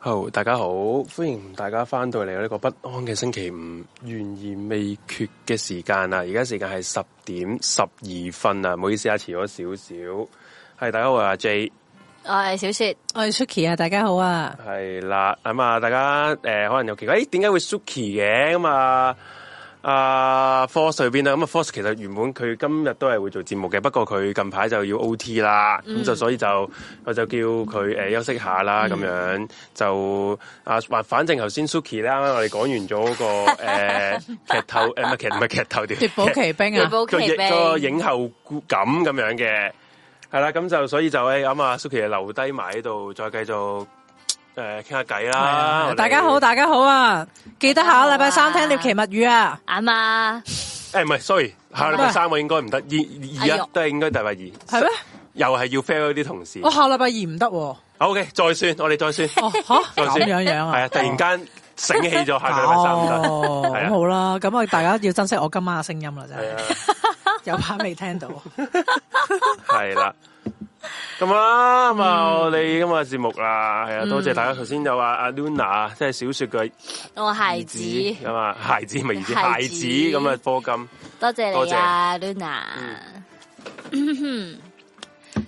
Hello 大家好，歡迎大家翻到嚟呢個不安嘅星期五，懸疑未決嘅時間啊！而家時間係十點十二分啊，唔好意思啊，遲咗少少。係大家好啊，J，我係小雪，我係 Suki 啊，大家好啊，係啦咁啊，大家誒、呃，可能有奇怪，誒、欸，點解會 Suki 嘅咁啊？嗯啊、uh,，Force 邊咧？咁啊，Force 其實原本佢今日都係會做節目嘅，不過佢近排就要 OT 啦，咁、嗯、就所以就我就叫佢誒休息下啦，咁、嗯、樣就啊，uh, 反正才頭先 Suki 啦，我哋講完咗個誒劇透誒，唔係劇唔係劇透啲，奪寶奇兵啊，個影後感咁樣嘅，係 啦，咁就所以就誒啱、欸、啊，Suki 留低埋喺度，再繼續。誒，傾下偈啦！大家好，大家好啊！記得下個禮拜三聽《獵奇物語》啊，阿啊！誒，唔係，sorry，下個禮拜三我應該唔得，二而家都係應該禮拜二。係咩？又係要 fail 啲同事？我下禮拜二唔得，OK，再算，我哋再算。哦，吓，咁樣樣啊？係啊，突然間醒起咗下禮拜三哦，得，咁好啦。咁我哋大家要珍惜我今晚嘅聲音啦，真係。有排未聽到。係啦。咁啊，咁啊，我哋今日嘅節目啦，係啊，多謝大家頭先有話阿 Luna，即係小說嘅，我孩子咁啊，孩子咪，孩子咁啊，孩子的課金，多謝你，多謝 Luna。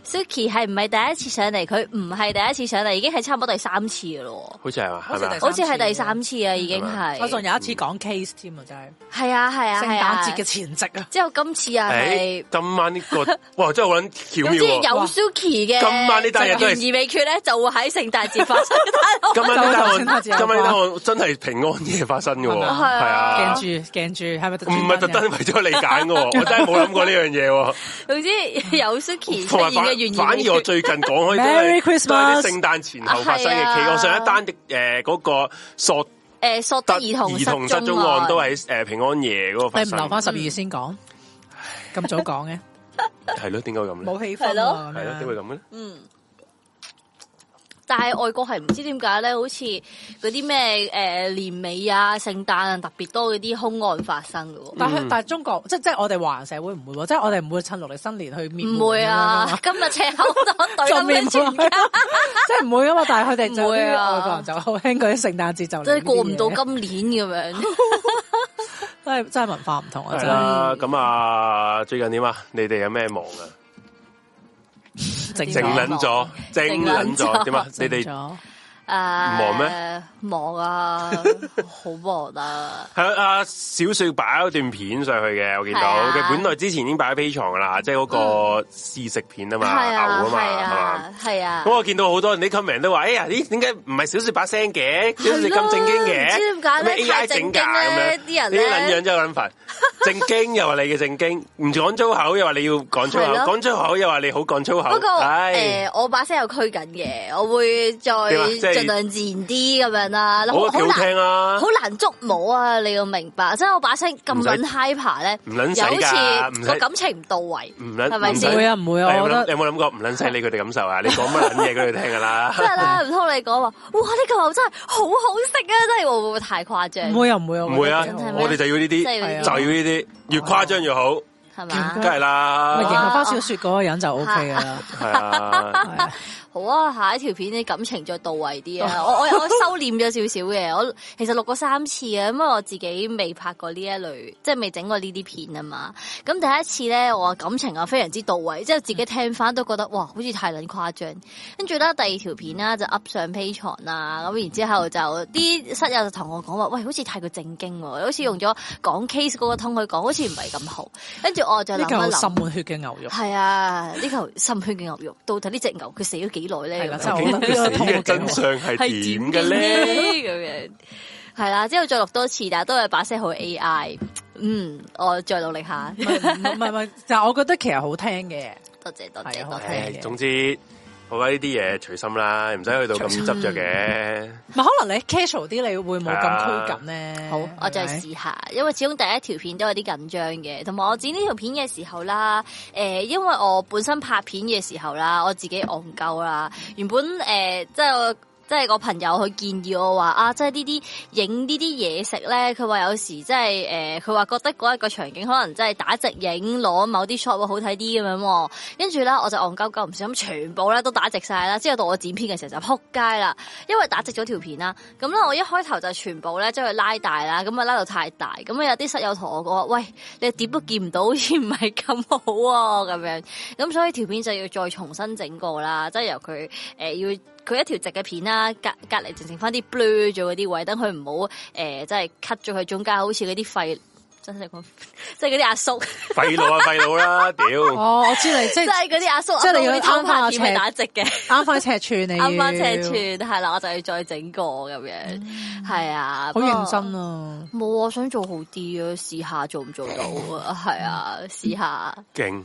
Suki 係唔係第一次上嚟？佢唔係第一次上嚟，已經係差唔多第三次噶咯。好似係嘛，好似第三次啊，已經係。我仲有一次講 case 添啊，真係。係啊係啊係啊。聖誕節嘅前夕啊。之後今次啊，係今晚呢個哇，真係好捻巧妙。有 Suki 嘅今晚呢單嘢都懸疑未決咧，就會喺聖誕節發生。今晚呢項，今晚呢項真係平安夜發生嘅。係啊。鏡住鏡住，係咪？唔係特登為咗你揀嘅，我真係冇諗過呢樣嘢。總之有 Suki 反而我最近講開都係啲聖誕前後發生嘅，譬如我上一單的誒嗰個索誒索兒童兒童失蹤案都喺誒平安夜嗰個，你唔留翻十二月先講？咁早講嘅？係咯，點解咁咧？冇氣氛囉！係咯？點會咁咧？嗯。但係外國係唔知點解咧，好似嗰啲咩誒年尾啊、聖誕啊，特別多嗰啲凶案發生㗎喎。嗯、但係但係中國，即即我哋華人社會唔會，即係我哋唔會趁落嚟新年去滅門。唔會啊！今日赤口袋對面全家，即係唔會，會啊嘛！但係佢哋就會啊就好興嗰啲聖誕節就即係過唔到今年咁樣。都 係真係文化唔同啊！咁 啊，最近點啊？你哋有咩忙啊？靜冷咗，靜冷咗，點啊？你哋。唔忙咩？忙啊，好忙啊！係啊，小雪擺咗段片上去嘅，我見到佢本來之前已經擺喺 P 床噶啦，即係嗰個試食片啊嘛，牛啊嘛，係啊。咁我見到好多人啲 comment 都話，哎呀，咦，點解唔係小雪把聲嘅？小咁正經嘅，點解 AI 整噶咁啲人咧，真係捻煩。正經又話你嘅正經，唔講粗口又話你要講粗口，講粗口又話你好講粗口。不過，誒，我把聲又拘緊嘅，我會再。盡量自然啲咁樣啦，好難好難捉摸啊！你要明白，即係我把聲咁卵 high 爬咧，又好似，噶，感情唔到位，唔卵係咪先？唔會啊，我覺得。你有冇諗過唔卵死你佢哋感受啊？你講乜卵嘢佢哋聽噶啦？真係啦，唔通你講話？哇！呢個真係好好食啊！真係會唔會太誇張？會啊又唔會啊！唔會啊！我哋就要呢啲，就要呢啲，越誇張越好，係咪？梗係啦，迎合小雪嗰個人就 OK 啦，係啊。好啊，下一條片啲感情再到位啲啊！ 我我我收斂咗少少嘅，我其實錄過三次啊，因為我自己未拍過呢一類，即係未整過呢啲片啊嘛。咁第一次咧，我感情啊非常之到位，即係自己聽翻都覺得哇，好似太捻誇張。跟住咧第二條片啦，就 up 上 Patreon 啊，咁然之後就啲室友就同我講話，喂，好似太過正經了，好似用咗講 case 嗰個通去講，好似唔係咁好。跟住我就諗一諗，心滿血嘅牛肉，係啊，呢嚿心血嘅牛肉，到底呢隻牛佢死咗幾？幾耐咧？真相係點嘅咧？咁樣係啦，之後再錄多次，但係都係把聲好 AI。嗯，我再努力下。唔係唔係，就 我覺得其實好聽嘅。多謝多謝，好聽嘅。總之。好啊！呢啲嘢隨心啦，唔使去到咁執着嘅。咪心、嗯、可能你 casual 啲，你會冇咁拘謹咧。是的好，我再係試下，是是因為始終第一條片都有啲緊張嘅。同埋我剪呢條片嘅時候啦，誒、呃，因為我本身拍片嘅時候啦，我自己戇鳩啦，原本誒，即、呃、係。就是即係個朋友佢建議我話啊，即係呢啲影呢啲嘢食咧，佢話有時即係誒，佢、呃、話覺得嗰一個場景可能真係打直影攞某啲 shot 會好睇啲咁樣、啊，跟住咧我就戇鳩鳩唔小心全部咧都打直晒啦，之後到我剪片嘅時候就扑街啦，因為打直咗條片啦，咁啦我一開頭就全部咧將佢拉大啦，咁啊拉到太大，咁啊有啲室友同我講話，喂，你碟都見唔到，好似唔係咁好咁、啊、樣，咁所以條片就要再重新整過啦，即係由佢誒、呃、要。佢一條直嘅片啦，隔隔籬剩剩翻啲 blur 咗嗰啲位，等佢唔好誒、那個，即係 cut 咗佢中間，好似嗰啲廢，真係講，即係嗰啲阿叔廢佬啊，廢佬啦，屌！哦，我知你 即係嗰啲阿叔，即係你要啱翻，點、啊、去打直嘅？啱翻尺寸你？啱翻 尺寸係啦，我就要再整個咁樣，係、嗯、啊，好認真啊！冇，我想做好啲 啊，試下做唔做到啊？係啊，試下。勁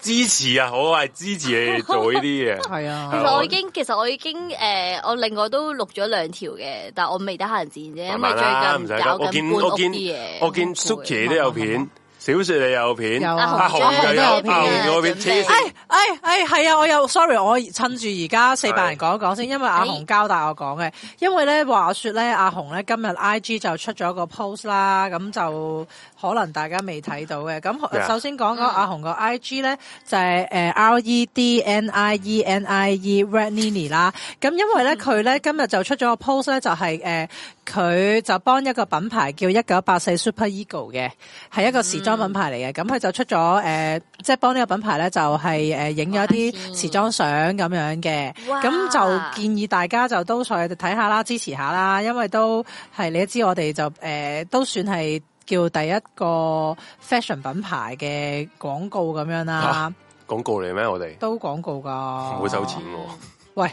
支持啊！好啊，支持你做呢啲嘢。係啊，其實我已經，其實我已經，誒，我另外都錄咗兩條嘅，但係我未得閒剪啫。因為最近唔使講，我見我見，我見 Suki 都有片，小雪你有片，阿紅都有片，我邊黐線？哎哎哎，係啊，我又 sorry，我趁住而家四百人講一講先，因為阿紅交代我講嘅，因為咧，話說咧，阿紅咧今日 IG 就出咗個 post 啦，咁就。可能大家未睇到嘅，咁首先講講阿紅個 IG 咧，就係誒 R E D N I E N I E Red Nini 啦。咁因為咧佢咧今日就出咗個 post 咧、就係，就係誒佢就幫一個品牌叫一九八四 Super Eagle 嘅，係一個時裝品牌嚟嘅。咁佢就出咗誒即係幫呢個品牌咧，就係誒影咗啲時裝相咁樣嘅。咁哇就建議大家就都去睇下啦，支持下啦，因為都係你都知我哋就誒、呃、都算係。叫第一個 fashion 品牌嘅廣告咁樣啦，啊啊，廣告嚟咩？我哋都廣告㗎，唔會收錢、啊。喂，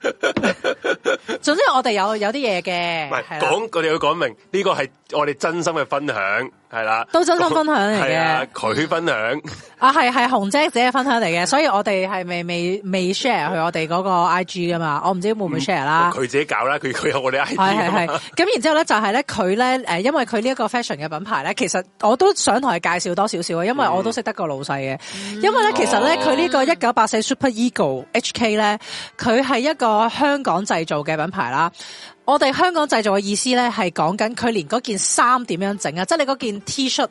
總之我哋有有啲嘢嘅，唔係講，我哋要講明呢個係我哋真心嘅分享。係啦，都真心分享嚟嘅、啊。佢分享啊，係係紅姐自己的分享嚟嘅，所以我哋係未未未 share 佢我哋嗰個 I G 噶嘛。我唔知會唔會 share 啦、嗯。佢自己搞啦，佢佢有我哋 I G。係係係。咁然之後咧，就係咧，佢咧，誒，因為佢呢一個 fashion 嘅品牌咧，其實我都想同佢介紹多少少啊，因為我都識得個老細嘅。因為咧，其實咧，佢呢個一九八四 Super Eagle H K 咧，佢係一個香港製造嘅品牌啦。我哋香港製造嘅意思咧，係講緊佢連嗰件衫點樣整啊？即係你嗰件 T 恤，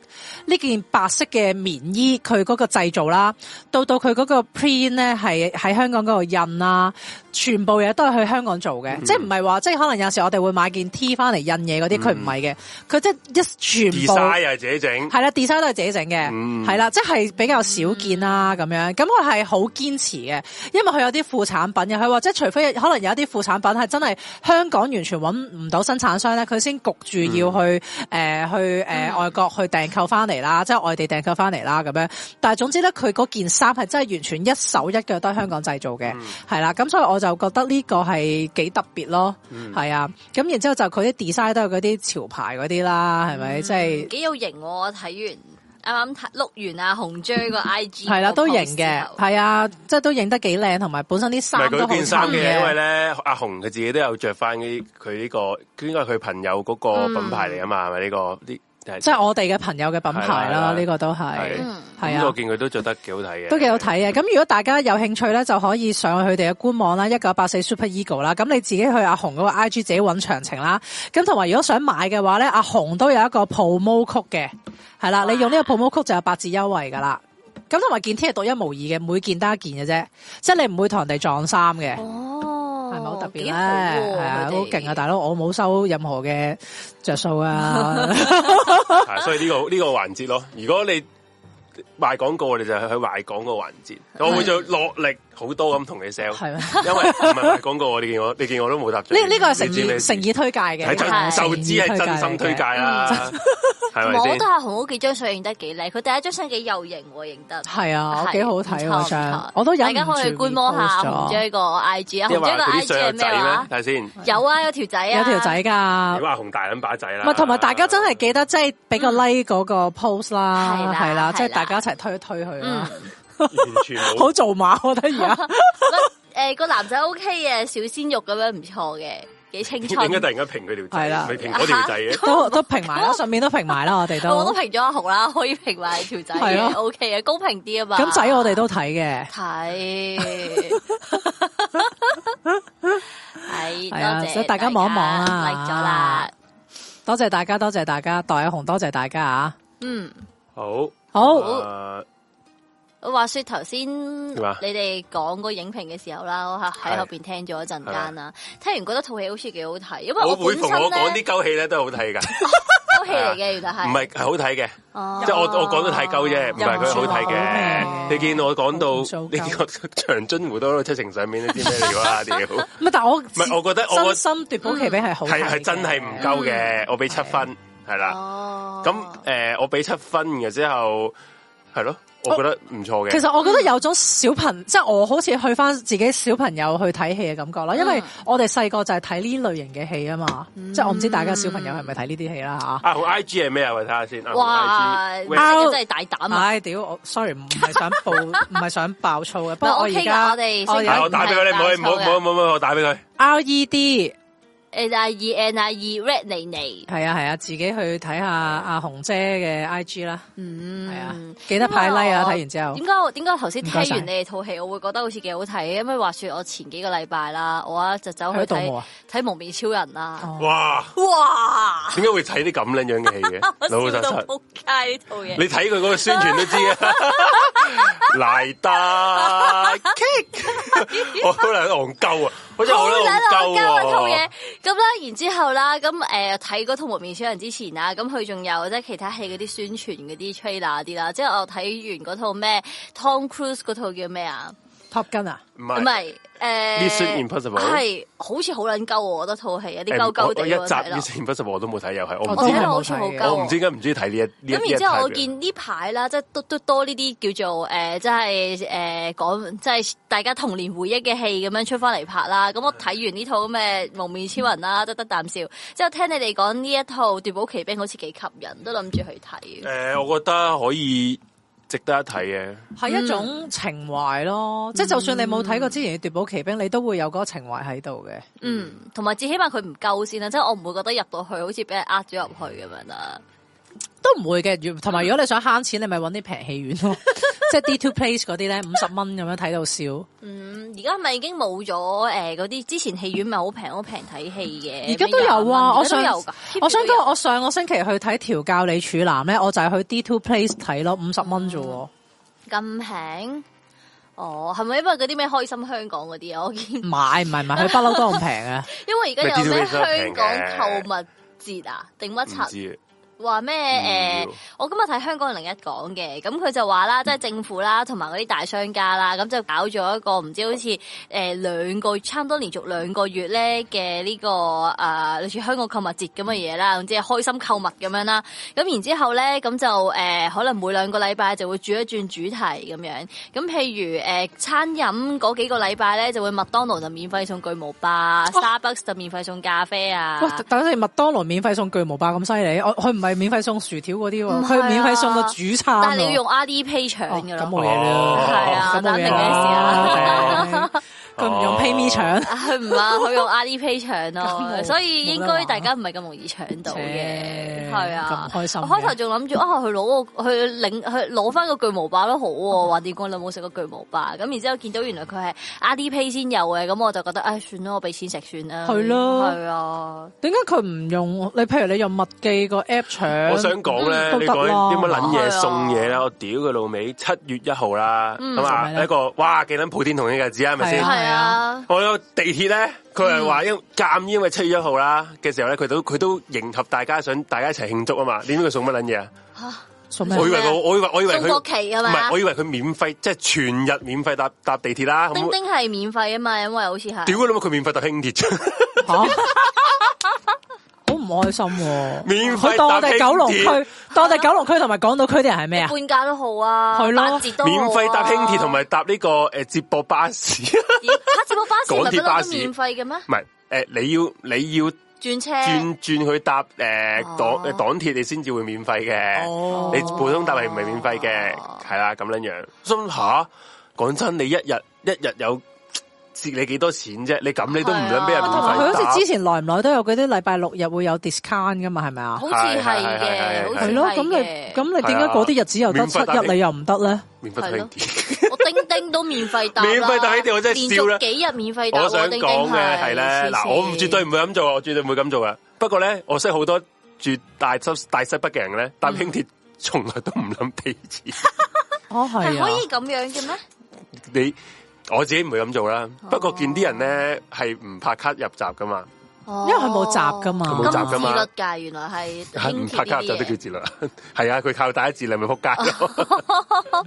呢件白色嘅棉衣，佢嗰個製造啦，到到佢嗰個 print 咧，係喺香港嗰度印啦，全部嘢都係去香港做嘅、嗯。即係唔係話即係可能有時候我哋會買件 T 翻嚟印嘢嗰啲，佢唔係嘅。佢即係一全部 design 又係自己整，係啦，design 都係自己整嘅，係啦、嗯，即係比較少見啦咁、嗯、樣，咁我係好堅持嘅，因為佢有啲副產品嘅，佢話即係除非可能有一啲副產品係真係香港原，完全揾唔到生產商咧，佢先焗住要去誒、嗯呃、去誒、呃、外國去訂購翻嚟啦，即係外地訂購翻嚟啦咁樣。但係總之咧，佢嗰件衫係真係完全一手一腳都係香港製造嘅，係啦、嗯。咁所以我就覺得呢個係幾特別咯，係啊、嗯。咁然之後就佢啲 design 都係嗰啲潮牌嗰啲啦，係咪？即係幾有型我睇完。啱啱睇，look 完阿紅 J 個 IG 係啦， 都型嘅，係啊，即係都影得幾靚，同埋本身啲衫都好型嘅。因為咧，阿紅佢自己都有着翻佢佢呢個，應該係佢朋友嗰個品牌嚟啊嘛，係咪呢個？這個即係我哋嘅朋友嘅品牌啦，呢、啊啊、個都係，係啊，我見佢都着得幾好睇嘅，都幾好睇嘅。咁、啊、如果大家有興趣咧，就可以上佢哋嘅官網啦，一九八四 Super Ego 啦。咁你自己去阿紅嗰個 IG 自己搵詳情啦。咁同埋如果想買嘅話咧，阿紅都有一個 promo 曲嘅，係啦，哇你用呢個 promo 曲就有八折優惠噶啦。咁同埋件天係獨一無二嘅，每件得一件嘅啫，即、就、係、是、你唔會同人哋撞衫嘅。哦。係咪、哦、好特別咧？係啊，好勁啊，他們 啊，大佬，我冇收任何嘅着數啊！啊，所以呢、呢個呢、呢個環節咯，如果你賣廣告，你就係去賣廣告環節，我會做落力。好多咁同你 sell，因為唔係講過我你見我你見我都冇答。呢呢個係誠意誠意推介嘅，就知係真心推介啦。我覺得阿紅幾張相，影得幾靚。佢第一張相幾有型喎，影得係啊，幾好睇嗰張。我都忍唔住。大家可以觀摩下呢個 IG，呢張 IG 係咩？睇先有啊，有條仔啊，有條仔㗎。你話紅大銀把仔啦。咪同埋大家真係記得，即係俾個 like 嗰個 post 啦，係啦，即係大家一齊推一推佢。完全好做馬，我得而家。個誒個男仔 O K 嘅，小鮮肉咁樣唔錯嘅，幾青春。點解突然間評佢條仔？係啦，唔係評嗰條仔嘅，都都評埋啦，順便都評埋啦，我哋都我都評咗阿紅啦，可以評埋條仔係咯，O K 嘅，公平啲啊嘛。咁仔我哋都睇嘅，睇係多謝大家，望一望，家，咗啦，多謝大家，多謝大家，代阿紅，多謝大家啊，嗯，好好。我話說頭先你哋講個影評嘅時候啦，我喺後邊聽咗一陣間啦，聽完覺得套戲好似幾好睇，因為我會同我講啲溝戲咧都係好睇噶，溝戲嚟嘅，原來係唔係係好睇嘅，即係我我講得太溝啫，唔係佢好睇嘅，你見我講到呢個長津湖到七情上面啲咩料啊？料唔係，但我覺我覺得我個心奪寶奇兵係好係，係真係唔夠嘅，我俾七分係啦，咁誒，我俾七分嘅之後係咯。我，我覺得唔錯嘅。其實我覺得有種小朋友，即係我好似去翻自己小朋友去睇戲嘅感覺啦。因為我哋細個就係睇呢類型嘅戲啊嘛。嗯、即係我唔知大家小朋友係咪睇呢啲戲啦吓。I G 係咩啊？D、o，我睇下先。哇，真係大膽。唉，屌我，s o r r y 唔係想爆，唔係想爆粗嘅。不過我而家 我哋我打俾佢，你唔好唔好唔好唔好唔好，我打俾佢。R E D n I E N I E Red 妮妮，係啊係啊，自己去睇下阿紅姐嘅 I G 啦，嗯，係啊，記得派 like 啊，睇完之後。點解我點解頭先聽完你哋套戲，我會覺得好似幾好睇？因為話說我前幾個禮拜啦，我啊就走去度睇《幪面超人》啦。哇哇，點解會睇啲咁靚樣嘅戲嘅？老 老實套嘢， 你睇佢嗰個宣傳都知啊。萊達 kick，我真係戇鳩啊！好難交啊套嘢，咁啦，然之後啦，咁誒睇嗰套蒙面超人之前啊，咁佢仲有即係其他戲嗰啲宣傳嗰啲 Trailer 嗰啲啦，即係我睇完嗰套咩 Tom Cruise 嗰套叫咩啊？合金啊？唔係，唔係、欸，誒，《Mission Impossible》係好似好撚鳩，我覺得套戲有啲鳩鳩地我、欸我。我一集《Mission Impossible》我都冇睇，又係我唔知係冇我唔知點解唔中意睇呢一咁然之後，我見呢排啦，即係都都、啊、多呢啲叫做誒，即係誒，講即係大家童年回憶嘅戲咁樣出翻嚟拍啦。咁我睇完呢套咁嘅《蒙面超人》啦，嗯、都得啖笑。之後聽你哋講呢一套《奪寶奇兵》好似幾吸引，都諗住去睇。誒、呃，我覺得可以。值得一睇嘅，係一種情懷咯。嗯、即係就算你冇睇過之前嘅《奪寶奇兵》，你都會有嗰個情懷喺度嘅。嗯，同埋至起碼佢唔夠先啦，即係我唔會覺得入到去好似俾人呃咗入去咁樣啦。都唔會嘅，同埋如果你想慳錢，你咪搵啲平戲院咯， 即係 D Two Place 嗰啲咧，五十蚊咁樣睇到笑。嗯，而家係咪已經冇咗誒，嗰、呃、啲之前戲院咪好平好平睇戲嘅。而家都有啊，我上，我想都有有我，想我上個星期去睇調教你處男咧，我就係去 D Two Place 睇咯，五十蚊啫。咁平、嗯？哦，係咪因為嗰啲咩開心香港嗰啲啊， 啊？我見，唔係唔係咪？係，不嬲都咁平啊！因為而家有咩香港購物節啊，定乜話咩？誒，嗯、呃、我今日睇香港人另一講嘅，咁佢就話啦，即、就、係、是、政府啦，同埋嗰啲大商家啦，咁就搞咗一個唔知道好似誒兩個差唔多連續兩個月咧嘅呢個誒、呃、類似香港購物節咁嘅嘢啦，即係開心購物咁樣啦。咁然之後咧，咁就誒、呃、可能每兩個禮拜就會轉一轉主題咁樣。咁譬如誒、呃、餐飲嗰幾個禮拜咧，就會麥當勞就免費送巨無霸、哦，Starbucks 就免費送咖啡啊。哇！等陣麥當勞免費送巨無霸咁犀利，我佢唔係。免費送薯條嗰啲喎，佢、啊、免費送個主餐、啊，但係你要用阿迪 pay 搶嘅咯，係、哦哦、啊，肯定嘅事啦。等等咩事啊？佢唔用 PayMe 搶，佢唔啊？佢用 Alipay 搶咯，所以應該大家唔係咁容易搶到嘅，係啊！開心。開頭仲諗住啊，佢攞個佢領佢攞翻個巨無霸都好，話點講？你有冇食過巨無霸，咁然之後見到原來佢係 Alipay 先有嘅，咁我就覺得唉，算啦，我俾錢食算啦。係咯，係啊。點解佢唔用？你譬如你用麥記個 App 搶，我想講咧，你講點解撚嘢送嘢咧？我屌佢老味。七月一號啦，咁啊一個哇幾撚普天同慶嘅日子啊，係咪先？係啊，我有地鐵咧，佢係話因鑒於，因為七月一號啦嘅時候咧，佢都佢都迎合大家，想大家一齊慶祝啊嘛，你知佢送乜捻嘢啊？送咩？我以為我以為我以為送國旗啊嘛，唔係我以為佢免費即係全日免費搭搭地鐵啦。丁丁係免費啊嘛，因為好似係。屌啊！咁佢免費搭輕鐵。好唔開心、啊，免費，免佢當我哋九龍區，當我哋九龍區同埋港島區啲人係咩啊？半價都好啊，係咯、啊，對咦 免費搭輕鐵同埋搭呢個誒、呃、接駁巴士，啊、接駁巴士唔係都免費嘅咩？唔係，誒你要你要轉車轉轉去搭誒港誒港鐵，你先至會免費嘅。啊啊、你普通搭係唔係免費嘅？係啦、啊，咁樣樣。咁、啊、下，講、啊、真，你一日一日有。折你幾多錢啫？你咁你都唔想俾人？同埋佢好似之前耐唔耐都有嗰啲禮拜六日會有 discount 噶嘛？係咪啊？好似係嘅，係咯。咁咁你點解嗰啲日子又得七日，你又唔得咧？免費打，我叮叮都免費打。免費打呢？我真係笑啦！連續幾日免費打，我想講咧係咧。嗱，我唔絕對唔會咁做，我絕對唔會咁做嘅。不過咧，我識好多住大西大西北嘅人咧，搭輕鐵從來都唔諗俾錢。我係可以咁樣嘅咩？你？我自己唔會咁做啦，oh. 不過見啲人咧係唔拍卡入閘噶嘛。因為佢冇閘噶嘛。哦，咁自律噶？原來係唔拍卡就都叫自律，係 啊，佢靠第一字嚟，咪扑街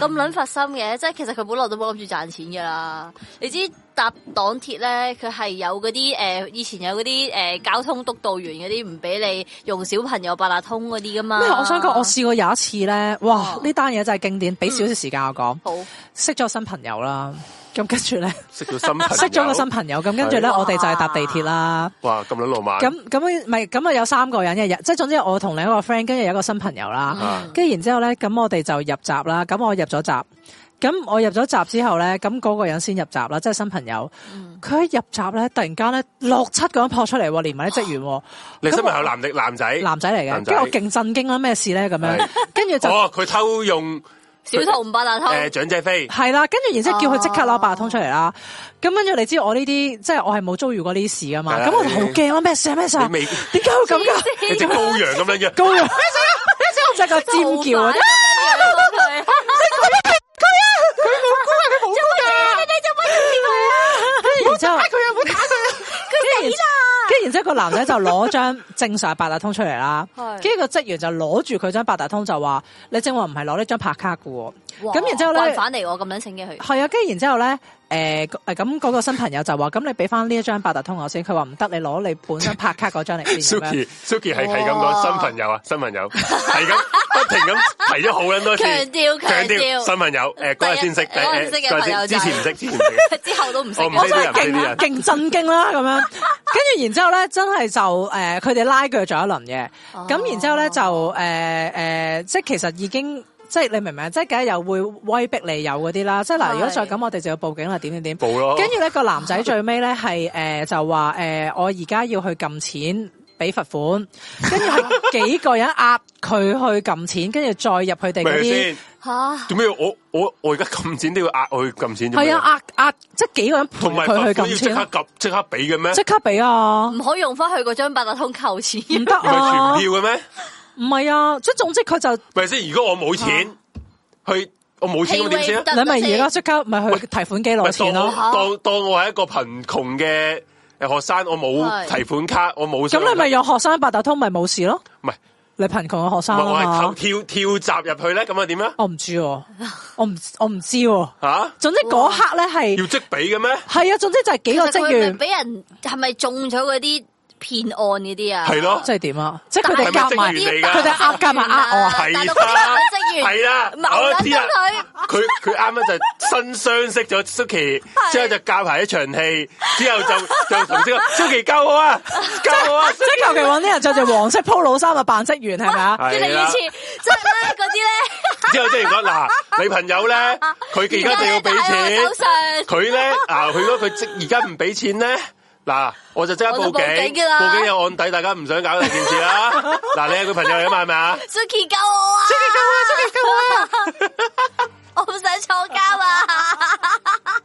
咁卵發心嘅，即係 其實佢本來都冇諗住賺錢噶啦。你知搭港鐵咧，佢係有嗰啲誒，以前有嗰啲誒交通督導員嗰啲唔俾你用小朋友八達通嗰啲噶嘛。我想講，我試過有一次咧，哇，呢單嘢真係經典，俾少少時間我講，嗯，好，識咗新朋友啦。咁跟住咧，識咗新朋識咗個新朋友。咁跟住咧，我哋就係搭地鐵啦。哇！咁撚浪漫？咁咁咪，咁啊有三個人一日，即係總之我同另一個 friend，跟住有個新朋友啦。跟然之後咧，咁我哋就入閘啦。咁我入咗閘，咁我入咗閘之後咧，咁嗰個人先入閘啦，即係新朋友。佢喺入閘咧，突然間咧六七個人撲出嚟喎，連埋啲職員。你新朋友男男仔，男仔嚟嘅，跟住我勁震驚啦！咩事咧？咁樣跟住就，哦，佢偷用。小偷唔扮大偷。誒長者飛係啦，跟住然之後叫佢即刻攞八達通出嚟啦。咁跟住你知我呢啲，即係我係冇遭遇過呢事㗎嘛。咁我就好驚啊！咩事咩事？點解會咁嘅？你隻羔羊咁樣嘅，羔羊咩事啊？咩尖叫啊！咩咩咩咩咩咩咩咩咩咩咩跟住啦，跟住然之後個男仔就攞張正常八達通出嚟啦，跟住個職員就攞住佢張八達通就話：你正話唔係攞呢張拍卡噶，咁然之後咧，慣返嚟我咁樣整嘅佢，係啊，跟住然之後咧。誒，誒、呃，咁、那、嗰個新朋友就話，咁你俾翻呢一張八達通我先，佢話唔得，你攞你本身拍卡嗰張嚟先。。 Suki，Suki 係係咁講，新朋友啊，新朋友係咁，不停咁提咗好咁多次，強調強調新朋友，誒、呃，今日先識，誒、呃、誒，不之前唔識，之前唔識，之後都唔識，我真係勁勁震驚啦、啊，咁樣，跟住然之後咧，真係就誒，佢、呃、哋拉鋸咗一輪嘅，咁、哦、然之後咧就誒誒、呃呃，即係其實已經。即係你明唔明？即係梗係又會威逼利誘嗰啲啦。即係嗱，是如果再咁，我哋就要報警啦。點點點，報咯了。跟住咧個男仔最尾咧係誒就話誒、呃，我而家要去撳錢俾罰款，跟住係幾個人壓佢去撳錢，跟住再入佢哋嗰啲嚇。做咩？我我我而家撳錢都要壓佢去撳錢？係啊，壓壓即幾個人陪佢去撳錢？即刻撳，即刻俾嘅咩？即刻俾啊！唔可以用翻佢嗰張八達通扣錢？唔得、啊，係全票嘅咩？唔係啊，即係總之佢就，咪先。如果我冇錢去，我冇錢咁點先？你咪而家即刻咪去提款機攞錢咯。當當我係一個貧窮嘅誒學生，我冇提款卡，我冇。咁你咪有學生八達通咪冇事咯？唔係你貧窮嘅學生啊嘛？跳跳閘入去咧，咁又點咧？我唔知，我唔我唔知啊。總之嗰刻咧係要即俾嘅咩？係啊，總之就係幾個職員俾人係咪中咗嗰啲？騙案呢啲啊，係咯，即係點啊？即係佢哋夾埋，佢哋呃夾埋呃我啊！大陸嗰啲職員係啦，某啲人佢佢佢啱啱就新相識咗 Suki，之後就夾埋一場戲，之後就就同呢 Suki 交好啊，交好啊！即係求其揾啲人着件黃色 Polo 衫啊，扮職員係咪啊？即係類似即係嗰啲咧。之後你講嗱，女朋友咧，佢而家就要俾錢，佢咧，啊，佢如果而家唔俾錢咧。嗱，我就即刻報警，報警有案底，大家唔想搞呢件事啦。嗱，你係佢朋友嚟啊嘛，係咪啊？Suki 救我啊！Suki 救我！Suki 救我！我唔想坐監啊！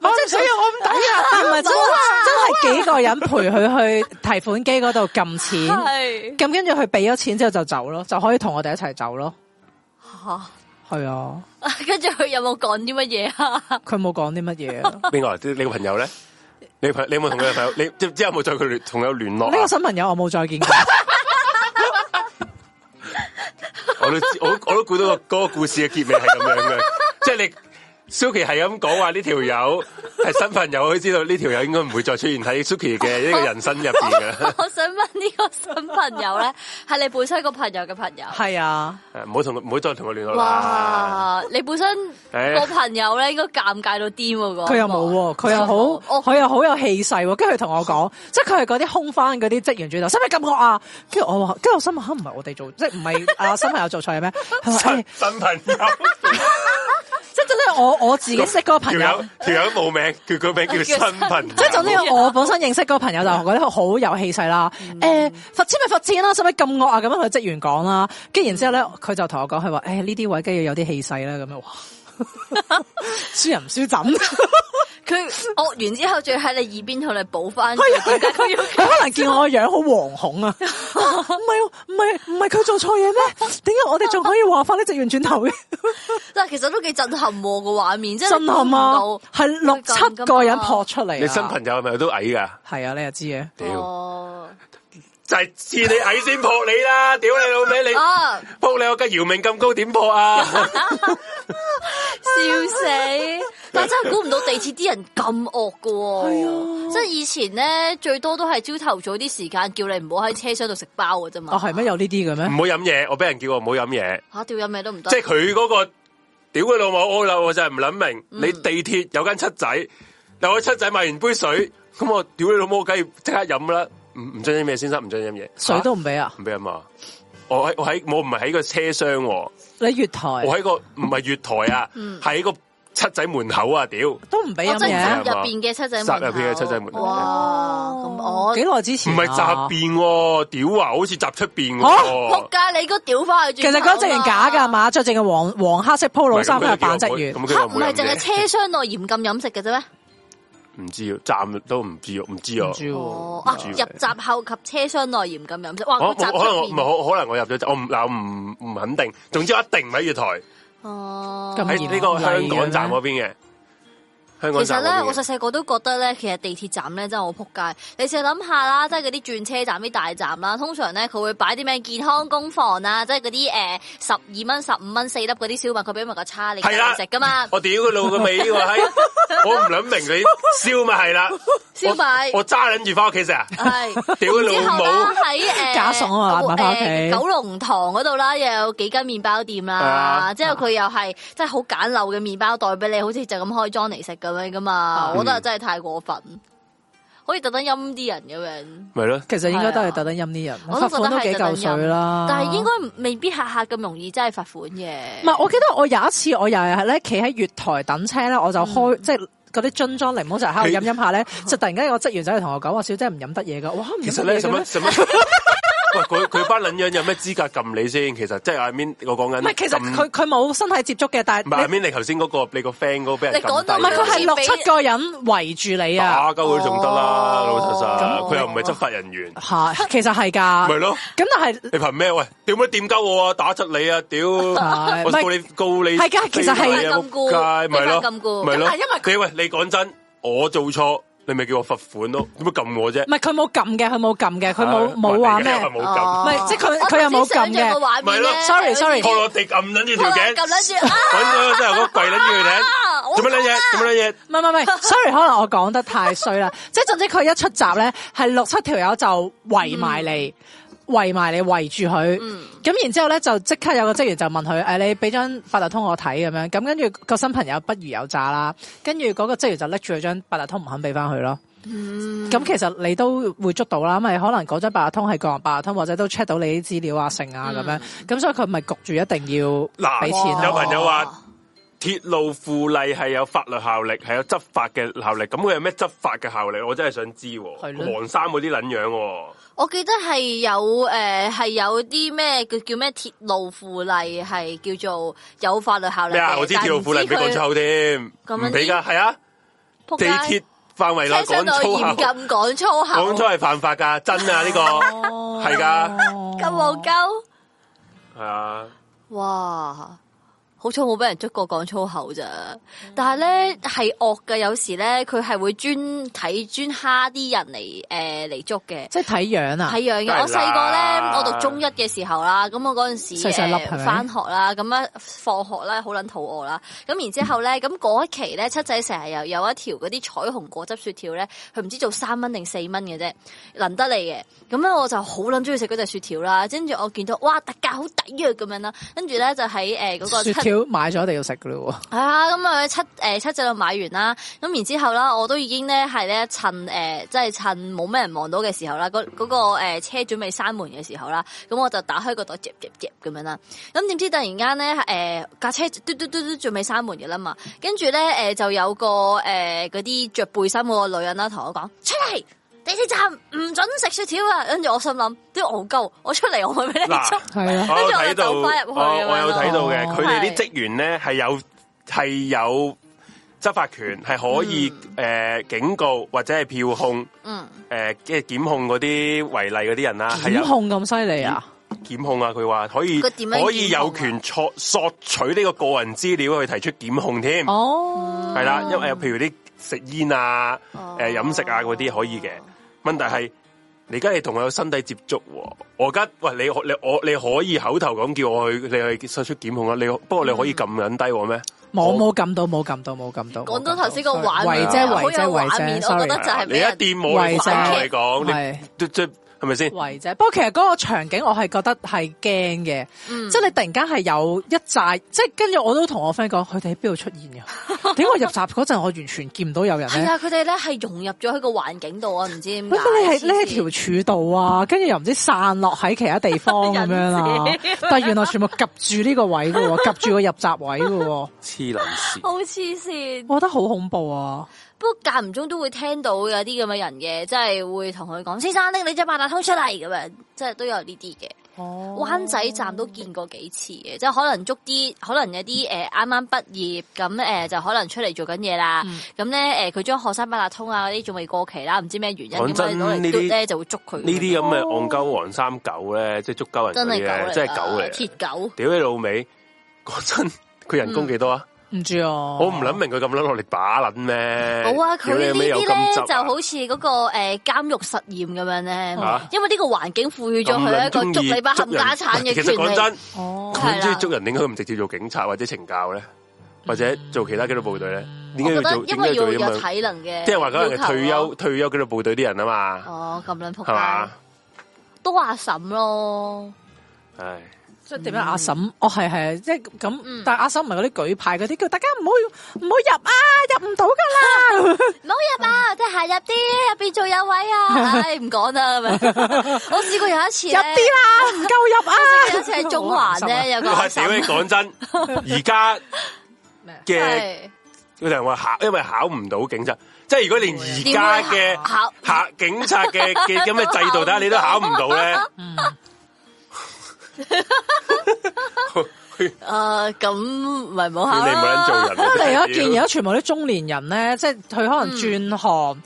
我真係有案底啊！唔係真啊，真係幾個人陪佢去提款機嗰度撳錢，咁跟住佢俾咗錢之後就走咯，就可以同我哋一齊走咯。吓，係啊。跟住佢有冇講啲乜嘢啊？佢冇講啲乜嘢。另外，你個朋友咧？你朋你有冇同佢嘅朋友？你之後有冇再佢同佢聯絡，啊？呢個新朋友我冇再見過 我。我都我我都估到個個故事嘅結尾係咁樣嘅，即係 你。Suki 係咁講，話呢條友係新朋友，我知道呢條友應該唔會再出現喺 Suki 嘅一個人生入邊嘅。我想問呢個新朋友咧，係你本身個朋友嘅朋友？係是啊，啊，唔好同唔好再同佢聯絡啦。哇！你本身個是、啊、朋友咧，應該尷尬到癲喎、啊。佢又冇，佢又好，佢又好有氣勢。他跟住佢同我講， 即係佢係嗰啲空翻嗰啲職員轉頭，使咪咁我啊？跟住我話，跟住我心唔係我哋做， 即係唔係啊新朋友做錯咩？新、哎、呀 新朋友，真真咧我。我自己識嗰個朋友，條友冇名，叫個名叫新朋友。即係總之，我本身認識嗰個朋友就覺得佢好有氣勢啦。誒人，罰錢咪罰錢啦，使唔使咁惡啊？咁樣去職員講啦。跟住然之後咧，佢就同我講佢話，誒呢啲位梗要有啲氣勢啦。咁樣話，輸人唔輸陣。佢惡、哦、完之後，仲要喺你耳邊同你補翻。係啊的，佢可能見我個樣好惶恐啊，啊，唔係唔係唔係佢做錯嘢咩？點解、啊、我哋仲可以話翻呢隻完轉頭嘅？啊、 但係其實都幾震撼個畫面，即係震撼啊！係六七個人撲出嚟、啊。你新朋友係咪都矮噶？係啊，你又知哦！哦就係知你矮先撲你啦，屌你老味你！撲你我嘅姚明咁高點撲啊！撲啊 笑死！但真係估唔到地鐵啲人咁惡噶，喎、 啊！即係以前咧，最多都係朝頭早啲時間叫你唔好喺車廂度食包㗎啫嘛。哦係咩？有呢啲嘅咩？唔好飲嘢，我俾人叫我唔好飲嘢。吓、啊，屌飲嘢都唔得。即係佢嗰個屌佢老母屙我，我就係唔諗明。嗯、你地鐵有間七仔，但我七仔買完杯水，咁 我屌你老母梗，即刻飲啦！唔唔准飲嘢，先生唔准飲嘢，水都唔俾啊！唔俾啊嘛！我喺我喺，我唔係喺個車廂。你月台，我喺個唔係月台啊，喺個七仔門口啊，屌都唔俾飲嘢啊！入邊嘅七仔，雜入邊嘅七仔門口。哇！咁我幾耐之前？唔係雜邊喎！屌啊！好似雜出邊。扑街你嗰，屌翻去。其實嗰隻人假噶嘛，着住係黃黃黑色 Polo 衫係扮職員，唔係淨係車廂內嚴禁飲食嘅啫咩？唔知喎，站都唔知喎，唔知喎。入閘後及車廂內嚴禁入。嗯、可能唔係可，可能我入咗站，我唔嗱，我唔唔肯定。總之我一定唔喺月台。哦、啊。喺呢個香港站嗰邊嘅。其實咧，那邊 我細細個都覺得咧，其實地鐵站咧真係好扑街。你試諗下啦，即係嗰啲轉車站啲大站啦，通常咧佢會擺啲咩健康工房、呃、啊，即係嗰啲誒十二蚊、十五蚊四粒嗰啲燒賣，佢俾埋個叉你嚟食噶嘛。我屌佢老嘅味，我唔諗明你燒咪係啦。燒賣我揸撚住翻屋企食啊！係、呃，佢老咧喺誒嘉順啊，誒、呃、九龍塘嗰度啦，又有幾間麵包店啦，啊、之後佢又係即係好簡陋嘅麵包袋俾你好似就咁開裝嚟食咁樣噶嘛？嗯、我覺得真係太過分，可以特登陰啲人咁樣。係咯，其實應該都係特登陰啲人。罰款都幾嚿水啦，但係應該未必下下咁容易真係罰款嘅。唔係、嗯，我記得我有一次，我又係咧，企喺月台等車咧，我就開、嗯、即係嗰啲樽裝檸檬茶，喺度飲飲下咧，就突然間有個職員就嚟同我講：話小姐唔飲得嘢噶。哇，唔食嘢佢佢班撚樣有咩資格撳你先？其實即係阿 Min，我講緊。唔係，其實佢佢冇身體接觸嘅，但係。唔係阿 Min，你頭先嗰個你個 friend 嗰個俾人撳低，唔係，佢係六七個人圍住你啊！打鳩佢仲得啦，老實實，佢又唔係執法人員。係，其實係噶。咪咯。咁但係你憑咩喂？點解掂鳩我啊？打柒你啊？屌！唔係，你告你。係噶，其實係啊。街咪咯，咩係禁錮咪咯，因為。喂喂，你講真，我做錯。你咪叫我罰款咯，點解撳我啫？唔係佢冇撳嘅，佢冇撳嘅，佢冇冇話咩？唔係，即係佢佢又冇撳嘅。係咯，Sorry Sorry。地撳撚住條頸，撳撚住，撳到真係好跪撚住條頸。做乜撚嘢？做乜撚嘢？唔係唔係，Sorry，可能我講得太衰啦。即係總之佢一出閘咧，係六七條友就圍埋嚟。圍埋你圍住佢，咁、嗯、然之後咧就即刻有個職員就問佢，你俾張八達通我睇咁樣，咁跟住個新朋友不如有詐啦，跟住嗰個職員就拎住佢張八達通唔肯俾翻佢咯。咁、嗯、其實你都會捉到啦，因為可能嗰張八達通係個人八達通，或者都 check 到你啲資料啊、成啊咁樣，咁所以佢咪焗住一定要嗱俾錢。有朋友話鐵路附例係有法律效力，係有執法嘅效力。咁佢有咩執法嘅效力？我真係想知。黃生嗰啲撚樣。哦我記得係有誒，係、呃、有啲咩叫叫咩鐵路附例，係叫做有法律效力。咩啊？我知鐵路附例，俾講粗口添，唔俾噶，係啊。蛋地鐵範圍內嚴禁講粗口，咁講粗口講粗係犯法噶，真啊呢個係噶，咁冇鳩係啊！猛啊哇！好彩冇俾人捉過講粗口咋，但係咧係惡嘅，有時咧佢係會專睇專蝦啲人嚟誒嚟捉嘅，即係睇樣啊！睇樣嘅。我細個咧，我讀中一嘅時候啦，咁我嗰陣時成日粒係咪翻學啦，咁啊放學啦，好捻肚餓啦，咁、嗯、然之後咧，咁嗰期咧七仔成日又有一條嗰啲彩虹果汁雪條咧，佢唔知做三蚊定四蚊嘅啫，林得利嘅，咁樣我就好捻中意食嗰隻雪條啦，跟住我見到哇特價好抵啊咁樣啦，跟住咧就喺誒嗰個七買咗一定要食噶咯喎，係啊，咁啊七誒、呃、七仔度買完啦，咁然後之後啦，我都已經咧係咧趁誒即係趁冇咩人望到嘅時候啦，嗰、那個個誒、呃、車準備閂門嘅時候啦，咁我就打開個袋夾夾夾咁樣啦，咁點知突然間咧誒架車嘟嘟嘟嘟準備閂門嘅啦嘛，跟住咧誒就有個誒嗰啲着背心個女人啦同我講出嚟。地鐵站唔准食雪條啊！跟住我心諗，啲戇鳩，我出嚟我會俾你捉。跟住我我有睇到嘅，佢哋啲職員咧係有係有執法權，係可以誒警告或者係票控。嗯，誒即係檢控嗰啲違例嗰啲人啦。檢控咁犀利啊？檢控啊！佢話可以可以有權索索取呢個個人資料去提出檢控添。哦，係啦，因為譬如啲食煙啊、誒飲食啊嗰啲可以嘅。問題係，你而家係同我有身體接觸，我而家喂你，你我你可以口頭咁叫我去，你去作出檢控啊。你不過你可以撳緊低咩？冇，冇撳到，冇撳到，冇撳到。講到頭先個畫面，好有畫面，我覺得就係你一掂冇圍遮同你講，係係咪先？為者？不過其實嗰個場景我係覺得係驚嘅，即係你突然間係有一扎，即係跟住我都同我 friend 講，佢哋喺邊度出現嘅？點解 我入閘嗰陣我完全見唔到有人咧？係啊，佢哋咧係融入咗喺個環境度啊，唔知點解。不過你係呢條柱度啊，跟住又唔知散落喺其他地方咁樣啦。 人似 但係原來全部夾住呢個位嘅，夾住個入閘位嘅。黐捻線，好黐線，我覺得好恐怖啊！不過間唔中都會聽到有啲咁嘅人嘅，即係會同佢講，先生，拎你隻八達通出嚟咁樣，即係都有呢啲嘅。哦，灣仔站都見過幾次嘅，即係可能捉啲，可能有啲誒啱啱畢業，咁誒就可能出嚟做緊嘢啦。咁咧誒，嗯，佢將學生八達通啊，啲仲未過期啦，唔知咩原因拎呢啲咧就會捉佢。呢啲咁嘅戇鳩黃三狗咧，即係捉鳩人嘅，真係狗嚟嘅。鐵狗，屌你老味！講真，佢人工幾多啊？嗯唔知啊！我唔諗明佢咁撚落力把捻咩？好啊，佢呢啲咧就好似嗰個誒監獄實驗咁樣咧。吓，因為呢個環境賦予咗佢一個捉你把冚家產嘅權利。哦，係啦。中意捉人點解唔直接做警察或者懲教咧？或者做其他紀律部隊咧？我覺得因為要有體能嘅。即係話佢係退休退休紀律部隊啲人啊嘛。哦，咁樣扑街。都話阿嬸咯。唉。即係點啊？阿嬸，哦係係，即係咁，但係阿嬸唔係嗰啲舉牌嗰啲，叫大家唔好唔好入啊，入唔到噶啦，唔好入啊，即係入啲入邊仲有位啊，唉，唔講啦，係咪？我試過有一次咧，入啲啦，唔夠入啊，有一次喺中環咧，又講，屌你講真，而家嘅有人話考，因為考唔到警察，即係如果連而家嘅考警察嘅嘅咁嘅制度，睇下你都考唔到咧。誒，咁咪冇我哋有一件，而家、啊、見而家、全部啲中年人咧，即係佢可能轉行。嗯。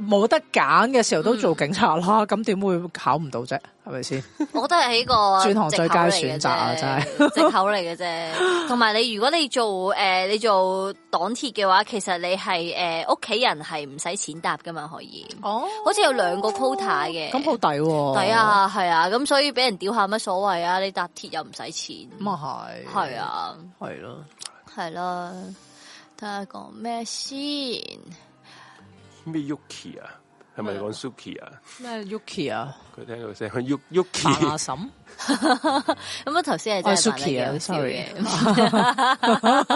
冇得揀嘅時候都做警察啦，咁點、嗯、會考唔到啫？係咪先？我都係起個轉 行最佳選擇啊！真係藉口嚟嘅啫。同埋你如果你做誒、呃、你做港鐵嘅話，其實你係誒屋企人係唔使錢搭噶嘛？可以哦，好似有兩個 quota 嘅，咁好抵喎，抵啊，啊，係啊，咁、啊、所以俾人屌下乜所謂啊？你搭鐵又唔使錢，咁是啊係，係啊，係咯、啊，係啦，睇下講咩先。咩 Yuki 啊？係咪講 Suki 啊？咩 Yuki 啊？佢聽到聲，佢 Yuki 阿嬸咁啊！頭先係真係 Suki 嘅，好笑嘅。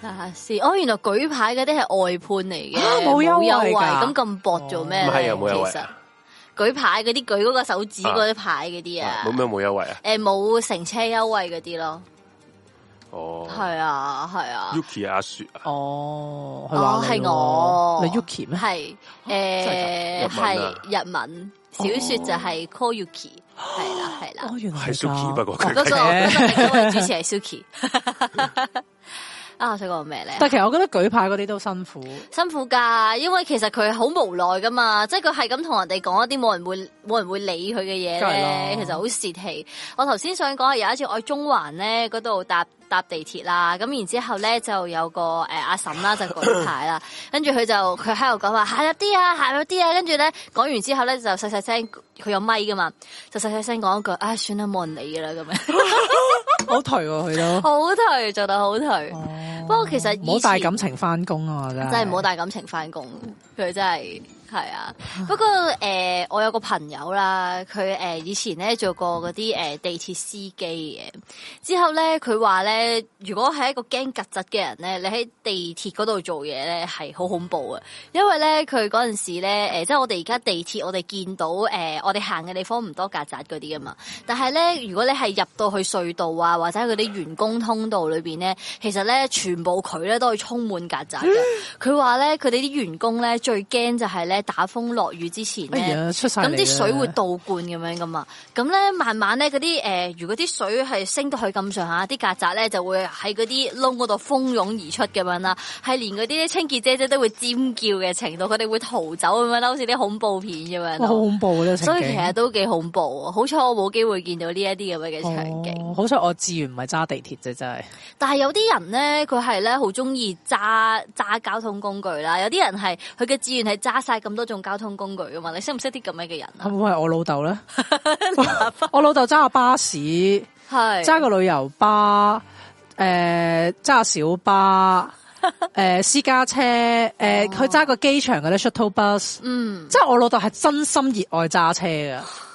睇下先，哦，原來舉牌嗰啲係外判嚟嘅，冇優、啊、惠，惠，咁咁薄做咩、哦？咁係有冇優惠啊？舉牌嗰啲，舉嗰個手指嗰啲牌嗰啲啊？冇咩冇優惠啊？誒，冇、呃、乘車優惠嗰啲咯。哦，係、oh, 啊，係啊，Yuki 阿雪啊，哦、oh，係嘛、啊，係我，咪 Yuki，係，誒、欸，係日文、啊、是日文小說就係 Call Yuki，係啦，係啦，係 Yuki 不過嗰個嗰個嗰位主持係 Suki 啊！想講咩咧？但其實我覺得舉牌嗰啲都辛苦，辛苦噶，因為其實佢好無奈噶嘛，即係佢係咁同人哋講一啲冇人會冇人會理佢嘅嘢咧，然其實好泄氣。我頭先想講有一次我喺中環咧嗰度搭搭地鐵啦，咁然之後咧就有個誒、呃、阿嬸啦就舉牌啦，跟住佢就佢喺度講話行入啲啊，行入啲啊，跟住咧講完之後咧就細細聲，佢有咪噶嘛，就細細聲講一句啊、哎，算啦，冇人理噶啦咁樣。 好頹，佢都好頹，做得好頹。哦、不過其實唔好帶感情返工啊，真係唔好帶感情返工，佢真係。係啊，不過誒、呃，我有個朋友啦，佢誒、呃、以前咧做過嗰啲誒地鐵司機嘅，之後咧佢話咧，如果係一個驚曱甴嘅人咧，你喺地鐵嗰度做嘢，咧係好恐怖啊，因為咧佢嗰陣時咧誒、即、呃、係、就是、我哋而家地鐵我哋見到誒、呃，我哋行嘅地方唔多曱甴嗰啲噶嘛，但係咧如果你係入到去隧道啊，或者係啲員工通道裏邊咧，其實咧全部佢咧都係充滿曱甴嘅。佢話咧佢哋啲員工咧最驚就係咧。打風落雨之前咧，咁啲、哎、水會倒灌咁樣噶嘛？咁咧慢慢咧嗰啲誒，如果啲水係升到去咁上下，啲曱甴咧就會喺嗰啲窿嗰度蜂湧而出咁樣啦。係連嗰啲清潔姐姐都會尖叫嘅程度，佢哋會逃走咁樣啦，好似啲恐怖片咁樣。好恐怖咧！所以其實都幾恐怖。啊。好彩我冇機會見到呢一啲咁樣嘅場景。哦、好彩我志願唔係揸地鐵啫，真係。但係有啲人咧，佢係咧好中意揸揸交通工具啦。有啲人係佢嘅志願係揸晒，咁多種交通工具噶嘛？你識唔識啲咁樣嘅人？係咪我老豆咧？我老豆揸下巴士，係揸個旅遊巴，誒、呃、揸下小巴，誒、 呃、私家車，誒佢揸個機場嘅咧 shuttle bus。嗯，即係我老豆係真心熱愛揸車噶。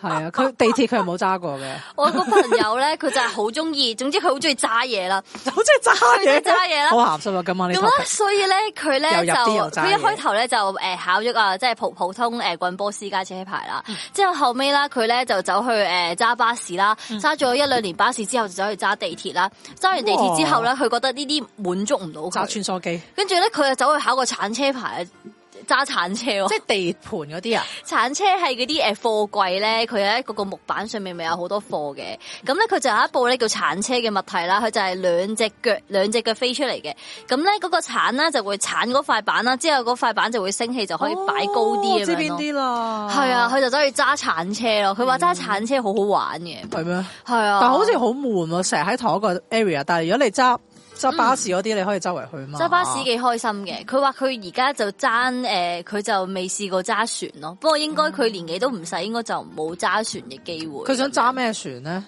係 啊，佢地鐵佢又冇揸過嘅。我個朋友咧，佢就係好中意，總之佢好中意揸嘢啦，好中意揸嘢，揸嘢啦，好鹹濕啊！今晚你覺得？所以咧，佢咧就佢一開頭咧就誒考咗個，即係普普通誒棍波私家車牌啦。嗯、之後後尾啦，佢咧就走去誒揸巴士啦，揸咗、嗯、一兩年巴士之後就走去揸地鐵啦。揸完地鐵之後咧，佢哇覺得呢啲滿足唔到佢，揸穿梭機，跟住咧佢就走去考個鏟車牌。揸鏟車喎、啊，即係地盤嗰啲啊！鏟車係嗰啲貨櫃呢，佢喺嗰個木板上面咪有好多貨嘅。咁呢，佢就有一部呢叫鏟車嘅物體啦，佢就係兩隻腳兩隻腳飛出嚟嘅。咁呢，嗰個鏟咧就會鏟嗰塊板啦，之後嗰塊板就會升起就可以擺高啲、哦。我知邊啲啦，係啊，佢就走去揸鏟車咯。佢話揸鏟車好好玩嘅，係咩、嗯？係啊，但好似好悶喎、啊，成日喺同一個 area，但係如果你揸。揸巴士嗰啲你可以周圍去嘛、嗯？揸巴士幾開心嘅，佢話佢而家就爭誒，佢、呃、就未試過揸船咯。不過應該佢年紀都唔細，嗯、應該就冇揸船嘅機會。佢想揸咩船咧？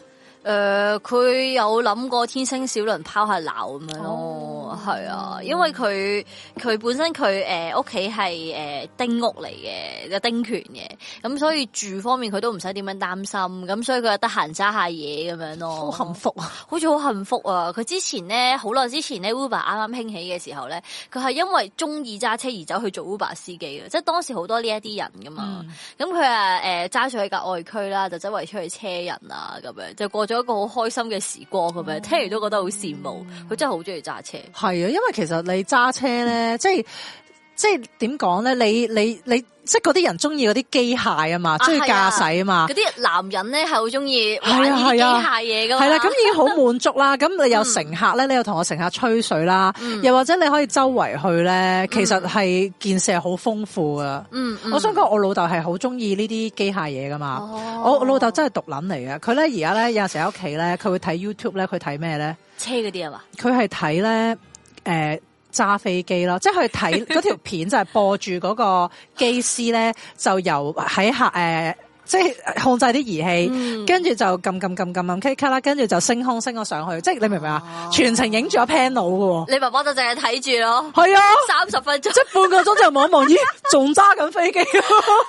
誒佢、呃、有諗過天星小輪拋下樓咁樣咯，係、oh. 啊，因為佢佢本身佢誒屋企係誒丁屋嚟嘅，有丁權嘅，咁所以住方面佢都唔使點樣擔心，咁所以佢又得閒揸下嘢咁樣咯。Oh. 好幸福，啊， 好似好幸福啊！佢之前咧，好耐之前咧，Uber 啱啱興起嘅時候咧，佢係因為中意揸車而走去做 Uber 司機嘅，即係當時好多呢一啲人㗎嘛。咁佢、mm. 啊誒揸住去隔外區啦，就周圍出去車人啊咁樣，就過。做一個好開心嘅時光咁樣，oh. 聽完都覺得好羨慕。佢真係好中意揸車，係啊，因為其實你揸車咧，即係。即係點講咧？你你你，即係嗰啲人中意嗰啲機械啊嘛，中意駕駛啊嘛。嗰啲男人咧係好中意玩啲機械嘢噶。係啦，咁已經好滿足啦。咁你有乘客咧，你又同個乘客吹水啦，又或者你可以周圍去咧，其實係件事係好豐富噶。嗯，我想講我老豆係好中意呢啲機械嘢噶嘛。我我老豆真係獨諗嚟嘅。佢咧而家咧有陣時喺屋企咧，佢會睇 YouTube 咧，佢睇咩咧？車嗰啲啊嘛？佢係睇咧，誒。揸飛機咯，即係去睇嗰條片 就係播住嗰個機師咧，就由喺客誒。呃即係控制啲儀器，跟住、嗯、就撳撳撳撳咔啦，跟住就升空升咗上去。啊、即係你明唔明啊？全程影住個 panel 喎、哦啊。你爸爸就淨係睇住咯。係啊，三十分鐘。即係半個鐘就望一望咦，仲揸緊飛機、啊。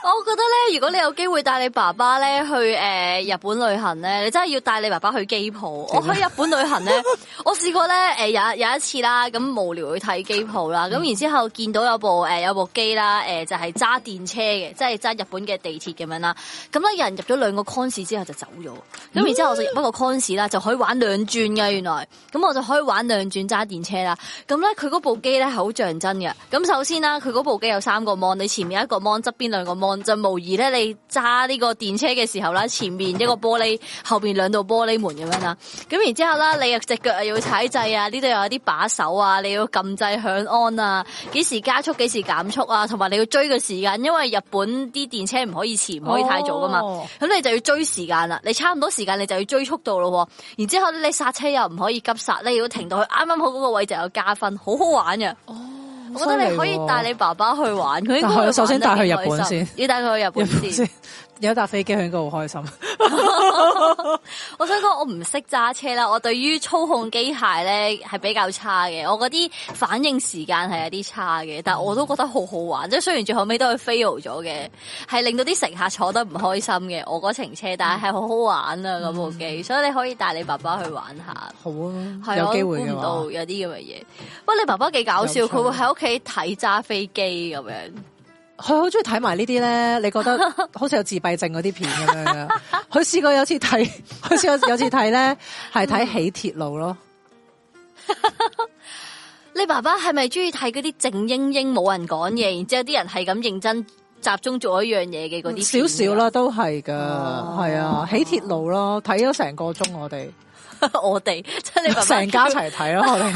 我覺得咧，如果你有機會帶你爸爸咧去日本旅行咧，你真係要帶你爸爸去機鋪。是啊、我去日本旅行咧， 我試過咧有有一次啦，咁無聊去睇機鋪啦，咁然之後，後見到有部有部機啦，就係、誒、揸電車嘅，即係揸日本嘅地鐵咁樣啦。咁咧，人入咗兩個 con 之後就走咗。咁、嗯、然之後我就入一個 con 啦，就可以玩兩轉嘅，原來。咁我就可以玩兩轉揸電車啦。咁咧，佢嗰部機咧係好像真嘅。咁首先啦，佢嗰部機有三個芒，你前面一個芒，o 側邊兩個芒，就模擬咧你揸呢個電車嘅時候啦，前面一個玻璃，後面兩道玻璃門咁樣啦。咁然之後啦，你隻腳又要踩掣啊，呢度又有啲把手啊，你要撳掣響安啊，幾時加速，幾時減速啊，同埋你要追嘅時間，因為日本啲電車唔可以遲，唔可以太早。哦嘛，咁、哦、你就要追時間啦，你差唔多時間你就要追速度咯，然之後你剎車又唔可以急剎咧，如果停到去啱啱好嗰個位置就有加分，好好玩嘅。哦，我覺得你可以帶你爸爸去玩，佢應該玩得開心。首先帶佢去日本先。要帶佢去日本先。有搭飛機佢應該好開心。 我想講我唔識揸車啦，我對於操控機械咧係比較差嘅，我嗰啲反應時間係有啲差嘅，但我都覺得好好玩。即係雖然最後尾都係 fail 咗嘅，係令到啲乘客坐得唔開心嘅，我嗰程車，但係係好好玩啊！嗰部機，所以你可以帶你爸爸去玩下。好啊，係咯對，估唔到有啲咁嘅嘢。喂，你爸爸幾搞笑，佢會喺屋企睇揸飛機咁樣。佢好中意睇埋呢啲咧，你覺得好似有自閉症嗰啲片咁樣。佢 試過有次睇，佢試有有次睇咧，係睇起鐵路咯。嗯、 你爸爸係咪中意睇嗰啲靜英英冇人講嘢，然之後啲人係咁認真集中做一樣嘢嘅嗰啲？少少啦，都係噶，係、哦、啊，起鐵路咯，睇咗成個鐘我哋。 我哋即係你爸爸成家一齊睇咯，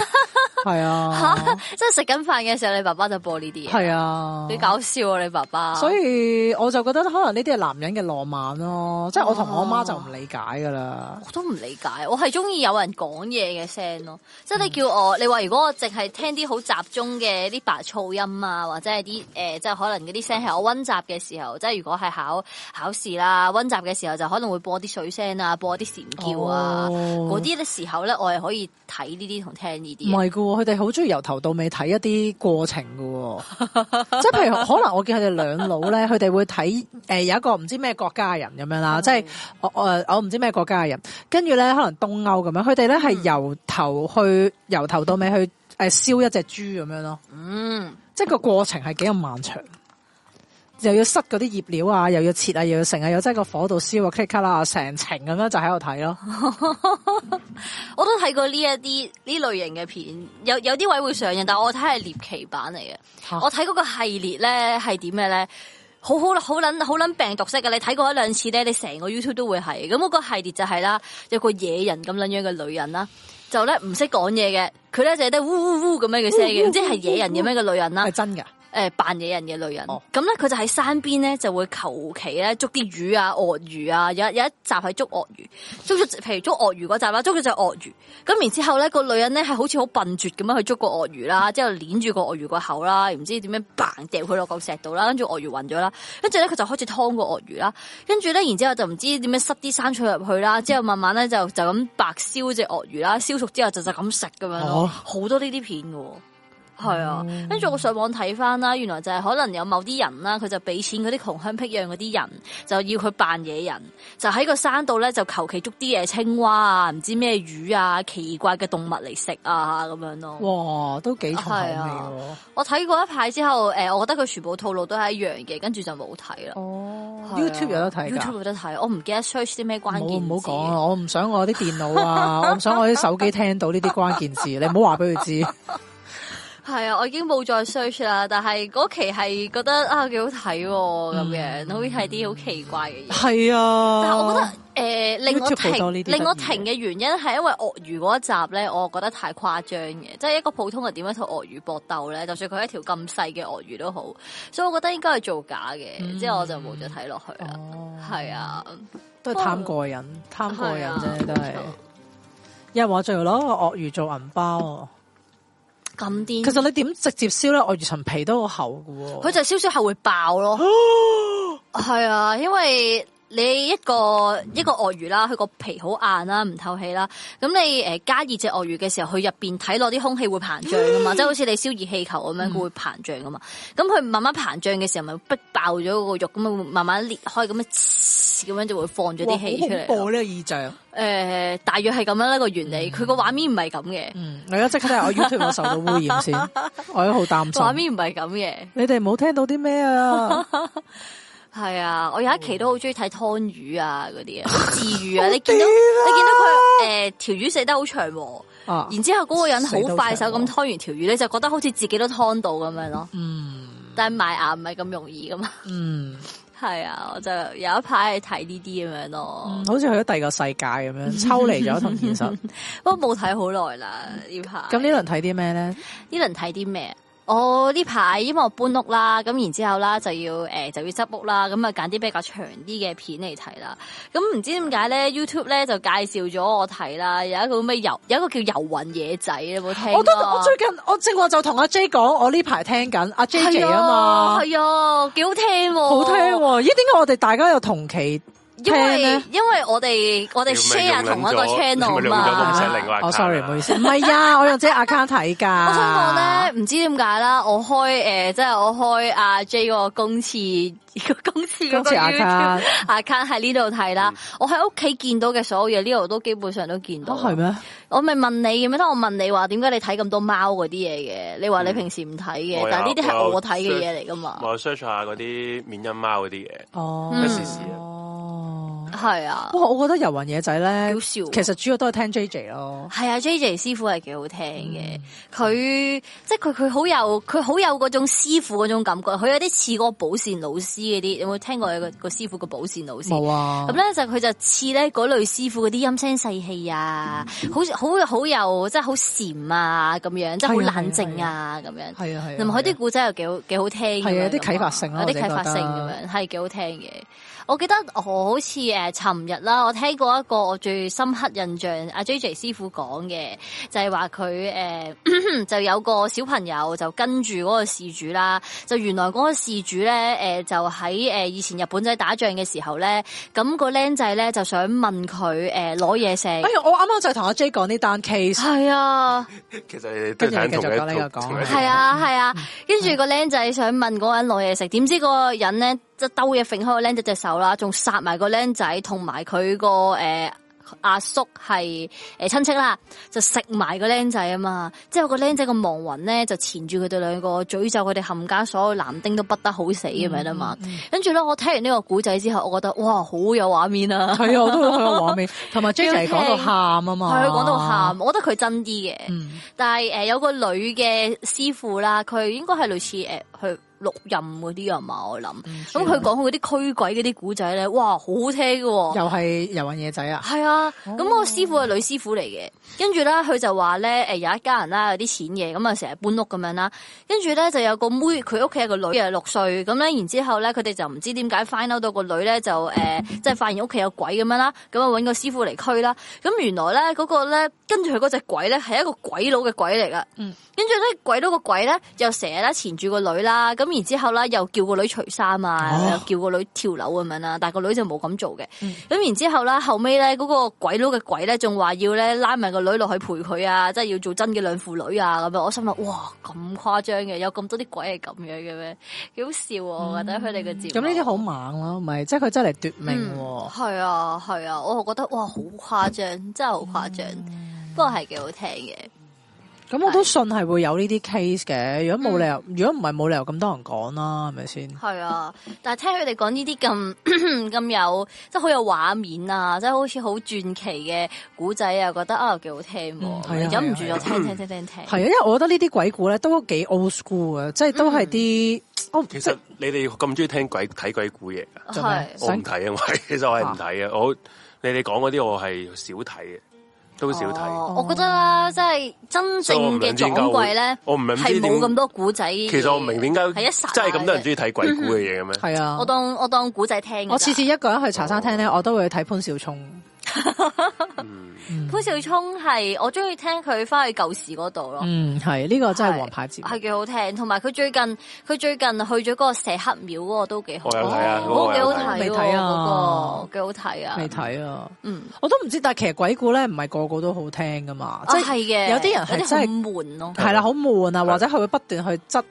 係啊，即係食緊飯嘅時候，你爸爸就播呢啲嘢，係啊，幾搞笑啊你爸爸，所以我就覺得可能呢啲係男人嘅浪漫咯、啊，哦、即係我同我阿媽就唔理解噶啦，我都唔理解，我係中意有人講嘢嘅聲咯，嗯、即係你叫我你話如果我淨係聽啲好集中嘅啲白噪音啊，或者係啲誒即係可能嗰啲聲係我溫習嘅時候，即係如果係考考試啦溫習嘅時候就可能會播啲水聲啊，播啲蟬叫啊。哦有啲嘅時候咧，我係可以睇呢啲同聽呢啲。唔係噶，佢哋好中意由頭到尾睇一啲過程噶 。即係譬如可能我見佢哋兩老咧，佢哋會睇誒、呃、有一個唔知咩國家嘅人咁樣啦。嗯、即係我我我唔知咩國家嘅人，跟住咧可能東歐咁樣，佢哋咧係由頭去由頭到尾去誒燒一隻豬咁樣咯。嗯，即係個過程係幾咁漫長。又要塞嗰啲醃料啊，又要切啊，又要成啊，又真係個火度燒啊，咔啦成程咁樣就喺度睇咯。我都睇過呢一啲呢類型嘅片，有有啲位置會上映，但我睇係獵奇版嚟嘅。啊、我睇嗰個系列咧係點嘅咧，好好好捻好捻病毒式嘅。你睇過一兩次咧，你成個 YouTube 都會係。咁、那、嗰個系列就係啦，有個野人咁捻樣嘅女人啦，就咧唔識講嘢嘅，佢咧就係得嗚嗚嗚咁樣嘅聲嘅，哦哦、即係野人咁樣嘅女人啦，係真㗎。誒扮野人嘅女人，咁咧佢就喺山邊咧就會求其咧捉啲魚啊、鱷魚啊，有有一集係捉鱷魚，捉咗，譬如捉鱷魚嗰集啦，捉咗隻鱷魚，咁然之後咧個女人咧係好似好笨拙咁樣去捉個鱷魚啦，之後捏住個鱷魚個口啦，唔知點樣嘭 a 掉佢落個石度啦，跟住鱷魚暈咗啦，跟住咧佢就開始劏個鱷魚啦，跟住咧然之後，後就唔知點樣塞啲生菜入去啦，之後慢慢咧就就咁白燒隻鱷魚啦，燒熟之後就就咁食咁樣好、哦、多呢啲片㗎喎。係啊，跟住我上網睇翻啦，原來就係可能有某啲人啦，佢就俾錢嗰啲窮鄉僻壤嗰啲人，就要佢扮野人，就喺個山度咧，就求其捉啲嘢、青蛙啊，唔知咩魚啊，奇怪嘅動物嚟食啊咁樣咯。哇，都幾重口味啊。啊、我睇過一排之後，誒，我覺得佢全部套路都係一樣嘅，跟住就冇睇啦。哦啊、YouTube 有得睇，YouTube 有得睇。我唔記得 search 啲咩關鍵詞。唔好講啊，我唔想我啲電腦啊， 我唔想我啲手機聽到呢啲關鍵字。你唔好話俾佢知。 係啊，我已經冇再 search 啦。但係嗰期係覺得啊，幾好睇咁樣，好似係啲好奇怪嘅嘢。係啊，但係我覺得誒、呃、令我停令我停嘅原因係因為鱷魚嗰一集咧，我覺得太誇張嘅，即係一個普通人點樣同鱷魚搏鬥咧，就算佢一條咁細嘅鱷魚都好，所以我覺得應該係做假嘅，嗯、之後我就冇再睇落去啦。係、哦、啊，都係貪過癮，貪過癮啫，啊、都係。又話最後攞個鱷魚做銀包。其實你點直接燒呢？我外層皮都好厚喎，佢就燒燒後會爆咯。係 啊，因為。你一個一個鱷魚啦，佢個皮好硬啦，唔透氣啦。咁你誒、呃、加熱隻鱷魚嘅時候，佢入邊睇落啲空氣會膨脹噶嘛，耶即係好似你燒熱氣球咁樣，佢、嗯、會膨脹噶嘛。咁佢慢慢膨脹嘅時候，咪逼爆咗個肉，咁啊慢慢裂開，咁啊咁樣就會放咗啲氣出嚟。播呢、這個意象？誒、呃，大約係咁樣一個原理。佢個畫面唔係咁嘅。嗯，嚟即、嗯、刻睇我 YouTube 受到污染先， 我都好擔心。畫面唔係咁嘅。你哋冇聽到啲咩啊？ 係啊，我有一期都好中意睇湯魚啊嗰啲啊，治癒啊， 你見到、啊、你見到佢誒條魚死得好長，啊，啊、然之後嗰個人好快手咁湯完條魚，你就覺得好似自己都湯到咁樣咯。嗯，但係賣牙唔係咁容易噶嘛。嗯，係啊，我就有一排去睇呢啲咁樣咯，好似去咗第二個世界咁樣，抽離咗同現實。不過冇睇好耐啦，要拍、嗯。咁、嗯、呢輪睇啲咩咧？呢輪睇啲咩？我呢排因為我搬屋啦，咁然之後啦就要誒、欸、就要執屋啦，咁啊揀啲比較長啲嘅片嚟睇啦。咁唔知點解咧？YouTube 咧就介紹咗我睇啦，有一個咩遊有一個叫遊魂野仔，你有冇聽？我都我最近我正話就同阿 J 講，我呢排聽緊阿 J 啊嘛，係啊，幾、啊啊、好聽、哦，好聽、哦、咦，點解我哋大家有同期？因為因為我哋我哋 share 同一個 channel 嘛，另外我 sorry 唔好意思，唔係啊，我用 J account 睇噶。我想講咧，唔知點解啦，我開誒，即係我開阿 J 個公廁個公廁個 account，account 喺呢度睇啦。我喺屋企見到嘅所有嘢，呢度都基本上都見到。都係咩？我咪問你嘅咩？我問你話點解你睇咁多貓嗰啲嘢嘅？你話你平時唔睇嘅，但係呢啲係我睇嘅嘢嚟噶嘛？我 search 下嗰啲緬因貓嗰啲嘢，咩事事啊？係啊，不過，我覺得遊魂野仔呢，好笑，其實主要都係聽 J J 囉。係啊，J J 師傅係幾好聽嘅。佢即係佢好有佢好有嗰種師傅嗰種感覺。佢有啲似個寶善老師嗰啲，有冇聽過有個師傅個寶善老師？冇啊。咁咧就佢就似呢嗰類師傅嗰啲陰聲細氣啊，好好好有即係好禪啊咁樣，即係好冷靜啊咁樣。係啊係。同埋佢啲古仔又幾好幾好聽。係啊，有啲啟發性咯，有啲啟發性咁樣係幾好聽嘅。我記得我好似誒，尋日啦，我聽過一個我最深刻印象，阿 J J 師傅講嘅就係話佢誒，就有個小朋友就跟住嗰個事主啦，就原來嗰個事主咧，誒就喺誒以前日本仔打仗嘅時候咧，咁個僆仔咧就想問佢誒攞嘢食。哎呀，我啱啱就同阿 J 講呢單 case。係啊，其實跟住你繼續講呢個講。係啊係啊，啊啊嗯、跟住個僆仔想問嗰個人攞嘢食，點知嗰個人咧？就兜嘢揈開個僆仔隻手啦，仲殺埋個僆仔同埋佢個誒阿叔係、呃、親戚啦，就食埋個僆仔啊嘛！之後個僆仔個亡魂咧就纏住佢哋兩個，詛咒佢哋冚家所有男丁都不得好死咁樣啦嘛！跟住咧，我聽完呢個古仔之後，我覺得哇，好有畫面啊！係啊，我都好有畫面，同埋 Jade 講到喊啊嘛！佢講到喊，我覺得佢真啲嘅。嗯、但係、呃、有個女嘅師傅啦，佢應該係類似去。呃錄音嗰啲啊嘛，我諗，咁佢講嗰啲驅鬼嗰啲古仔咧，哇，好好聽㗎。哦，又係遊魂野仔啊，係啊，咁、哦、我師傅係女師傅嚟嘅。跟住咧佢就話咧，誒有一家人啦，有啲錢嘅，咁啊成日搬屋咁樣啦，跟住咧就有個妹，妹，佢屋企有個女啊六歲，咁、就、咧、是、然之後咧佢哋就唔知點解 find 到個女咧就誒，即係、嗯呃就是、發現屋企有鬼咁樣啦，咁啊揾個師傅嚟驅啦，咁原來咧嗰個咧跟住佢嗰隻鬼咧係一個鬼佬嘅鬼嚟噶。跟住咧鬼佬個鬼咧又成日咧纏住個女啦，咁然之後咧，又叫個女除衫啊，oh. 又叫個女跳樓咁樣啦。但係個女就冇咁做嘅。咁、mm. 然之後咧，後尾咧，嗰個鬼佬嘅鬼咧，仲話要咧拉埋個女落去陪佢啊，即係要做真嘅兩父女啊咁樣。我心諗哇，咁誇張嘅，有咁多啲鬼係咁樣嘅咩？幾好笑。我覺得佢哋嘅節目咁呢啲好猛咯、啊，唔係，即係佢真係嚟奪命喎、啊。係、mm. 啊係啊，我覺得哇，好誇張，真係好誇張，mm. 不過係幾好聽嘅。咁我都信係會有呢啲 case 嘅，如果冇理由，嗯、如果唔係冇理由咁多人講啦，係咪先？係啊，但係聽佢哋講呢啲咁咁有，即係好有畫面啊，即係好似好傳奇嘅古仔啊，覺得啊幾好聽，係啊，忍唔住就聽聽聽聽聽。係啊，因為我覺得呢啲鬼故咧都幾 old school 啊，即係都係啲，嗯哦、其實你哋咁中意聽鬼睇鬼故嘢噶，係我唔睇啊，我其實我係唔睇啊，我你哋講嗰啲我係少睇嘅。都少睇，我覺得啦，即係真正嘅撞鬼咧，係冇咁多古仔。其實我唔明點解，係一真係咁多人中意睇鬼故嘅嘢咁樣？係啊，我，我當我當古仔聽，我次次一個人去茶餐廳咧，哦、我都會去睇潘小聰。 嗯、潘少聰係我中意聽佢翻去舊時嗰度咯，嗯係呢、呢個真係王牌節目，係幾好聽。同埋佢最近佢最近去咗嗰個蛇黑廟嗰個都幾好，我有睇啊，嗰個、我幾、哦、好睇，未睇啊，幾好睇啊，未睇啊，嗯，我都唔知道。但係其實鬼故咧唔係個個都好聽噶嘛，即係有啲人係真係悶咯，係啦，好悶啊，或者佢會不斷去執。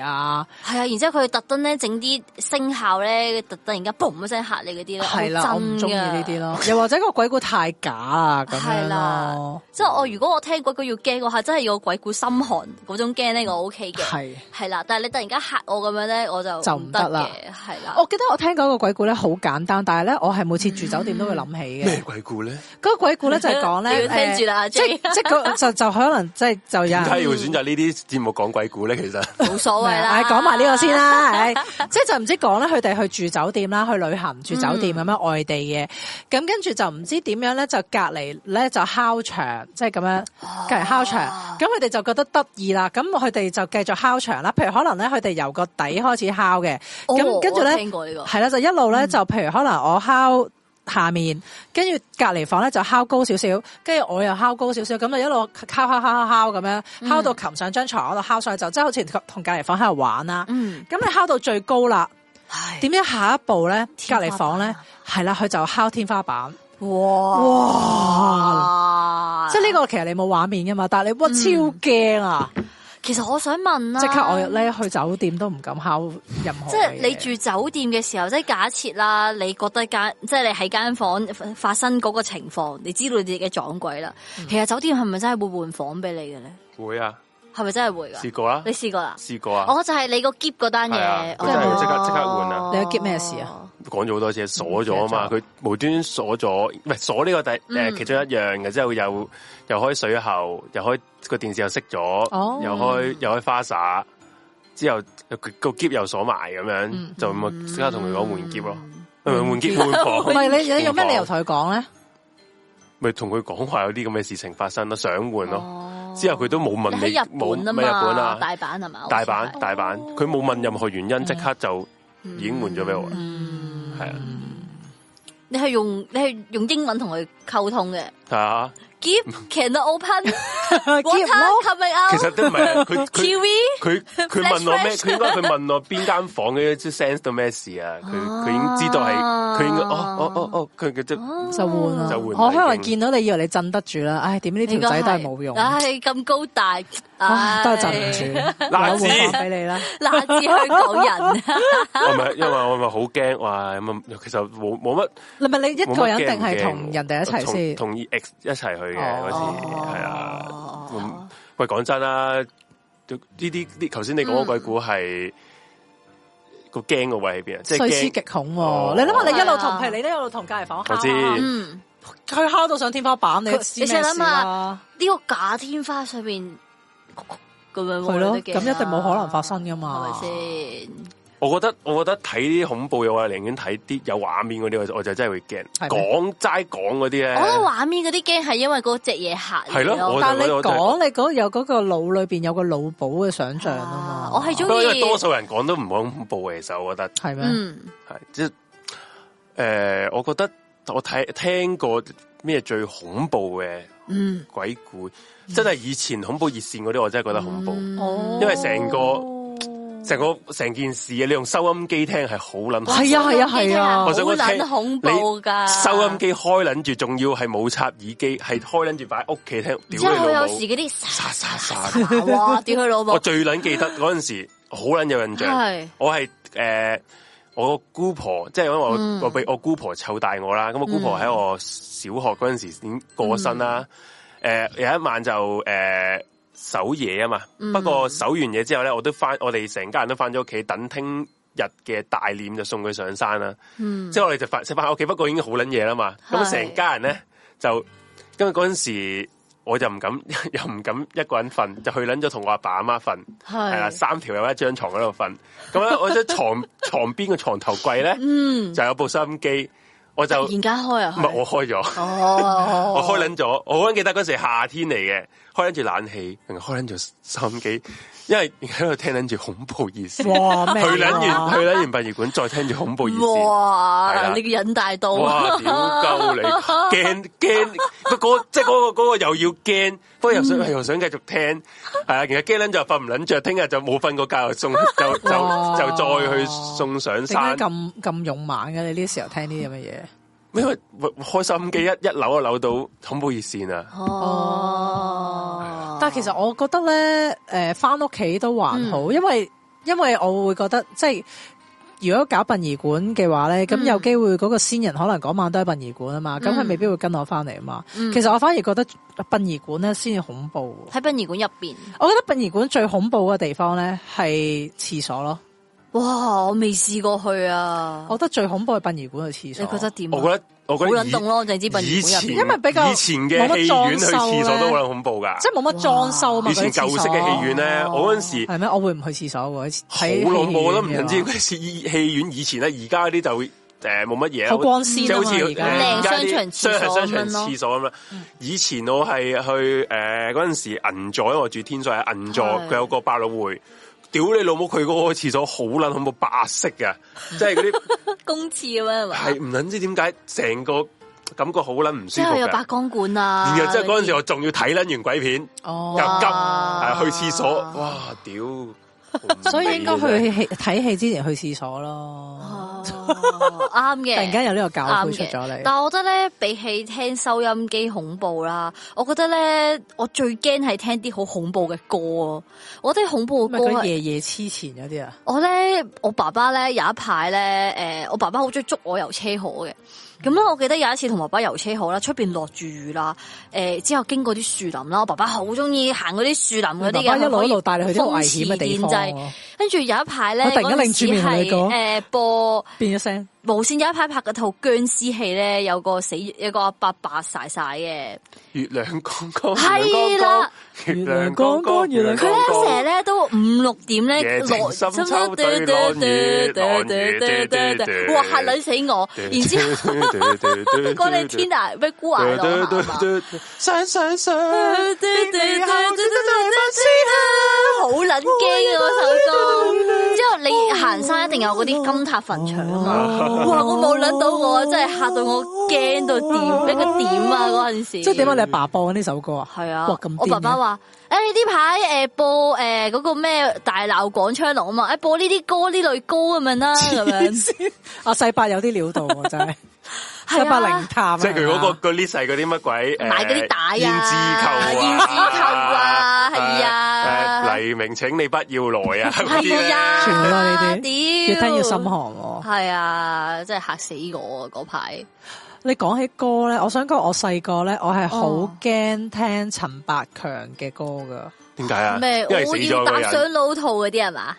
啊，係啊，然之後佢特登咧整啲聲效咧，特突然間嘣一聲吓你嗰啲咯，係啦，我唔中意呢啲咯，又或者個鬼故太假啊，係啦，即係我如果我聽鬼故要驚，嘅話真係要鬼故心寒嗰種驚咧，我 O K 嘅。係啦，但係你突然間吓我咁樣咧，我就就唔得啦，係啦，我記得我聽講個鬼故咧好簡單，但係咧我係每次住酒店都會諗起嘅咩鬼故咧？嗰個鬼故咧就係講咧，即即係，就就可能即係就點解要選擇呢啲節目講鬼故咧？其實。所謂啦，講埋呢個先啦，係即係就唔知講咧，佢哋去住酒店啦，去旅行住酒店咁樣外地嘅，咁、嗯、跟住就唔知點樣咧，就隔籬咧就敲牆，即係咁樣隔籬敲牆，咁佢哋就覺得得意啦，咁佢哋就繼續敲牆啦。譬如可能咧，佢哋由個底開始敲嘅，咁、哦哦、跟住咧，聽過呢個係啦，就一路咧就譬如可能我敲。下面，跟住隔籬房咧就敲高少少，跟住我又敲高少少，咁就一路敲敲敲敲敲咁樣，敲到擒上張床嗰度敲晒就，即係好似同隔籬房喺度玩啦。咁、嗯、你敲到最高啦，點唉樣下一步咧？隔籬房咧係啦，佢就敲天花板。哇！即係呢個其實你冇畫面噶嘛，但係你哇超驚啊！嗯其實我想問，即刻我咧去酒店都唔敢敲任何。即係你住酒店嘅時候，即係假設啦，你覺得間即係你喺間房發生嗰個情況，你知道你自己撞鬼啦。嗯、其實酒店係咪真係會換房俾你嘅咧？會啊。係咪真係會噶？試過啦，你試過啦？試過啊！我就係你個喼嗰單嘢，我真係即刻即刻換啦！你個喼咩事啊？講咗好多次，鎖咗啊嘛，佢無端鎖咗，唔係鎖呢個第誒，其中一樣嘅，之後又又開水喉，又開個電視又熄咗，又開又開花灑，之後個喼又鎖埋咁樣，就咁啊！即刻同佢講換喼咯，唔換唔係你有咩理由同佢講咧？咪同佢講話有啲咁嘅事情發生咯，想換咯。之後佢都冇問你，冇問日本啊，大阪係嘛？大阪，是大阪，佢冇問任何原因，即、嗯、刻就已經換咗俾我啦。係啊、嗯的，你係用你係用英文同佢溝通嘅？係啊。Keep, can open? What's coming out? TV? Black fresh? 其實都唔係啊，佢佢問我咩？佢應該佢問我邊間房嘅 sense 到咩事啊？佢佢已經知道係，佢應該哦哦哦哦，佢、哦哦、就 就換 就換。我可能見到你以為你震得住啦，唉，點解啲條仔都係冇用？唉，咁高大。啊，都係賺唔錢，難字俾你啦，難字香港人。唔咪，因為我咪好驚，哇！咁其實冇冇乜。唔咪，你一個人定係同人哋一齊先？同 ex 一齊去嘅嗰次係、哦、啊。喂，講真啦，呢啲呢頭先你講個鬼故係個驚嘅位喺邊？即係細思極恐。你諗下，你一路同係，哦、你都一路同隔籬房敲我知。佢、嗯、敲到上天花板，你你想諗下呢個假天花上面？咁樣係咯，咁了一定冇可能發生噶嘛吧，係咪先？我覺得，我覺得睇恐怖嘅話寧願睇啲有畫面嗰啲，我就真係會驚。講齋講嗰啲咧，我覺得畫面嗰啲驚係因為嗰隻嘢吓。係咯，但你講，你有嗰個腦裏邊有個腦補嘅想象啊嘛。我係中意，不過多數人講都唔恐怖嘅，其實我覺得係咩？係即係誒，我覺得我睇聽過咩最恐怖嘅、嗯、鬼故。真係以前恐怖熱線嗰啲，我真係覺得恐怖，因為成個成個成件事啊！你用收音機聽係好捻，係啊係啊係啊，我想捻恐怖噶！收音機開捻住，仲要係冇插耳機，係開捻住擺屋企聽，屌你老母！有時嗰啲殺殺殺，我最捻記得嗰陣時，好捻有印象。我係誒，我姑婆即係因為我我俾我姑婆湊大我啦。咁我姑婆喺我小學嗰陣時已經過身啦。誒、呃，有一晚就誒、呃、守夜啊嘛，嗯、不過守完夜之後咧，我都翻，我哋成家人都翻咗屋企等聽日嘅大殮就送佢上山啦。嗯，即係我哋就食翻屋企，不過已經好撚夜啦嘛。咁成是家人咧就，因為嗰陣時我就唔敢，又唔敢一個人瞓，就去捻咗同我阿爸阿媽瞓係啦，三條友一張床喺度瞓。咁咧， 我張床床邊嘅床頭櫃咧，嗯，就有部收音機。我就而家開啊，唔係我開咗，我開撚咗、哦。 我好記得嗰時夏天嚟嘅，開撚住冷氣，定係開撚住收音機。因為喺度聽緊住恐怖意思，哇咩啊、去捻完去捻完殯儀館再聽住恐怖意思，哇！啊、你嘅癮大到，哇！屌鳩 你驚驚，嗰、嗰個即係、嗰、嗰個、嗰個又要驚，不過又想、嗯、又想繼續聽，係啊！其實驚捻就瞓唔捻着，聽日就冇瞓過覺，送就就就,就再去送上山，咁咁勇猛嘅你呢時候聽啲咁嘅嘢。嗯因為開心機一一扭就扭到恐怖熱線啊！哦，但係其實我覺得咧，誒，翻屋企都還好，嗯、因為因為我會覺得，即係如果搞殯儀館嘅話咧，咁、嗯、有機會嗰個先人可能嗰晚都喺殯儀館啊嘛，咁佢、嗯、未必會跟我翻嚟啊嘛。嗯、其實我反而覺得殯儀館咧先至恐怖，喺殯儀館入邊，我覺得殯儀館最恐怖嘅地方咧係廁所咯。哇！我未試過去啊，我覺得最恐怖係殯儀館嘅廁所。你覺得點？我覺得我覺得好引動咯，淨係知殯儀館入面，因為比較以前嘅戲院去廁所都好恐怖噶，即係冇乜裝修嘛。以前舊式嘅戲院咧，我嗰陣時係咩？我會唔去廁所喎？好恐怖，我都唔想知戲院以前咧，而家啲就誒冇乜嘢好光鮮啊！而家啲靚商場廁所咁樣。以前我係去誒嗰陣時銀座，我住天水圍銀座，佢有個百老匯。屌你老母廁！佢個廁所好捻恐怖，白色嘅，即係嗰啲 公廁咁樣係唔捻知點解成個感覺好捻唔舒服嘅。之後有白光管啊，然後即係嗰陣時我仲要睇捻完鬼片，哦，又急係哇去廁所。哇！屌，所以應該去戲睇戲之前去廁所咯。啱嘅，突然間有呢個教官出咗嚟。但係我覺得咧，比起聽收音機恐怖啦，我覺得咧，我最驚係聽啲好恐怖嘅歌。我覺得恐怖嘅歌，夜夜痴纏嗰啲啊！我咧，我爸爸咧有一排咧，誒，我爸爸好中意捉我遊車河嘅。咁咧，我記得有一次同爸爸遊車河啦，出邊落住雨啦，誒、呃，之後經過啲樹林啦，我爸爸好中意行嗰啲樹林嗰啲嘅，爸爸一路一路帶你去危險嘅地方。跟住有一排咧，我突然間係誒播變咗聲。無線有一排拍嗰套殭屍戲咧，有個死一,一個阿伯白晒晒嘅。月亮光光係啦，月亮光光，月亮光光。佢咧成日咧都五六點咧落，深秋。哇吓卵，死我！而且嗰啲天啊，俾掛到。想想想，好卵驚，嗰首歌。之後你行山一定有嗰啲金塔墳場啊嘛。哇！我冇諗到，我真係嚇到我驚到點，一佢點啊！嗰陣時即係點解你阿爸播緊呢首歌啊？係啊，我爸爸話：誒，呢排誒播誒嗰個咩大鬧廣昌隆啊嘛，誒播呢啲歌呢類歌咁樣啦，咁樣。阿細伯有啲料到，我真係。一百零探，即係佢嗰個嗰啲細嗰啲乜鬼？買嗰啲帶啊！燕字球，啊！燕字球啊！係啊！黎明，請你不要來啊！係啊！屌，越聽越心寒，係啊！真係嚇死我啊！嗰排你講起歌咧，我想講我細個咧，我係好驚聽陳百強嘅歌噶。點解啊？咩？因為死咗啊！踏上老套嗰啲係嘛？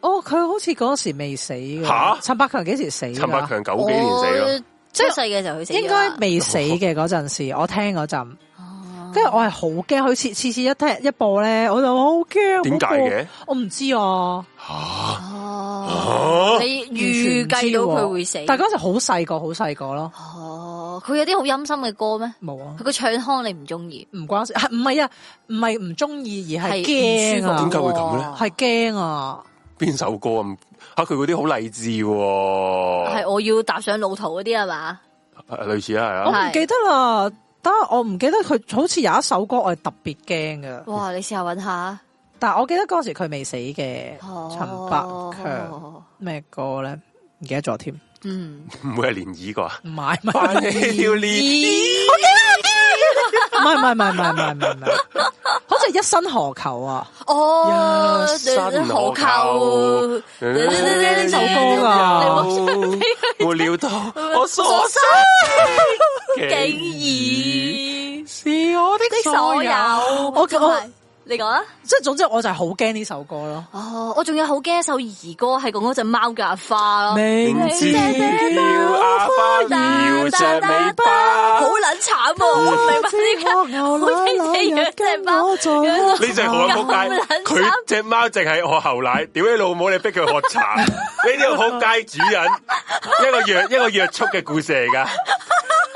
哦，佢好似嗰時未死嘅吓？陳百強幾時死？陳百強九幾年死咯？即係細嘅時候佢死，應該未死嘅嗰陣時，我聽嗰陣，跟住我係好驚，佢次次次一聽一播咧，我就好驚。點解嘅？我唔知啊。吓？你預計到佢會死？但係嗰陣好細個，好細個咯。佢有啲好陰森嘅歌咩？冇啊。佢個唱腔你唔中意，唔關事。唔係啊？唔係唔中意而係驚啊？點解會咁咧？係驚啊！邊首歌啊？佢嗰啲好勵志喎，係、哦、我要踏上路途嗰啲係嘛？類似是啊，係是 我唔記得啦，但係我唔記得佢好似有一首歌我係特別驚噶。哇，你試下揾下，但係我記得嗰時佢未死嘅。陳百強咩歌咧？唔記得咗添、嗯， 嗯，唔會係漣漪啩？唔係，快啲跳漣唔係唔係唔係唔係唔係唔係，好似、啊《oh, 一生何求》啊！哦，一生何求？呢、呢、呢、呢首歌啊！你沒料到我，我所失，竟然是我的所有。所有我我。你講啊，即係總之我就係好驚呢首歌咯。哦，我仲有好驚一首兒歌，係講嗰隻貓嘅阿花咯、啊。名字叫阿花搖隻尾巴，嗯嗯嗯嗯、好撚慘喎！明白呢家好聽嘅樣冷，隻貓隻貓呢隻好仆佢隻貓淨係學牛奶，屌你 老母你逼佢學茶，呢隻 好街主人一 一，一個約一個約束嘅故事嚟噶。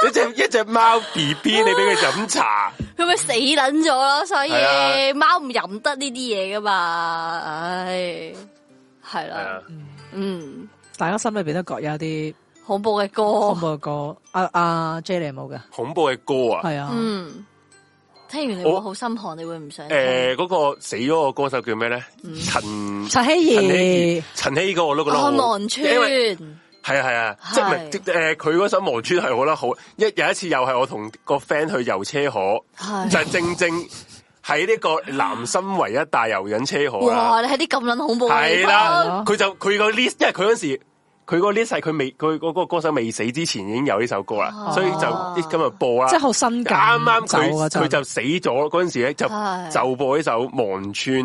一隻一隻貓 B B，你俾佢飲茶，佢咪哇死撚咗咯？所以、啊。包唔飲得呢啲嘢噶嘛？唉，係啦，嗯，大家心裏邊都覺有啲恐怖嘅歌，恐怖嘅歌。阿阿 Jennie 有冇嘅？恐怖嘅歌啊，係啊，嗯，聽完你會好心寒，你會唔想。誒，嗰個死咗個歌手叫咩咧？陳陳僖儀，陳僖個我都覺得好。因為係啊係啊，即係誒，佢嗰首《忘川》係好得好。一有一次又係我同個 friend 去遊車河，就正正。喺呢個南深圍一帶遊引車河啦，哇，你喺啲咁捻恐怖嘅地方！係啦，佢就佢個 list，因為佢嗰時佢個 list 係佢未，佢個歌手未死之前已經有呢首歌啦，所以就今日播啦。即係好新解啱啱佢就死咗嗰陣時咧，就就播呢首《忘川》，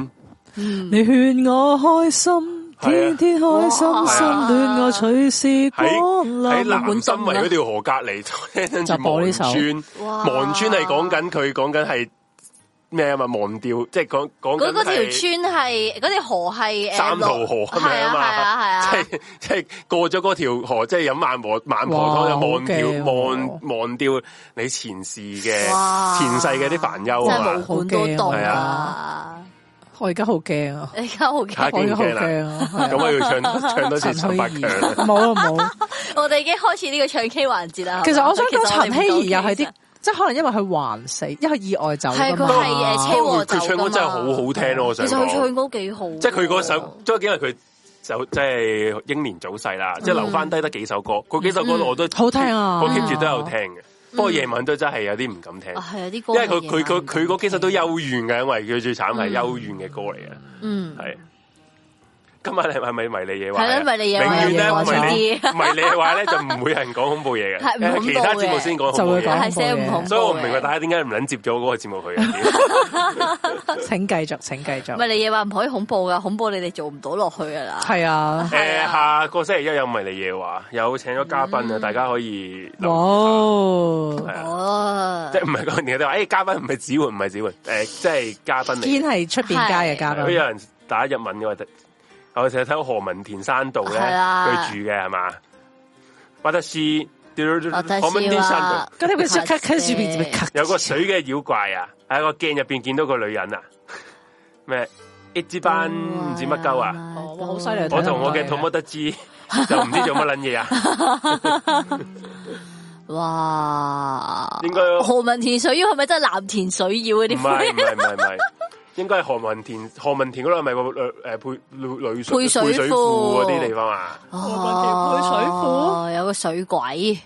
你勸我開心，天天開心，心戀我，隨時光臨。喺南深圍嗰條河隔籬就播呢首《忘川》。《忘川》係講緊佢講緊係。咩啊？嘛，忘掉，即係講嗰嗰條村係，嗰條河係三途河係啊嘛，即係即係過咗嗰條河，即係飲孟婆孟婆湯，就忘掉忘忘掉你前世嘅前世嘅啲煩憂啊！真係好多檔，啊！我而家好驚啊！而家好驚，吓驚啦！咁我要唱唱多次陳百強，冇冇！我哋已經開始呢個唱 K 環節啦。其實我想講陳希兒又係啲。即係可能因為佢橫死，因為意外就係佢係誒車禍，走噶嘛。佢唱歌真係好好聽囉。我想講，其實佢唱歌幾好，即係佢嗰首都係因為佢就即係英年早逝啦，即係留翻低得幾首歌，嗰幾首歌我都好聽啊，我 keep 住都有聽嘅。不過夜晚都真係有啲唔敢聽，係啊，啲歌。因為佢佢佢佢嗰幾首都幽怨嘅，因為佢最慘係幽怨嘅歌嚟嘅。嗯，係。今日你係咪咪迷你嘢話？係迷你嘢話，永遠咧迷你，迷你嘅話咧就唔會有人講恐怖嘢嘅，其他節目先講恐怖嘢，就會講恐怖。所以我唔明白大家點解唔捻接咗嗰個節目去。請繼續，請繼續。迷你嘢話唔可以恐怖噶恐怖你哋做唔到落去噶啦係啊，誒，下個星期一有迷你嘢話，有請咗嘉賓啊，大家可以留意下。哦，即係唔係嗰年嘅話，嘉賓唔係指慧，唔係指慧，誒，即係嘉賓嚟。先係出邊街嘅嘉賓，有人打日文嘅話。我成日睇何文田山道咧，居住嘅係嘛？巴德斯，何文田山道，今日嘅書卡卡書邊字？有個水嘅妖怪啊，喺個鏡入邊見到個女人啊，咩？一支班唔知乜鳩啊，好犀利，我同我嘅土乜得知，就唔知做乜捻嘢啊！哇，應該何文田水妖係咪真係藍田水妖嗰啲？唔係唔係唔係。應該係何文田，何文田嗰度係咪個誒、呃、配女，呃呃呃、配水配水庫嗰啲地方啊？啊何文田配水庫有個水鬼，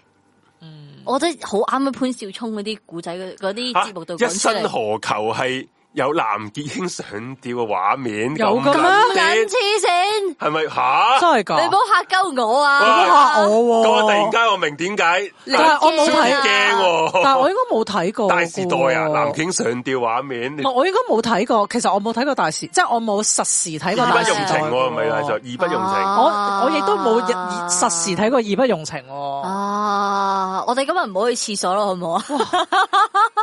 嗯，我覺得好啱阿潘少聰嗰啲古仔嗰啲節目度講、啊。一身出何求係？有藍潔瑛上吊嘅畫面，有咁近黐線，係咪吓？真係咁？你唔好嚇鳩我啊！唔好嚇我，咁突然間我明點解。你係我冇睇啊！驚，但係我應該冇睇過《大時代》啊！藍潔瑛上吊畫面，我應該冇睇過。其實我冇睇過《大時》，即係我冇實時睇過《義不容情》。唔係啊，就義不容情。我我亦都冇實時睇過《義不容情》。啊！我哋今日唔好去廁所咯，好唔好啊？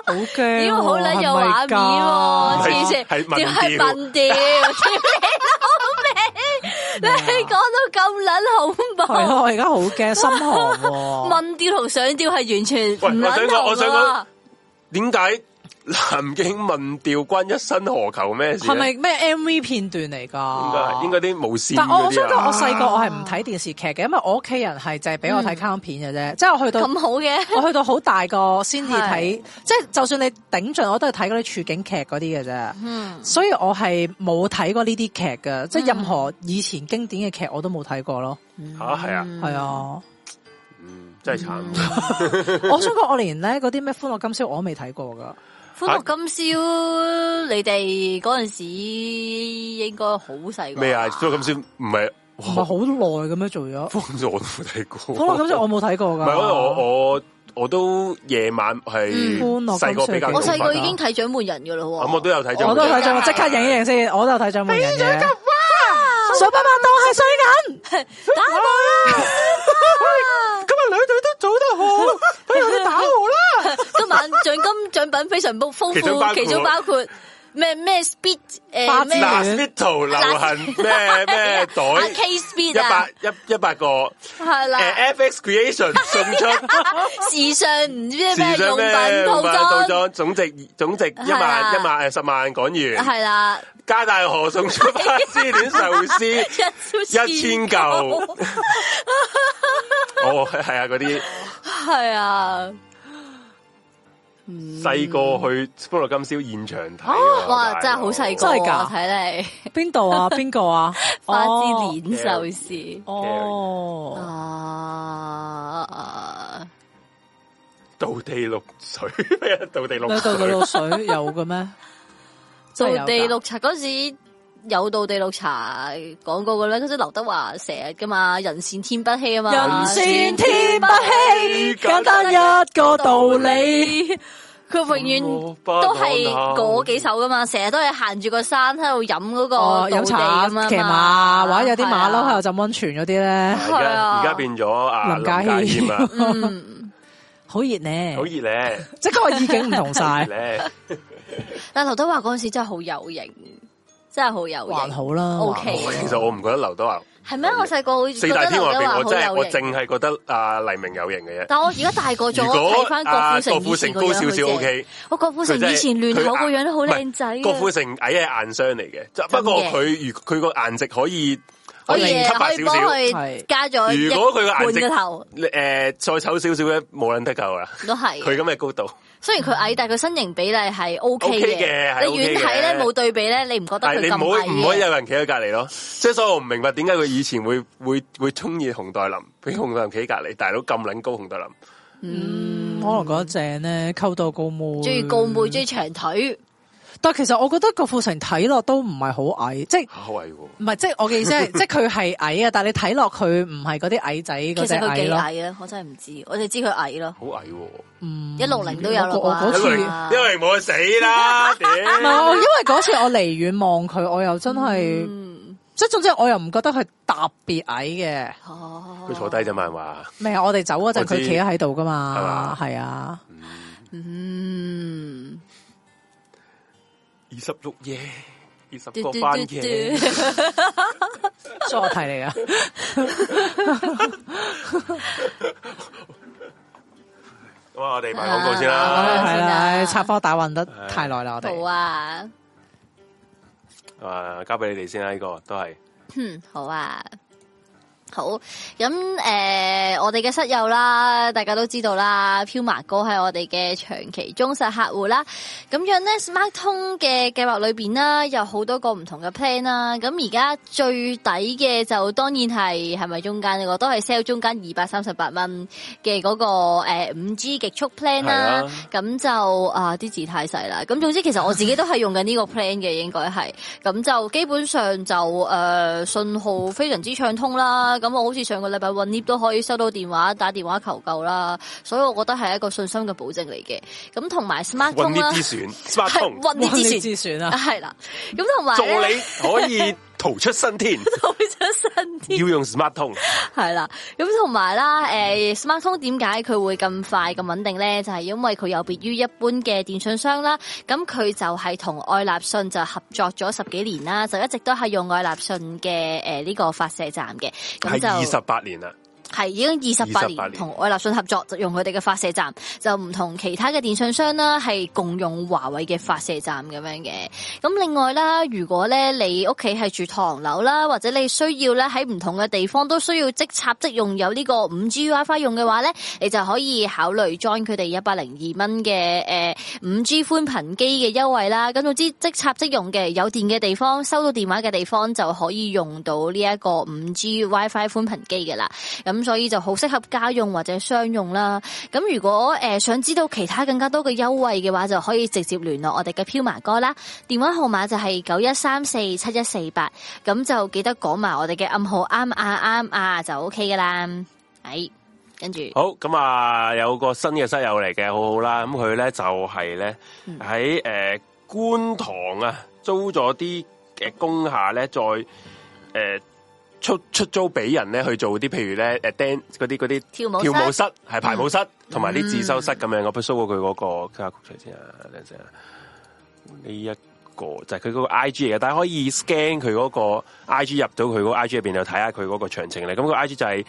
好驚！好捻有畫面。黐線，掉係問吊，掉你都好命。麼你講到咁撚恐怖，我而家好驚心寒喎。問吊同上吊係完全唔撚同啦。點解南景問釣君，一生何求咩？係咪咩 MV 片段嚟噶？應該啲無線？但係我真係我細個我係唔睇電視劇嘅，因為我屋企人係淨係俾我睇卡通片嘅啫。即係我去到咁好嘅，我去到好大個先至睇。即係就算你頂盡，我都係睇嗰啲處境劇嗰啲嘅啫。所以，我係冇睇過呢啲劇嘅，即係任何以前經典嘅劇我都冇睇過咯。啊，係啊，係啊。真係慘！我想講，我連咧嗰啲咩《歡樂今宵》我都未睇過噶，《歡樂今宵》你哋嗰陣時應該好細個咩啊？《歡樂今宵》唔係唔係好耐咁樣做咗，《歡樂》我都冇睇過，《歡樂今宵》我冇睇過噶。唔係，我我我都夜晚係細個比較，我細個已經睇《掌門人》噶啦。咁我都有睇《掌門》。我都睇咗，即刻影一影先。我都有睇《掌門人》。上百萬當係衰人，打我啦！今日兩隊都做得好，可以 打我啦！ 今晚獎金獎品非常豐豐富，其中包括。咩咩 speed 誒 last little 流行咩咩袋，一百一一百個係啦，誒 FX Creation 送出時尚唔知咩咩用品套裝，套裝總值總值一萬一萬誒十萬港元，係啦。加大河送出一芝蓮壽司，一千嚿。哦，係係啊，嗰啲係啊。細個去《歡樂今宵》現場睇，哇，哇，真係好細個，真係噶，睇你，邊度啊，邊個啊，花之年就是，哦，啊、哦、啊，到地六水，到地，水到，地水到地六，稻地六水有嘅咩？稻地六茶嗰時。有道地綠茶講過噶啦，嗰啲劉德華成日噶嘛，人善天不欺啊嘛，人善天不欺，現在 簡單一個道理。佢永遠都係嗰幾首噶嘛，成日都係行住個山喺度飲嗰個茶，咁樣騎馬、啊、或者有啲馬騮喺度浸溫泉嗰啲咧。而家而家變咗啊，了啊啊林家謙啊，嗯、 好熱呢，好熱咧，即係個意境唔同晒。但劉 德華嗰陣時真係好有型。真係好有型，還好啦，O K。其實我唔覺得劉德華係咩，我細個會四大天王，我真係我淨係覺得阿黎明有型嘅啫。但我而家大個咗，睇翻郭富城，郭富城高少少 O K。我郭富城以前亂頭個樣都好靚仔。郭富城矮係硬傷嚟嘅，不過佢佢個顏值可以可以吸少少，係加咗。如果佢個半個頭誒再醜少少嘅，冇人得救啦，都係佢咁嘅高度。雖然佢矮，但係佢身形比例係 O K 嘅。你遠睇咧冇對比咧，你唔覺得佢咁矮，你唔可以有人企喺隔籬咯。即係所以我唔明白點解佢以前會會會中意熊黛林，俾熊黛林企喺隔籬，大佬咁撚高熊黛林。嗯，可能覺得正咧，溝到高妹，中意高妹，中意長腿。但其實我覺得郭富城睇落都唔係好矮，即係，好矮喎！唔係，即係我嘅意思係，即係佢係矮啊！但係你睇落佢唔係嗰啲矮仔嗰隻矮咯。其實佢幾矮咧，我真係唔知，我哋知佢矮咯。好矮，一六零都有咯，嗰次因六冇我死啦！唔係，因為嗰次我離遠望佢，我又真係，即係總之我又唔覺得佢特別矮嘅。佢坐低啫嘛，係嘛？未啊！我哋走嗰陣，佢企喺度噶嘛？係啊，二十六夜，二十、yeah, 個班，話 題嚟啊 Yeah, 了！咁啊，我哋埋廣告先啦，係啊，插科打諢得太耐啦，我哋好啊，誒、啊，交俾你哋先啦，呢、這個都係， 好啊。好咁誒、呃，我哋嘅室友啦，大家都知道啦，Puma 哥係我哋嘅長期忠實客戶啦。咁樣咧，SmarTone 嘅計劃裏邊啦，有好多個唔同嘅 plan 啦。咁而家最抵嘅就當然係，係咪中間呢、那個？都係 sell 中間二百三十八蚊嘅嗰個誒五 G 極速 plan 啦。咁是、啊、就啊，啲、呃、字太細啦。咁總之，其實我自己都係用緊呢個 plan 嘅， 應該係咁就基本上就誒、呃、信號非常之暢通啦。咁我好似上個禮拜，喺 𨋢 都可以收到電話，打電話求救啦，所以我覺得係一個信心嘅保證嚟嘅。咁同埋 Smartphone 啦，係 𨋢 之選，Smartphone 𨋢 之選啊，係啦。咁同埋做你可以。 逃出生天， 逃出生天，要用 Smart 通 ，係啦，咁同埋啦，誒，Smart 通點解佢會咁快咁穩定咧？就係、是、因為佢有別於一般嘅電信商啦，咁佢就係同愛立信就合作咗十幾年啦，就一直都係用愛立信嘅誒呢個發射站嘅，咁就二十八年啦。係已經二十八年同愛立信合作，就用佢哋嘅發射站，就唔同其他嘅電信商啦，係共用華為嘅發射站咁樣嘅。咁另外啦，如果咧你屋企係住唐樓啦，或者你需要咧喺唔同嘅地方都需要即插即用有呢個五 G WiFi 用嘅話咧，你就可以考慮 join 佢哋一百零二蚊嘅誒五 G 寬頻機嘅優惠啦。咁總之即插即用嘅，有電嘅地方，收到電話嘅地方就可以用到呢一個五 G WiFi 寬頻機嘅啦。咁咁所以就好適合家用或者商用啦。咁如果誒、呃、想知道其他更加多嘅優惠嘅話，就可以直接聯絡我哋嘅飄馬哥啦。電話號碼就係九一三四七一四八。咁就記得講埋我哋嘅暗號，啱啊啱啊就 OK 噶啦。哎、嗯，跟住好咁啊，有個新嘅室友嚟嘅，好好啦。咁佢咧就係咧喺誒觀塘啊租咗啲嘅工廈咧，再誒。出出租俾人咧去做啲，譬如咧，誒，dance 嗰啲嗰啲跳舞室，係排舞室，同埋啲自修室咁、嗯、樣。我不如 show 過佢嗰、那個家具先啊，睇下先。呢一、這個就係、是、佢嗰個 I G 嚟嘅，大家可以 scan 佢嗰個 I G 入到佢嗰個 I G 入邊，看看就睇下佢嗰個詳情嚟。咁個 I G 就係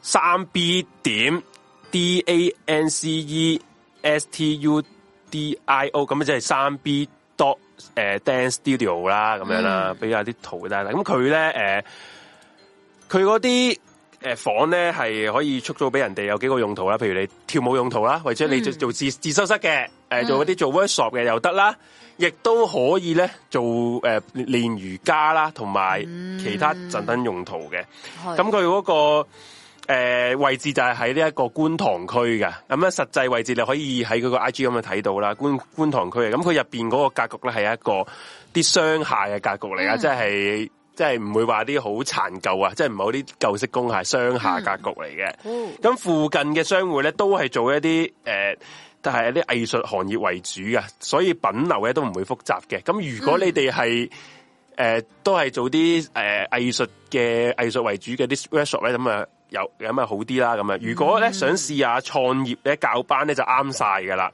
三 B 點 D A N C E S T U D I O，咁啊即係三 B dot、uh, 誒 dance studio 啦，咁樣啦，俾下啲圖啦。大家。咁佢咧誒。佢嗰啲誒房咧係可以出租俾人哋，有幾個用途啦，譬如你跳舞用途啦，或者你做做自、嗯、自修室嘅，誒做嗰啲做 workshop 嘅又得啦，亦都可以咧做誒練、呃、瑜伽啦，同埋其他等等用途嘅。咁佢嗰個誒的、呃、位置就係喺呢一個觀塘區嘅，咁咧實際位置你可以喺嗰個 I G 咁就睇到啦。觀觀塘區，咁佢入邊嗰個格局咧係一個啲商廈嘅格局嚟㗎，即係、嗯。即係唔會話啲好殘舊啊！即係唔係嗰啲舊式工廈商廈格局嚟嘅。咁、嗯、附近嘅商戶咧都係做一啲、呃、但係一啲藝術行業為主啊，所以品流咧都唔會複雜嘅。咁如果你哋係誒都係做啲誒、呃、藝術嘅藝術為主嘅啲 special 咧，咁啊有咁啊好啲啦。咁啊，如果咧、嗯、想試下創業咧教班咧就啱晒噶啦。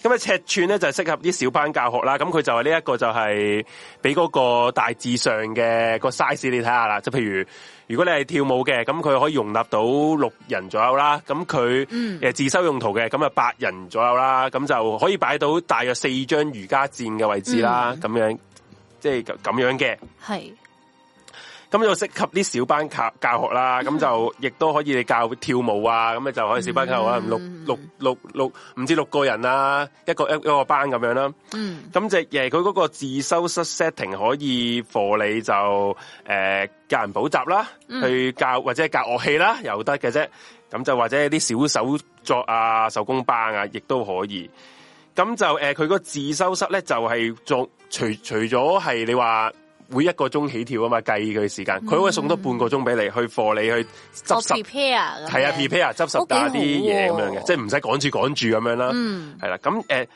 咁啊，尺寸咧就適、是、合啲小班教學啦。咁佢就係呢一個就係俾嗰個大致上嘅、個 size 你睇下啦。就是、譬如如果你係跳舞嘅，咁佢可以容納到六人左右啦。咁佢誒自修用途嘅，咁啊八人左右啦。咁就可以擺到大約四張瑜伽墊嘅位置啦。咁、嗯、樣即係咁樣嘅。係。咁就適合啲小班教教學啦，咁 就亦都可以你教跳舞啊，咁你就可以小班教學啊，六六六六五至六個人啦、啊，一個一一個班咁樣啦、啊。咁、嗯、就係佢嗰個自修室 setting 可以課你就誒、呃、教人補習啦，嗯、去教或者教樂器啦，又得嘅啫。咁就或者啲小手作啊、手工班啊，亦都可以。咁就誒，佢、呃那個自修室咧就係、是、做除除咗係你話。會一個鐘起跳啊嘛，計佢時間，佢、嗯、可以送多半個鐘俾你，你去貨你去執拾，係啊 r e p a r e 執拾打啲嘢咁樣嘅，即係唔使趕住趕住咁樣啦。係啦、嗯，咁誒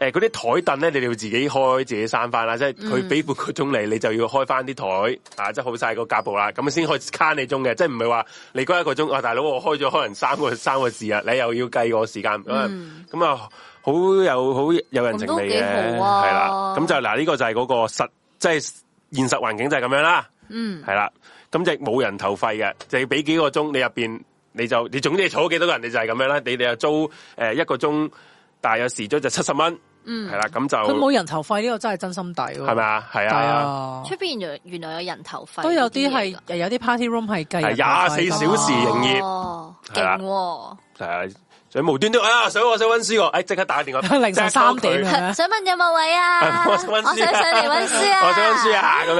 誒嗰啲台凳咧，你哋要自己開自己散翻啦，即係佢俾半個鐘嚟，你就要開翻啲台啊，即係好晒個甲步啦，咁先開以 a 你鐘嘅，即係唔係話你嗰一個鐘啊，大佬我開咗可能三個三個字啊，你又要計個時間咁啊，咁好、嗯、有好有人情味嘅，係啦、啊，咁就嗱呢個就係嗰、那個實即係。現實環境就係咁樣啦，嗯，係啦，咁就冇人頭費嘅，就俾幾個鐘你入邊，你入面你就你總之坐幾多個人，你就係咁樣啦。你哋啊租誒一個鐘，大約時租就七十蚊，嗯，係啦咁就。佢冇人頭費呢個真係真心抵，係咪啊？係啊，出邊原來有人頭費，都有啲係有啲 party room 係計廿四小時營業，勁喎、哦。係。想無端端啊！想我想溫書個，哎、啊，即刻打個電話，凌晨 三點想問有冇位啊？ 我想上嚟溫書啊！我想溫書啊！咁、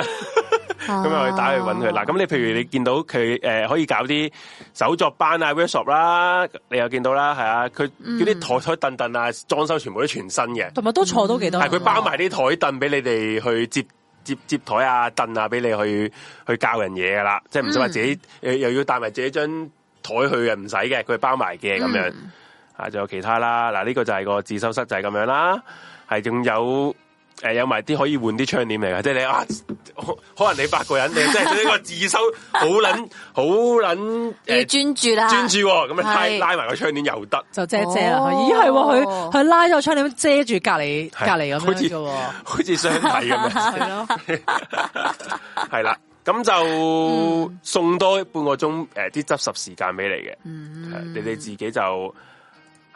啊、 樣，咁又去打去搵佢。嗱，咁你譬如，你見到佢誒，可以搞啲手作班啊、workshop 啦、嗯，你又見到啦，係啊，佢啲台台凳凳啊，裝修全部都全新嘅。同埋都坐到幾多、嗯？係佢、啊、包埋啲台凳俾你哋去接接接台啊、凳啊，俾你去去教人嘢噶啦。嗯、即係唔使話自己又要帶埋自己張台去嘅，唔使嘅，佢包埋嘅咁樣。嗯啊，仲有其他啦，嗱呢個就係個自修室就係咁樣啦，係仲有誒有埋啲可以換啲窗簾嚟噶，即係你啊，可能你八個人，即係呢個自修好捻好捻要專注啦，專注咁拉拉埋個窗簾又得，就遮遮啦，咦係喎，佢佢拉咗窗簾遮住隔籬隔籬咁好似，好似雙體咁啊，係咯，係啦，咁就送多半個鐘誒啲執拾時間俾你嘅，嗯，你哋自己就。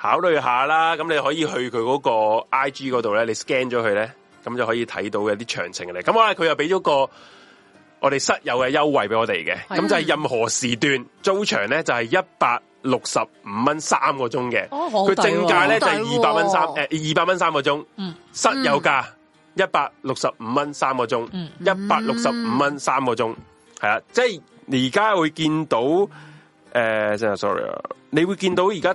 考慮下啦，咁你可以去佢嗰個 IG 嗰度咧，你 scan 咗佢咧，咁就可以睇到嘅啲詳情嚟。咁啊，佢又俾咗個我哋室友嘅優惠俾我哋嘅，咁就係任何時段租場咧就係一百六十五蚊三個鐘嘅，佢正價咧就係二百蚊三誒，二百蚊三個鐘，嗯、室友價一百六十五蚊三個鐘，一百六十五蚊三個鐘，係、嗯、啊，即係而家會見到誒，係、呃、sorry 啊，你會見到而家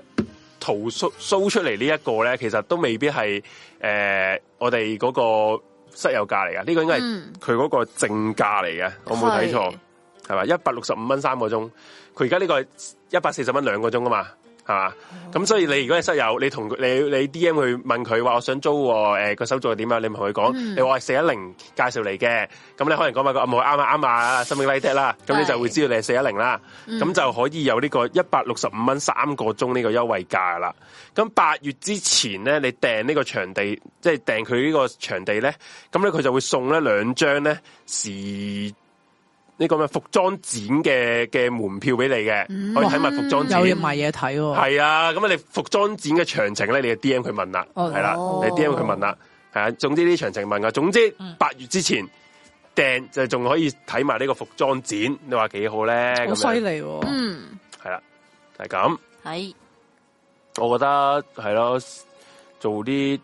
圖搜搜出嚟呢一個咧，其實都未必係誒、呃、我哋嗰個室友價嚟噶，呢、這個應該係佢嗰個正價嚟嘅，嗯、我冇睇錯係咪？一百六十五蚊三個鐘，佢而家呢個係一百四十蚊兩個鐘啊嘛。係嘛？咁所以你如果係室友，你同你你 D M 去問佢話我想租，誒、欸、個手續係點啊？你唔同佢講，嗯、你話四一零介紹嚟嘅，咁你可能講埋個暗號，啱啊啱啊 something like that 啦，咁你就會知道你係四一零啦，咁、嗯、就可以有呢個一百六十五蚊三個鐘呢個優惠價啦。咁八月之前咧，你訂呢個場地，即係訂佢呢個場地咧，咁咧佢就會送咧兩張咧時。呢個咩服裝展嘅嘅門票俾你嘅，可以睇埋服裝展，嗯、有嘢賣嘢睇喎。係啊，咁、哦、啊，你服裝展嘅詳情咧，你就 D M 佢問啦，係啦、哦，你 D M 佢問啦，係啊，總之呢詳情問啊，總之八月之前訂就仲可以睇埋呢個服裝展，你話幾好咧，好犀利，嗯、哦啊，係啦，係咁，係，我覺得係咯，做啲。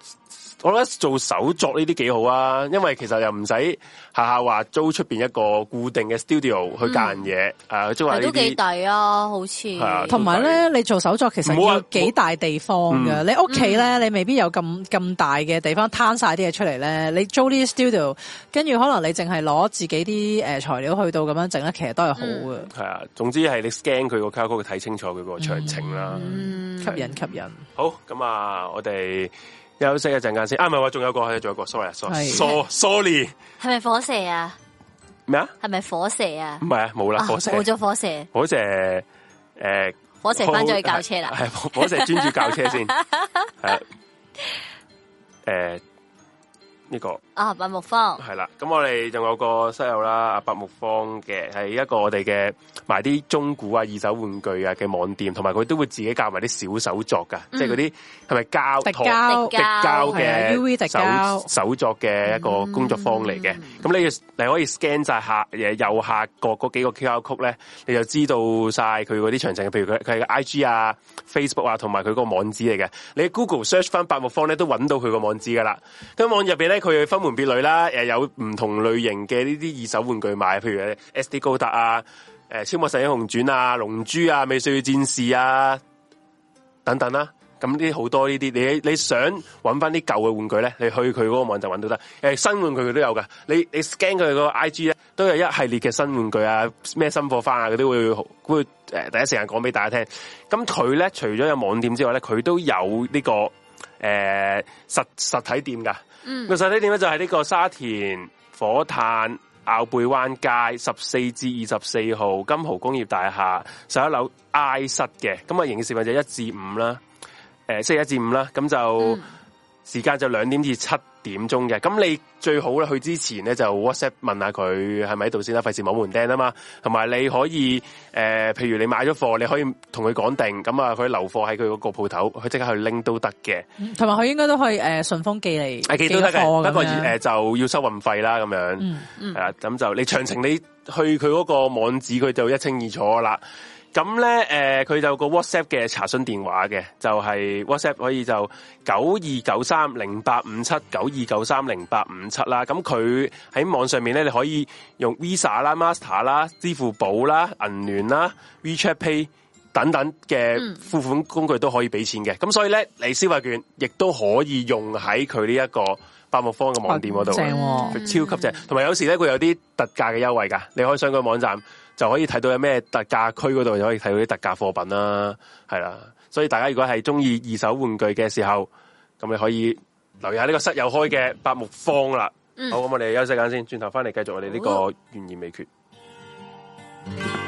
我覺得做手作呢啲幾好啊，因為其實又唔使下下話租出面一個固定嘅 studio 去間嘢，誒、嗯，即都幾抵啊，好似。同埋咧，你做手作其實要幾大地方㗎。嗯、你屋企咧，嗯、你未必有咁咁大嘅地方攤晒啲嘢出嚟咧。你租呢啲 studio，跟住可能你淨係攞自己啲材料去到咁樣整咧，其實都係好嘅。係啊、嗯，總之係你 scan 佢個 card 睇清楚佢個詳情啦、嗯嗯的。吸引吸引。好，咁啊，我哋，休息一陣間先，啱唔係話仲有個，係仲有個，sorry，sorry，sorry，係咪火蛇啊？咩啊麼？係咪火蛇啊？唔係啊，冇啦，火蛇冇咗，火蛇，火蛇，誒，火蛇翻咗去教車啦，係火蛇專注教車先，係誒。 呃呢、這個啊白木方係啦，咁我哋仲有個西友啦，阿白木方嘅係一個我哋嘅賣啲中古啊、二手玩具啊嘅網店，同埋佢都會自己教埋啲小手作噶，嗯、即係啲係咪膠、疊膠、膠嘅 U V 手手作嘅一個工作坊嚟嘅。咁、嗯、你你可以 scan 晒下誒右下角幾個 Q R 曲咧，你就知道晒佢啲詳情。譬如佢佢嘅 I G 啊、Facebook 啊，同埋佢個網址嚟嘅。你 Google search 翻白木方咧，都揾到佢個網址噶啦。咁網入邊咧。佢分門別類啦，誒有唔同類型嘅呢啲二手玩具賣，譬如 S D 高達啊，誒超魔神英雄傳啊，龍珠啊，美少女戰士啊等等啦。咁呢啲好多呢啲，你你想搵翻啲舊嘅玩具咧，你去佢嗰個網站搵都得。誒新玩具佢都有噶，你你 scan 佢個 I G 咧，都有一系列嘅新玩具啊，咩新貨翻啊，佢都會會誒第一時間講俾大家聽。咁佢咧除咗有網店之外咧，佢都有呢、這個誒、呃、實實體店噶。嗯，個實體店咧就係呢個沙田火炭坳背灣街十四至二十四號金豪工業大廈十一樓 I 室嘅，咁啊營業時間就一至五啦、呃，誒星期一至五啦，咁就時間就兩點至七點鐘嘅，咁你最好咧去之前咧就 WhatsApp 問下佢係咪喺度先啦，費事冇門釘啊嘛。同埋你可以誒、呃，譬如你買咗貨，你可以同佢講定，咁啊佢留貨喺佢嗰個鋪頭，佢即刻去拎都得嘅。同埋佢應該都可以誒，順豐、嗯呃、寄嚟，係、啊、得得嘅。不過誒樣、呃、就要收運費啦，咁樣係咁、嗯嗯、就你詳情你去佢嗰個網址，佢就一清二楚啦。咁咧，誒佢、呃、就有個 WhatsApp 嘅查詢電話嘅，就係、是、WhatsApp 可以就九二九三零八五七九二九三零八五七啦。咁佢喺網上面咧，你可以用 Visa 啦、Master 啦、支付寶啦、銀聯啦、WeChat Pay 等等嘅付款工具都可以俾錢嘅。咁、嗯、所以咧，你消費券亦都可以用喺佢呢一個百木坊嘅網店嗰度，佢超級正，同埋、嗯、有，有時咧佢有啲特價嘅優惠噶，你可以上佢網站。就可以睇到有咩特價區嗰度，就可以睇到啲特價貨品啦，係啦。所以大家如果係中意二手玩具嘅時候，咁你可以留意下呢個室友開嘅百木坊啦。嗯、好，咁我哋休息間先，轉頭返嚟繼續我哋呢個懸疑未決。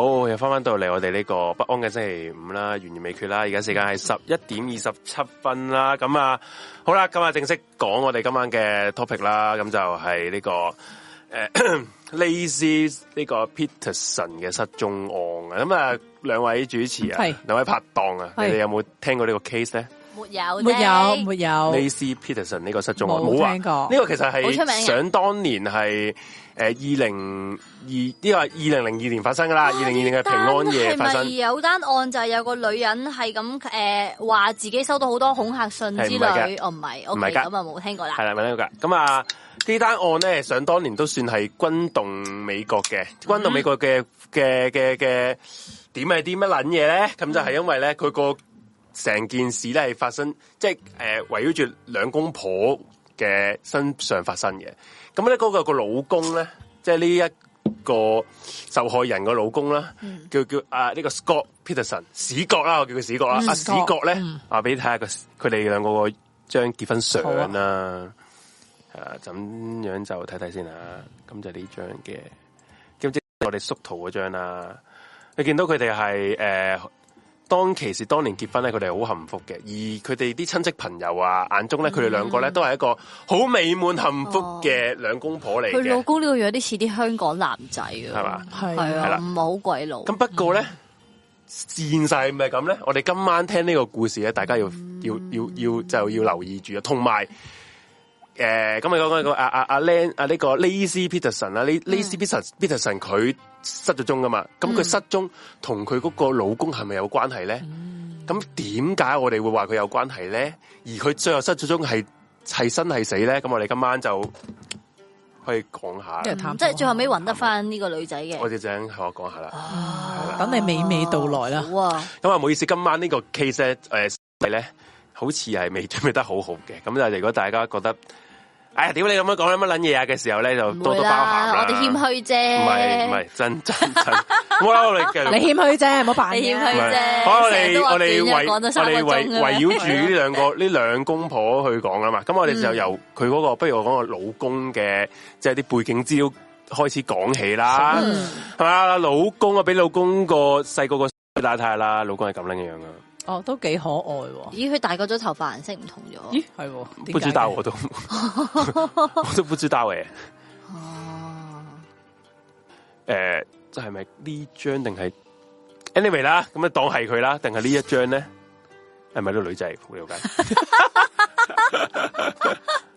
好，又返返到嚟我哋呢個不安嘅星期五啦，懸疑未決啦，而家時間係十一點二十七分啦，咁啊，好啦，今日正式講我哋今晚嘅 topic 啦，咁就係呢、這個誒，Laci 呢個 Peterson 嘅失蹤案啊，咁啊，兩位主持啊，兩是位拍檔啊，你哋有冇聽過這個呢個 case 咧？是咳咳沒有，沒有，沒有。Laci Peterson 呢個失蹤案，冇聽過。呢個其實係，好出名，想當年係誒二零二呢個二零零二年發生噶啦，二零零二年嘅平安夜發生。有單案就係有個女人係咁誒話自己收到好多恐嚇信之類，哦，唔係，唔係噶，咁啊冇聽過啦。係啦，冇聽過噶。咁啊，呢單案咧，想當年都算係轟動美國嘅，轟動美國嘅嘅嘅嘅點係啲乜撚嘢咧？咁就係因為咧佢個。成件事咧係發生，即係誒圍繞住兩公婆嘅身上發生嘅。咁咧嗰個個老公咧，即係呢一個受害人個老公啦、嗯，叫叫啊呢、這個 Scott Peterson 史角啦，我叫佢史角、嗯、啊。阿史角咧，嗯、啊俾你睇下個佢哋兩個個張結婚相啦、啊，誒好、啊啊，咁樣就睇睇先啦、啊。咁就呢張嘅，知唔知？我哋縮圖嗰張啦。你見到佢哋係誒。呃當其時當年結婚咧，佢哋好幸福嘅，而佢哋啲親戚朋友啊眼中咧，佢哋兩個咧都係一個好美滿幸福嘅兩公婆嚟。佢老公呢個樣啲似啲香港男仔吧是啊，係嘛，係啊，唔係好鬼佬。咁不過咧，現世咪咁咧。我哋今晚聽呢個故事咧，大家要、mm. 要要要就要留意住啊，同埋。誒，咁你講講個阿阿阿 Len 啊呢個 Laci Peterson 啊 Laci Peterson，嗯、Peterson 佢失咗蹤噶嘛？咁佢失蹤同佢嗰個老公係咪有關係咧？咁點解我哋會話佢有關係咧？而佢最後失咗蹤係係生係死咧？咁我哋今晚就可以講下，嗯、即係最後尾搵得翻呢個女仔嘅、嗯。我哋正我講下啦，等你娓娓道來啦。咁啊，唔好意思，今晚個呢個 case 誒係咧，好似係未準備得好好嘅。咁啊，如果大家覺得，哎，屌你咁樣講啲乜捻嘢啊？嘅時候咧，就多多包涵，我哋謙虛啫，唔係唔係真真真。我哋繼續 你謙虛啫，唔好扮，你謙虛啫。是 好，我哋我哋圍我哋圍繞住呢兩個呢兩公婆去講啊嘛。咁我哋就由佢嗰，那個，不如我講個老公嘅，即係啲背景資料開始講起啦。係嘛、嗯，老公啊，俾老公個細個個睇下啦，老公係咁樣樣樣。哦，都幾可愛喎，啊！咦，佢大個咗，頭髮顏色唔同咗。咦，係，不知道我都， 我都不知道誒。哦，啊，誒、呃，就係咪呢張定係？anyway 啦，咁就當係佢啦，定係呢一張咧？係咪呢女仔？好了解。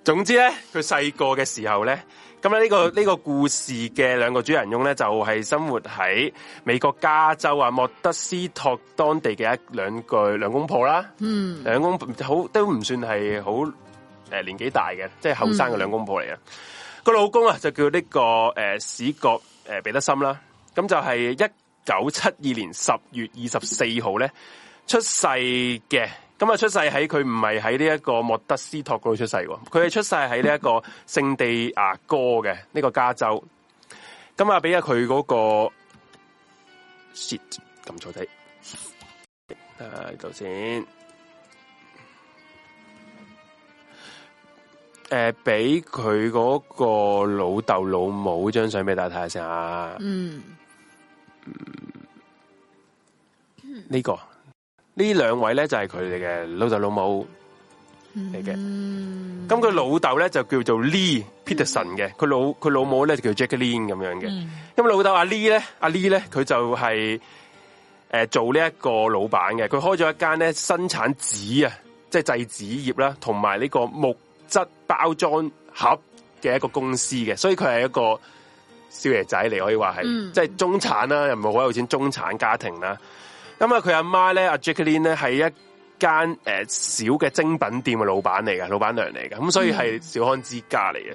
總之咧，佢細個嘅時候咧。咁咧呢個呢、這個故事嘅兩個主人翁咧，就係、是、生活喺美國加州啊莫德斯托當地嘅一兩句兩公婆啦，嗯、mm.，兩公婆好都唔算係好誒年紀大嘅，即係後生嘅兩公婆嚟嘅。個、mm. 老公啊就叫呢、這個誒、呃、史國誒彼得森啦，咁就係一九七二年十月二十四號咧出世嘅。咁啊，出世喺佢唔係喺呢一個莫德斯托嗰度出世，佢係出世喺呢一個聖地牙哥嘅呢、呢個加州。咁啊、嗰個，俾下佢嗰個，shit，撳錯底。誒， 頭先，誒、呃，俾佢嗰個老豆老母張相俾大家睇下先啊。嗯。呢、嗯呢個。呢兩位咧就係佢哋嘅老豆老母嚟嘅，咁佢、mm hmm. 老豆咧就叫做 Lee Peterson 嘅，佢、mm hmm. 老佢老母咧就叫 Jacqueline 咁樣嘅。咁、mm hmm. 老豆阿 Lee 咧，阿 Lee 咧佢就係、是、誒、呃、做呢一個老闆嘅，佢開咗一間咧生產紙啊，即係製紙業啦，同埋呢個木質包裝盒嘅一個公司嘅，所以佢係一個少爺仔嚟，可以話係、mm hmm. 即係中產啦，又唔係好有錢，中產家庭啦。咁啊，佢阿媽咧，阿 Jacqueline 咧，係一間誒小嘅精品店嘅老闆嚟嘅，老闆娘嚟嘅，咁所以係小康之家嚟嘅，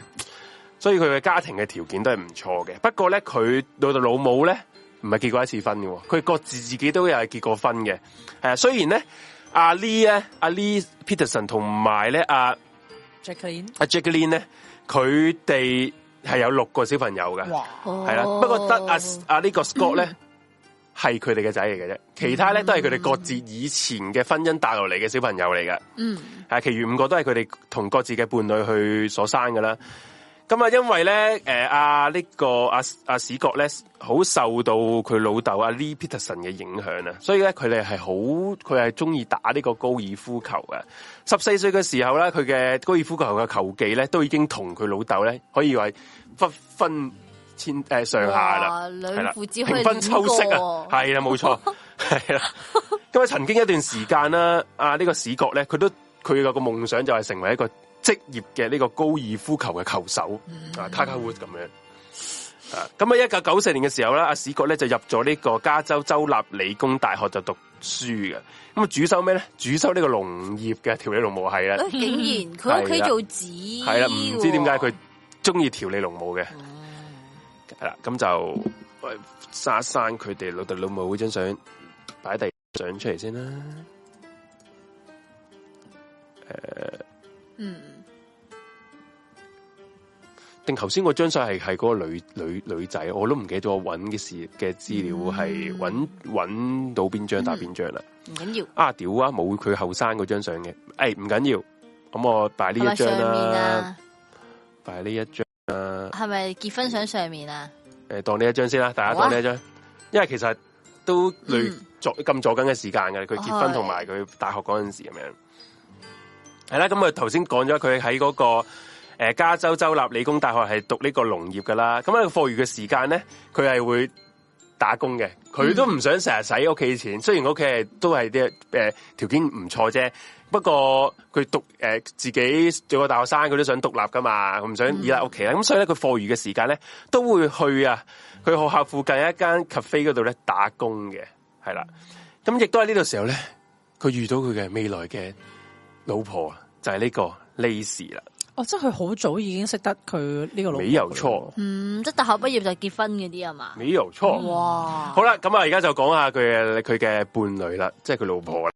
所以佢嘅家，家庭嘅條件都係唔錯嘅。不過咧，佢老豆老母咧，唔係結過一次婚嘅，佢各自自己都有係結過婚嘅。係啊，雖然咧，阿 Lee 咧，阿 Lee Peterson 同埋咧，阿 Jacqueline，阿 Jacqueline 咧，佢哋係有六個小朋友嘅，哇，係啦，的哦、不過得阿阿呢個 Scott 咧。嗯係佢哋嘅仔嚟嘅啫，其他咧，都係佢哋各自以前嘅婚姻帶落嚟嘅小朋友嚟嘅。嗯、呃，啊，其餘五個都係佢哋同各自嘅伴侶去所生噶啦。咁啊，因為咧，誒，阿呢個阿阿史葛咧，好受到佢老豆阿 Lee Peterson 嘅影響啊，所以咧，佢哋係好，佢係中意打呢個高爾夫球嘅。十四歲嘅時候咧，佢嘅高爾夫球嘅球技咧，都已經同佢老豆咧，可以話不分。千，誒上下啦，係平分秋色啊，係啦，冇錯，係啦。 咁啊，曾經一段時間啦， 啊呢、這個史國咧，佢都佢個夢想就係成為一個職業嘅呢、這個高爾夫球嘅球手啊卡 a k 咁樣啊。咁啊，一九九四年嘅時候啦，阿、啊、史國咧就入咗呢個加州州立理工大學就讀書嘅。咁啊，主修咩咧？主修呢個農業嘅調理農務系啦。 竟然，佢屋企做紙的，係啦、哦，唔知點解佢中意調理農務嘅。嗯係啦，咁、嗯、就沙生佢哋老豆老母嗰張相，擺第二張出嚟先啦。誒、呃，嗯，定頭先嗰張相係係嗰個女女女仔，我都唔記得咗，我揾嘅事嘅資料係揾到邊張打邊張啦。唔緊要，啊屌啊，冇佢後生嗰張相嘅，誒唔緊要，咁、啊欸、我擺呢一張啦、啊，擺呢、啊、一張。係咪、uh, 結婚相上，上面啊？誒、呃，當呢一張先啦，大家當呢一張，啊、因為其實都累咗咁咗緊嘅時間嘅，佢結婚同埋佢大學嗰陣時咁樣，係啦、哦是。咁啊，頭先講咗佢喺嗰個誒、呃、加州州立理工大學係讀這個農呢個農業噶啦。咁喺啊，課餘嘅時間咧，佢係會打工嘅。佢都唔想成日使屋企錢，嗯、雖然屋企係都係啲誒條件唔錯啫。不過佢讀誒、呃、自己做個大學生，佢都想獨立噶嘛，唔想倚賴屋企啦。咁所以咧，佢課餘嘅時間咧，都會去啊，佢學校附近一間 cafe 嗰度咧打工嘅，係啦。咁亦都喺呢度時候咧，佢遇到佢嘅未來嘅老婆，就係、是、呢個 Laci 啦。哦，即係佢好早已經識得佢呢個老婆。唔、嗯，即係大學畢業就結婚嗰啲啊嘛。冇錯。哇。好啦，咁啊，而家就講下佢佢嘅伴侶啦，即係佢老婆。嗯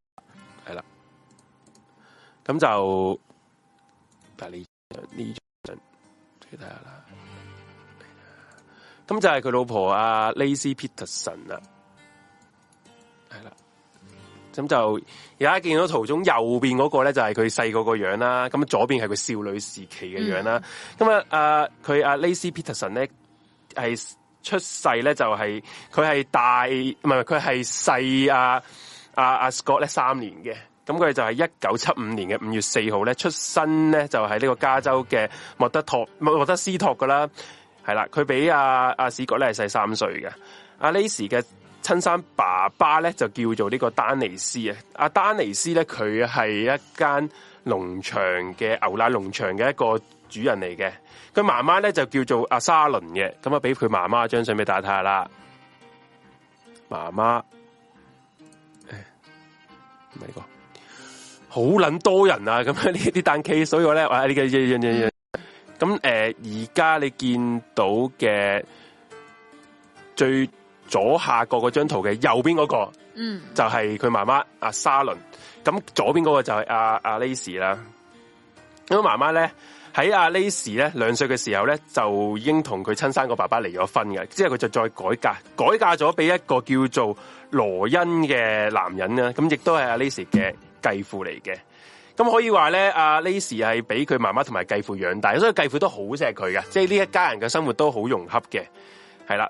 咁就，但係呢呢張，啦、啊。咁就係佢老婆啊 Laci Peterson 啦，係啦。咁就而家見到圖中右邊嗰個咧，就係佢細個個樣啦。咁左邊係佢少女時期嘅樣啦。咁、嗯、啊，佢啊 Laci Peterson 咧係出世咧就係佢係大，唔係佢係細啊，阿、啊、阿、啊、Scott 咧三年嘅。咁佢就係一九七五年嘅五月四號咧，出生咧就喺、是、呢個加州嘅莫德托莫德斯托噶啦，係啦，佢比阿、啊、阿、啊、史葛呢咧細三歲嘅。阿利時嘅親生爸爸咧就叫做呢個丹尼斯啊，阿丹尼斯咧佢係一間農場嘅牛奶農場嘅一個主人嚟嘅。佢媽媽咧就叫做阿沙倫嘅，咁啊俾佢媽媽張相俾大家睇下啦。媽媽，誒、哎，唔係、呢個。好捻多人啊！咁呢啲單 K，所以話咧，哇！呢個樣樣樣樣咁。誒，而家、呃、你見到嘅最左下角嗰張圖嘅右邊嗰個，嗯，就係佢媽媽阿沙倫。咁左邊嗰個就係阿阿 Laci 啦。咁媽媽咧喺阿 Laci 咧兩歲嘅時候咧就已經同佢親生個爸爸離咗婚嘅，之後佢就再改嫁改嫁咗俾一個叫做羅恩嘅男人啦。咁亦都係、啊、阿 Laci 嘅。繼父嚟嘅，咁可以話咧，阿 Laci 係俾佢媽媽同埋繼父養大，所以繼父都好錫佢嘅，即係呢一家人嘅生活都好融洽嘅，係啦。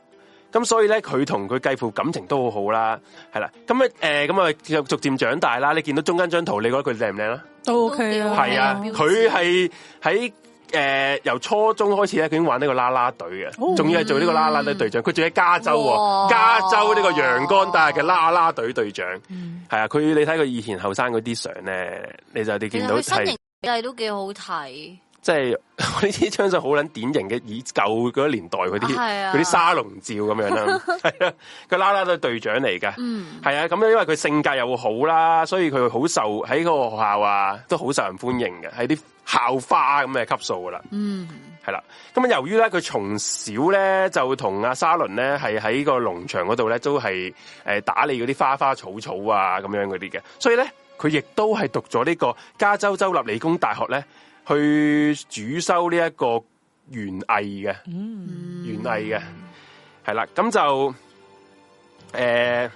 咁所以咧，佢同佢繼父感情都好好啦，係啦。咁咧，誒、呃，咁啊，逐漸長大啦。你見到中間張圖，你覺得佢靚唔靚啦？都 OK 啊，係啊，佢係喺。誒、呃，由初中開始咧，佢已經玩呢個啦啦隊嘅，仲、哦、要係做呢個啦啦隊隊長。佢仲喺加州喎，哇加州呢個陽光大海嘅啦啦隊隊長，係、嗯、啊。佢你睇佢以前後生嗰啲相咧，你就你見到係。其實身形都幾好睇，即係呢啲張相好撚典型嘅，以舊嗰年代嗰啲，嗰啲沙龍照咁樣啦，係啊，佢、 啊、啦啦隊隊長嚟㗎，係、嗯、啊。咁因為佢性格又好啦，所以佢好受喺個學校啊，都好受人歡迎嘅。喺啲。校花咁嘅級數噶啦，係啦、嗯。咁啊，由於咧佢從小咧就同阿沙倫咧係喺個農場嗰度咧都係誒打理嗰啲花花草草啊咁樣嗰啲嘅，所以咧佢亦都係讀咗呢個加州州立理工大學咧去主修呢、嗯呃、一個園藝嘅，園藝嘅係啦。咁就誒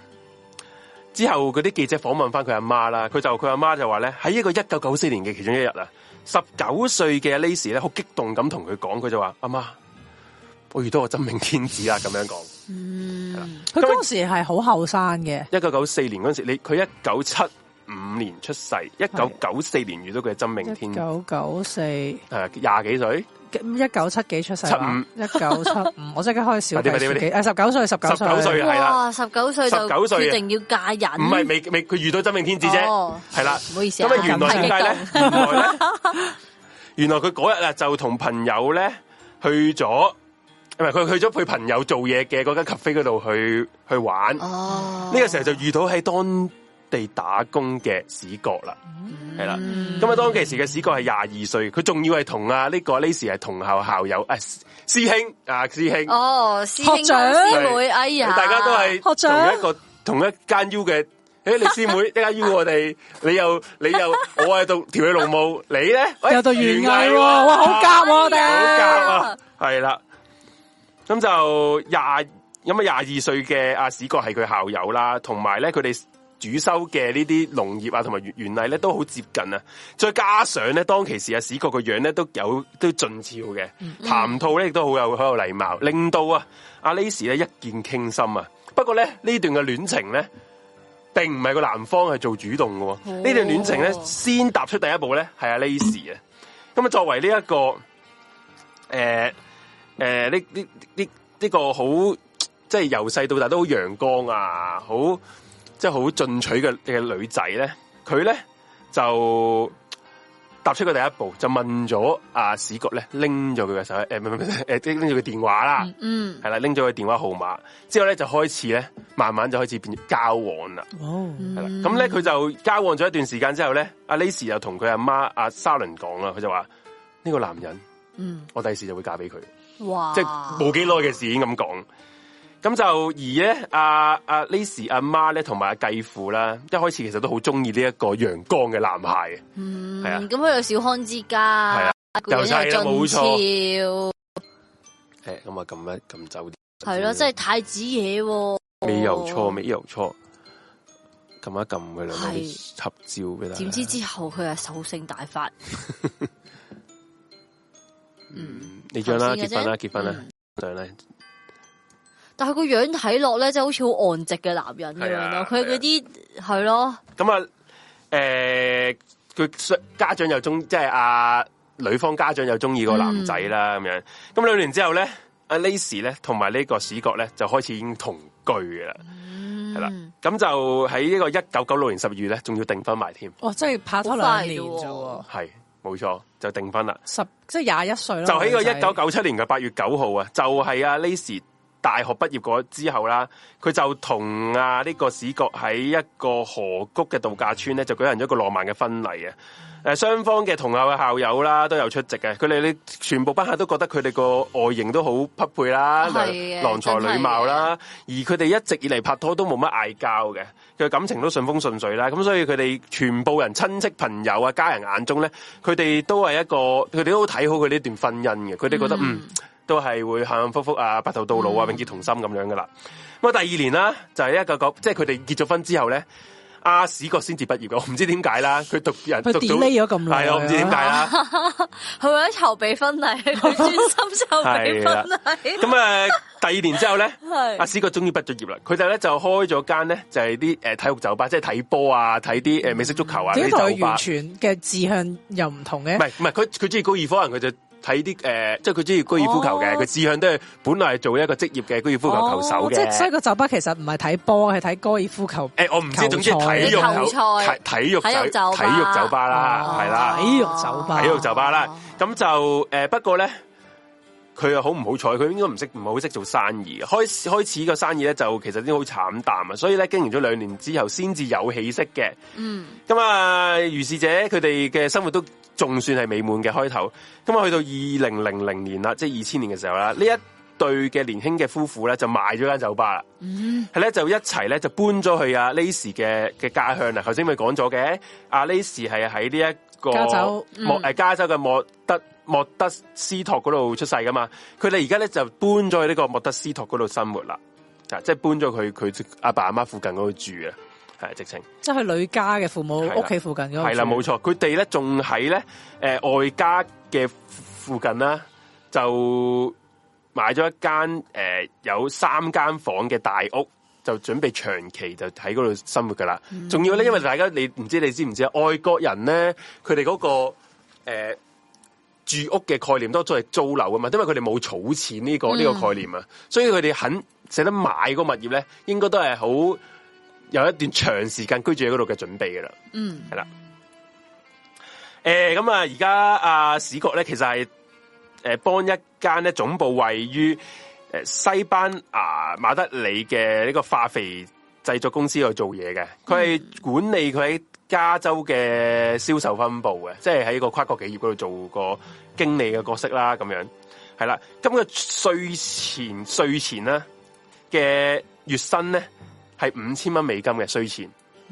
之後嗰啲記者訪問翻佢阿媽啦，佢就佢阿媽就話咧喺一個一九九四年嘅其中一日啦。十九歲嘅 Laci 咧，好激動咁同佢講，佢就話：阿媽，我遇到個真命天子啦！咁樣講，嗯，佢的當時係好後生嘅。一九九四年嗰陣時候，你佢一九七五年出世，一九九四年遇到佢嘅真命天子。九九四，誒，廿幾歲。一九七幾出世，七五一九七五，我即刻開小幾，誒十九歲，十九歲，哇十九歲就決定要嫁人，唔係未未佢遇到真命天子啫，係啦，唔好意思，咁啊原來點解咧？原來咧，原來佢嗰日啊就同朋友咧去咗，唔係佢去咗佢朋友做嘢嘅嗰間 cafe 嗰度去去玩，呢個時候就遇到喺當。打工嘅史葛啦，係啦、嗯。咁啊，當其時嘅史葛係廿二歲，佢仲要係同啊呢個 Laci 係同校校友啊師兄啊師兄,、哦、師兄啊師兄哦學長師妹對哎呀，大家都係同一個學長同一間 U 嘅誒、哎，你師妹一間 U，我哋你又你又我喺度條起龍務，你咧又讀懸藝，哇好夾我哋，好夾啊，係啦、啊。咁就廿有乜廿二歲嘅阿史葛係佢校友啦，同埋咧佢哋。主修嘅呢啲農業啊，同埋園藝咧都好接近啊！再加上咧，當其時啊史，Scott 個樣咧都有都俊俏嘅，談、mm hmm. 吐咧亦都好有好有禮貌，令到啊阿 Lacy 咧一見傾心啊！不過咧呢呢段嘅戀情咧，並唔係個男方係做主動嘅、啊，oh. 呢段戀呢段戀情咧先踏出第一步咧係阿 Lacy 啊！咁啊，作為呢、呢、一個誒誒呢呢呢呢個好即係由細到大都好陽光啊，好～即係好進取嘅嘅女仔咧，佢咧就踏出佢第一步，就問咗阿、啊、Scott 咧拎咗佢嘅手，誒唔拎住佢電話啦、嗯，嗯係啦，拎咗佢電話號碼之後咧，就開始咧慢慢就開始變成交往啦，哦，係啦的，咁咧佢就交往咗一段時間之後咧，阿 Laci 又同佢阿媽阿莎倫講啦，佢就話呢、這個男人，嗯，我第時就會嫁俾佢，哇，即係冇幾耐嘅事已經咁講。咁就而咧，阿阿 Laci 阿媽咧，同埋阿繼父啦，一開始其實都好中意呢一個陽光嘅男孩，係啊，咁佢有小康之家，有晒啦，冇錯。係咁啊，撳一撳酒店係咯，即係太子嘢，未有錯，未有錯，撳一撳佢兩合照嘅啦。點知之後佢係獸性大發，嗯，你將啦，結婚啦，結婚啦，嚟但係個樣睇落咧，就好似好安直嘅男人咁樣咯。佢嗰啲係咯。咁啊，誒、佢、呃、家長又中，即係阿女方家長又中意個男仔啦。咁、嗯、樣咁兩年之後咧，阿 Laci 咧同埋呢個史國咧就開始已經同居啦。係啦、嗯，咁、啊、就喺呢個一九九六年十月咧，仲要訂婚埋添。而已而已哦，即係拍拖兩年啫，係冇錯就訂婚啦。十即係廿一歲咯。就喺個一九九七年嘅八月九號啊，嗯、就係阿 Laci。大學畢業嗰之後啦，佢就同啊呢個史葛喺一個河谷嘅度假村咧，就舉行咗一個浪漫嘅婚禮啊！誒，雙方嘅同校嘅校友啦，都有出席嘅。佢哋，全部班客都覺得佢哋個外形都好匹配啦，郎的才女貌啦。的的而佢哋一直以嚟拍拖都冇乜嗌交嘅，佢感情都順風順水啦。咁所以佢哋全部人親戚朋友啊，家人眼中咧，佢哋都係一個，佢哋都好睇好佢呢段婚姻嘅。佢哋覺得嗯。都係會幸幸福福啊，白頭到老啊，永結同心咁樣噶啦。咁啊、嗯，第二年啦，就係、是、一九九，即係佢哋結咗婚之後咧，阿、啊、史葛先至畢業噶我唔知點解啦。佢讀人，佢讀咗咁耐，係了我唔知點解啦。佢為咗籌備婚禮，佢專心籌備婚禮。咁啊， 第二年之後咧，阿、啊 的啊、史葛終於畢咗業啦。佢哋咧就開咗間咧，就係啲誒體育酒吧，即係睇波啊，睇啲誒美式足球啊啲、嗯、酒吧完全嘅志向又唔同嘅，唔係唔係，佢佢中意高爾夫人，佢就。睇啲誒，即係佢中意高爾夫球嘅，佢志向都係本來係做一個職業嘅高爾夫球球手嘅。即係所以個酒吧其實唔係睇波，係睇高爾夫球。誒，我唔知，總之體育賽體體育酒，體育酒吧啦，係啦，體育酒吧，體育酒吧啦。咁就誒，不過咧。佢又好唔好彩，佢應該唔識，唔係好識做生意，開始開始個生意咧就其實已經好慘淡啊，所以咧經營咗兩年之後，先至有起色嘅。嗯，咁啊，如是者佢哋嘅生活都仲算係美滿嘅開頭。咁啊，去到二零零零年啦，即係二千年嘅時候啦，嗯、一呢一對嘅年輕嘅夫婦咧就賣咗間酒吧啦，嗯這個。嗯，係咧就一齊咧就搬咗去啊。Laci 嘅嘅家鄉啊。頭先咪講咗嘅，阿 Laci 係喺呢一個加州莫誒加州嘅莫德莫德斯托嗰度出世噶嘛。佢哋而家咧就搬咗去呢個莫德斯托嗰度生活啦，即係搬咗佢佢阿爸阿媽附近嗰度住啊，係直情，即係女家嘅父母屋企附近咁。係啦，冇錯，佢哋咧仲喺咧誒外家嘅附近啦，就買咗一間誒、呃、有三間房嘅大屋，就準備長期就喺嗰度生活噶啦。仲要咧，因為大家你唔知你知唔知啊？外國人咧，佢哋嗰個誒。呃住屋嘅概念都都係租樓啊嘛，因為佢哋冇儲錢呢、呢個呢、呢個概念啊，嗯、所以佢哋肯捨得買個物業咧，應該都係好有一段長時間居住喺嗰度嘅準備噶啦。嗯，係、呃、啦。誒，咁啊，而家阿史葛咧，其實係誒幫一間咧總部位於誒西班牙馬德里嘅呢個化肥製作公司去做嘢嘅，佢係管理佢。.加州嘅銷售分部嘅，即係喺個跨國企業嗰度做個經理嘅角色啦，咁樣係啦。咁嘅稅前稅前咧嘅月薪咧係五千蚊美金嘅稅前。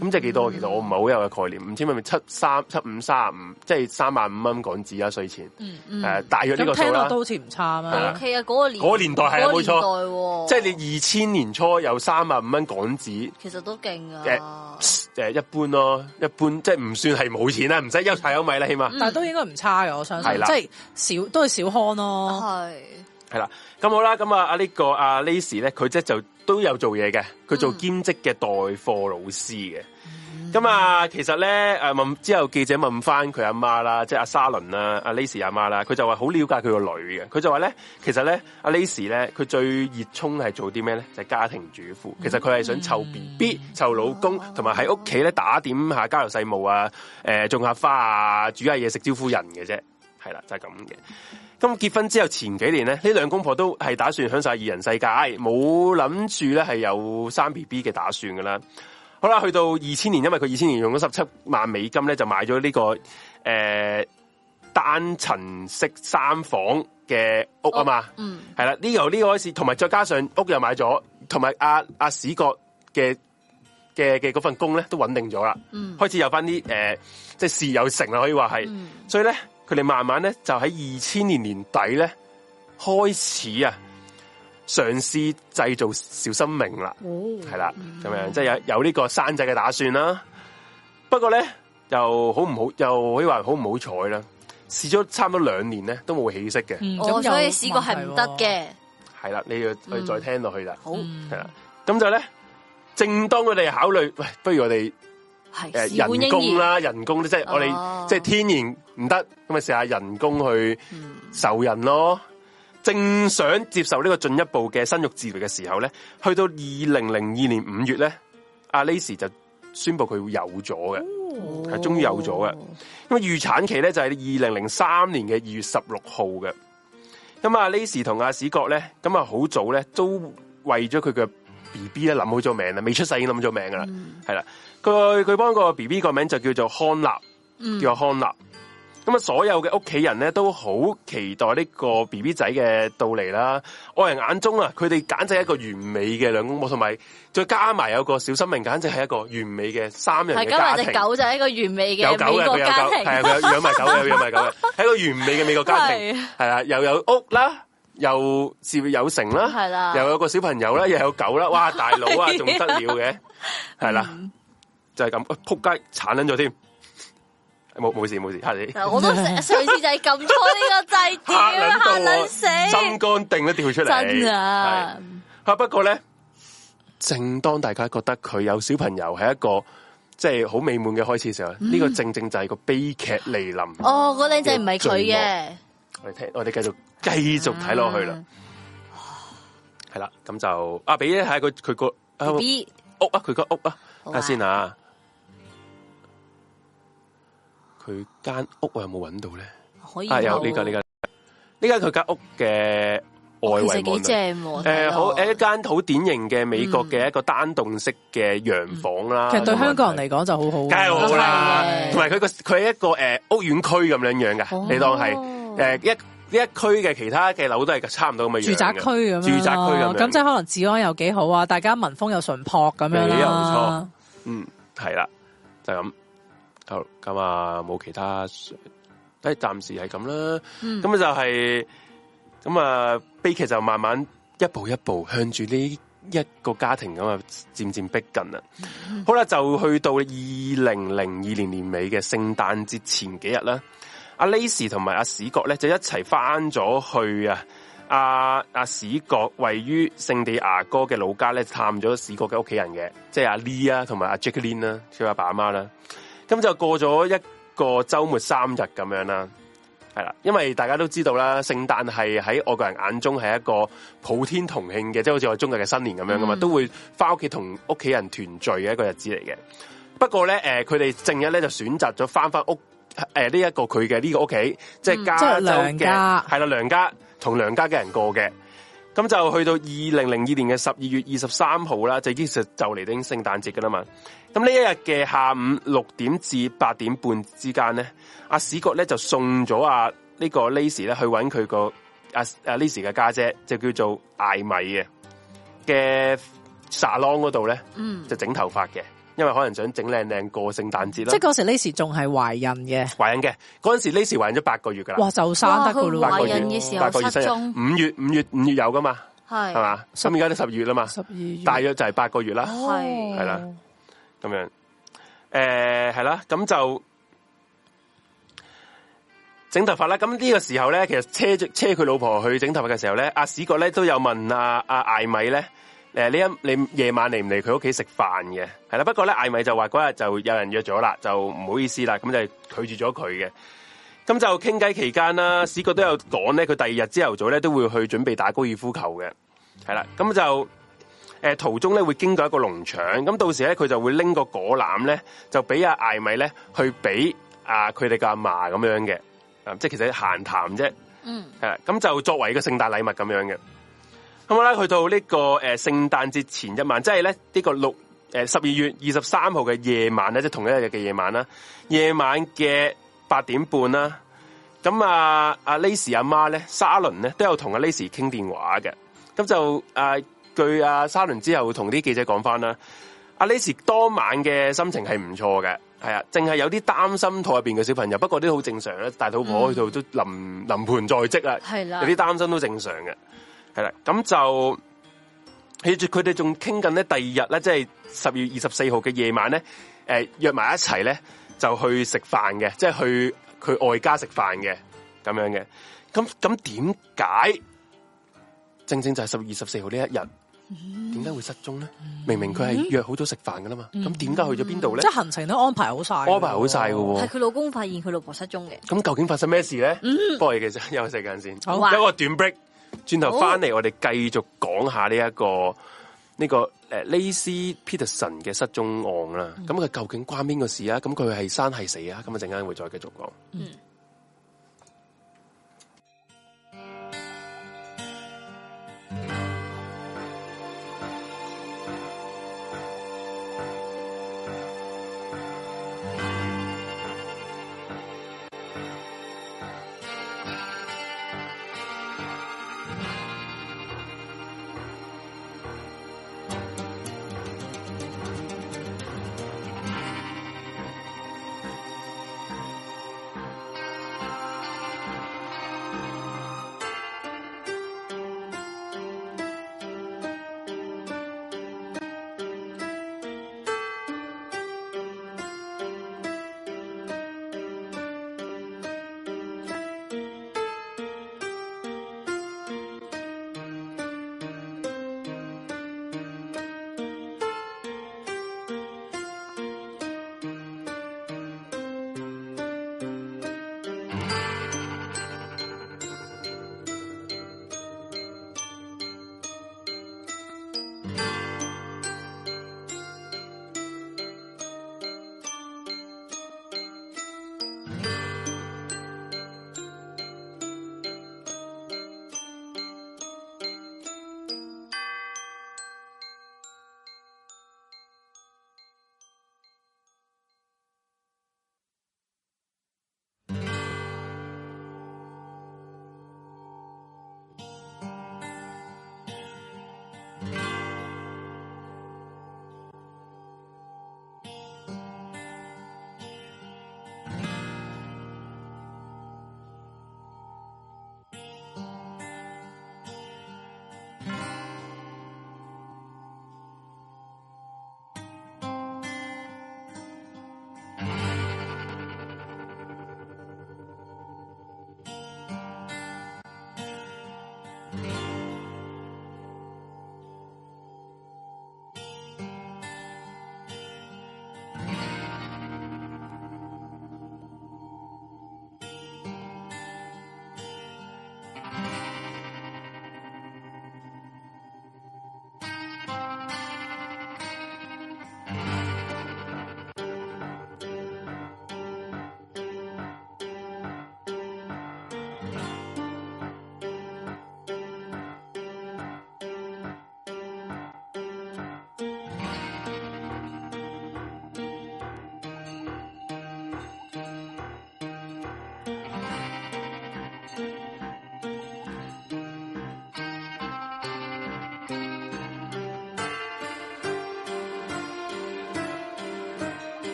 咁即係幾多？其實我唔係好有嘅概念，唔知係咪七三七五三十五，即係三萬五蚊港紙啊，稅前，誒，大約呢個數啦。聽落都好似唔差啊，O K 啊，嗰個年代，嗰個年代係啊，冇錯，即係你二千年初有三萬五蚊港紙，其實都勁啊，誒，一般咯，一般，即係唔算係冇錢啦，唔使憂柴憂米啦，起碼，但係都應該唔差嘅，我相信，啦即係小都係小康咯，係，係啦，咁好啦，咁啊，阿呢個阿 Laci 咧，佢即係就。都有做嘢嘅，佢做兼職嘅代課老師嘅。咁啊、嗯，其實咧，誒問之後記者問翻佢阿媽啦，即係阿沙倫啊，阿 Laci 阿媽啦，佢就話好了解佢個女嘅。佢就話咧，其實咧，阿 Laci 咧，佢最熱衷係做啲咩咧？就是、家庭主婦。嗯、其實佢係想湊 B B、湊老公，同埋喺屋企咧打點下家頭細務啊，誒、呃、種下花啊，煮下嘢食招呼人嘅啫。係啦，就係咁嘅。咁結婚之後前幾年咧，呢兩公婆都係打算享受二人世界，冇諗住咧，係有生 B B 嘅打算噶啦。好啦，去到二千年，因為佢二千年用咗十七萬美金咧，就買咗呢、這個誒、呃、單層式三房嘅屋啊嘛屋。嗯，係啦，呢由呢個開始，同埋再加上屋又買咗，同埋阿阿史葛嘅嘅嘅嗰份工咧都穩定咗啦。嗯，開始有返啲誒，即係事有成啦，可以話係。嗯、所以咧。佢哋慢慢咧就喺二千年年底咧開始啊嘗試製造小生命啦，係啦，咁樣即係有有呢個生仔嘅打算啦。不過咧又好唔好，又可以話好唔好彩啦。試咗差唔多兩年咧都冇起色嘅。哦、嗯，嗯、所以試過係唔得嘅。係啦、嗯，你要去再聽落去啦。好係啦，咁就咧，正當佢哋考慮，喂，不如我哋。誒，人工啦，人工即係我哋、uh、即係天然唔得，咁咪試下人工去受孕咯。嗯、正想接受呢個進一步嘅生育治療嘅時候咧，去到二零零二年五月咧，阿、嗯啊、Laci 就宣布佢有咗嘅，係、哦、終於有咗嘅。咁預產期咧就係二零零三年嘅二月十六號嘅。咁、嗯、阿、嗯、Laci 同阿史葛咧，咁啊好早咧都為咗佢嘅 B B 咧諗好咗名啦，未出世已經諗咗名噶啦，係啦、嗯。佢佢幫個 B B 個名就叫做康納，嗯、叫做康納。咁啊，所有嘅屋企人咧都好期待呢個 B B 仔嘅到嚟啦。外人眼中啊，佢哋簡直係一個完美嘅兩公婆，同埋再加埋有，有個，有個小生命，簡直係一個完美嘅三人嘅家庭。狗就係一個完美嘅美國家庭，有狗係啊，養埋狗，養埋狗，係一個完美嘅美國家庭。係啊，又有屋啦，又事業有成啦，係啦，又有個小朋友啦，又有狗啦，哇，大佬啊，仲 得了嘅，係啦。嗯。就係咁，扑、哎、街鏟捻咗添，冇冇事冇事，係你。下次 我都上次就係撳錯呢個掣點，吓捻死，心肝定都跳出嚟。真啊！吓不過咧，正當大家覺得佢有小朋友係一個即係好美滿嘅開始時候，呢、嗯、個正正就係個悲劇嚟臨。哦，嗰靚仔唔係佢嘅。我哋聽，我哋繼續繼續睇落去啦。係啦、嗯，咁就阿俾咧喺佢佢個屋、啊、寶屋啊，佢個屋啊，睇、啊、先啊。佢間屋我有冇揾到咧？可以有呢間呢間呢間佢間屋嘅外圍正誒好誒一間好典型嘅美國嘅一個單棟式嘅洋房啦、嗯。其實對香港人嚟講就好好，梗係好啦。同埋佢個佢係一個誒、呃、屋苑區咁樣樣㗎。哦、你當係誒、呃、一呢一區嘅其他嘅樓都係差唔多咁嘅住宅區咁，住宅區咁，咁、啊、即係可能治安又幾好啊，大家民風又淳樸咁樣啦冇錯。嗯，係啦，就咁。好咁啊，冇其他，誒，暫時係咁啦。咁、嗯、就係咁啊，悲劇就慢慢一步一步向住呢一個家庭咁啊，漸漸逼近啦。嗯、好啦，就去到二零零二年年尾嘅聖誕節前幾日啦。阿 Laci 同埋阿史國咧就一齊翻咗去啊，阿、啊、阿史葛位於聖地牙哥嘅老家咧，探咗史葛嘅屋企人嘅，即係阿 Lee 啊，同埋、啊、阿 Jacqueline 啦、啊，即阿爸阿媽啦。咁就過咗一個周末三日咁樣啦，係啦，因為大家都知道啦，聖誕係喺外國人眼中係一個普天同慶嘅，即、就、係、是、好似我哋中國嘅新年咁樣噶嘛，嗯、都會翻屋企同屋企人團聚嘅一個日子嚟嘅。不過咧，誒，佢哋正日咧就選擇咗翻翻屋，誒、呃、呢、這、一個佢嘅呢個屋企，即、就、係、是、加州嘅，係啦、嗯就是，娘家，同娘家嘅人過嘅。咁就去到二零零二年嘅十二月二十三號啦，就已經就嚟到聖誕節噶啦嘛。咁呢一日嘅下午六點至八點半之間咧，阿、啊、史葛咧就送咗阿、啊這個、呢個 Lacy 咧去揾佢個阿阿 Lacy 嘅家姐，就叫做艾米嘅嘅沙龍嗰度咧，嗯、就整頭髮嘅。因為可能想整靚靚過聖誕節啦，即係嗰時呢時仲係懷孕嘅，懷孕嘅嗰陣時呢時懷孕咗八個月噶啦，哇就生得噶八個月，八個月，五月五月五月，月有噶嘛，係係是嘛，所而家都十月啦嘛，十二月，大約就係八個月是啦，係係、呃、啦，咁樣，誒係啦，咁就整頭髮啦，咁呢個時候咧，其實車車佢老婆去整頭髮嘅時候咧，阿、啊、史哥咧都有問阿、啊、阿、啊、艾米咧。誒，你一你夜晚嚟唔嚟佢屋企食飯嘅？係啦，不過咧艾米就話嗰日就有人約咗啦，就唔好意思啦，咁就拒絕咗佢嘅。咁就傾偈期間啦，史葛都有講咧，佢第二日朝頭早咧都會去準備打高爾夫球嘅。係啦，咁就誒途中咧會經過一個農場，咁到時咧佢就會拎個果籃咧，就俾阿艾米咧去俾啊佢哋嘅阿嫲咁樣嘅。即係其實閒談啫。嗯。係，咁就作為一個聖誕禮物咁樣嘅。咁啊！去到呢個誒聖誕節前一晚，即係咧呢個六誒十二月二十三號嘅夜晚咧，即、就、係、是、同一日嘅夜晚啦。夜晚嘅八點半啦，咁啊阿 Laci 阿媽咧，沙倫咧都有同阿 Laci 傾電話嘅。咁就誒、啊、據阿、啊、沙倫之後同啲記者講翻啦，阿、啊、Laci 當晚嘅心情係唔錯嘅，係啊，淨係有啲擔心肚入邊嘅小朋友，不過啲好正常啦，大肚婆去度都臨臨、嗯、盆在即啦，係啦的，有啲擔心都正常嘅。係啦，咁就起住佢哋仲傾緊咧，第二、就是、日咧，即係十月二十四號嘅夜晚咧，誒、呃、約埋一齊咧，就去食飯嘅，即、就、係、是、去佢外家食飯嘅咁樣嘅。咁咁點解正正就係十月二十四號呢一日，點解、嗯、會失蹤咧？嗯、明明佢係約好咗食飯噶啦嘛，咁點解去咗邊度咧？即係行程都安排好晒，安排好晒喎。係佢老公發現佢老婆失蹤嘅。咁究竟發生咩事咧？不過、嗯、其實有時間先，好啊、有一個短 break。轉頭翻嚟，我哋繼續講下呢、這、一個呢好個誒，Laci Peterson 嘅失蹤案啦。咁佢、嗯、究竟關邊個事啊？咁佢係生係死啊？咁一陣間會再繼續講。嗯。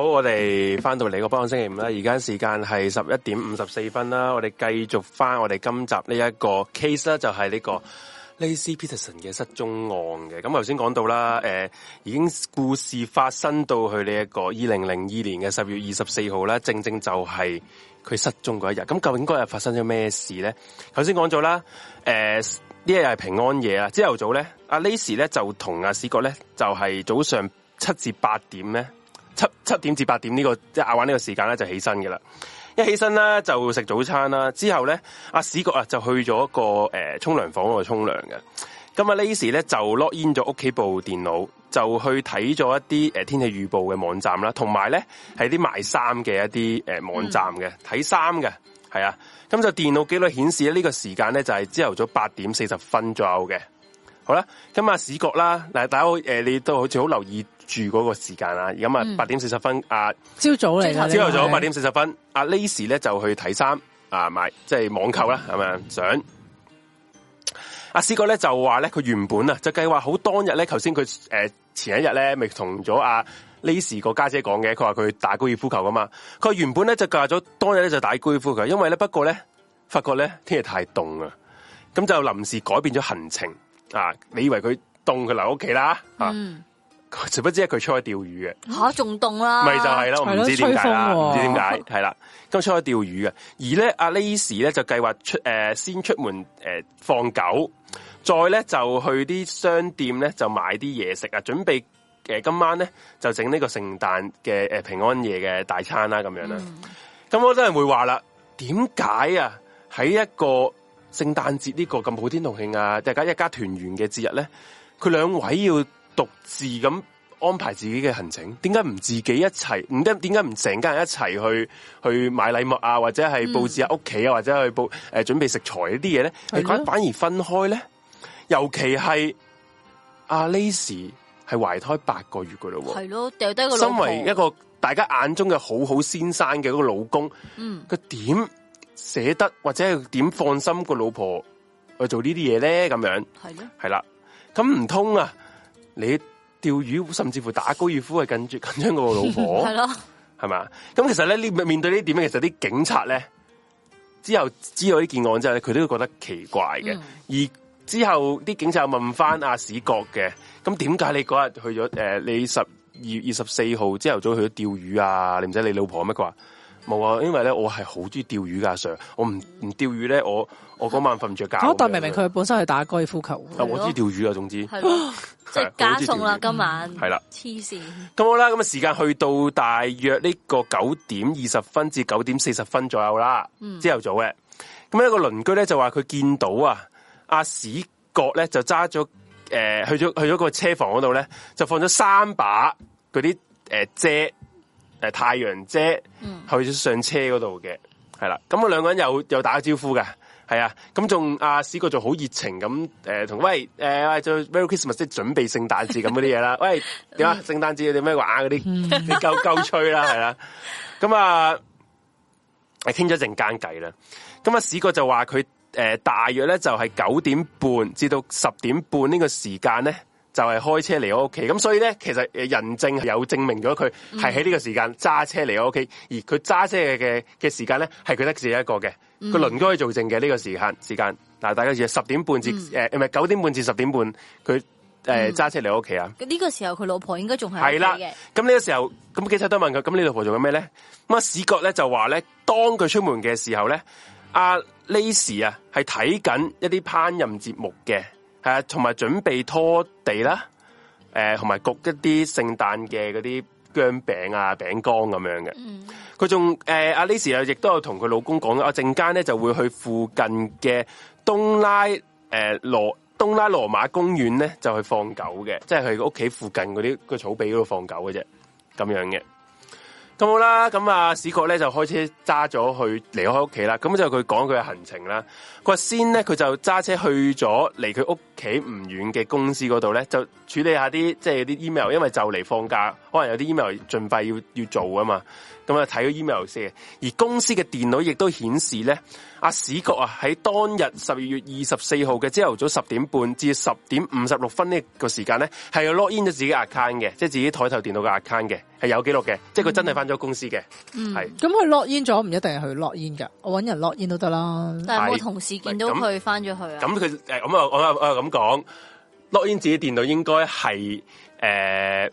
好，我哋翻到嚟個不安星期五啦，而家時間係十一點五十四分啦。我哋繼續翻我哋今集呢一個 case 咧，就係呢個 Laci Peterson 嘅失蹤案嘅。咁頭先講到啦，誒，已經故事發生到去呢一個二零零二年嘅十月二十四號啦，正正就係佢失蹤嗰一日。咁究竟嗰日發生咗咩事咧？頭先講咗啦，誒、呃，呢日係平安夜啊，朝頭早咧，阿 Laci 咧就同阿史葛咧就係早上七、啊就是、至八點咧。七七點至八點呢、呢個即係晏玩呢個時間咧就起身嘅啦，一起身咧就食早餐啦，之後咧阿 Scott 啊，Scott 啊就去咗一個誒沖涼房嗰度沖涼嘅，咁、嗯、啊、嗯、呢時咧就 lock in 咗屋企部電腦，就去睇咗一啲誒、呃、天氣預報嘅網站啦，同埋咧喺啲賣衫嘅一啲誒、呃、網站嘅睇衫嘅，係啊，咁、嗯、就電腦記錄顯示呢個時間咧就係朝頭早八點四十分左右嘅。好啦，咁啊，Scott 啦，嗱，大家好，誒、呃，你都好似好留意住嗰個時間、嗯、啊。咁啊，八點四十分，啊，朝早嚟嘅，朝頭早八點四十分，阿 Laci 咧就去睇衫，啊，買即係、就是、網購啦，係咪、嗯、啊？想，阿 Scott 咧就話咧，佢原本啊就計劃好當日咧，頭先佢誒前一日咧咪同咗阿 Laci 個家姐講嘅，佢話佢打高爾夫球噶嘛，佢原本咧就計劃咗當日咧就打高爾夫球，因為咧不過咧發覺咧天氣太凍啊，咁就臨時改變咗行程。啊！你以為佢凍佢留屋企啦？啊，就、嗯、不知係佢出去釣魚嘅，吓，仲凍啦，咪就係咯，唔知點解，唔、啊、知點解，係啦，咁出去釣魚嘅。而咧，阿 Laci 咧就計劃出誒、呃，先出門誒、呃、放狗，再咧就去啲商店咧就買啲嘢食啊，準備誒、呃、今晚咧就整呢個聖誕嘅誒平安夜嘅大餐啦咁樣啦。咁、嗯、我真係會話啦，點解啊？喺一個。聖誕節呢個咁普天同慶啊，大家一家團圓嘅節日咧，佢兩位要獨自咁安排自己嘅行程，點解唔自己一齊？唔得，點解唔成家人一齊去去買禮物啊？或者係布置下屋企啊？嗯、或者去布誒準備食材呢啲嘢咧？佢的反而分開咧，尤其係阿、啊、Laci 係懷胎八個月噶咯，係咯，掉低個老婆身為一個大家眼中嘅好好先生嘅嗰個老公，嗯，點？點？捨得或者係點放心個老婆去做呢啲嘢咧？咁樣係咯，係啦呢，咁唔通啊？你釣魚甚至乎打高爾夫係緊住緊張個老婆係咯？係咪 是的？咁其實咧，你面對呢點咧，其實啲警察咧之後知道呢件案之後咧，佢都覺得奇怪嘅。嗯、而之後啲警察又問翻阿史國嘅，咁點解你嗰日去咗誒、呃？你十二月二十四號朝頭早去咗釣魚啊？你唔使你老婆咩？佢話。冇啊，因為咧我係好中意釣魚噶，Sir，我唔唔釣魚咧，我我嗰晚瞓唔着覺。的但明明佢本身係打高爾夫球。但的、啊、我中意釣魚啊，總之即係假送啦，今晚係啦，黐線、嗯。咁好啦，咁啊時間去到大約呢個九點二十分至九點四十分左右啦，朝頭早嘅。咁一、嗯、個鄰居咧就話佢見到啊，阿史葛咧就揸咗誒去咗去咗個車房嗰度咧，就放咗三把嗰啲誒遮。呃誒，太陽遮去咗上車嗰度嘅，係啦、嗯嗯。咁我兩個人又又打個招呼噶，係啊。咁仲阿史哥就好熱情咁，誒，同喂，誒，就 Merry Christmas 即係準備聖誕節咁嗰啲嘢啦。喂，點啊？聖誕節點咩話？嗰啲，你夠夠吹啦，係啦。咁啊，係傾咗陣間偈啦。咁啊，史哥就、呃呃 啊、話佢誒大約咧就係九點半至到十點半呢個時間咧。就係開車嚟我屋企，咁所以咧，其實誒人證係有證明咗佢係喺呢個時間揸車嚟我屋企，嗯、而佢揸車嘅嘅時間咧係佢得自己一個嘅，個鄰、嗯、去做證嘅呢個時間時間，嗱大家知啊，十點半至誒唔係九點半至十點半，佢誒揸車嚟我屋企啊。呢個時候佢老婆應該仲係喺嘅，咁呢個時候咁記者都問佢，咁你老婆做緊咩咧？咁啊 Scott 咧就話咧，當佢出門嘅時候咧，阿 Laci 啊係睇緊一啲烹飪節目嘅。係啊，同埋準備拖地啦，誒、呃，同埋焗一啲聖誕嘅嗰啲薑餅啊、餅乾咁樣嘅。佢仲誒，阿 Lisa 亦都有同佢老公講啦，我陣間咧就會去附近嘅東拉羅、呃、東拉羅馬公園咧，就去放狗嘅，即係佢屋企附近嗰啲個草地嗰度放狗嘅啫，咁樣嘅。咁好啦，咁啊史國咧就開車揸咗去離開屋企啦。咁就佢講佢嘅行程啦。佢話先咧，佢就揸車去咗離佢屋企唔遠嘅公司嗰度咧，就處理一下啲即係啲、就是、email，因為就嚟放假，可能有啲 email 盡快要要做啊嘛。咁啊，睇咗 email 先。而公司嘅電腦亦都顯示咧，阿、啊、Scott 啊喺當日十二月二十四號嘅朝頭早十點半至十點五十六分呢個時間咧，係 lock in 咗自己 account 嘅，即係自己枱頭電腦嘅 account 嘅，係有記錄嘅。即係佢真係返咗公司嘅。咁佢、嗯是嗯、lock in 咗，唔一定係去 lock in 㗎。我搵人 lock in 都得啦。但係有冇同事見到佢返咗去啊？咁佢咁啊，我我咁講 lock in 自己電腦應該係誒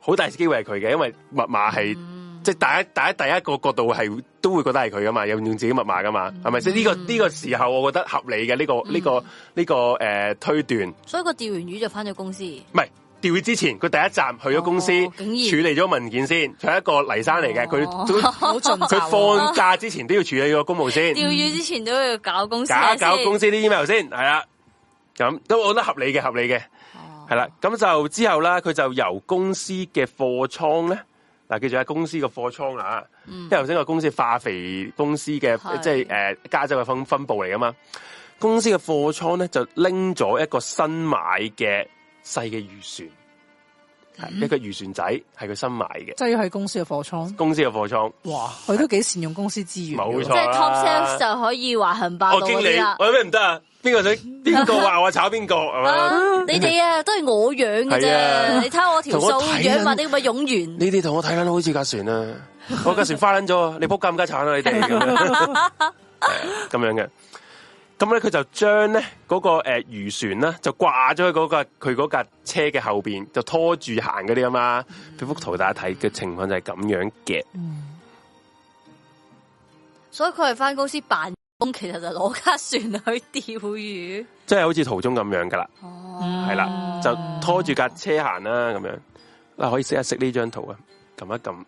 好大機會係佢嘅，因為密碼係。嗯即係第一、第一、第一個角度係都會覺得係佢噶嘛，用用自己密碼噶嘛，係咪先？呢個呢個時候我覺得合理嘅，呢個呢個呢個誒推斷。所以佢釣完魚就翻咗公司。唔係釣魚之前，佢第一站去咗公司處理咗文件先，係一個泥生嚟嘅，佢佢放假之前都要處理個公務先。釣魚之前都要搞公司，搞公司啲 email 先，係啦。咁都我覺得合理嘅，合理嘅。係啦，咁就之後啦，佢就由公司嘅貨倉咧。嗱，記住喺公司嘅貨倉啊，因為頭先個公司化肥公司嘅，嗯、即係誒、呃、加州嘅分分部嚟噶嘛。公司嘅貨倉咧就拎咗一個新買嘅細嘅漁船。一個漁船仔係佢新買嘅，即係喺公司嘅貨倉。公司嘅貨倉，哇！佢都幾善用公司資源，冇錯，即係 top sales 就可以話行霸。我經理，我有咩唔得啊？邊個想邊個話我炒邊個係咪？你哋啊，都係我養嘅啫。你睇我條數，養埋啲咁嘅冗員。你哋同我睇緊好似架船啊！我架船翻緊咗，你仆咁加慘啊！你哋咁樣嘅。咁咧，佢就將咧嗰個誒漁、呃、船啦，就掛咗喺架佢嗰架車嘅後邊，就拖住行嗰啲啊嘛。呢幅、嗯、圖大家睇嘅、嗯、情況就係咁樣嘅。所以佢係返公司辦公，其實就攞架船去釣魚，即係好似途中咁樣噶啦。哦、啊，係啦，就拖住架車行啦，咁樣啊，啊，可以識一識呢張圖啊，撳一撳、嗯、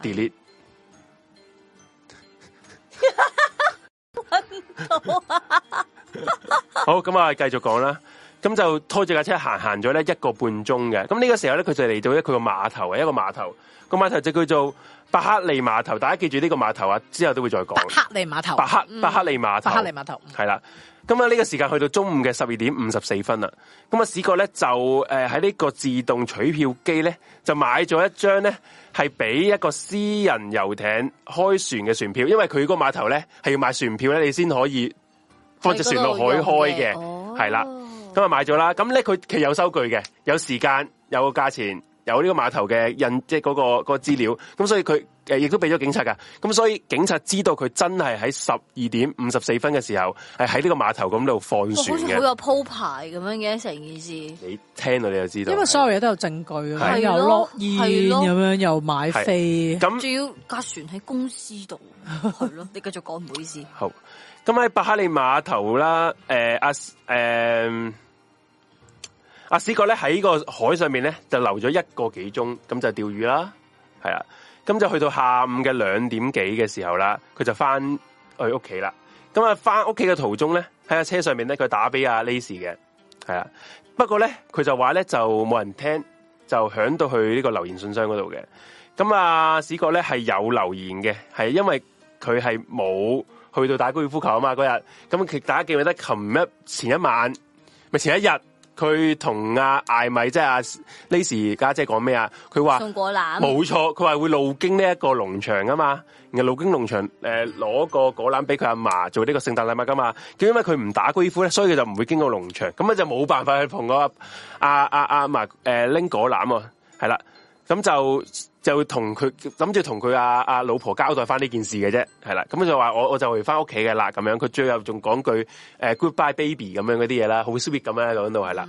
delete。 到啊！ 好，咁啊，繼續講啦。咁就拖住架車行行咗咧一個半鐘嘅。咁呢個時候咧，佢就嚟到咧佢個碼頭，啊，一個碼頭。個碼頭就叫做。百克利碼頭，大家記住呢個碼頭啊，之後都會再講。百克利碼頭，百克百克利碼頭，百、嗯、克利碼頭係啦。咁啊的，呢、嗯、個時間去到中午嘅十二點五十四分啦。咁啊，史葛咧就誒喺呢個自動取票機咧就買咗一張咧係俾一個私人遊艇開船嘅船票，因為佢個碼頭咧係要買船票咧你先可以放隻船落海開嘅，係啦。咁啊、哦、買咗啦。咁咧佢其實有收據嘅，有時間，有個價錢。有呢個碼頭嘅印，即係嗰個嗰個資料，咁所以佢誒亦都俾咗警察㗎，咁所以警察知道佢真係喺十二點五十四分嘅時候，係喺呢個碼頭咁度放船嘅。好似好有鋪排咁樣嘅成件事。你聽到你就知道。因為所有嘢都有證據啊，係咯，係咯，咁樣對又買飛，仲要架船喺公司度，係咯，你繼續講唔好意思。好，咁喺伯克利碼頭啦，誒阿誒。啊啊阿史葛咧喺個海上面咧就留咗一個幾鐘咁就釣魚啦，係啊，咁就去到下午嘅兩點幾嘅時候啦，佢就翻去屋企啦。咁啊翻屋企嘅途中咧喺架車上面咧佢打俾阿 Laci 嘅，係啊，不過咧佢就話咧就冇人聽，就響到去呢個留言信箱嗰度嘅。咁啊史葛咧係有留言嘅，係因為佢係冇去到打高爾夫球啊嘛嗰日。咁其大家記唔記得琴日前一晚咪前一日？佢同阿艾米即係阿 Laci 家姐講咩啊？佢話送果籃，冇錯。佢話會路經呢一個農場噶嘛，然後路經農場誒，攞，呃，個果籃俾佢阿嫲做呢個聖誕禮物噶嘛。點解佢唔打高爾夫咧？所以佢就唔會經過農場，咁咧就冇辦法去同個阿阿阿嫲誒拎果籃啊。係，啊，啦，咁，啊呃啊，就。就同佢，諗住同佢阿阿老婆交代翻呢件事嘅啫，係啦。咁佢就話我我就回翻屋企嘅啦，咁樣。佢最後仲講句誒、呃、Goodbye, baby 咁樣嗰啲嘢啦，好 sweet 咁樣講度係啦，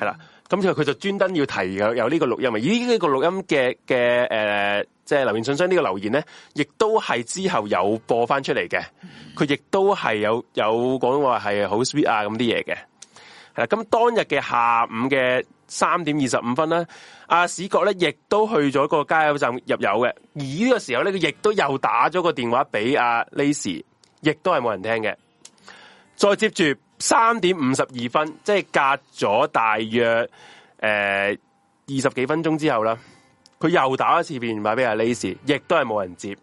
係啦。咁、mm hmm. 就佢就專登要提有有呢個錄音啊，呢個錄音嘅嘅誒，即係、呃就是、留言信箱呢個留言咧，亦都係之後有播翻出嚟嘅。佢亦、mm hmm. 都係有有講話係好 sweet 啊咁啲嘢嘅。係啦，咁當日嘅下午嘅三點二十五分啦。阿、啊、史角咧，亦都去咗個加油站入油嘅，而呢個時候咧，佢亦都又打咗個電話俾阿、啊、Laci，亦都係冇人聽嘅。再接住三點五十二分，即係隔咗大約誒二十幾分鐘之後啦，佢又打一次電話俾阿 Laci，亦都係冇人接。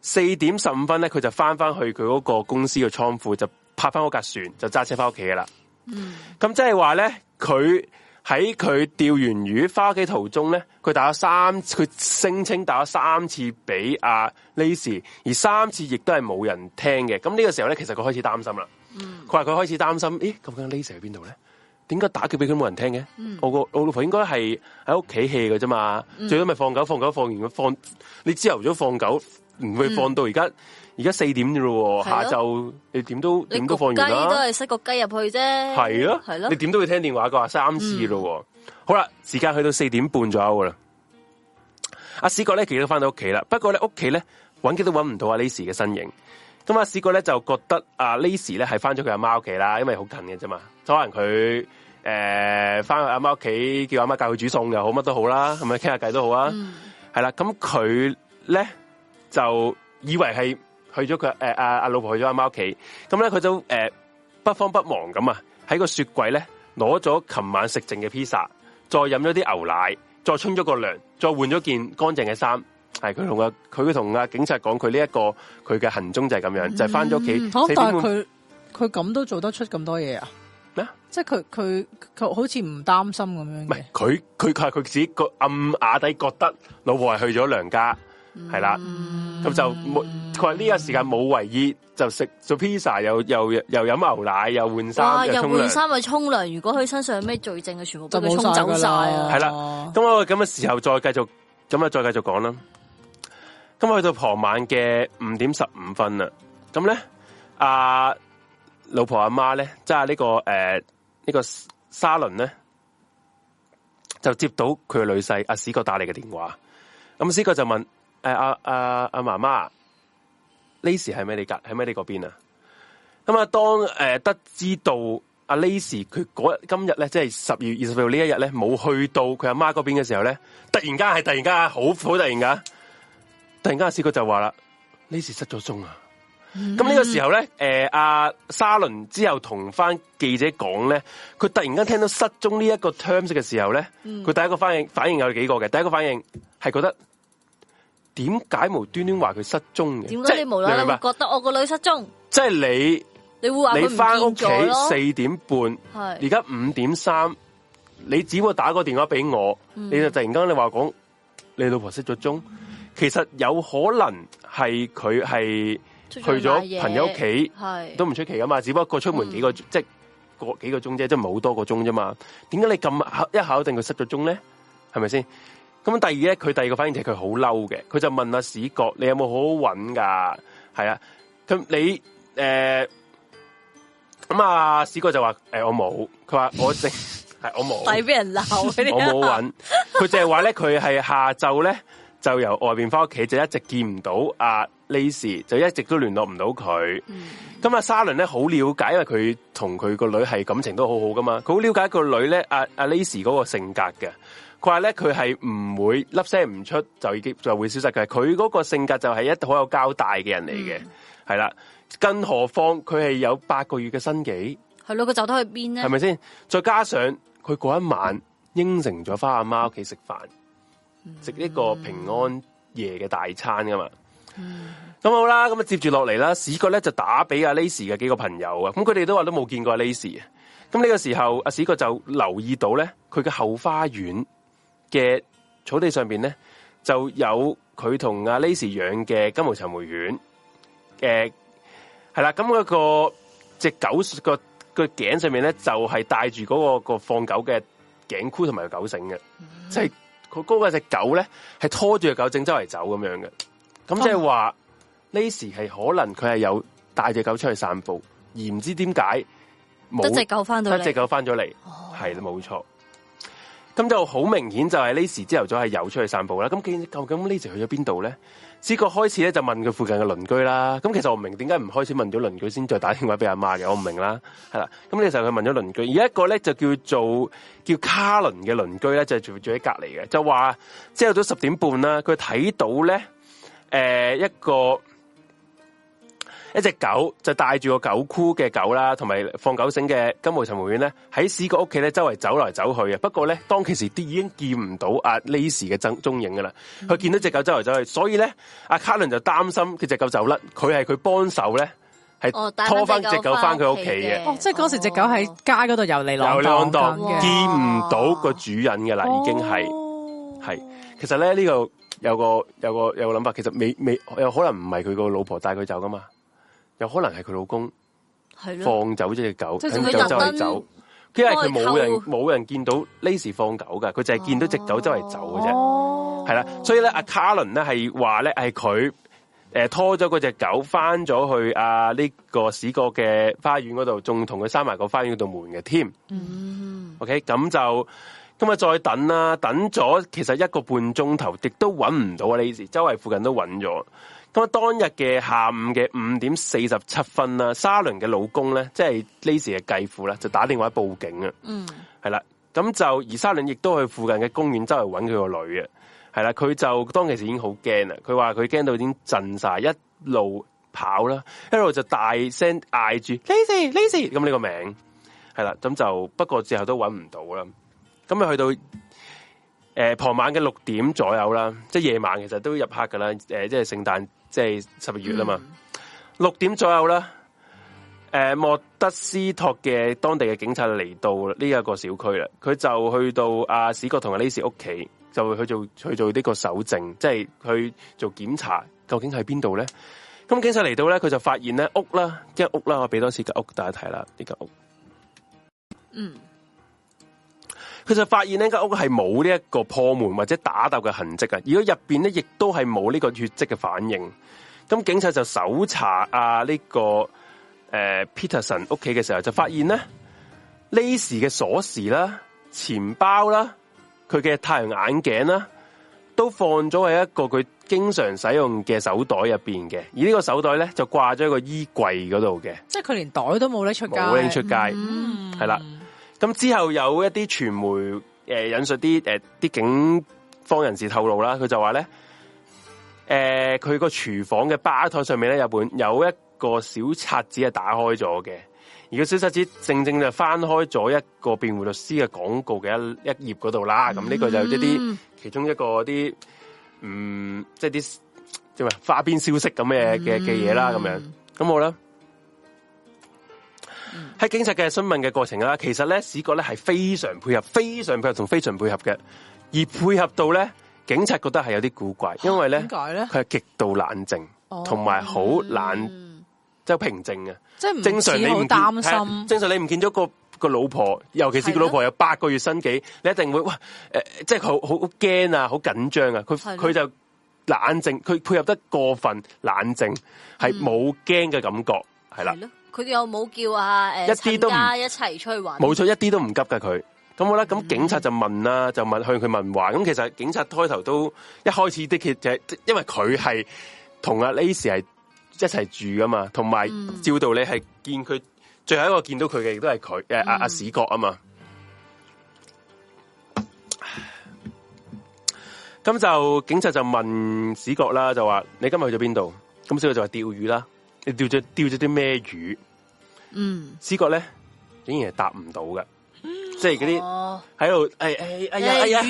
四點十五分咧，佢就翻翻去佢嗰個公司嘅倉庫，就泊翻嗰架船，就揸車翻屋企嘅啦。咁即係話咧，佢。喺佢釣完魚返屋企途中咧，佢打咗三，佢聲稱打咗三次俾阿 Laci，而三次亦都係冇人聽嘅。咁呢個時候咧，其實佢開始擔心啦。佢話佢開始擔心，咦，究竟 Laci 喺邊度咧？點解打叫俾佢冇人聽嘅？我個、嗯、我老婆應該係喺屋企 hea 嘅啫嘛，最多咪放狗，放狗放完佢放，你朝頭早放狗唔會放到而家。嗯而家四點啫咯，啊、下晝你點都點都放完啦、啊。都係塞個雞入去啫。係咯，係咯。你點都會聽電話噶，三次咯。嗯、好啦，時間去到四點半左右噶啦。阿、嗯啊、史哥咧，其實都翻到屋企啦，不過咧屋企咧，揾極都揾唔到阿 Lacy 嘅身影。咁、嗯、阿、啊、史哥咧就覺得阿 Lacy 咧係翻咗佢阿媽屋企啦，因為好近嘅啫嘛。可能佢誒翻去阿媽屋企，叫阿媽教佢煮餸又好，乜都好啦，咁樣傾下偈都好啊。係啦，咁佢咧就以為係。去咗佢誒，阿、呃、阿、啊、老婆去咗阿媽屋企，咁咧佢就誒、呃、不慌不忙咁啊，喺個雪櫃咧攞咗琴晚食剩嘅 pizza，再飲咗啲牛奶，再沖咗個涼，再換咗件乾淨嘅衫。係佢同阿佢同阿警察講佢呢一個佢嘅行蹤就係咁樣，就係翻咗屋企。嗯、四分 但係佢佢咁都做得出咁多嘢啊？咩、啊？即係佢佢佢好似唔擔心咁樣？唔係，佢佢佢係佢自己個暗啞底覺得老婆係去咗娘家。係啦，咁、嗯、就冇佢話呢個時間冇意義，嗯、就食做 pizza，又又又飲牛奶，又換衫，哇又換衫又沖涼。如果佢身上有咩罪證，嘅全部俾佢沖走晒。係啦，咁我咁嘅時候再繼續，咁啊再繼續講啦。咁我去到傍晚嘅五點十五分啦，咁咧阿老婆阿媽咧，即係呢、這個誒呢、啊這個沙倫咧，就接到佢嘅女婿阿、啊、史哥打嚟嘅電話，咁史哥就問。誒，阿阿阿媽媽，Laci 係咪你噶？係咪你嗰邊啊？咁啊，啊，啊，當誒、呃，得知到阿 Laci 佢嗰今日咧，即係十二月二十六呢一日咧，冇去到佢阿媽嗰邊嘅時候咧，突然間係突然間，好好突然間，突然間 Scott 佢就話啦，Laci 失咗蹤啊！咁呢、mm hmm. 個時候咧，誒、呃，阿、啊、沙倫之後同翻記者講咧，佢突然間聽到失蹤呢一個 terms 嘅時候咧，佢第一個反應、mm hmm. 反應有幾個嘅？第一個反應係覺得。點解無端端話佢失蹤嘅？點解你明白？覺得我個女失蹤？即係你，你會話你翻屋企四點半，係而家五點三，3，你只不過打個電話俾我，嗯、你就突然間你話講你老婆失咗蹤，嗯、其實有可能係佢係去咗朋友屋企，係都唔出奇噶嘛。只不過出門幾個、嗯、即係過幾個鐘啫，即係冇多個鐘啫嘛。點解你咁一考定佢失咗蹤咧？係咪先？咁第二咧，佢第二個反應就係佢好嬲嘅，佢就問阿史葛，你有冇好好揾噶？係、呃、啊，咁你誒咁啊史葛就話，誒我冇，佢話我淨係我冇，你俾人鬧，我冇揾，佢就係話咧佢係下晝咧就由外邊翻屋企就一直見唔到阿、啊、Laci 就一直都聯絡唔到佢。咁阿、嗯嗯、沙倫咧好了解，因為佢同佢個女係感情都好好噶嘛，佢好了解一個女咧阿阿 Laci 嗰個性格嘅。佢話咧，佢係唔會粒聲唔出就已經就會消失嘅。佢嗰個性格就係一好有交帶嘅人嚟嘅，係啦、嗯。更何況佢係有八個月嘅身紀，係咯，佢走得去邊咧？係咪先？再加上佢嗰一晚應承咗返阿媽屋企食飯，食、嗯、一個平安夜嘅大餐噶嘛。咁、嗯、好啦，咁啊接住落嚟啦，史葛咧就打俾阿 Laci 嘅幾個朋友啊。咁佢哋都話都冇見過阿 Laci 啊。咁呢個時候，阿史葛就留意到咧，佢嘅後花園。嘅草地上邊咧，就有佢同阿 Laci 養嘅金毛尋回犬，誒係啦，咁嗰個隻狗個個頸上面咧就係戴住個個放狗嘅頸箍同埋狗繩嘅，即係嗰嗰隻狗咧係拖住隻狗正周圍走咁樣嘅，咁即係話 Laci 係可能佢係有帶隻狗出去散步，而唔知點解冇隻狗翻到，隻狗翻咗嚟，係啦、哦，冇錯。咁就好明顯就係呢時朝頭早係有出去散步啦。咁見究竟呢時去咗邊度咧？呢個開始咧就問佢附近嘅鄰居啦。咁其實我唔明點解唔開始問咗鄰居先再打電話俾阿媽嘅，我唔明啦。係啦，咁其實佢問咗鄰居，而一個咧就叫做叫卡倫嘅鄰居咧就住住喺隔離嘅，就話朝頭早十點半啦，佢睇到咧、呃、一個。一隻狗就帶住個狗箍嘅狗啦，同埋放狗繩嘅金毛尋回犬咧，喺 Scott 屋企咧周圍走來走去啊！不過咧，當其時啲已經見唔到阿 Laci 嘅蹤蹤影噶啦，佢見到隻狗走來走去，呢嗯、走去所以咧阿卡倫就擔心佢隻狗走甩，佢係佢幫手咧，係拖翻隻狗翻佢屋企嘅。即係嗰時隻狗喺街嗰度遊嚟浪當，哦、遊浪當哇見唔到個主人噶啦，已經係係、哦。其實咧呢、這個有個有個有個諗法，其實未未有可能唔係佢個老婆帶佢走噶嘛。有可能係佢老公放走隻狗，隻狗周圍走，因為佢冇人冇扣人見到 Laci 放狗噶，佢就係見到隻狗周圍走嘅啫，係啦、啊，所以咧阿卡倫咧係話咧係佢誒拖咗嗰隻狗翻咗去阿呢個史哥嘅花園嗰度，仲同佢閂埋個花園嗰度門嘅添。嗯、OK，咁就咁啊，咁咪再等啦，等咗其實一個半鐘頭，亦都揾唔到啊！Laci 周圍附近都揾咗。咁當日嘅下午嘅五點四十七分啦，沙倫嘅老公咧，即係 Laci 嘅繼父啦，就打電話報警啦，嗯，係啦，咁就而沙倫亦都去附近嘅公園周圍揾佢個女啊。係啦，佢就當其時已經好驚啦，佢話佢驚到已經震晒，一路跑啦，一路就大聲嗌住 Laci，Laci，咁呢個名係啦，咁就不過之後都揾唔到啦。咁啊，去到誒傍、呃、晚嘅六點左右啦，即係夜晚，其實都入黑噶啦。誒，即係聖誕。即係十二月啦嘛，六點、mm hmm. 左右啦，誒、啊，莫德斯托嘅當地嘅警察嚟到呢一個小區啦，佢就去到阿、啊、史國同阿 Lisa 屋企，就去做去做呢個搜證，即係去做檢查，究竟喺邊度咧？咁警察嚟到咧，佢就發現咧屋啦，即係屋啦，我俾多次嘅屋大家睇啦，呢、這、間、個、屋，嗯、mm。Hmm. 佢就發現呢間屋係冇呢一個破門或者打鬥嘅痕跡啊！而佢入面咧，亦都係冇呢個血跡嘅反應。咁警察就搜查啊呢、呢個、呃、Peterson 屋企嘅時候，就發現咧 Laci 嘅鎖匙啦、錢包啦、佢嘅太陽眼鏡啦，都放咗喺一個佢經常使用嘅手袋入面嘅。而呢個手袋咧，就掛咗喺個衣櫃嗰度嘅。即係佢連袋都冇拎出街，冇拎出街，係啦、嗯。咁之後有一啲傳媒誒、呃、引述啲啲、呃、警方人士透露啦，佢就話咧誒，佢、呃、個廚房嘅吧台上面咧有本有一個小冊子係打開咗嘅，而個小冊子正正就翻開咗一個辯護律師嘅廣告嘅一頁嗰度啦。咁呢個就一啲其中一個啲嗯，即係啲即係花邊消息咁嘅嘅嘅嘢啦，咁樣咁好啦。喺警察嘅詢問嘅過程啦，其實咧 Scott 咧係非常配合、非常配合同非常配合嘅，而配合到咧警察覺得係有啲古怪，因為咧佢係極度冷靜，同埋好冷、就是、即係平靜嘅，即係正常你唔擔心，正常你唔見咗個個老婆，尤其是那個老婆有八個月身幾，的你一定會哇誒、呃，即係佢好驚啊，好緊張啊，佢佢的就冷靜，佢配合得過分冷靜，係冇驚嘅感覺係啦。嗯佢哋又冇叫啊，誒、呃，參加一齊出去玩。冇錯，一啲都唔急噶佢。咁好啦，咁、嗯、警察就問啦，就問向佢問話。咁其實警察開頭都一開始的佢就係，因為佢係同阿 Laci 係一齊住噶嘛，同埋、嗯、照道理係見佢最後一個見到佢嘅，亦都係佢誒阿阿史葛啊嘛。咁就警察就問史葛啦，就話你今日去咗邊度？咁所以就話釣魚啦。你釣咗釣咗啲咩魚？嗯，結果咧，竟然係答唔到嘅，即係嗰啲喺度誒誒哎呀哎呀，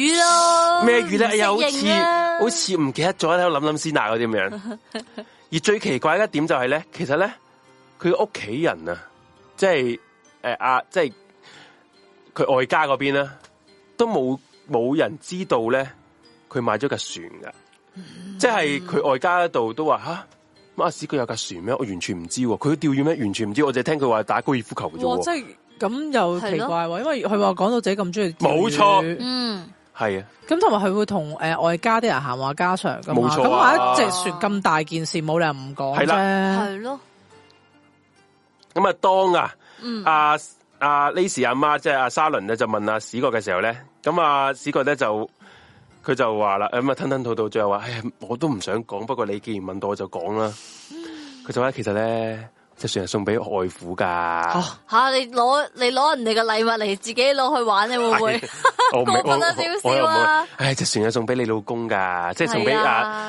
咩魚咧？哎呀，哎呀好似好似唔記得咗喺度諗諗先啦，嗰啲咁樣。而最奇怪一點就係、是、咧，其實咧，佢屋企人、呃、啊，即係誒啊，即係佢外家嗰邊咧，都冇冇人知道咧，佢買咗架船噶，嗯、即係佢外家度都話吓。阿、啊、史哥有架船咩？我完全唔知。佢去釣魚咩？完全唔知。我就聽佢話打高爾夫球嘅啫、哦。即係咁又奇怪喎，了因為佢話講到自己咁中意，冇錯錯，嗯，係、呃、啊。咁同埋佢會同誒外家啲人閒話家常噶嘛？咁買一隻船咁大件事，冇理由唔講啫。係咯了。咁啊了，當啊，阿阿 Laci 阿媽即係阿沙倫咧，就，是啊、就問阿、啊、史哥嘅時候咧，咁啊，史哥咧就。佢就話啦，咁、哎、啊吞吞吐吐，最後話，哎呀，我都唔想講，不過你既然問到，我就講啦。佢、嗯、就話，其實咧，隻船係送俾外父噶。吓、啊，你攞你攞人哋嘅禮物嚟自己攞去玩，你會唔會、哎、 過分啊？少少啊？唉，隻船係送俾你老公噶，即係是、啊、送俾阿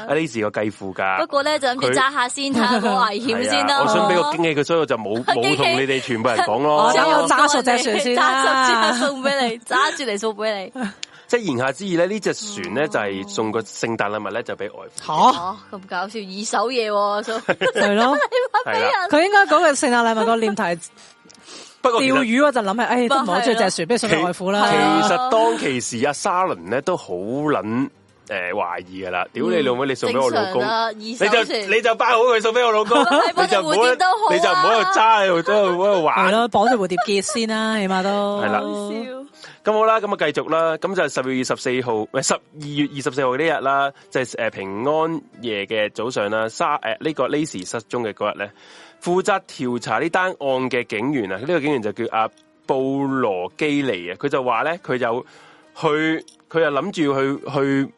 阿 Laci 個繼父噶。不過咧就諗住揸下先吓，好他危險先啦、啊啊。我想俾個驚喜佢，所以我就冇冇同你哋全部人講咯。我等我揸熟隻船先、啊啊，揸住先送俾你，揸住嚟送俾你。即言下之意咧，呢隻船咧就係送個聖誕禮物咧，就俾外父吓。咁搞笑，二手嘢。係咯，係啊，佢應該講嘅聖誕禮物個念題，不過釣魚我就諗係，哎，都唔好將隻船俾送俾外父啦。其實當其時阿沙倫咧都好捻誒懷疑噶啦，屌你老妹，你送俾我老公，你就你就包好佢送俾我老公，你就唔好，你就唔好度，揸喺度都玩，係咯，綁住蝴蝶結先啦，起碼都係啦。咁好啦，咁啊繼續啦，咁就十二月十四號，唔十二月二十四號呢日啦，就誒、是、平安夜嘅早上啦，沙誒呢、呃這個 Laci 失蹤嘅嗰日咧，負責調查呢單案嘅警員啊，呢、這個警員就叫阿布羅基尼、哎、啊，佢就話咧，佢就去，佢又諗住去去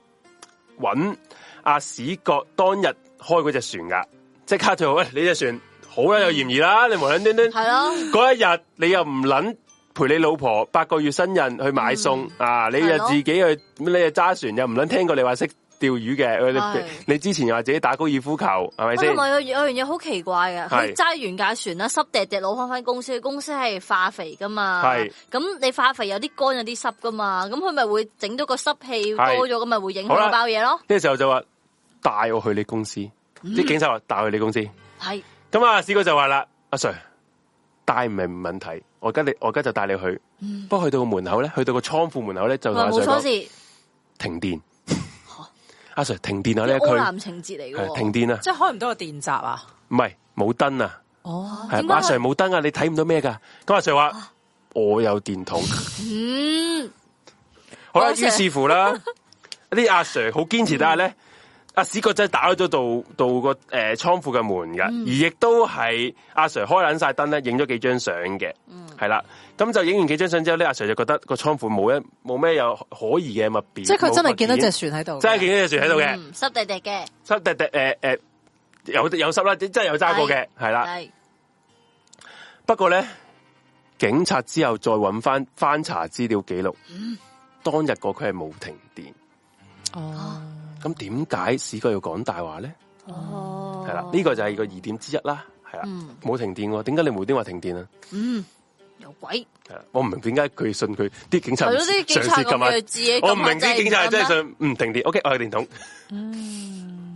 揾阿史葛當日開嗰隻船噶，即刻就喂呢隻船好啦，有嫌疑啦，你無端端係嗰一日你又唔捻。陪你老婆八個月新人去買餸啊！你又自己去，你又揸船又唔撚聽過你話識釣魚嘅。你之前又話自己打高爾夫球，係咪先？唔係有有樣嘢，好奇怪㗎，佢揸完架船啦，濕滴滴老翻翻公司，公司係化肥㗎嘛。係咁，你化肥有啲乾有啲濕㗎嘛，咁佢咪會整到個濕氣多咗，咁咪會影響到包嘢咯。呢個時候就話帶我去你公司，啲警察話帶去你公司。係咁啊，史哥就話啦，阿 Sir。帶唔係唔問題，我而家你我而家就帶你去，不過去到個門口咧，去到個倉庫門口咧就阿 Sir 停電，阿 Sir 停電啊呢一區，歐南情節嚟嘅，停電啊，即係開唔到個電閘啊，唔係冇燈啊，哦，阿 Sir 冇燈啊，你睇唔到咩噶？咁阿 Sir 話我有電筒，嗯，好啦，於是乎啦，啲阿 Sir 好堅持，但係咧。阿史真仔打開咗度度個誒倉庫嘅門噶，嗯、而亦都係阿、啊、Sir 開捻晒燈咧，影咗幾張相嘅，係啦、嗯。咁就影完幾張相之後咧，阿、啊、Sir 就覺得個倉庫冇一冇咩有可疑嘅物品。即係佢真係見到隻船喺度、嗯呃呃，真係見到隻船喺度嘅，濕滴滴嘅，濕滴滴誒誒，有有濕啦，真係有揸過嘅，係啦。不過咧，警察之後再揾翻翻查資料記錄，嗯、當日個區係冇停電。哦。咁點解 Scott 要講大話咧？哦、oh.，係啦，呢個就係個疑點之一啦，係啦，冇停電，點解你無端話停電啊？嗯，有鬼，係我唔明點解佢信佢啲警察，係咯，啲警察咁弱智嘅，我唔明啲警察真係信唔停電。O K，我係電筒，嗯、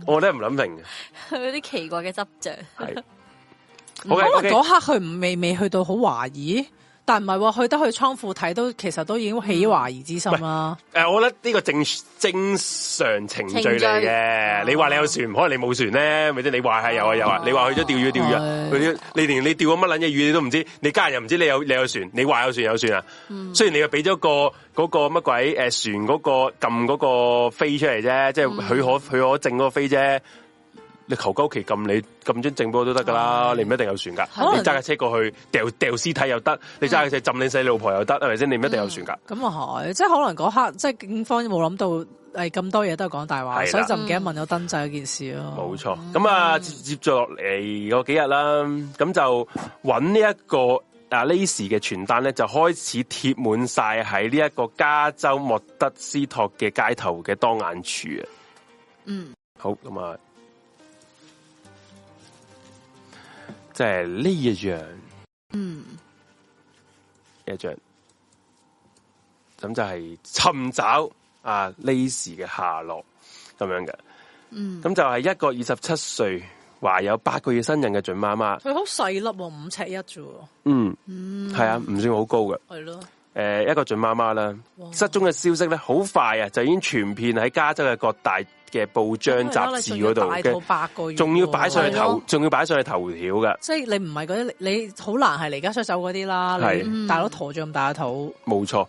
mm.，我都唔諗明佢有啲奇怪嘅執着，係 Okay, okay. 可能嗰刻佢未未去到好懷疑。但唔係喎，去得去倉庫睇都，其實都已經起懷疑之心啦、嗯。誒、呃，我覺得呢個正正常程序嚟嘅。中你話你有船，嗯、可能你冇船咧，咪者你話係有啊有啊，有啊嗯、你話去咗釣魚釣魚，佢對你連你釣咗乜撚嘢魚你都唔知，你家人又唔知你有你有船，你話有船有船啊？嗯、雖然你又俾咗、那個嗰、那個乜鬼誒船嗰、那個撳嗰個飛出嚟啫，即係許可許可證嗰個飛啫。你求鳩期撳你撳樽淨波都得噶啦，你唔一定有船噶，你揸架車過去掉掉屍體又得，你揸架車浸你死老婆又得，係咪先？你唔一定有船噶。咁啊，係即係可能嗰刻即係警方冇諗到誒咁多嘢都係講大話，所以就唔記得問咗燈掣嗰件事咯。冇錯。咁啊，接接續落嚟嗰幾日啦，咁就搵呢一個啊 Laci 嘅傳單咧，就開始貼滿晒喺呢一個加州莫德斯托嘅街頭嘅當眼處啊。嗯。那好，咁啊。即係呢一樣，嗯，一樣，咁就係尋找啊 Laci 嘅下落咁樣嘅，嗯，咁就係一個二十七歲懷有八個月身孕嘅準媽媽，佢好細粒喎，五尺一啫，嗯，嗯，係啊，唔算好高嘅，係咯的，誒，一個準媽媽啦，哇失蹤嘅消息咧，好快啊，就已經傳遍喺加州嘅各大嘅報章雜誌嗰度嘅，仲要擺上去頭，仲吧要擺上去頭條㗎。即係你唔係覺得你好難係離家出手嗰啲啦。係是的、嗯、大佬陀住咁大個肚，冇錯。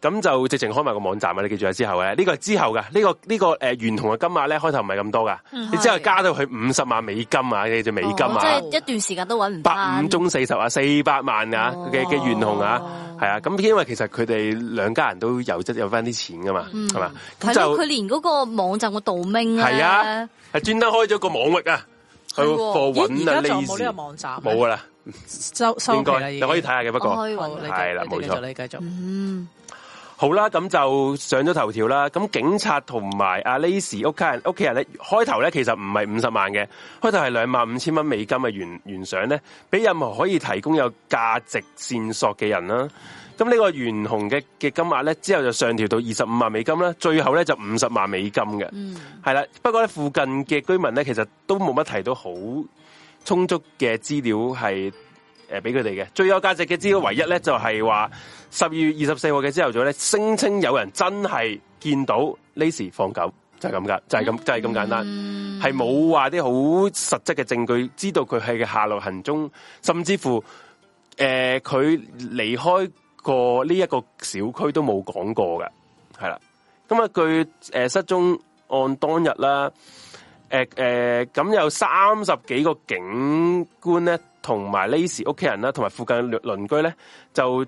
咁就直情開埋個網站啊！你記住啊，之後呢個之後㗎，呢個呢個誒，懸紅嘅金額咧，開頭唔係咁多噶，你之後加到佢五十萬美金啊嘅只美金啊，即係一段時間都搵唔，百五中四十啊，四百萬啊嘅嘅懸紅啊，係啊，咁因為其實佢哋兩家人都有有翻啲錢噶嘛，係嘛，就佢連嗰個網站個道名咧，係啊，係專登開咗個網域啊，去搵啊呢啲，冇啦，收收，應該你可以睇下嘅，不過係啦，冇錯，你繼續。好啦，咁就上咗頭條啦。咁警察同埋阿 Laci 屋企人，屋企人咧，開頭咧其實唔係五十萬嘅，開頭係兩萬五千蚊美金嘅懸懸賞咧，俾任何可以提供有價值線索嘅人啦。咁呢個懸紅嘅嘅金額咧之後就上調到二十五萬美金啦，最後咧就五十萬美金嘅。嗯，係啦，不過咧附近嘅居民咧其實都冇乜提到好充足嘅資料係。誒，俾佢哋嘅最有價值嘅資料，唯一咧就係話十二月二十四號嘅朝頭早咧，聲稱有人真係見到 Laci 放狗，就係咁噶，就係、是、咁，就係、是、咁、就是、簡單，係冇話啲好實質嘅證據，知道佢係嘅下落行蹤，甚至乎誒佢離開過呢一個小區都冇講過噶，係啦。咁啊，佢誒、呃、失蹤案當日啦，誒、呃、誒，咁、呃、有三十幾個警官咧。同埋 Laci 屋企人啦，同埋附近鄰鄰居咧，就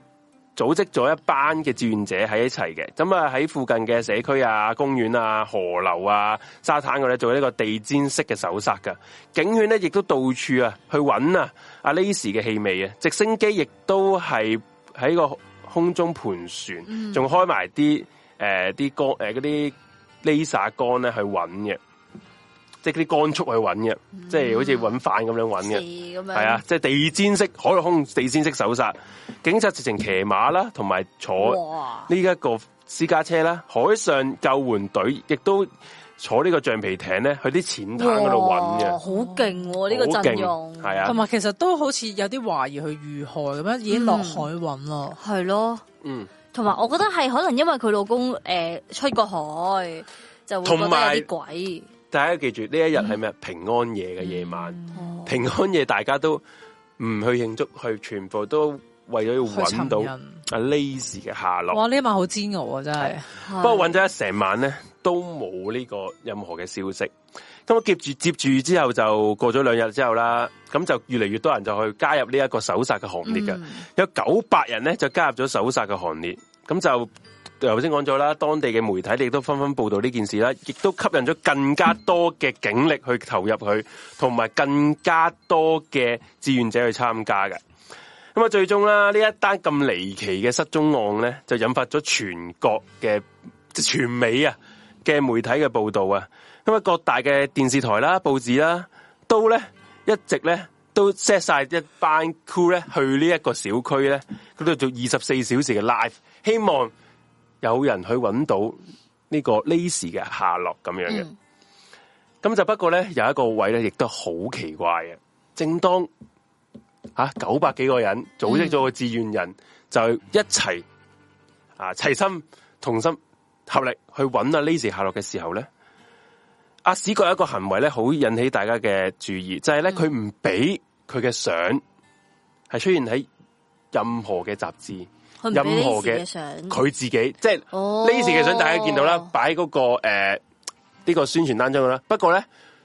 組織咗一班嘅志願者喺一齊嘅。咁啊喺附近嘅社區啊、公園啊、河流啊、沙灘度咧做一個地氈式嘅搜索噶。警犬咧亦都到處啊去揾啊阿 Laci 嘅氣味啊。直升機亦都係喺個空中盤旋，仲、嗯、開埋啲誒啲燈、誒嗰啲 Laser 燈咧去揾嘅。即係啲乾速去揾嘅，嗯、即係好似揾飯咁樣揾嘅，係啊！即係地氈式、海陸空地氈式搜殺，警察直情騎馬啦，同埋坐呢一個私家車啦。哇海上救援隊亦都坐呢個橡皮艇咧，去啲淺灘嗰度揾嘅。好勁！呢個陣容係啊，同埋、啊、其實都好似有啲懷疑佢遇害咁樣，已經落海揾囉。係咯，嗯，同埋了、嗯、我覺得係可能因為佢老公誒、呃、出過海，就會覺得有啲鬼。大家記住呢一日係咩？嗯、平安夜嘅夜晚，嗯哦、平安夜大家都唔去慶祝，去全部都為咗要揾到阿 Laci 嘅下落。哇，呢晚好煎熬啊，真係是。是不過揾咗一成晚咧，都冇呢個任何嘅消息。咁、嗯、我接住接住之後就過咗兩日之後啦，咁就越嚟越多人就去加入呢一個搜索嘅行列嘅，嗯、有九百人咧就加入咗搜索嘅行列，咁就。頭先講咗啦，當地嘅媒體亦都紛紛報道呢件事啦，亦都吸引咗更加多嘅警力去投入佢，同埋更加多嘅志願者去參加嘅。咁啊，最終啦，呢一單咁離奇嘅失蹤案咧，就引發咗全國嘅全美啊嘅媒體嘅報道啊，咁啊各大嘅電視台啦、報紙啦，都咧一直咧都 set 晒一班 crew 咧去呢一個小區咧，咁就做二十四小時嘅 live，希望。有人去揾到呢個 Laci 嘅下落咁樣嘅，咁就不過咧有一個位咧，亦都好奇怪嘅。正當吓九百幾個人組織咗個志願人，嗯、就一齊啊齊心同心合力去揾啊 Laci 下落嘅時候咧，阿、啊、史葛有一個行為咧，好引起大家嘅注意，就係咧佢唔俾佢嘅相係出現喺任何嘅雜誌。任何嘅佢自己，即係 Laci 嘅相，大家見到啦，擺嗰、那個誒呢、呃這個宣傳單張啦。不過咧，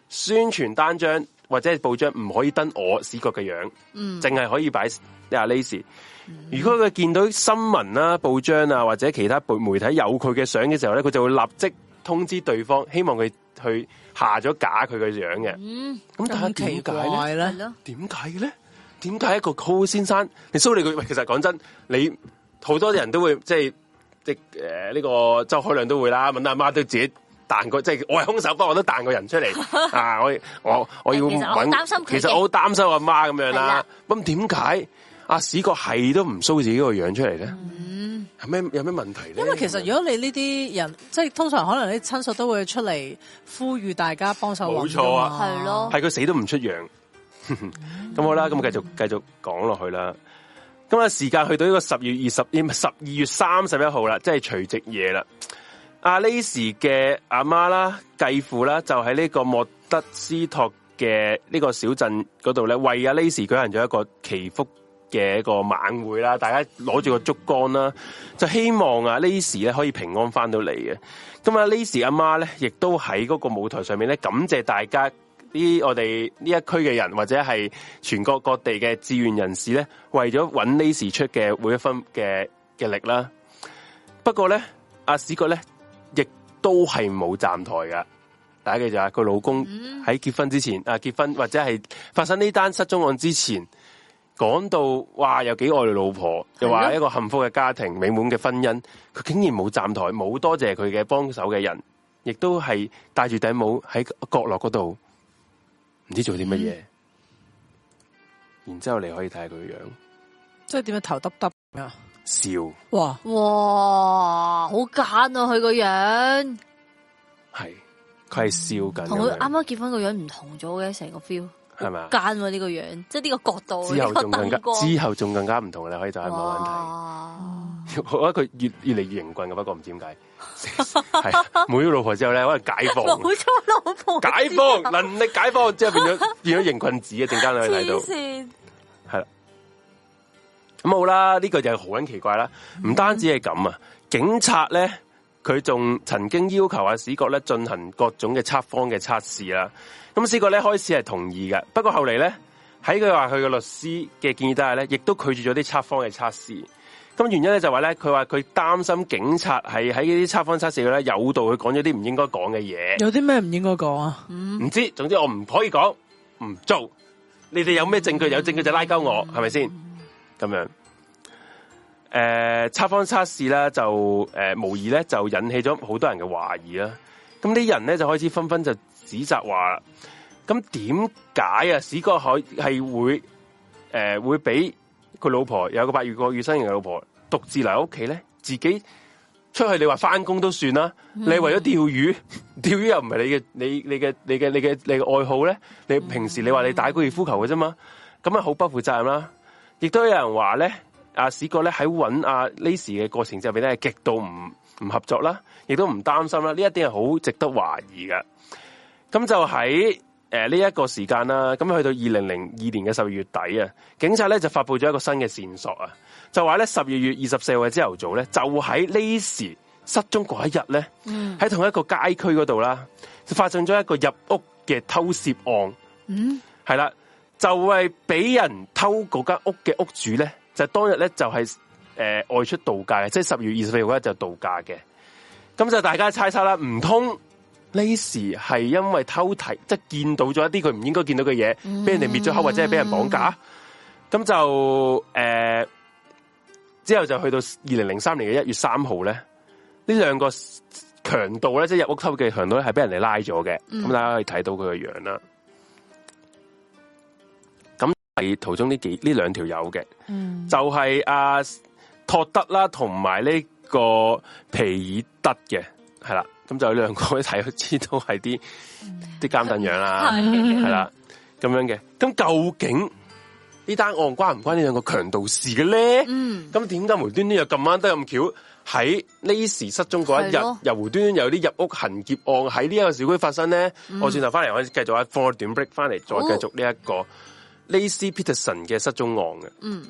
宣傳單張或者係報章唔可以登我 Scott 嘅樣，嗯，淨係可以擺阿 Laci。嗯、如果佢見到新聞啦、啊、報章啊或者其他媒體有佢嘅相嘅時候咧，佢就會立即通知對方，希望佢去下咗假佢嘅樣嘅。嗯，咁但係點解咧？點解咧？點解一個高先生，你收你佢？喂，其實講真，你。好多人都會即係即誒呢個周海亮都會啦，問阿媽，媽都自己彈個，即係我係凶手，不我都彈個人出嚟 啊！我我我要搵，其實我擔心佢，其實我好擔心我阿媽咁樣啦。咁點解阿史哥係都唔 show 自己個樣出嚟咧？係咩、嗯、有咩問題咧？因為其實如果你呢啲人即係通常可能啲親屬都會出嚟呼籲大家幫手冇錯啊，係咯，係佢死都唔出樣。咁 好啦，咁繼繼續繼續講落去啦。咁啊，時間去到呢個十月二十天，十二月三十一號啦，即係除夕夜啦。阿 Lacy 嘅阿媽啦、繼父啦，就喺呢個莫德斯托嘅呢個小鎮嗰度咧，為阿 Lacy 舉行咗一個祈福嘅一個晚會啦。大家攞住個燭光啦，就希望啊 Lacy 咧可以平安翻到嚟嘅。咁啊，Lacy 阿媽咧，亦都喺嗰個舞台上面咧，感謝大家。啲我哋呢一區嘅人，或者係全國各地嘅志願人士咧，為咗揾 Laci 出嘅每一分嘅嘅力啦。不過咧，阿、啊、Scott 咧亦都係冇站台噶。大家記住啊，個老公喺結婚之前、嗯、啊，結婚或者係發生呢單失蹤案之前，講到哇，有幾愛老婆，的又話一個幸福嘅家庭、美滿嘅婚姻，佢竟然冇站台，冇多謝佢嘅幫手嘅人，亦都係戴住頂帽喺角落嗰度。唔知做啲乜嘢，嗯、然之後你可以睇下佢個樣，即係點樣頭耷耷啊！笑，哇哇，好奸啊！佢個樣，係，佢係笑緊，同佢啱啱結婚個樣唔同咗嘅，成個 feel 係咪？奸呢個樣，即係呢個角度，之後仲更加之後仲更加唔同，你可以就喺慢慢睇。哇 我覺得佢越越嚟越型棍嘅，不過唔知點解。每咗、 啊、老婆之後咧，可能解放，老婆解放能力，解放之後變咗 變咗型棍子到經啊！突然間喺度，係啦，咁好啦，呢個就係好鬼奇怪啦。唔單止係咁啊，警察咧，佢仲曾經要求阿史國咧進行各種嘅測謊嘅測試啦。咁史國咧開始係同意嘅，不過後嚟咧喺佢話佢嘅律師嘅建議底下咧，亦都拒絕咗啲測謊嘅測試。咁原因咧就話、是、咧，佢話佢擔心警察係喺呢啲測謊測試咧誘導佢講咗啲唔應該講嘅嘢。有啲咩唔應該講啊？唔知，總之我唔可以講，唔做。你哋有咩證據？嗯、有證據就拉鳩我，係咪先？咁吧、嗯、樣，誒測謊測試咧就誒、呃、無疑咧就引起咗好多人嘅懷疑啦。咁啲人咧就開始紛紛就指責話，咁點解啊？史哥海係會誒、呃、會俾？佢老婆有個八月過月新型嘅老婆，獨自嚟,屋企咧，自己出去你話返工都算啦。你為咗釣魚，釣、mm. 魚又唔係你嘅，你你嘅，你嘅，你嘅，你嘅愛好咧。你平時你話你打高爾夫球嘅啫嘛，咁啊好不負責任啦。亦都有人話咧，阿、啊、史哥咧喺搵阿 Laci 嘅過程就後邊咧，極度唔唔合作啦，亦都唔擔心啦。呢一啲係好值得懷疑㗎。咁就喺。誒，呢一、呃這個時間啦，咁去到二零零二年嘅十二月底啊，警察咧就發佈咗一個新嘅線索啊，就話咧十二月二十四號嘅朝頭早咧，就喺 Laci 失蹤嗰一日咧，喺同一個街區嗰度啦，就發生咗一個入屋嘅偷竊案，係啦、嗯，就係、是、俾人偷嗰間屋嘅屋主咧，就當日咧就係、是、誒、呃、外出度假，即係十二月二十四號咧就度假嘅，咁就大家猜測啦，唔通？呢時係因為偷睇，即、就、係、是、見到咗一啲佢唔應該見到嘅嘢，俾人哋滅咗口，或者係俾人綁架。咁、mm hmm. 就誒、呃，之後就去到二零零三年嘅一月三號咧，呢兩個強盜咧，即、就、係、是、入屋偷嘅強盜咧，係俾人哋拉咗嘅。咁、hmm. 大家可以睇到佢嘅樣啦。咁係途中呢幾呢兩條友嘅，mm hmm. 就係阿、啊、托德啦，同埋呢個皮爾德嘅，係啦。咁就有兩個一睇，都知道係啲啲監躉樣啦，係啦， 咁樣嘅。咁究竟呢單案關唔關兩強盜呢兩個強盜事嘅咧？咁點解無端端又咁啱得咁巧，喺呢時失蹤嗰一日，咯又無端端有啲入屋行劫案喺呢一個小區發生咧？嗯。我轉頭翻嚟，我繼續啊，放個短 break 翻嚟，再繼續呢一個 Laci Peterson 嘅失蹤案嘅。嗯。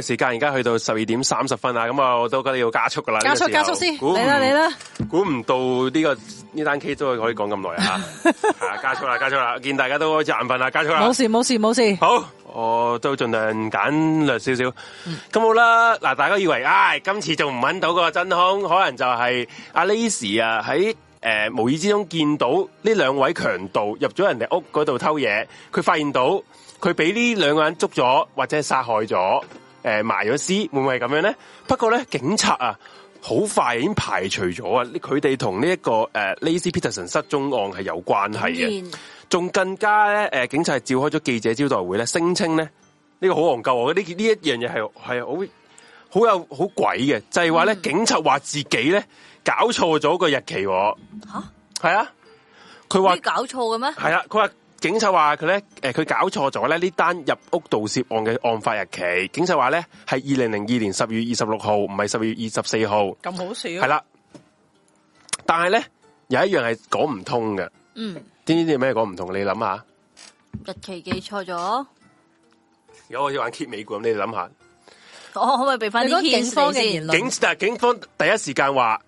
時間而家去到十二點三十分啊，咁啊，我都覺得要加速噶啦，加速加速先，嚟啦嚟啦，估唔到呢、這個呢單 case 都可以講咁耐啊，加速啦加速啦，見大家都好眼瞓啦，加速啦，冇事冇事冇事，事事好，我都盡量簡略少少，咁、嗯、好啦，嗱，大家以為，唉、哎，今次仲唔揾到個真兇，可能就係阿 Laci 啊，喺、呃、誒無意之中見到呢兩位強盜入咗人哋屋嗰度偷嘢，佢發現到佢俾呢兩個人捉咗或者殺害咗。誒，埋咗屍會唔會係咁樣咧？不過咧，警察啊，好快已經排除咗啊！佢哋同呢一個誒，Laci Peterson 失蹤案係有關係嘅，仲更加咧，誒，警察係召開咗記者招待會咧，聲稱咧，呢個好戇鳩喎。呢呢一樣嘢係係好好有好鬼嘅，就係話咧，嗯、警察話自己咧搞錯咗個日期，吓，係啊，佢話搞錯嘅咩？係啊，佢話。警察話佢咧，誒，佢搞錯咗咧，呢單入屋盜竊案嘅案發日期。警察話咧係二零零二年十月二十六號，唔係十月二十四號。咁好笑係啦。但係咧有一樣係講唔通嘅。嗯，知唔知咩講唔同？你諗下日期記錯咗。如果我要玩揭尾故，咁你諗下。我可唔可以俾翻警方嘅言論？警但係警方第一時間話，誒、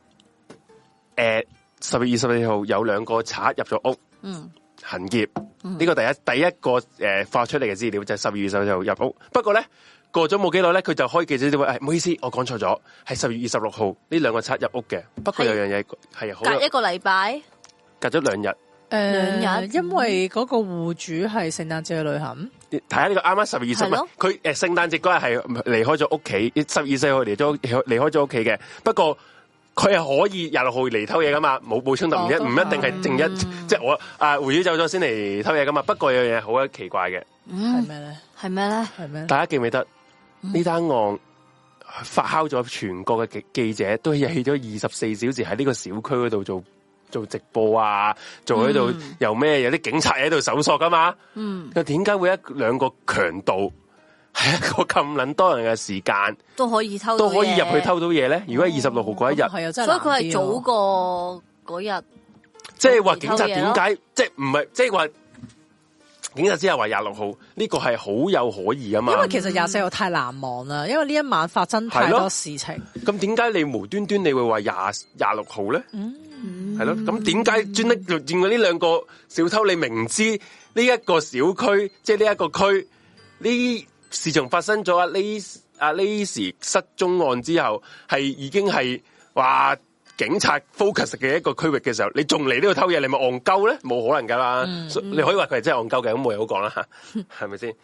呃，十月二十四號有兩個賊入咗屋。嗯。行劫呢個第一第一個誒發出嚟嘅資料就十二月十號入屋，不過咧過咗冇幾耐咧，佢就開記者會，係、哎、唔好意思，我講錯咗，係十二月十六號呢兩個賊入屋嘅。不過有樣嘢係好隔一個禮拜，隔咗兩、呃、日。誒，兩日，因為嗰個戶主係聖誕節去旅行。睇下呢個啱啱十二十，佢誒聖誕節嗰日係離開咗屋企，十二四號離咗離開咗屋企嘅，不過。佢係可以廿六號嚟偷嘢噶嘛，冇冇補充就唔一唔一定係正一，嗯、即係我啊狐走咗先嚟偷嘢噶嘛。不過有樣嘢好奇怪嘅，係咩咧？係咩咧？係咩？大家記唔記得呢、嗯、單案發酵咗全國嘅記記者都去咗二十四小時喺呢個小區嗰度做做直播啊，做喺度由咩？有啲警察喺度搜索噶嘛？嗯，又點解會一兩個強盜？係一個咁捻多人嘅時間都可以偷，都可以入去偷到嘢咧。如果係二十六號嗰一日，係啊，所以佢係早過嗰日。即係話警察點解即係唔係即係話警察只係話廿六號呢個係好有可疑啊嘛。因為其實廿四號太難忘啦，因為呢一晚發生太多事情。咁點解你無端端你會話廿廿六號咧？嗯，係咯。咁點解專登用點呢兩個小偷？你明知呢一個小區，即係呢一個區呢？自從發生咗阿 Laci 阿 Laci 失蹤案之後，係已經係話警察 focus 嘅一個區域嘅時候，你仲嚟呢度偷嘢，你咪戇鳩咧？冇可能噶啦，嗯嗯、你可以說他話佢係真係戇鳩嘅，咁冇嘢好講啦，吓係咪先？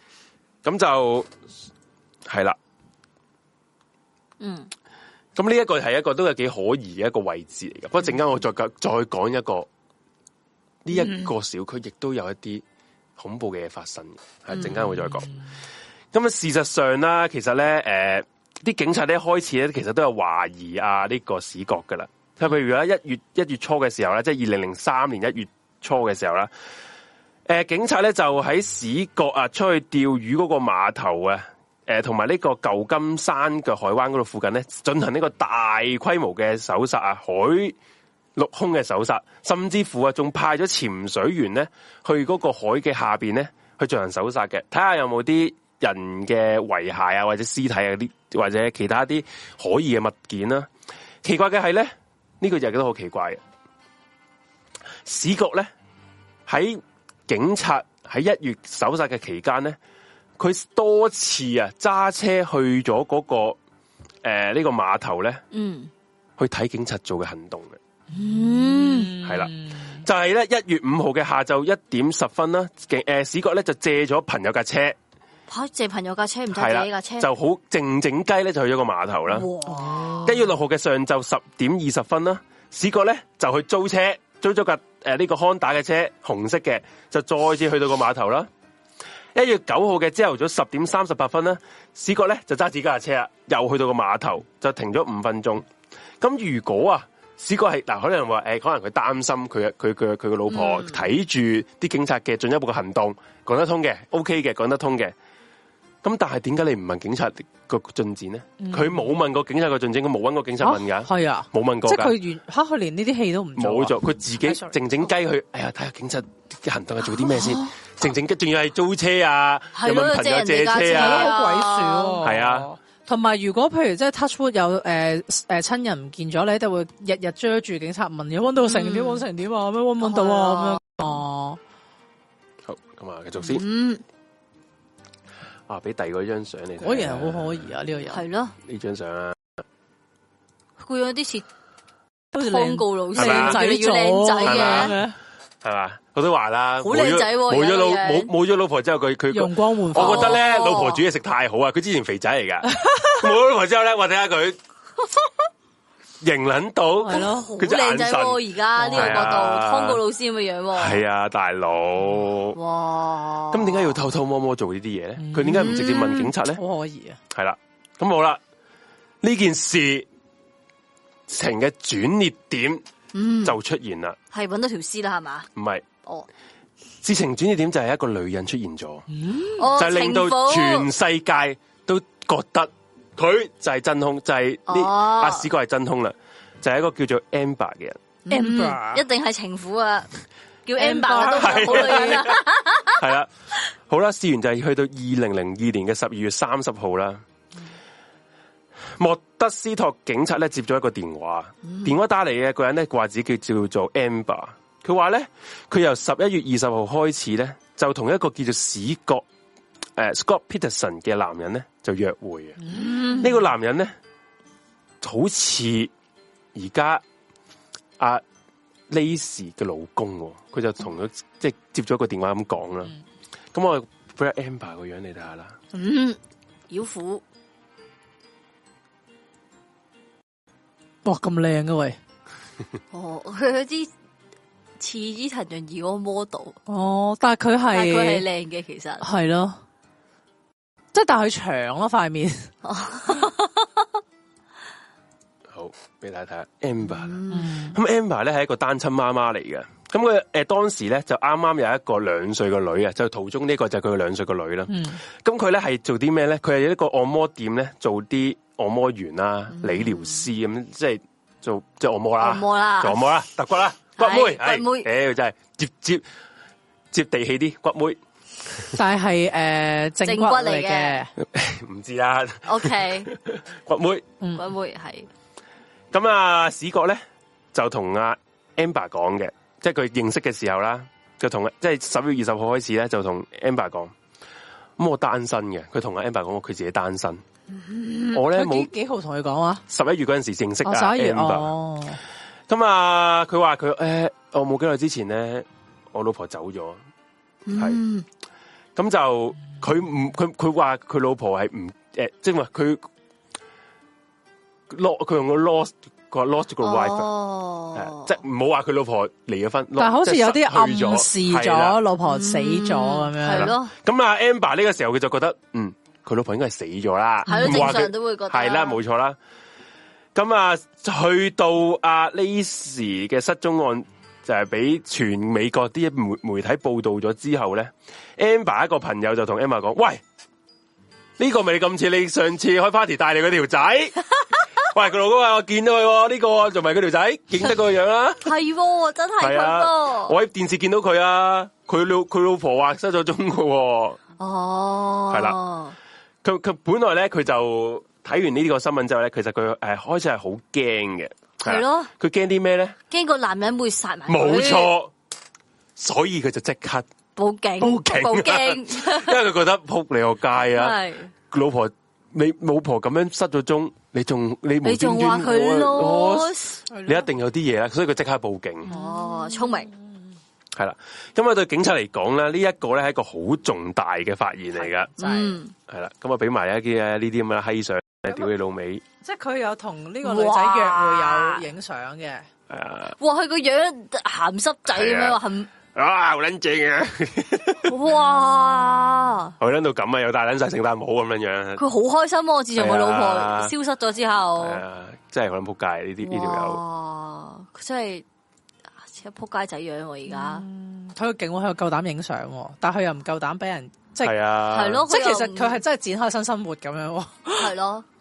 咁就係啦，嗯，咁呢一個係一個都有幾可疑嘅一個位置嚟嘅。不過陣間我再講、嗯、再講一個呢一、呢個小區，亦都有一啲恐怖嘅嘢發生嘅。係陣間我再講。咁事實上啦，其實呢誒啲、呃、警察咧開始咧，其實都有懷疑啊呢、這個 Scott 噶啦。譬如咧、啊，一月一月初嘅時候咧，即係二零零三年一月初嘅時候啦、呃。警察咧就喺 Scott 啊，出去釣魚嗰個碼頭啊，同埋呢個舊金山嘅海灣嗰度附近呢，進行呢個大規模嘅搜殺啊，海陸空嘅搜殺，甚至乎啊，仲派咗潛水員呢去嗰個海嘅下面呢去進行搜殺嘅，睇下有冇啲人嘅遺骸啊，或者屍體啊，啲或者其他啲可疑嘅物件啦、啊。奇怪嘅係咧，呢、這個就係覺得好奇怪的。嘅。史局咧喺警察喺一月搜查嘅期間咧，佢多次啊揸車去咗嗰、那個誒、呃這個、呢個碼頭咧，嗯、去睇警察做嘅行動嘅。嗯，係啦，就係咧一月五號嘅下晝一點十分啦。誒、啊，史局咧就借咗朋友架車。開借、啊、朋友架車唔得嘅架車就好靜靜雞咧就去咗個碼頭啦。一哇月六號嘅上晝十點二十分啦，史葛咧就去租車租咗架誒呢個康打嘅車紅色嘅，就再次去到個碼頭啦。一月九號嘅朝頭早十點三十八分啦，史葛咧就揸自己架車啊，又去到個碼頭就停咗五分鐘。咁如果啊，史葛係嗱，可能話誒、呃，可能佢擔心佢佢佢佢個老婆睇住啲警察嘅進一步嘅行動，講得通嘅，OK 嘅，講得通嘅。咁但係點解你唔問警察個進展咧？佢冇問過警察個進展，佢冇揾過警察問噶，係啊，冇問過。即係佢完吓，佢連呢啲戲都唔冇做，佢自己靜靜雞去。哎呀，睇下警察行動係做啲咩先，靜靜雞，仲要係租車啊，又問朋友借車啊，好鬼鼠，係啊。同埋如果譬如即係 Touchwood 有誒誒親人唔見咗你，就會日日追住警察問，有揾到成點，揾成點啊？咩揾唔到啊？咁樣哦，好，咁啊，繼續先。啊！俾第二嗰張相你睇，果然好可疑啊！呢個人係咯，呢張相啊，佢有啲似好似廣告老細嗰要靚仔嘅，係嘛？我都話啦，好靚仔，冇咗老冇冇咗老婆之後，佢佢容光煥發。我覺得咧，老婆煮嘢食太好啊！佢之前肥仔嚟噶，冇咗老婆之後咧，我睇下佢。型撚到，佢靚仔咯，而家呢個角度，通告、啊啊哦啊、老師咁嘅樣、啊，係啊，大佬、嗯。哇！咁點解要偷偷摸摸做呢啲嘢咧？佢點解唔直接問警察咧？好、嗯、可疑啊！係啦，咁好啦，呢件事情嘅轉捩點就出現啦。係搵、嗯、到條屍啦，係嘛是？唔係，哦，事情轉捩點就係一個女人出現咗，嗯、就令到全世界都覺得。佢就係真兇，就係、是、阿、哦啊、史葛係真兇啦，就係、是、一個叫做 amber 嘅人。amber、嗯嗯、一定係情婦啊， 叫 amber 都係好女人啦。好啦，試完就係去到二零零二年嘅十二月三十號啦。嗯、莫德斯托警察咧接咗一個電話，嗯、電話打嚟嘅個人咧挂子叫叫做 amber，佢話咧佢由十一月二十號開始咧就同一個叫做史葛，誒、uh，Scott Peterson 嘅男人咧就約會嘅，呢、mm hmm. 個男人咧好似而家阿 Laci 嘅老公、哦，佢就同佢，mm hmm. 即係接咗個電話咁講啦。咁、mm hmm. 我 Brad Amber 個樣你睇下啦，嗯、mm，hmm. 妖虎，哇咁靚嘅喂， 哦，佢啲似依陳俊義嗰個 model，哦，但係佢係佢係靚嘅，其實係咯。是即係但係長咯塊面， 好俾大家睇下。Amber 啦，咁 Amber 咧係一個單親媽媽嚟嘅。咁佢誒當時咧就啱啱有一個兩歲個女啊，就途中呢個就佢個兩歲個女啦。咁佢咧係做啲咩咧？佢係一個按摩店咧做啲按摩員啦、理療師咁，即係做做按摩啦、按摩啦、按摩啦、揼骨啦、骨妹、欸、骨妹，誒，真係接接接地氣啲骨妹。但係誒，呃、正骨嚟嘅，唔知啦、啊。O、okay. K，骨妹，嗯、骨妹係。咁啊，Scott 咧，就同阿 Amber 講嘅，即係佢認識嘅時候啦，就同即係十月二十號開始咧，就同 Amber 講。咁我單身嘅，佢同阿 Amber 講，我佢自己單身。嗯、我咧冇幾，幾號同佢講啊？十一月嗰陣時認識啊、哦。十一月、哦、Amber 咁啊，佢話佢誒，我冇幾耐之前咧，我老婆走咗，係、嗯。咁就佢唔佢佢話佢老婆係唔誒，即係話佢 lost 佢用個 lost 個 lost 個 wife，誒，即係唔好話佢老婆離咗婚，但係好似有啲暗示咗啦老婆死咗咁樣咯。咁啊，Amber 呢個時候佢就覺得，嗯，佢老婆應該係死咗啦，啦正常都會覺得係啦，啦，冇錯啦。咁啊，去到阿 Laci 嘅失蹤案。就係俾全美國啲媒媒體報道咗之後咧，Amber 一個朋友就同 Amber 講：，喂，呢、這個咪咁似你上次開 party 帶你嗰條仔？ 喂，佢老公啊，我見到佢，呢、這個仲咪佢條仔，認得個樣啦、啊。係， 真係係啊！我喺電視見到佢啊，佢老佢老婆話失咗蹤喎。哦，係啦，佢佢本來咧，佢就睇完呢個新聞之後咧，其實佢誒開始係好驚嘅。係咯，佢驚啲咩咧？驚個男人會殺埋佢。冇錯，所以佢就即刻報警、報警、啊、報警，因為佢覺得撲你個街啊！係唔係老婆，你老婆咁樣失咗蹤，你仲你無端端你仲話佢囉？你一定有啲嘢啦，所以佢即刻報警。哦，聰明。係啦、嗯，咁啊，對警察嚟講咧，呢、這個、一個咧係一個好重大嘅發現嚟噶。係啦，咁啊，俾埋一啲啊呢啲咁嘅鹹濕相。屌你老味，即係佢有同呢個女仔約會有影相嘅。誒，哇，佢個樣鹹濕仔咁樣，哇，好捻正啊！哇，佢捻到咁啊，又戴捻晒聖誕帽咁樣樣。佢好開心自從佢老婆消失咗之後，啊、真係好捻撲街呢啲呢條友。佢真係似一撲街仔樣喎、啊嗯！而家睇佢勁喎，喺度夠膽影相，但係又唔夠膽俾人。即係，係啊，係咯。即係其實佢係真係展開新生活咁樣、啊。係咯。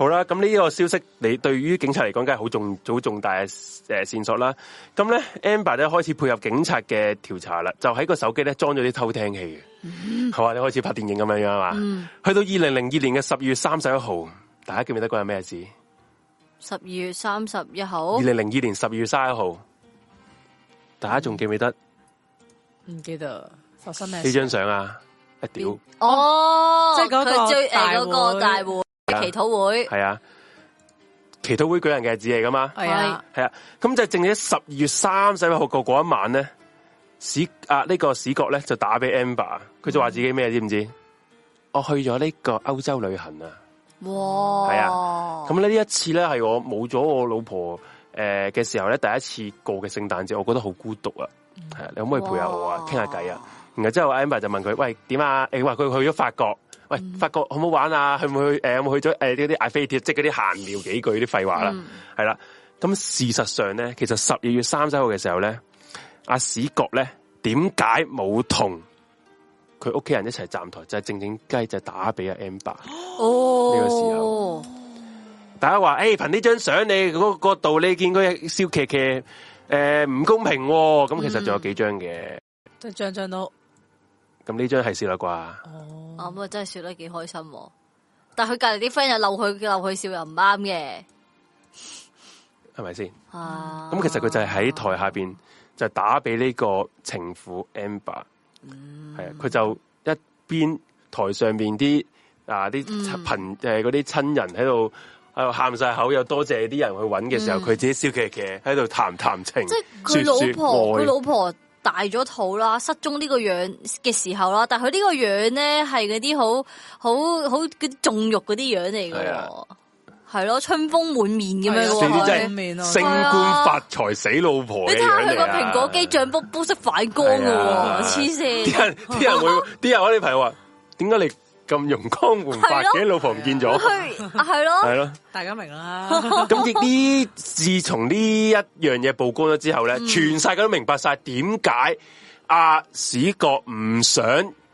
好啦，咁呢個消息你對於警察嚟講，梗係好重好重大嘅誒、呃、線索啦。咁咧 Amber 咧開始配合警察嘅調查啦，就喺個手機咧裝咗啲偷聽器嘅，係、嗯啊、你開始拍電影咁樣樣啊嘛？嗯、去到二零零二年嘅十二月三十一號，大家記唔記得嗰日咩事？十二月三十一號，二零零二年十二月三十一號，大家仲記唔記得？唔、嗯、記得發生咩？呢張相啊，必一屌秒！哦，即係佢追嗰個大戶。是啊、祈禱會係啊，祈禱會舉行嘅日子嚟噶嘛？係啊，係啊。咁就正喺十二月三十一號過嗰一晚咧，史啊呢、這個史國咧就打俾 Amber，佢就話自己咩、嗯、知唔知？我去咗呢個歐洲旅行哇啊。哇！係啊。咁呢一次咧係我冇咗我老婆誒嘅、呃、時候咧，第一次過嘅聖誕節，我覺得好孤獨啊。係，你可唔可以陪下我啊？傾下偈啊。然後之後 amber 就問佢，喂，點啊？你話佢去咗法國？喂，嗯、發覺好唔好玩啊？去唔去？誒、呃，有冇去咗？誒、呃，啲嗰啲 I 飛鐵，即係嗰啲閒聊幾句啲廢話啦。係啦、嗯，咁事實上咧，其實十二月三十號嘅時候咧，阿 Scott 咧點解冇同佢屋企人一齊站台？就係靜靜雞就打俾阿 Amber 哦，呢個時候，大家話誒，憑呢張相你嗰、那個角度、那個，你見佢笑騎騎，誒、呃、唔公平喎、哦。咁其實仲有幾張嘅，張張都。像像咁呢張係笑啦啩，咁、哦、啊真係笑得幾開心，但係佢隔籬啲 friend 又鬧佢鬧佢笑又唔啱嘅，係咪先？咁、啊啊、其實佢就係喺台下邊就是、打俾呢個情婦 Amber，係啊，佢就一邊台上面啲啊啲親誒啲親人喺度喺度喊晒口，又多謝啲人去揾嘅時候，佢、嗯、自己笑騎騎喺度談談情，即係佢老婆佢老婆。說說大咗肚啦，失蹤呢個樣嘅時候啦，但佢呢個樣咧係嗰啲好好好嗰啲縱欲嗰啲樣嚟喎。係咯是、啊，春風滿面咁樣喎，滿面啊，升官發財死老婆嘅樣嚟啊！你睇下佢個蘋果機賬簿煲識反光嘅喎，黐線是、啊經！啲人啲人會，啲人我啲朋友話，點解你？咁容光煥發嘅老婆唔見咗，係咯，係咯，大家明啦。咁亦啲，自從呢一樣嘢曝光咗之後咧，全世界都明白晒點解阿 Scott 唔想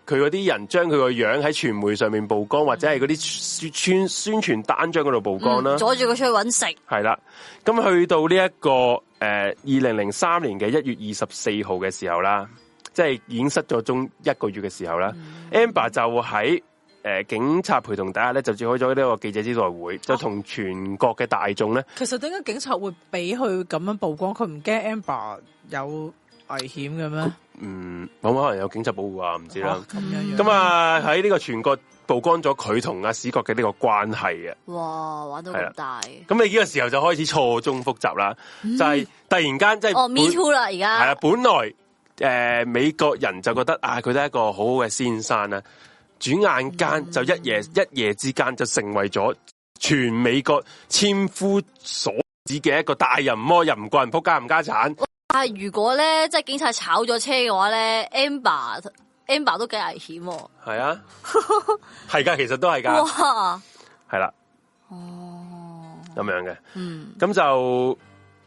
佢嗰啲人將佢個樣喺傳媒上面曝光，或者係嗰啲宣宣傳單張嗰度曝光啦，阻住佢出去搵食。係啦，咁去到呢一個誒二零零三年嘅一月二十四號嘅時候啦，即係已經失咗蹤一個月嘅時候啦 Amber 就喺誒、呃，警察陪同大家咧，就召開咗呢個記者招待會，就同全國嘅大眾咧。其實點解警察會俾佢咁樣曝光？佢唔驚 Amber 有危險嘅咩？嗯，可能可能有警察保護啊，唔知啦。咁樣樣咁啊，喺呢個全國曝光咗佢同阿史葛嘅呢個關係啊！哇，玩到咁大，咁你呢個時候就開始錯綜複雜啦，嗯，就係突然間即係哦，me too 啦，而家係啊，本來誒、呃，美國人就覺得啊，佢都係一個好好嘅先生啦。轉眼間就一夜一夜之間就成為咗全美國千夫所指嘅一個大人魔人，又唔怪人仆街冚家產。但係如果咧，即係警察炒咗車嘅話咧 Amber Amber 都幾危險。係啊，係噶， 其實都係噶。係啦哇，的哦，咁樣嘅，嗯，咁就。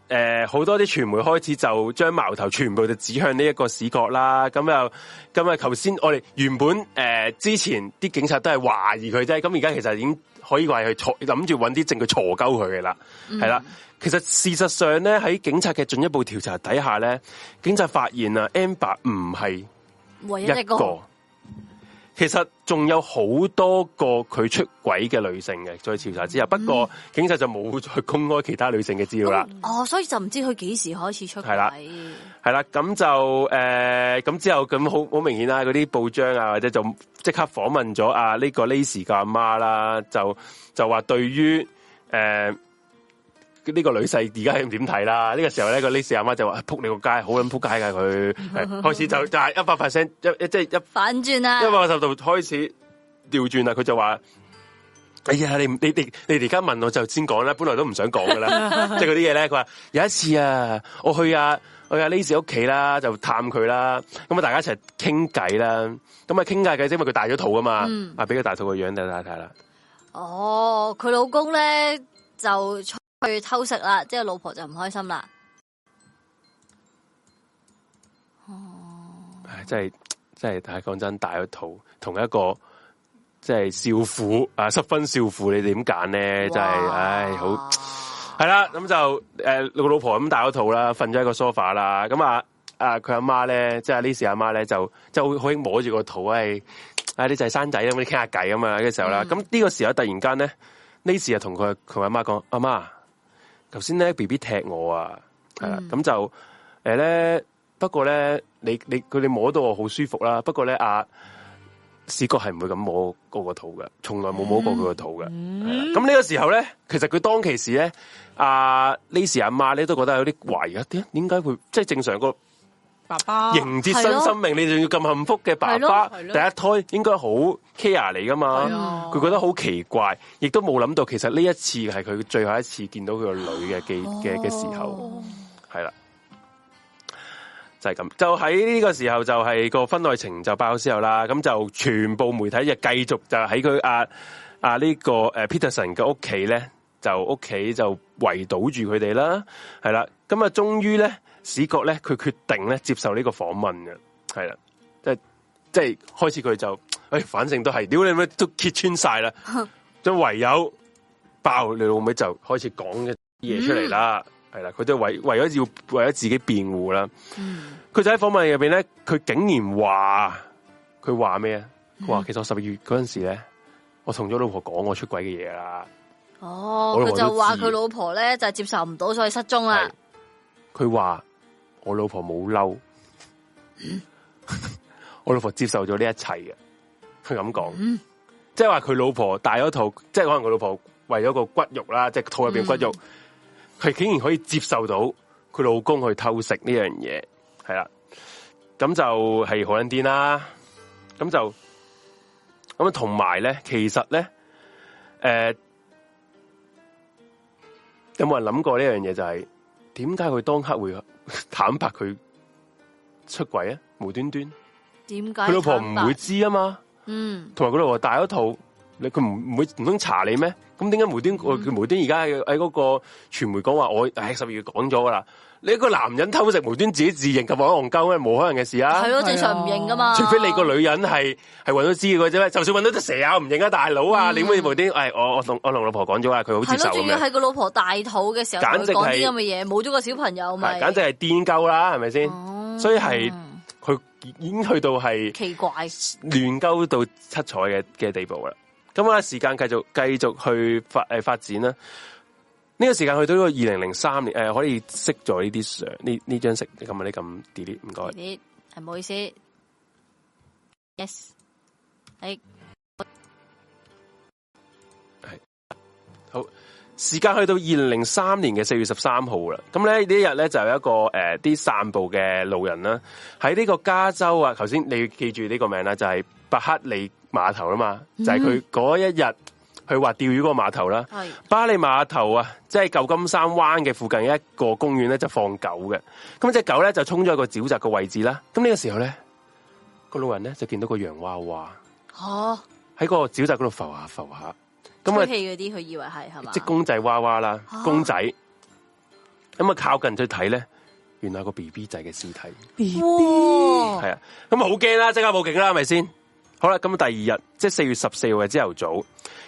誒，好多啲傳媒開始就將矛頭全部就指向呢一個死角啦。咁又咁啊！頭先我哋原本誒、呃、之前啲警察都係懷疑佢啫，咁而家其實已經可以話係坐諗住揾啲證據鋤鳩佢嘅啦，係啦、嗯。其實事實上咧，喺警察嘅進一步調查底下咧，警察發現啊 Amber 唔係唯一一個。其實仲有好多個佢出軌嘅女性嘅，在調查之後，不過、嗯、警察就冇再公開其他女性嘅資料啦。哦，所以就唔知佢幾時開始出軌。係啦係啦，咁就誒，咁、呃、之後咁好好明顯啦，嗰啲報章啊，或者就即刻訪問咗啊呢、呢個 Laci 嘅阿媽啦，就就話對於誒。呃呢個女婿而家係唔點睇啦？呢、這個時候咧，個 Laci 阿媽就話：扑 你個街，好撚扑街噶佢， 開始就就係 一百 percent，一即係一反轉啦一百八十度開始調轉啦，佢就話：哎呀，你你你你而家問我就先講啦，本來都唔想講噶啦，即係嗰啲嘢咧。佢話有一次啊，我去、啊、我去阿 Laci 屋企啦，就探佢啦，咁啊大家一齊傾偈啦，咁啊傾偈。偈，因為佢大咗肚啊嘛，嗯、啊俾佢大肚個樣子大家睇睇啦。哦，佢老公咧就。去偷食啦，即係老婆就唔開心啦。哦，唉，真係真係，但係講真，大個肚同一個即係少婦啊，失婚少婦，你點揀呢？哇真係，唉、哎，好係啦。咁哇就誒，個、呃、老婆咁大個肚啦，瞓咗一個 sofa 啦。咁啊啊，佢、啊、阿媽咧，即係 Laci 阿媽咧，就即係好好興摸住個肚，係啊、哎，你就生仔咁你傾下偈啊嘛。嘅時候啦，咁呢、嗯、個時候突然間咧 Laci 就同佢佢阿媽講：阿媽。頭先咧，B B 踢我啊，係啦、嗯，咁就誒咧、呃，不過咧，你你佢哋摸到我好舒服啦，不過咧阿、啊、Scott 係唔會咁摸嗰個肚嘅，從來冇摸過佢個肚嘅，咁呢、嗯、個時候咧，其實佢當其時咧，阿 Laci 阿媽咧都覺得有啲懷疑啊，點點解會即係正常個？爸爸迎接新生，生命，的你仲要咁幸福嘅爸爸，第一胎應該好 care 你噶嘛？佢的覺得好奇怪，亦都冇諗到，其實呢一次係佢最後一次見到佢個女嘅記嘅嘅時候，係啦、哦，就係、是、咁。就喺呢個時候，就係個婚外情就爆咗之後啦，咁就全部媒體就繼續就喺佢阿阿呢個誒 Peterson 嘅屋企咧，就屋企就圍堵住佢哋啦。係啦，咁啊，終於咧。史葛咧，佢決定咧接受呢個訪問嘅，係啦，即係即係開始佢就，誒、哎，反正都係，屌你咩都揭穿晒啦， 就唯有爆你老妹就開始講嘅嘢出嚟啦，係啦、嗯，佢就唯為咗要為咗自己辯護啦，佢、嗯、就喺訪問入邊咧，佢竟然話，佢話咩啊？話其實我十二月嗰陣時咧，我同咗老婆講我出軌嘅嘢啦，哦，佢就話佢老婆咧就，婆呢就接受唔到，所以失蹤啦，佢話。我老婆冇嬲，我老婆接受咗呢一切嘅，佢咁講，即係話佢老婆大咗肚，即係可能佢老婆為咗個骨肉啦，即係肚入邊骨肉，佢，嗯，竟然可以接受到佢老公去偷食呢樣嘢，係啦，咁就係好驚癲啦，咁就咁啊，同埋咧，其實咧，誒、呃，有冇人諗過呢樣嘢就係點解佢當刻會？坦白佢出軌啊，無端端點解佢老婆唔會知吖嘛？嗯，同埋佢老婆戴咗套。你佢唔唔會唔通查你咩？咁點解無端？佢無端而家喺喺嗰個傳媒講話？我喺十二月講咗噶啦。你一個男人偷食無端自己自認咁戇鳩咩？冇可能嘅事啊！係咯，正常唔認噶嘛。除非你個女人係係揾到知嘅啫。就算揾到隻蛇啊，唔認啊，大佬啊，嗯、你會無端？係、哎、我我同我同老婆講咗啊，佢好接受。係咯，仲要係個老婆大肚嘅時候講啲咁嘅嘢，冇咗個小朋友，簡直係癲鳩啦，係咪先？嗯、所以係佢已經去到係奇怪、亂鳩到七彩嘅嘅地步啦。咁啊，時間繼續繼續去發誒、呃、發展啦。呢、這個時間去到呢個二零零三年誒、呃，可以識咗呢啲相呢呢張識。咁啊，你咁 delete 唔該。係唔好意思。Yes，誒、哎，係。好，時間去到二零零三年嘅四月十三號啦。咁咧呢一日咧就有一個誒啲、呃、散步嘅路人啦，喺呢個加州啊。頭先你要記住呢個名啦，就係、是、伯克利。碼頭吖嘛，就係佢嗰一日去話釣魚嗰個碼頭啦。係、嗯、巴里碼頭啊，即係舊金山灣嘅附近一個公園咧，就係、放狗嘅。咁隻狗咧就衝咗一個沼澤嘅位置啦。咁呢個時候咧，個老人咧就見到個洋娃娃，哦，喺個沼澤嗰度浮下浮下。咁啊，氣嗰啲佢以為係係嘛，即公仔娃娃啦，啊、公仔。咁啊，靠近再睇咧，原來係個 B B 仔嘅屍體。B B 係啊，咁啊好驚啦，即刻報警啦，係咪先？好啦，咁第二日，即係四月十四號嘅朝頭早，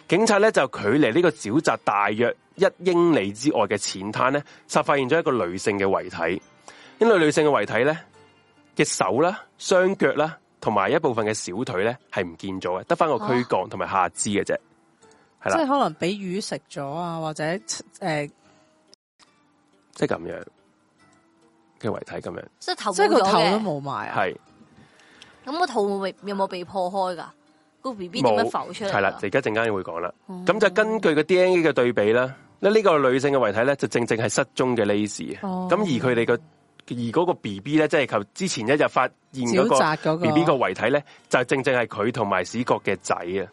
警察咧就距離呢個沼澤大約一英里之外嘅淺灘咧，就發現咗一個女性嘅遺體。呢個女性嘅遺體咧嘅手啦、雙腳啦，同埋一部分嘅小腿咧係唔見咗嘅，得返個軀幹同埋下肢嘅啫。係啦、啊，的即係可能俾魚食咗啊，或者誒，呃、即係咁樣嘅遺體咁樣，即係頭，即係個頭都冇埋，係。咁個肚有冇被破開噶？個 B B 點樣浮出嚟？係啦，就而家陣間會講啦。咁、嗯、就根據個 D N A 嘅對比啦，呢、呢個女性嘅遺體咧就正正係失蹤嘅 Laci。咁而佢哋個，而嗰個 B B 咧，即係求之前一日發現嗰個 B B 個遺體咧，就係正正係佢同埋史國嘅仔啊。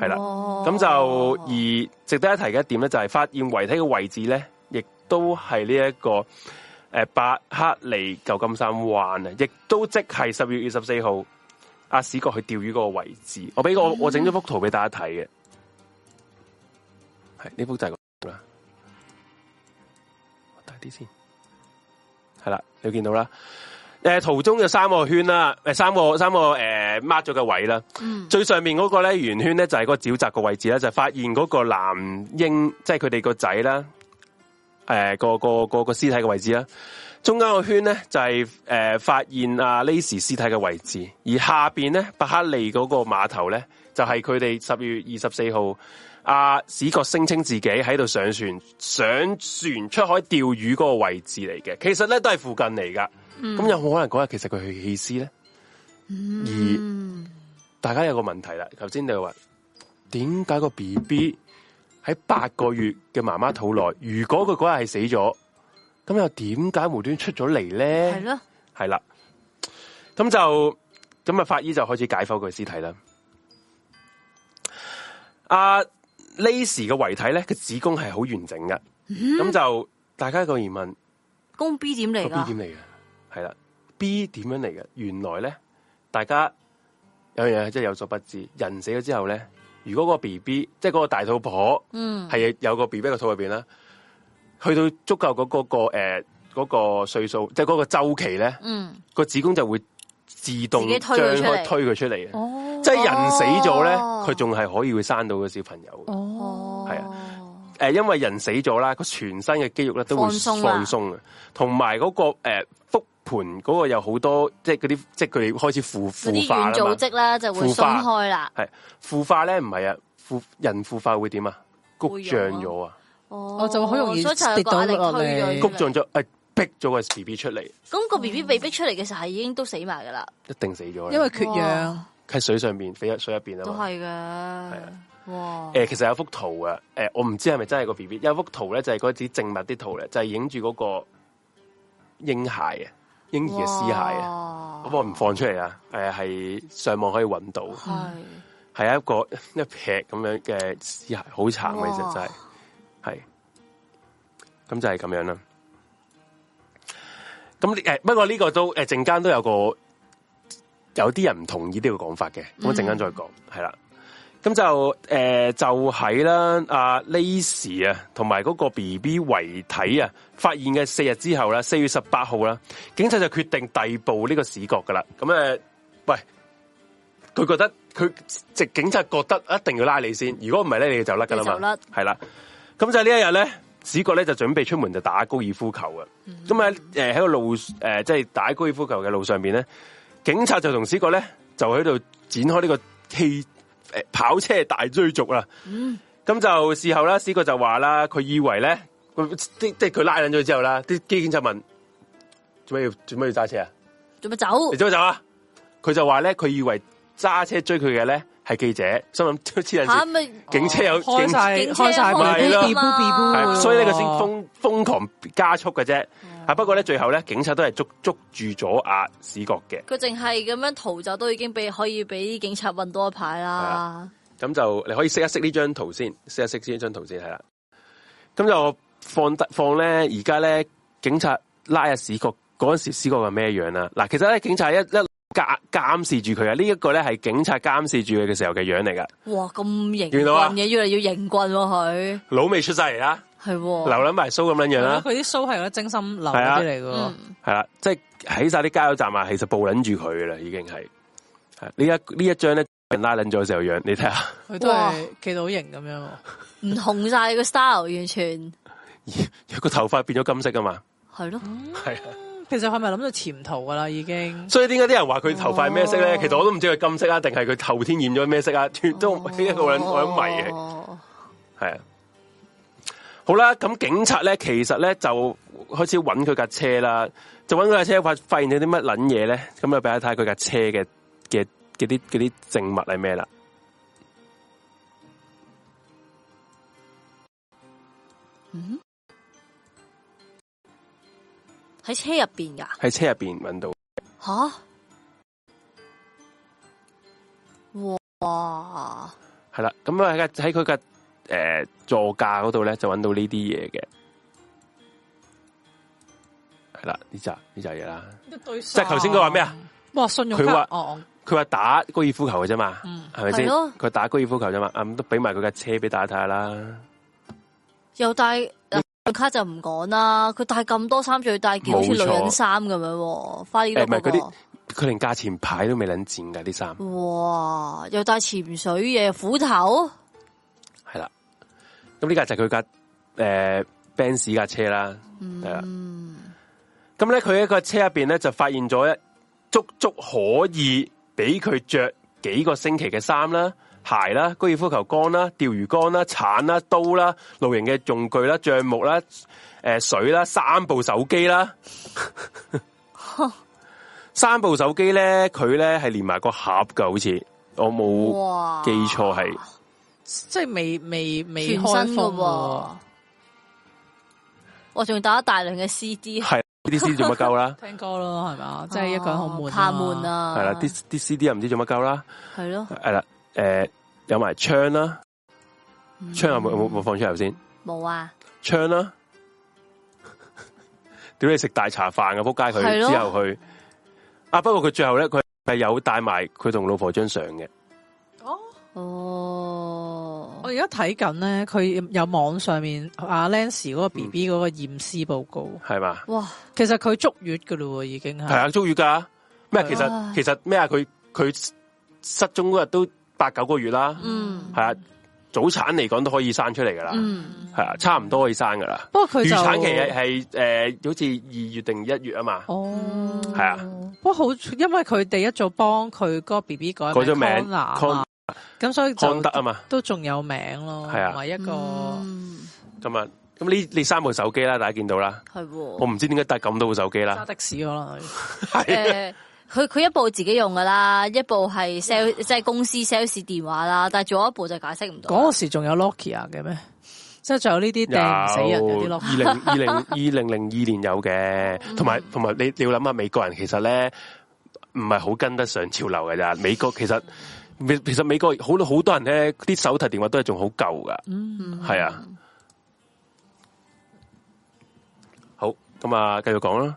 係啦、哦，咁就而值得一提嘅一點咧，就係發現遺體嘅位置咧，亦都係呢一個。誒，伯克利舊金山灣啊，亦都即係十月二十四號阿史角去釣魚嗰個位置。我俾個我整咗幅圖俾大家睇嘅，係呢幅就係啦，大啲先，係啦，你見到啦。誒、呃，圖中有三個圈啦，誒，三個三個誒 mark 咗嘅位啦，嗯、最上面嗰個咧圓圈咧就係個沼澤嘅位置啦，就是、發現嗰個男嬰，即係佢哋個仔啦。誒、呃，個個個個屍體嘅位置啦，中間個圈咧就係、是、誒、呃、發現阿 Laci 屍體嘅位置，而下邊咧伯克利嗰個碼頭咧就係佢哋十月二十四號阿 Scott 聲稱自己喺度上船上船出海釣魚嗰個位置嚟嘅。其實咧都係附近嚟噶，咁、嗯、有冇可能嗰日其實佢去棄屍咧？嗯、而大家有個問題啦，頭先你話點解個 B B？喺八個月嘅媽媽肚內，如果佢嗰日係死咗，咁又點解無端出咗嚟咧？係咯的，係啦，咁就咁啊！那法醫就開始解剖佢屍體啦。阿、啊、Laci 嘅遺體咧，佢子宮係好完整嘅，咁、嗯、就大家一個疑問，公 B 點嚟噶？B 點嚟嘅係啦，B 點樣嚟嘅？原來咧，大家有樣嘢真係有所不知，人死咗之後咧。如果個 B B 即係個大肚婆，是肚嗯係有個 B B 個肚入邊咧，去到足夠嗰、嗰個誒、嗰個歲數、嗰個，即係個周期咧，嗯嗰個子宮就會自動張開推佢出嚟，嘅、哦、即係人死咗咧，佢仲係可以會生到個小朋友，哦係啊，誒，因為人死咗啦，個全身嘅肌肉咧都會鬆放鬆嘅，同埋個誒腹。呃盤嗰個有好多，即係嗰啲，即係佢哋開始腐腐化啦嘛。嗰啲軟組織就會鬆開啦。係腐化咧，唔係啊，腐人腐化會點啊？谷脹咗啊！哦，就會好容易跌到力退谷脹咗，誒，逼咗個 B B 出嚟。咁個 B B 被逼出嚟嘅時候，係已經都死埋噶啦，一定死咗因為缺氧喺水上邊，水水入邊啊，都係噶。係啊，誒，其實有幅圖嘅，誒，我唔知係咪真係個 B B，有幅圖咧就係嗰啲靜物啲圖咧，就係影住嗰個嬰孩嬰兒嘅屍骸啊，咁哇我唔放出嚟啊，誒係上網可以揾到，係系是一個一劈咁樣嘅屍骸，好慘嘅，其實真係系，咁就係咁樣啦。咁誒、欸，不過呢個都誒陣間都有個有啲人唔同意呢個講法嘅，咁我陣間再講係啦。嗯咁就誒、呃、就喺啦，阿 Laci 啊，同埋嗰個 B B 遺體啊，發現嘅四日之後啦，四月十八號啦，警察就決定逮捕呢個 Scott 噶啦。咁誒、呃，喂，佢覺得佢直警察覺得一定要拉你先，如果唔係咧，你就甩噶啦嘛。甩係啦，咁就係呢一日咧，Scott 咧就準備出門就打高爾夫球啊咁喺誒喺個路誒，即、呃、係、就是、打高爾夫球嘅路上邊咧，警察就同 Scott 咧就喺度展開呢個氣。跑車大追逐啦、嗯，咁就事後啦，Scott 哥就話啦，佢以為咧，即即佢拉緊咗之後啦，啲機警就問：做咩要做咩要揸車啊？做咩走？你做咩走啊？佢就話咧，佢以為揸車追佢嘅咧係記者，心諗黐人線，警車有晒，警車開晒咪咯，所以呢個先瘋瘋狂加速嘅啫。啊！不過咧，最後咧，警察都係捉捉住咗阿史國嘅。佢淨係咁樣逃走，都已經俾可以俾警察運多一排啦、啊。咁就你可以識一識呢張圖先，識一識先呢張圖先係啦。咁就放得放咧，而家咧，警察拉下史國嗰陣時角、啊，史國係咩樣啦？嗱，其實咧，警察一一監監視住佢啊。這個、呢一個咧係警察監視住佢嘅時候嘅樣嚟噶。哇，咁型，啲人嘢越嚟越型棍，佢老未出晒嚟啦。係，留捻埋鬚咁樣樣啦。佢啲鬚係得精心留啲嚟嘅。係啦，即係喺晒啲加油站啊，其實暴捻住佢嘅啦，已經係。係呢一呢一張咧拉捻咗嘅時候樣，你睇下，佢都係企到型咁樣，唔同晒個 style，完全。個頭髮變咗金色啊嘛？係咯，係啊。其實係咪諗到潛逃噶啦，已經。所以點解啲人話佢頭髮咩色咧？其實我都唔知佢金色啊，定係佢後天染咗咩色啊？都一個人我好迷嘅，係啊。好啦，咁警察咧，其實咧就開始揾佢架車啦，就揾佢架車發發現咗啲乜捻嘢咧？咁啊，俾一睇佢架車嘅嘅啲嗰啲證物係咩啦？嗯，喺車入邊噶，喺車入邊揾到吓、啊，哇，係啦，咁啊喺佢架。誒、呃，座駕嗰度咧就揾到呢啲嘢嘅，係啦，呢集呢集嘢啦，即係頭先佢話咩啊？哇，信用卡，佢話、哦、打高爾夫球嘅啫嘛，係咪先？佢、啊、打高爾夫球啫嘛，咁、啊、都俾埋佢架車俾大家睇下啦又帶。又帶、嗯啊、卡就唔講啦，佢帶咁多衫，最要帶件好似女人衫咁樣、啊，快啲唔係嗰啲，佢連價錢牌都未捻轉噶啲衫。哇，又帶潛水嘢，斧頭。咁呢架就係佢架誒，奔馳架車啦，係、嗯、啦。咁咧，佢喺個車入邊咧就發現咗，足足可以俾佢着幾個星期嘅衫啦、鞋啦、高爾夫球桿啦、釣魚竿啦、鏟啦、刀啦、露營嘅用具啦、帳幕啦、誒、呃、水啦、三部手機啦， 三部手機咧，佢咧係連埋個盒噶，好似我冇記錯係。即係未未未開封，我仲打大量嘅 CD，係呢啲 CD 做乜鳩啦？聽歌咯，係嘛，即係一個人好悶，怕悶啊。係啦，啲啲 CD 又唔知做乜鳩啦。係咯，係啦，誒，有埋槍啦，槍有冇冇冇放出頭先？冇、嗯、啊，槍啊，槍啦，屌你食大茶飯啊，仆街佢之後去， 啊，不過佢最後咧，佢係有帶埋佢同老婆張相嘅。哦，我而家睇緊咧，佢有網上面阿 Laci 嗰個 B B 嗰個驗屍報告係嘛？哇，其實佢足月噶咯，已經係，係啊，足月噶咩？其實其實咩啊？佢佢失蹤嗰日都八九個月啦，嗯，係啊，早產嚟講都可以生出嚟噶啦，嗯，係啊，差唔多可以生噶啦。不過佢預產期係誒，好似二月定一月啊嘛，哦，係啊。不過好，因為佢哋一早幫佢嗰個 B B 改咗名咁所以康啊嘛，都仲有名咯，係啊，同埋一個咁啊咁呢？呢三部手機啦，大家見到啦，係我唔知點解帶咁多部手機啦，的士咯，係佢佢一部自己用噶啦，一部係 sales 即係公司 sales 電話啦，但係仲有一部就解釋唔到。嗰時仲有 Nokia 嘅咩？即係仲有呢啲死人嘅。啲 Nokia。二零二零二零零二年有嘅，同埋同埋你你要諗下美國人其實咧唔係好跟得上潮流嘅咋？美國其實。其實美國好好多人咧，啲手提電話都係仲、嗯哼嗯啊、好舊噶，係、欸嗯、啊，好咁，啊，繼續講啦，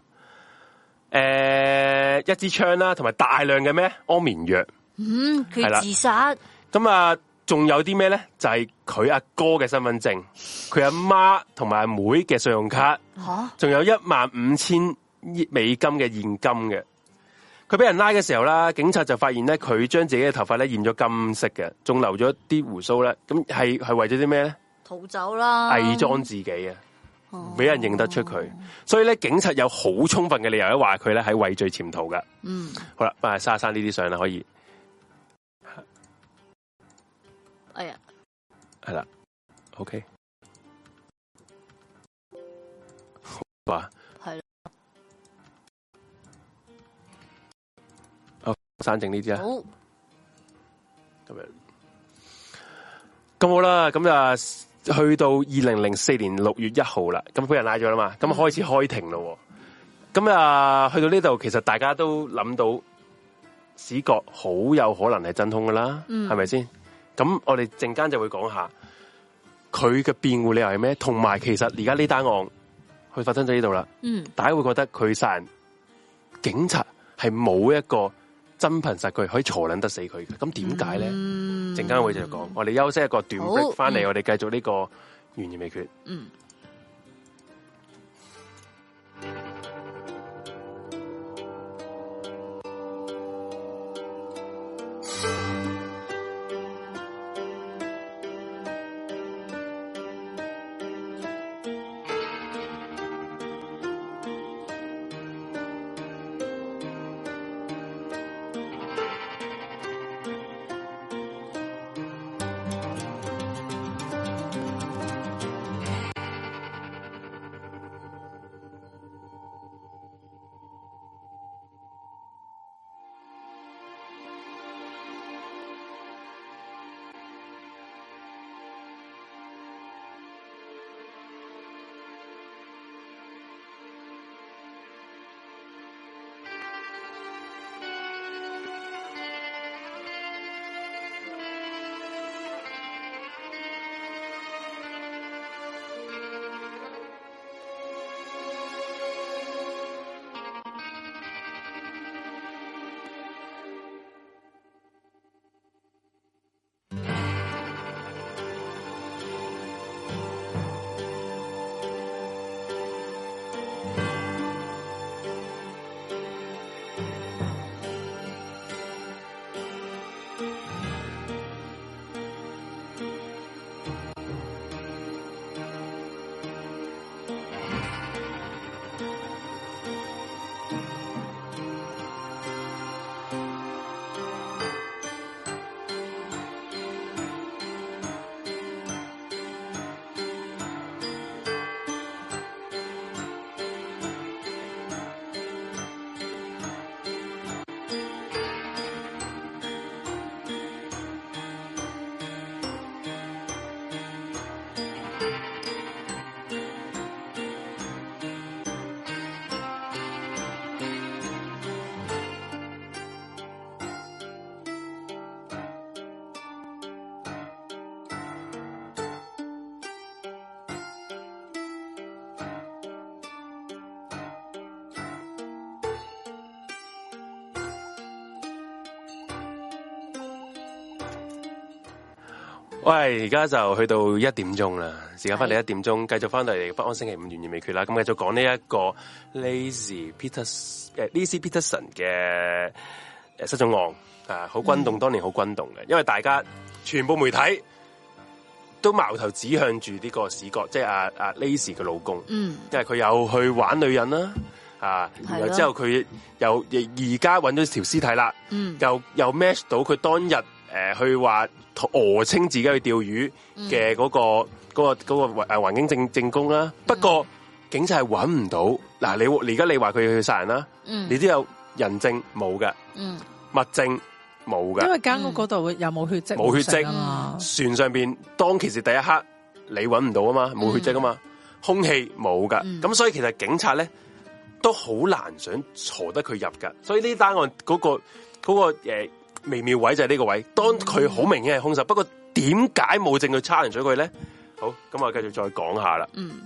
誒，一支槍啦，同埋大量嘅咩安眠藥，嗯，佢自殺，咁啊，仲有啲咩咧？就係佢阿哥嘅身份證，佢阿媽同埋阿妹嘅信用卡，吓，仲有一萬五千美金嘅現金嘅。佢俾人拉嘅時候啦，警察就發現咧，佢將自己嘅頭髮咧染咗金色嘅，仲留咗啲鬍鬚咧，咁係係為咗啲咩咧？逃走啦，偽裝自己啊，俾人認得出佢，所以咧，警察有好充分嘅理由咧，話佢咧喺畏罪潛逃噶。嗯，好啦，啊，沙沙呢啲相啦，可以哎呀，係啦，OK，好啊。 山證呢啲啊，咁樣咁好啦，咁啊去到二零零四年六月一號啦，咁俾人拉咗啦嘛，咁開始開庭咯，咁啊去到呢度，其實大家都諗到 Scott 好有可能係真兇噶啦，係咪先？咁我哋陣間就會講下佢嘅辯護理由係咩，同埋其實而家呢單案去發生咗呢度啦，嗯，大家會覺得佢殺人警察係冇一個。真憑實據可以坐撚得死佢嘅，咁點解咧？陣間、嗯、會繼續講，嗯、我哋休息一個段落，翻嚟、嗯、我哋繼續呢個懸疑未決。嗯喂，而家就去到一點鐘啦，時間翻嚟一點鐘，繼續翻到嚟不安星期五懸疑未決啦，咁繼續講呢一個 Laci Peter Peterson 嘅失蹤案，啊，好轟動，嗯、當年好轟動嘅，因為大家全部媒體都矛頭指向住呢個死角，即係啊啊 Laci 嘅老公，嗯，因為佢又去玩女人啦，啊，了然後之後佢又而家揾咗條屍體啦，嗯，又又 match 到佢當日。誒，去話訛稱自己去釣魚嘅嗰個嗰個嗰個環環境證證供啦。不過警察係揾唔到，嗱你而家你話佢去殺人啦，你都有人證冇㗎，物證冇㗎，因為間屋嗰度會有冇血跡？冇血跡，船上邊當其時第一刻你揾唔到啊嘛，冇血跡啊嘛，空氣冇噶，咁所以其實警察咧都好難想鋤得佢入噶。所以呢單案嗰個嗰個誒。微妙位就係呢個位，當佢好明顯係兇手，嗯、不過點解冇證據 challenge 佢咧？好，咁我繼續再講下啦。嗯，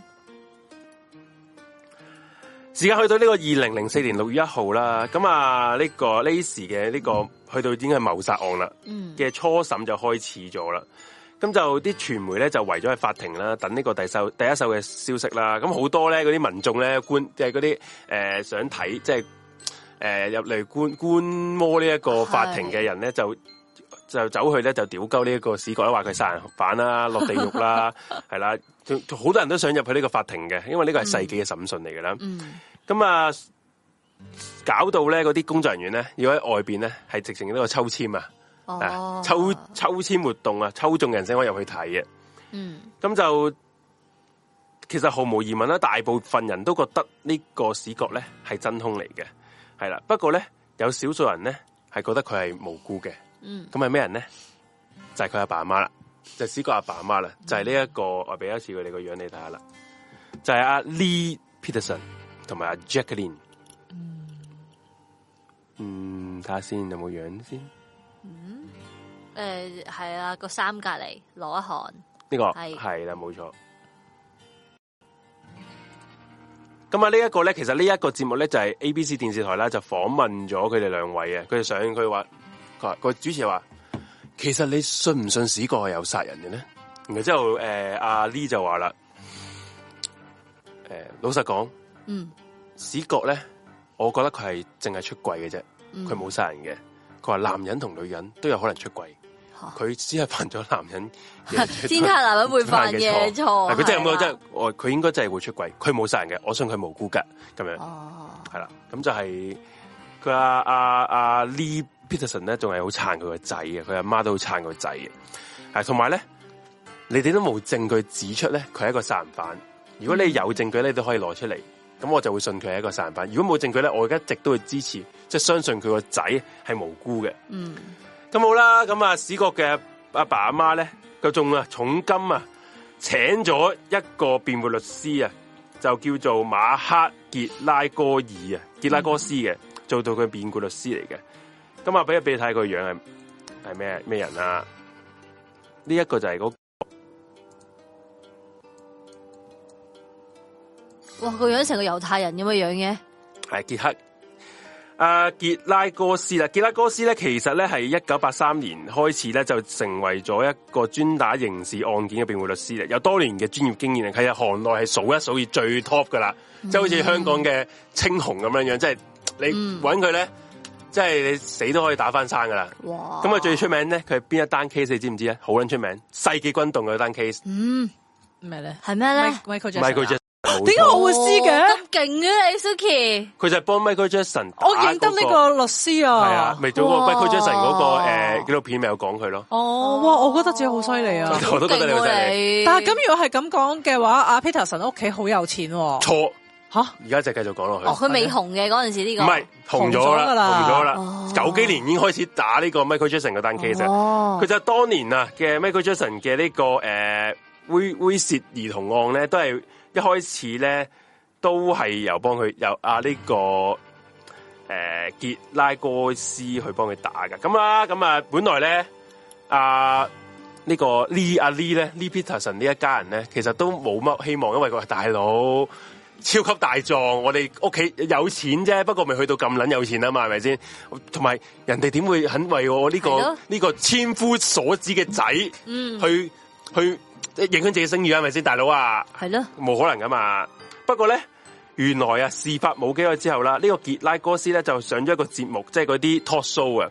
時間去到呢個二零零四年六月一號啦，咁啊呢個 Laci 嘅呢個去到已經係謀殺案啦，嘅初審就開始咗啦。咁、嗯、就啲傳媒咧就圍咗喺法庭啦，等呢個第首第一手嘅消息啦。咁好多咧嗰啲民眾咧觀，即係嗰啲誒想睇，即、就、係、是。誒，入嚟、呃、觀觀摩呢一個法庭嘅人咧是的，就呢就走去咧就屌鳩呢一個 Scott，話佢殺人犯啦，落地獄啦，係啦， 好多人都想入去呢個法庭嘅，因為呢個係世紀嘅審訊嚟噶啦。咁、嗯、啊，搞到咧嗰啲工作人員咧要喺外邊咧係直情呢個抽籤啊、哦、啊，抽抽籤活動啊，抽中人先可以入去睇嘅。咁、嗯、就其實毫無疑問啦、啊，大部分人都覺得個呢個 Scott 咧係真兇嚟嘅。係啦，不過咧有少數人咧係覺得佢係無辜嘅，咁係咩人咧？就係佢阿爸阿媽啦，就係 Scott 個阿爸阿媽啦，就係呢一個，嗯、我俾一次佢哋個樣子你睇下啦，就係、是、阿 Lee Peterson 同埋阿 Jacqueline。嗯，嗯，睇下先有冇樣先。嗯，誒、呃，係啦、啊，羅這個衫隔籬攞一汗，呢個係係啦，冇錯、啊。咁啊，呢一個咧，其實呢一個節目咧就係、是、ABC 電視台啦，就訪問咗佢哋兩位啊。佢哋上佢話，佢話個主持人話，其實你信唔信史國係有殺人嘅咧？然之後誒、呃，阿 Li 就話啦，誒、呃，老實講，嗯，史國咧，我覺得佢係淨係出軌嘅啫，佢冇殺人嘅。佢話男人同女人都有可能出軌。佢只係犯咗男人，天下男人會犯嘅錯。佢真係咁講，真係我佢應該真係會出軌，佢冇殺人嘅，我信佢無辜㗎。咁樣。係啦、啊，咁就係佢阿阿阿 Lee Peterson 咧,仲係好撐佢個仔嘅,佢阿媽都好撐佢仔嘅。係同埋咧，你哋都冇證據指出咧，佢係一個殺人犯。如果你有證據咧，你都可以攞出嚟，咁我就會信佢係一個殺人犯。如果冇證據咧，我而家一直都會支持，即、就、係、是、相信佢個仔係無辜嘅。嗯。咁好啦，咁啊史國嘅阿爸阿媽咧，個仲啊重金啊，請咗一個辯護律師啊，就叫做馬克傑拉戈爾啊，傑拉戈斯嘅，做到佢辯護律師嚟嘅。咁啊，俾啊俾你睇個樣係係咩咩人啊？呢、這、一個就係嗰、那個，哇個樣成個猶太人咁嘅樣嘅，係傑克。誒、uh，傑拉哥斯啦，傑拉哥斯咧，其實咧係一九八三年開始咧就成為咗一個專打刑事案件嘅辯護律師啦，有多年嘅專業經驗嚟睇啊，行內係數一數二最 top 噶啦，即係好似香港嘅青紅咁樣樣，即、就、係、是、你揾佢咧，即係、嗯、你死都可以打翻生噶啦，哇！咁啊最出名咧，佢係邊一單 case 你知唔知啊？好撚出名，世紀軍動嘅單 case，嗯，咩咧？係咩咧 Michael 點解我會知嘅咁勁咧？Suki，佢就係幫 Michael Jackson 打。我認得呢個律師啊，係啊，未做過 Michael Jackson 嗰個誒，嗰個紀錄片，咪有講佢咯。哦，哇，我覺得自己好犀利啊！我都覺得你好犀利。但係咁，如果係咁講嘅話，阿 Peterson 屋企好有錢。錯吓，而家就繼續講落去。哦，佢未紅嘅嗰陣時，呢個唔係紅咗啦，紅咗啦。九幾年已經開始打呢個 Michael Jackson 嘅單 case。哦，佢就當年啊嘅 Michael Jackson 嘅呢個誒猥猥褻兒童案咧，都係。一開始咧，都係由幫佢由阿呢、啊這個誒杰、呃、拉哥斯去幫佢打嘅。咁啊，咁啊，本來咧，阿、啊這個、呢個 Lee 阿 Lee 咧，Lee Peterson 呢一家人咧，其實都冇乜希望，因為佢係大佬超級大狀，我哋屋企有錢啫，不過未去到咁捻有錢啊嘛，係咪先？同埋人哋點會肯為我呢、這個呢的個千夫所指嘅仔，嗯，去去。去即影響自己聲譽係咪先，大佬啊？係咯的，冇可能噶嘛。不過咧，原來啊，事發冇幾耐之後啦，呢、這個傑拉哥斯咧，就上咗一個節目，即係嗰啲 talk show 啊。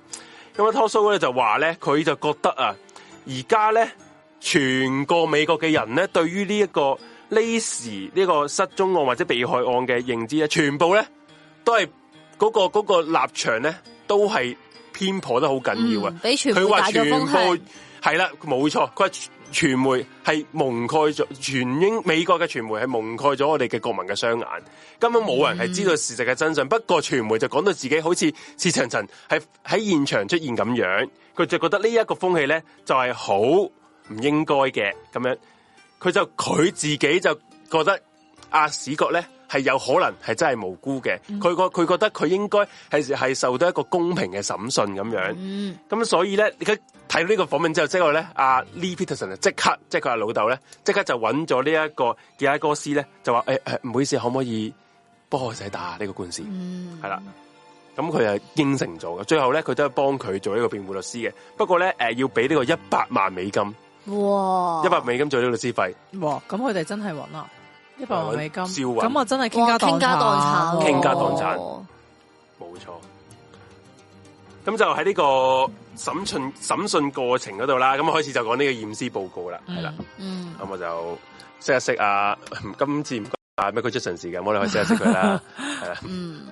咁啊 talk show 咧，就話咧，佢就覺得啊，而家咧全個美國嘅人咧，對於呢一個 Laci 呢個失蹤案或者被害案嘅認知咧，全部咧都係嗰、那個嗰、那個立場咧，都係偏頗得好緊要啊。俾、嗯、全部打咗方向，係啦，冇錯，佢。傳媒係蒙蓋咗全英、美國嘅傳媒係蒙蓋咗我哋嘅國民嘅雙眼，根本冇人係知道事實嘅真相。嗯、不過傳媒就講到自己好似似層層係喺現場出現咁樣，佢就覺得呢一個風氣呢就係好唔應該嘅咁樣，佢就佢自己就覺得壓屎角呢。係有可能係真係無辜嘅，佢覺佢覺得佢應該係係受到一個公平嘅審訊咁樣，咁、嗯、所以咧，你睇到呢個訪問之後，之後咧，阿 Lee Peterson 就即刻，即係佢阿老豆咧，即刻就揾咗呢一個傑拉戈斯咧，就話誒，唔好意思，可唔可以幫我仔打下呢個官司？係啦、嗯，咁佢又應承咗嘅，最後咧，佢都幫佢做呢個辯護律師嘅，不過咧，誒，要俾呢個一百萬美金，哇，一百美金做呢個律師費，哇，咁佢哋真係揾啊！一百萬美金，咁我真係傾家傾家蕩產，傾家蕩產，冇錯。咁就喺呢個審訊審訊過程嗰度啦，咁開始就講呢個驗屍報告啦，係啦，咁我就識一識阿今次唔該啊，咩佢出巡時間，我哋可以識一識佢啦，係啦 了，嗯，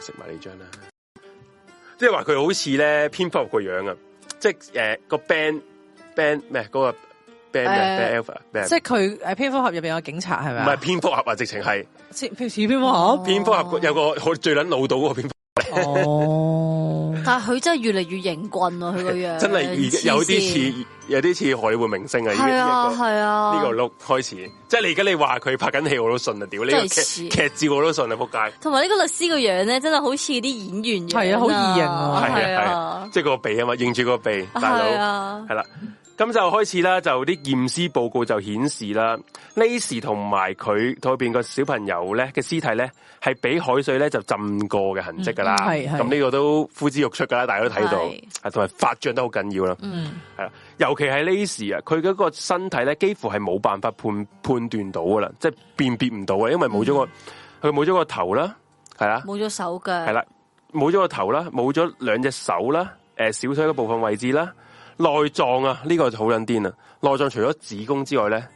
食埋、就是、呢張啦，即係話佢好似咧蝙蝠個樣啊，即係誒個 band band 咩嗰、那個。a n d a n 即係佢誒蝙蝠俠入邊有警察係咪？唔係蝙蝠俠啊，直情係似似蝙蝠俠。蝙蝠俠有個最撚老到嗰個蝙蝠俠。但係佢真係越嚟越型棍啊！佢個樣真係有啲似有啲似海會明星啊！係啊係啊！呢個 look 開始，即係你而家你話佢拍緊戲我都信啊！屌呢個劇照我都信啊！撲街！同埋呢個律師個樣咧，真係好似啲演員咁，係啊，好異形啊！係啊，即係個鼻啊嘛，認住個鼻大佬係啦。咁就開始啦，就啲驗屍報告就顯示啦，Laci 同埋佢肚入邊個小朋友咧嘅屍體咧，係俾海水咧就浸過嘅痕跡噶啦。咁呢、嗯、個都呼之欲出噶啦，大家都睇到，啊是，同埋發脹得好緊要啦。嗯，啦，尤其係 Laci 啊，佢嗰個身體咧，幾乎係冇辦法判判斷到噶啦，即、就、係、是、辨別唔到啊，因為冇咗個佢冇咗個頭啦，係啊，冇咗手腳，係啦，冇咗個頭啦，冇咗兩隻手啦、呃，小腿嘅部分位置啦。嗯內臟啊，呢、這個就好撚癲啊。內臟除咗子宮之外咧，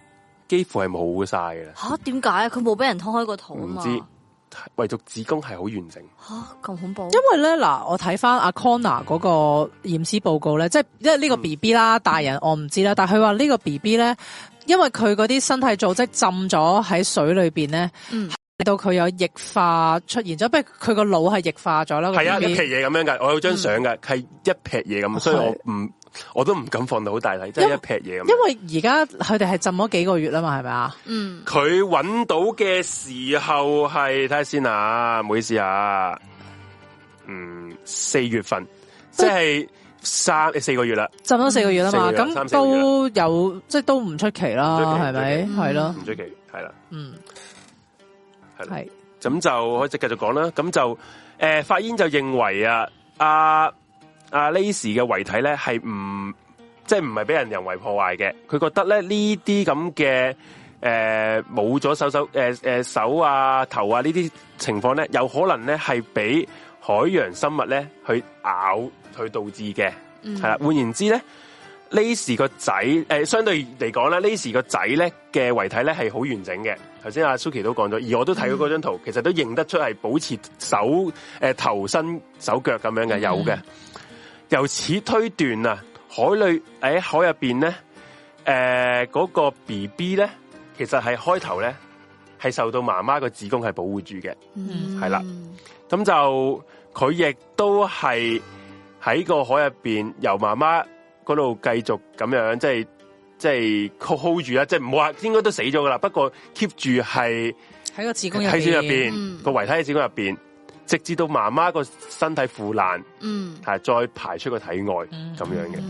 幾乎係冇晒嘅。吓，點解佢冇俾人拖開個肚？唔知，唯獨子宮係好完整，啊。吓，咁恐怖！因為咧嗱，我睇翻阿 Connor 嗰個驗屍報告咧，即係因為呢個，個 B B 啦，嗯、大人我唔知啦，但係佢話呢個 B B 咧，因為佢嗰啲身體組織浸咗喺水裏邊咧，到佢、嗯、有液化出現咗，不過佢個腦係液化咗咯？係啊，那 BB 一撇嘢咁樣噶，我有張相噶，係、嗯、一撇嘢咁，所以我唔。我都唔敢放到好大底，即係一劈嘢咁。因為而家佢哋係浸咗幾個月啦嘛，係咪啊？嗯。佢揾到嘅時候係睇下先啊，唔好意思啊。嗯，四月份，即係三四個月啦，浸咗四個月啦嘛，咁都有，即係都唔出奇啦，係咪？係咯，唔出奇，係啦，嗯，係，咁就可以繼續講啦。咁就誒，法煙就認為啊，阿。啊，Laci 嘅遺體咧係唔即係唔係俾人人為破壞嘅，佢覺得咧呢啲咁嘅誒冇咗手手誒誒手啊頭啊呢啲情況咧，有可能咧係俾海洋生物咧去咬去導致嘅，係啦、嗯。換言之咧，Laci 個仔誒相對嚟講咧，Laci 個仔咧嘅遺體咧係好完整嘅。頭先阿 Suki 都講咗，而我都睇到嗰張圖，嗯、其實都認得出係保持手誒、呃、頭身手腳咁樣嘅，有嘅。嗯由此推斷啊，海裏喺海入邊咧，誒、呃、嗰、那個 B B 咧，其實係開頭咧係受到媽媽個子宮係保護住嘅，係啦、mm.，咁就佢亦都係喺個海入邊由媽媽嗰度繼續咁樣，即係即係 hold 住啊！即係唔好話應該都死咗噶啦，不過 keep 住係喺個子宮，入胎入邊個遺體喺子宮入邊。直至到媽媽個身體腐爛，嗯，係再排出個體外咁樣嘅，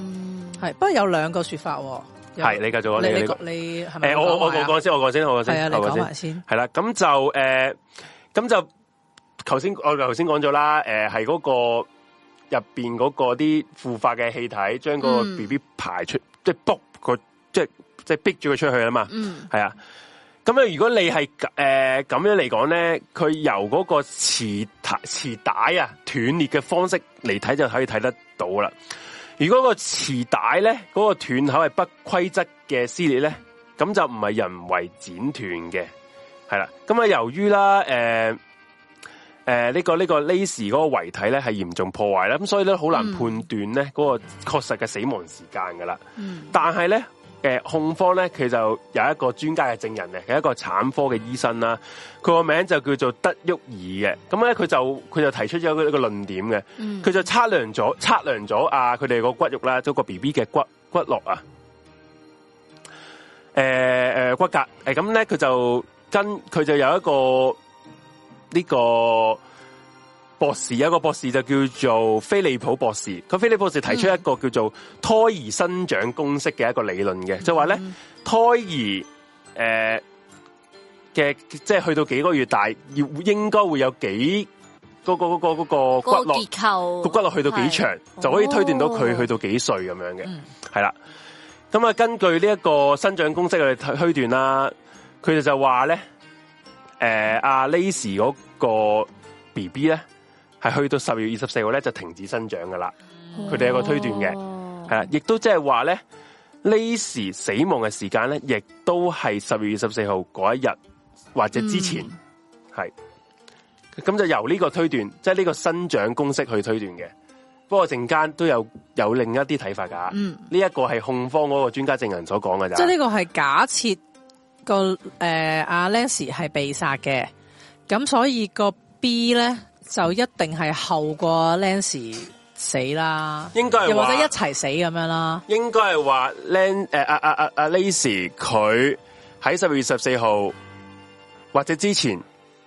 係，不過有兩個說法喎，係你繼續，你你係咪？誒，我我我講先，我講先，我講先，係啊，你講埋先。係啦，咁就誒，咁就頭先我頭先講咗啦，誒，係嗰個入邊嗰個啲腐化嘅氣體將個 B B 排出，即係卜個，即係即係逼住佢出去啊嘛，嗯，係啊。咁啊，如果你係誒咁樣嚟講咧，佢由嗰個磁磁帶啊斷裂嘅方式嚟睇就可以睇得到啦。如果個磁帶咧嗰個斷口係不規則嘅撕裂咧，咁就唔係人為剪斷嘅，係啦。咁啊，由於啦誒誒呢個呢個 Laci 嗰個遺體咧係嚴重破壞啦，咁所以咧好難判斷咧嗰個確實嘅死亡時間噶啦。嗯，但係咧。誒，控方咧，佢就有一個專家嘅證人嘅係一個產科嘅醫生啦。佢個名就叫做德沃爾嘅。咁咧，佢就佢就提出咗一個論點嘅。佢就測量咗測量咗啊，佢哋個骨肉啦，嗰、那個 B B 嘅骨骨骼啊。誒誒，骨骼誒，咁咧佢就跟佢就有一個呢、這個。博士有一個博士就叫做菲利普博士，佢，菲利普博士提出一個叫做、嗯、胎兒生長公式嘅一個理論嘅，嗯、就話咧胎兒誒嘅、呃、即係去到幾個月大，要應該會有幾嗰、嗰個個、嗰個骨骼個結構，個骨骼去到幾長，是就可以推斷到佢去到幾歲咁、哦、樣嘅，係啦。咁啊，根據呢一個生長公式去推斷啦，佢哋就話咧，誒、呃、阿 Laci 嗰個 B B 咧。係去到十月二十四號咧就停止生長噶啦，佢哋、oh. 有一個推斷嘅，係啦，亦都即係話咧呢時死亡嘅時間咧，亦都係十月二十四號嗰一日或者之前，係咁、mm. 就由呢個推斷，即係呢個生長公式去推斷嘅。不過陣間都有有另一啲睇法噶，呢一、mm. 個係控方嗰個專家證人所講嘅咋？即係呢個係假設個誒阿 Laci 係被殺嘅，咁所以個 B 咧。就一定係後過 Laci 死啦，又或者一齊死咁樣啦。應該係話 Laci Laci 佢喺十二月十四號或者之前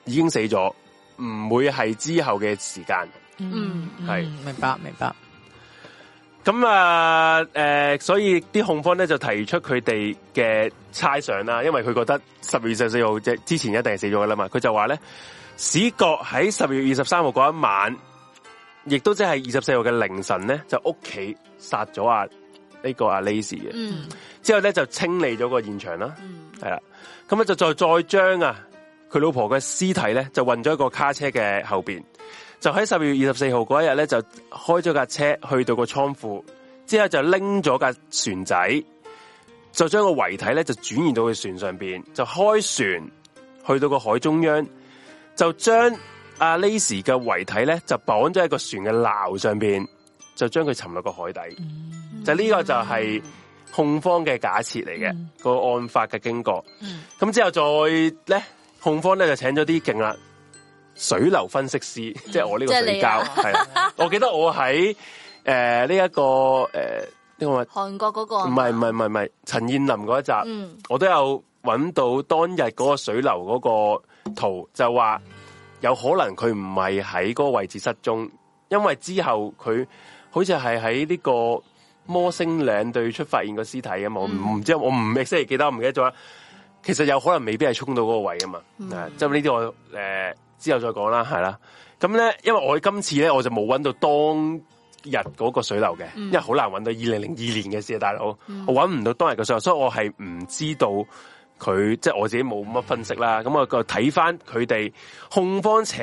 已經死咗，唔會係之後嘅時間。嗯，係明白明白。咁啊，誒、呃，所以啲控方咧就提出佢哋嘅猜想啦，因為佢覺得十二月十四號即之前一定係死咗噶啦嘛，佢就話咧。史葛喺十二月二十三號嗰一晚，亦都即係二十四號嘅凌晨咧，就屋企殺咗阿呢個阿 Laci 嘅，之後咧就清理咗個現場啦，係啦、嗯，咁咧就再再將啊佢老婆嘅屍體咧就運咗一個卡車嘅後邊，就喺十二月二十四號嗰一日咧就開咗架車去到個倉庫，之後就拎咗架船仔，就將個遺體咧就轉移到去船上邊，就開船去到個海中央。就將阿 Laci 嘅遺體咧，就綁咗喺個船嘅錨上邊，就將佢沉落個海底。嗯、就呢個就係控方嘅假設嚟嘅，嗯、個案發嘅經過。咁、嗯、之後再咧，控方咧就請咗啲勁啦，水流分析師，嗯、即係我呢個水膠。係、啊，我記得我喺誒呢一個誒，點、呃、講？韓國嗰個？唔係唔係唔係唔係陳彥霖嗰一集，嗯、我都有揾到當日嗰個水流嗰、那個。圖就話有可能佢唔係喺嗰個位置失蹤，因為之後佢好似係喺呢個摩星嶺對出發現個屍體啊嘛，我唔知我唔識，記得我唔記得咗。其實有可能未必係沖到嗰個位啊嘛，就即係呢啲我誒、呃、之後再講啦，係啦。咁咧，因為我今次咧我就冇揾到當日嗰個水流嘅，嗯、因為好難揾到二零零二年嘅事啊大佬，我揾唔、嗯、到當日嘅水流，所以我係唔知道。佢即係我自己冇乜分析啦，咁我個睇翻佢哋控方請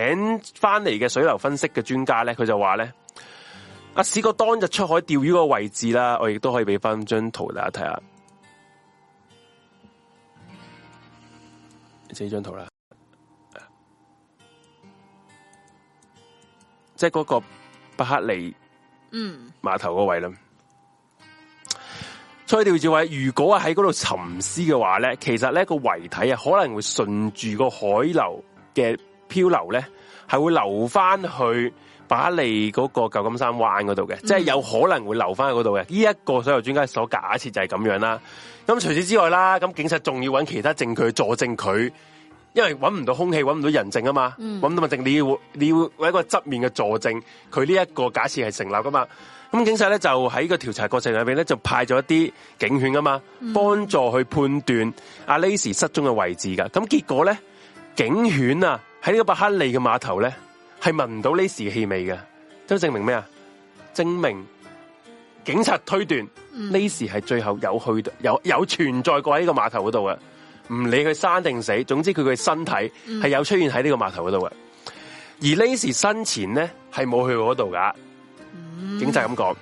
翻嚟嘅水流分析嘅專家咧，佢就話咧，阿史個當日出海釣魚個位置啦，我亦都可以俾翻張圖大家睇下，呢張圖啦，即係嗰個伯克利嗯碼頭嗰位啦。嗯所以調就為，如果喺嗰度沉思嘅話咧，其實咧個遺體啊可能會順住個海流嘅漂流咧，係會流翻去把你嗰個舊金山灣嗰度嘅，即係、嗯、有可能會流翻去嗰度嘅。呢、這、一個所有專家所假設就係咁樣啦。咁除此之外啦，咁警察仲要揾其他證據去佐證佢，因為揾唔到兇器，揾唔到人證啊嘛，揾、嗯、到物證你要你要揾一個側面嘅佐證，佢呢一個假設係成立噶嘛。咁警察咧就喺個調查過程裏邊咧就派咗一啲警犬啊嘛，幫助去判斷阿 Lacy 失蹤嘅位置噶。咁結果咧，警犬啊喺呢個伯克利嘅碼頭咧係聞唔到 Lacy 嘅氣味嘅，都證明咩啊？證明警察推斷 Lacy 係最後有去到有有存在過喺呢個碼頭嗰度嘅，唔理佢生定死，總之佢嘅身體係有出現喺呢個碼頭嗰度嘅。嗯、而 Lacy 生前咧係冇去過嗰度噶。警察咁講，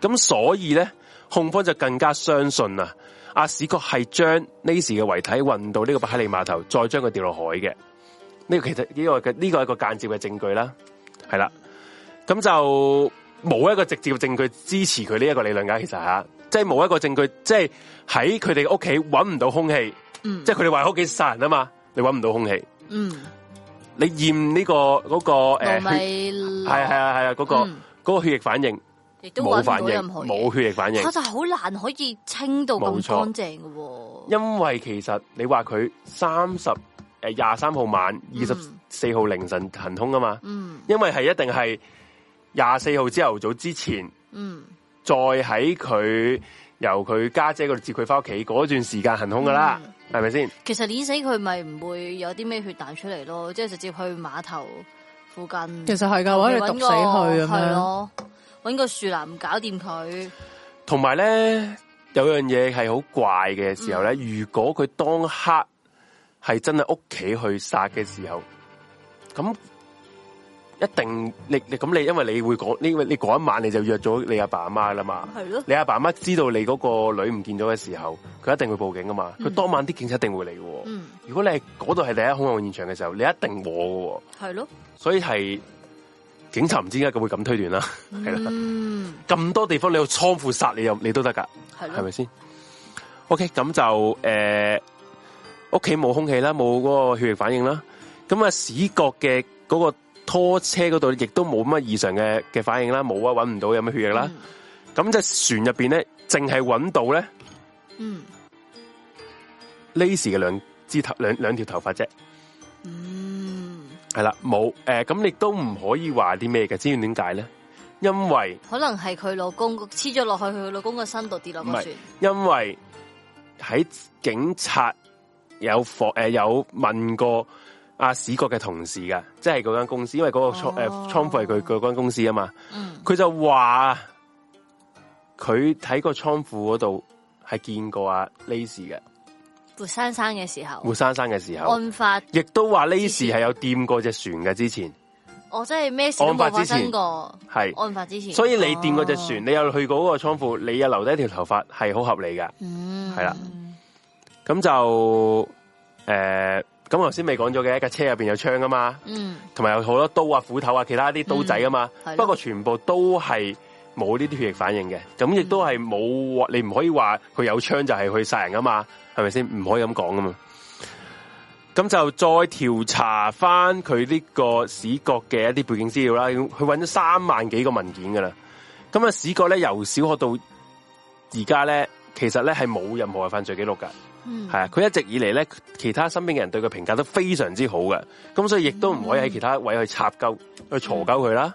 咁所以咧控方就更加相信啊，阿史國係將呢時嘅遺體運到呢個白克利碼頭，再將佢掉落海嘅。呢、這個其實呢個呢、這個係一個間接嘅證據啦，係啦。咁就冇一個直接嘅證據支持佢呢一個理論噶、啊，其實吓、啊，即係冇一個證據，即係喺佢哋屋企揾唔到空氣，嗯、即係佢哋話屋企殺人啊嘛，你揾唔到空氣，嗯，你驗呢個嗰個誒，係啊係啊係啊個。嗰個血液反應，亦都冇反應，冇血液反應，啊、就係好難可以清到咁乾淨嘅，哦。因為其實你話佢三十誒廿三號晚二十四號凌晨行兇啊嘛，嗯、因為係一定係廿四號朝頭早之前，嗯，再喺佢由佢家姐嗰度接佢翻屋企嗰段時間行兇噶啦，係咪先？吧其實碾死佢咪唔會有啲咩血彈出嚟咯，即係直接去碼頭。附近，其實係噶，毒死佢嘅話係咯，搵個樹林搞掂佢。同埋咧，有樣嘢係好怪嘅時候咧，如果佢當刻係真係屋企去殺嘅時候，咁、嗯。一定，你你咁你，因為你會講呢，你，你嗰一晚你就約咗你阿爸阿媽啦嘛。係咯。你阿爸阿媽知道你嗰個女唔見咗嘅時候，佢一定會報警噶嘛。佢、嗯、當晚啲警察一定會嚟嘅。嗯、如果你係嗰度係第一兇案現場嘅時候，你一定和嘅。係咯。所以係警察唔知點解佢會咁推斷啦。係啦。咁多地方你要倉庫殺你你都得噶，係咪先？OK，咁就誒，屋企冇空氣啦，冇嗰個血液反應啦。咁啊，視覺嘅嗰個。拖車嗰度亦都冇乜異常嘅嘅反應啦，冇啊，揾唔到有咩血液啦。咁即係船入邊咧，淨係揾到咧，嗯，Laci 嘅兩支頭兩兩條頭髮啫，嗯，係啦，冇，誒，咁、嗯呃、你都唔可以話啲咩嘅，至於點解咧？因為可能係佢老公黐咗落去佢老公嘅身度跌落去船，因為喺警察有訪誒有問過。阿、啊、史國嘅同事噶，即係嗰間公司，因為嗰、那個倉誒倉庫係佢佢間公司啊嘛。佢、mm. 就話佢喺個倉庫嗰度係見過阿、啊、Laci 嘅活生生嘅時候，活生生嘅時候案發，亦都話 Laci 係有掂過隻船嘅之前。哦，即係咩事案發之前個係案發之前，所以你掂過隻船，oh. 你又去過嗰個倉庫，你又留低條頭髮係好合理嘅。嗯、mm.，係啦，咁就誒。咁頭先未講咗嘅，一架車入邊有槍噶嘛，同埋、嗯、有好多刀啊、斧頭啊、其他啲刀仔噶嘛，嗯、不過全部都係冇呢啲血液反應嘅，咁亦、嗯、都係冇，你唔可以話佢有槍就係去殺人噶、嗯、嘛，係咪先？唔可以咁講噶嘛。咁就再調查翻佢呢個史國嘅一啲背景資料啦，佢揾咗三萬幾個文件噶啦。咁啊史國咧由小學到而家咧，其實咧係冇任何嘅犯罪記錄噶。係啊，佢一直以嚟咧，其他身邊嘅人對佢評價都非常之好嘅，咁所以亦都唔可以喺其他位去插鳩、去嘈鳩佢啦。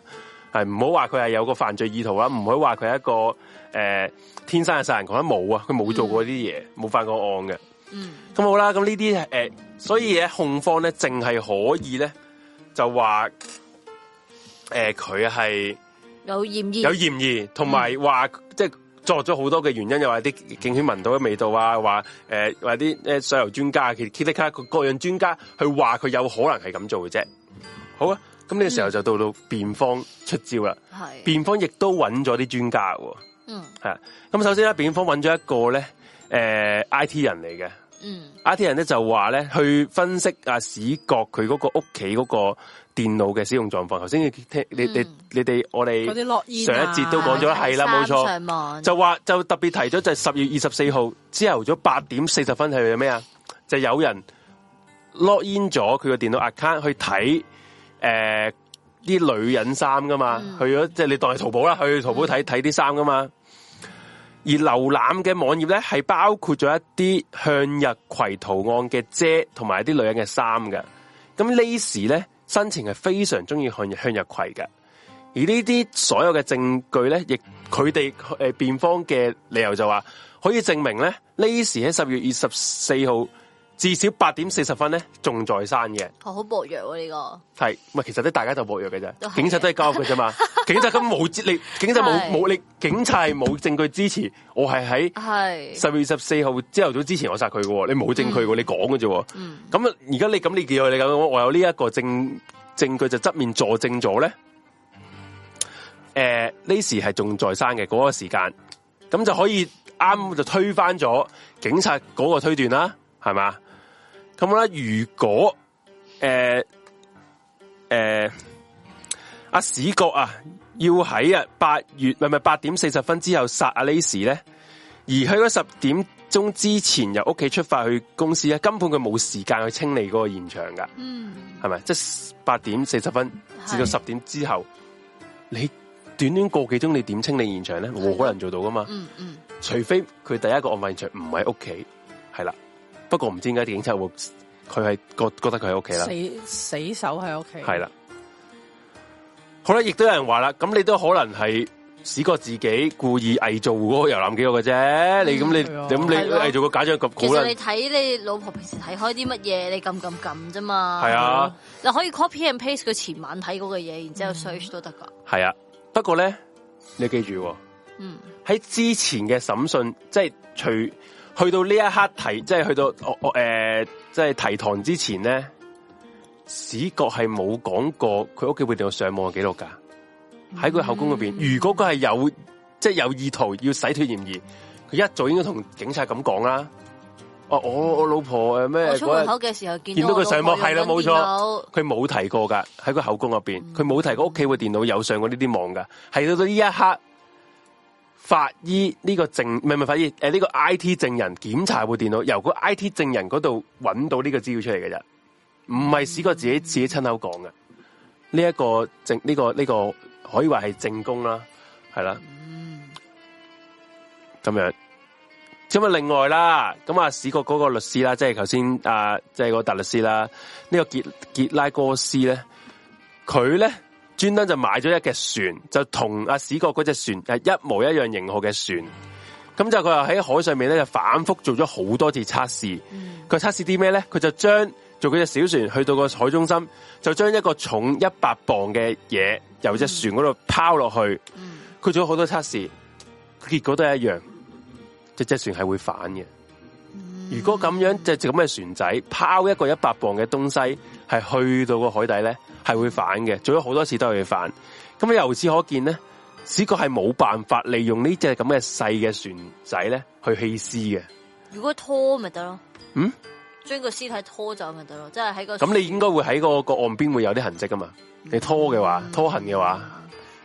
係唔好話佢係有個犯罪意圖啦，唔可以話佢係一個誒、呃、天生嘅殺人狂都冇啊，佢冇做過呢啲嘢，冇、嗯、犯過案嘅。嗯，咁好啦，咁呢啲誒，所以咧控方咧，淨係可以咧，就話誒佢係有嫌疑，有嫌疑，同埋話即係。作咗好多嘅原因，又話啲警犬聞到嘅味道啊，話誒，啲誒石油專家，其實 Kiki 卡各樣專家去話佢有可能係咁做嘅啫。好啊，咁呢個時候就到到辯方出招啦。係辯方亦都揾咗啲專家喎。嗯，係、啊。咁、嗯啊、首先咧，辯方揾咗一個咧，誒、呃、IT 人嚟嘅。嗯，IT 人咧就話咧去分析阿史葛佢嗰個屋企嗰個電腦嘅使用狀況。頭先聽你、嗯、你、你、你哋，我哋上一節都講咗，係啦，冇錯，3 上網 就話就特別提咗，就十、是、月二十四號朝頭早八點四十分係咩啊？就有人 log in 咗佢個電腦 account 去睇誒啲女人衫噶嘛？嗯、去咗即係你當係淘寶啦，去淘寶睇睇啲衫噶嘛？而瀏覽嘅網頁咧，係包括咗一啲向日葵圖案嘅遮，同埋一啲女人嘅衫嘅。咁 Laci 咧，生前係非常中意向向日葵嘅。而呢啲所有嘅證據咧，亦佢哋誒辯方嘅理由就話，可以證明咧，Laci 喺十月二十四號。至少八點四十分咧，仲在生嘅，好、哦、薄弱呢、啊這個係，咪？係其實咧，大家就薄弱嘅啫。警察都係交佢啫嘛，警察咁冇，你警察冇冇，你警察係冇證據支持，我係喺十月十四號朝頭早之前我殺佢喎，你冇證據嘅，你講嘅啫。咁而家你咁你叫你咁我有呢一個證證據就側面佐證咗咧。誒、呃，呢時係仲在生嘅嗰個時間，咁就可以啱就推翻咗警察嗰個推斷啦，係嘛？咁咧，如果誒誒阿 Scott 啊，要喺啊八月唔係八點四十分之後殺阿 Laci 呢，咧，而去咗十點鐘之前由屋企出發去公司，根本佢冇時間去清理嗰個現場噶，嗯，係咪？即係八點四十分至到十點之後，是你短短個幾鐘你點清理現場咧？冇的可能做到噶嘛？嗯嗯，嗯，除非佢第一個案發現場唔喺屋企，係啦。不過唔知點解警察會佢係覺覺得佢喺屋企啦，死死守喺屋企係啦。好啦，亦都有人話啦，咁你都可能係試過自己故意偽造嗰個遊覽記錄嘅啫。嗯、你咁你咁的你偽造個假象咁，其實你睇你老婆平時睇開啲乜嘢，你撳撳撳啫嘛。係啊，嗱可以 copy and paste 佢前晚睇嗰個嘢，然之後 search 都得噶。係啊，不過咧你記住，嗯，喺之前嘅審訊，即係隨。去到呢一刻提，即係去到我誒、哦呃，即係提堂之前咧，史葛係冇講過佢屋企部電腦上網記錄噶。喺佢口供嗰邊，嗯、如果佢係有即係、即係、有意圖要洗脱嫌疑，佢一早應該同警察咁講啦。哦，我老、嗯、我，我老婆誒咩？我出門口嘅時候見到佢上網，係啦，冇錯腦，佢冇提過噶。喺佢口供入邊，佢冇、嗯、提過屋企部電腦有上過呢啲網噶。係到到呢一刻。法醫呢個證唔係唔係法醫，誒、這、呢個、呃這個、I T 證人檢查部電腦，由個 I T 證人嗰度揾到呢個資料出嚟嘅啫，唔係史國自己自己親口講嘅。呢、這、一個證呢、這個呢、這個可以話係證供啦，係啦。咁樣。咁啊另外啦，咁啊史國嗰個律師啦，即係頭先啊，即、就、係、是、個大律師啦，呢、這個杰杰拉哥斯咧，佢咧。專登就買咗一隻船，就同阿 Scott 嗰隻船係一模一樣型號嘅船。咁就佢又喺海上面咧，就反覆做咗好多次測試。佢測試啲咩咧？佢就將做嗰隻小船去到個海中心，就將一個重一百磅嘅嘢由隻船嗰度拋落去。佢、嗯、做咗好多測試，結果都係一樣，隻隻船係會反嘅。嗯、如果咁樣，隻隻咁嘅船仔拋一個一百磅嘅東西，係去到個海底咧？係會反嘅，做咗好多次都係會反嘅。咁你由此可見咧，史國係冇辦法利用呢隻咁嘅細嘅船仔咧去棄屍嘅。如果拖咪得咯，嗯，將個屍體拖走咪得咯，即係喺個隻船。咁你應該會喺個個岸邊會有啲痕跡噶嘛？你拖嘅話，嗯、拖痕嘅話，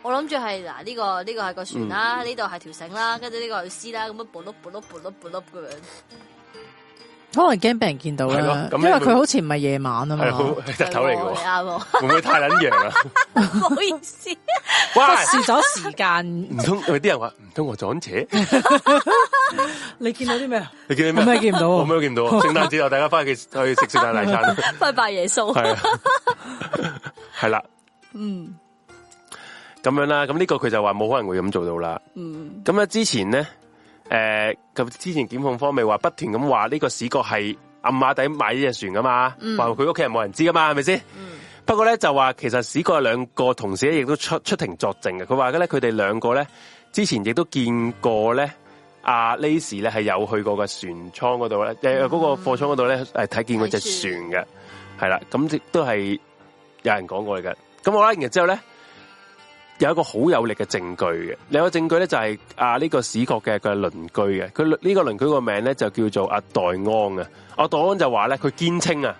我諗住係嗱呢個呢、呢個係個船啦，呢度係條繩啦，跟住呢個係屍啦，咁樣盤碌盤碌盤碌盤碌咁樣。叮嚀叮嚀叮嚀叮嚀可能驚俾人見到啦，因為佢好似唔係夜晚啊嘛，係日頭嚟嘅，會唔會太撚艷啊？唔好意思，錯時咗時間，唔通？有啲人話唔通我撞車？你見到啲咩？你見到咩？我咩都見唔到。咩見唔到。聖誕節又大家翻去去食聖誕大餐，拜拜耶穌，係啦，嗯，咁樣啦，咁呢個佢就話冇可能會咁做到啦。嗯，咁呢之前咧。誒，咁、呃、之前檢控方咪話不斷咁話呢個 Scott 係暗馬底買呢隻船噶嘛，話佢屋企人冇人知噶嘛，係咪先？不過咧就話其實 Scott 有兩個同事咧亦都出出庭作證嘅，佢話嘅咧佢哋兩個咧之前亦都見過咧阿、啊、Laci 咧係有去過嘅船艙嗰度咧，誒嗰、嗯、個貨倉嗰度咧係睇見嗰隻船嘅，係啦著，咁、嗯、都係有人講過嘅，咁我拉完之後咧。有一個好有力嘅證據嘅，另一個證據咧就係、是、啊、這個、市局個呢個 Scott 嘅個鄰居嘅，佢呢個鄰居個名咧就叫做阿、啊、黛安嘅、啊，阿、啊、黛安就話咧佢堅稱啊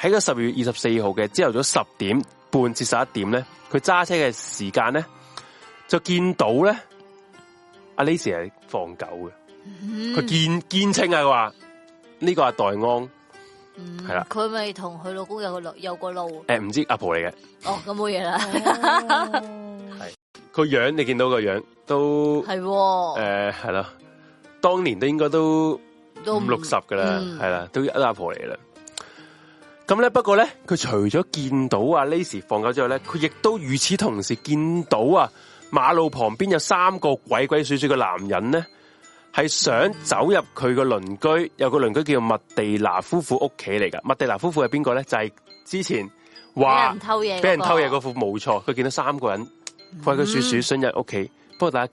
喺個十二月二十四號嘅朝頭早十點半至十一點咧，佢揸車嘅時間咧就見到咧阿 Laci 係放狗嘅，佢堅堅稱係話呢個阿、啊、黛安，係啦，佢咪同佢老公有個路有個路誒唔、欸、知阿婆嚟嘅，哦咁冇嘢啦。 係佢樣你見到個樣都係誒係當年應該都應該都不五六十噶啦，係啦、嗯、都一阿婆嚟啦。咁咧，不過咧，佢除咗見到啊，Laci 放狗之後咧，佢亦都與此同時見到啊馬路旁邊有三個鬼鬼祟祟嘅男人咧，係想走入佢個鄰居，有個鄰居叫做麥地娜夫婦屋企嚟噶。麥地娜夫婦係邊個咧？就係、是、之前話俾人偷嘢、那個，俾人偷嘢嗰副冇錯。佢見到三個人。鬼鬼鼠鼠，進日屋企。不過大家，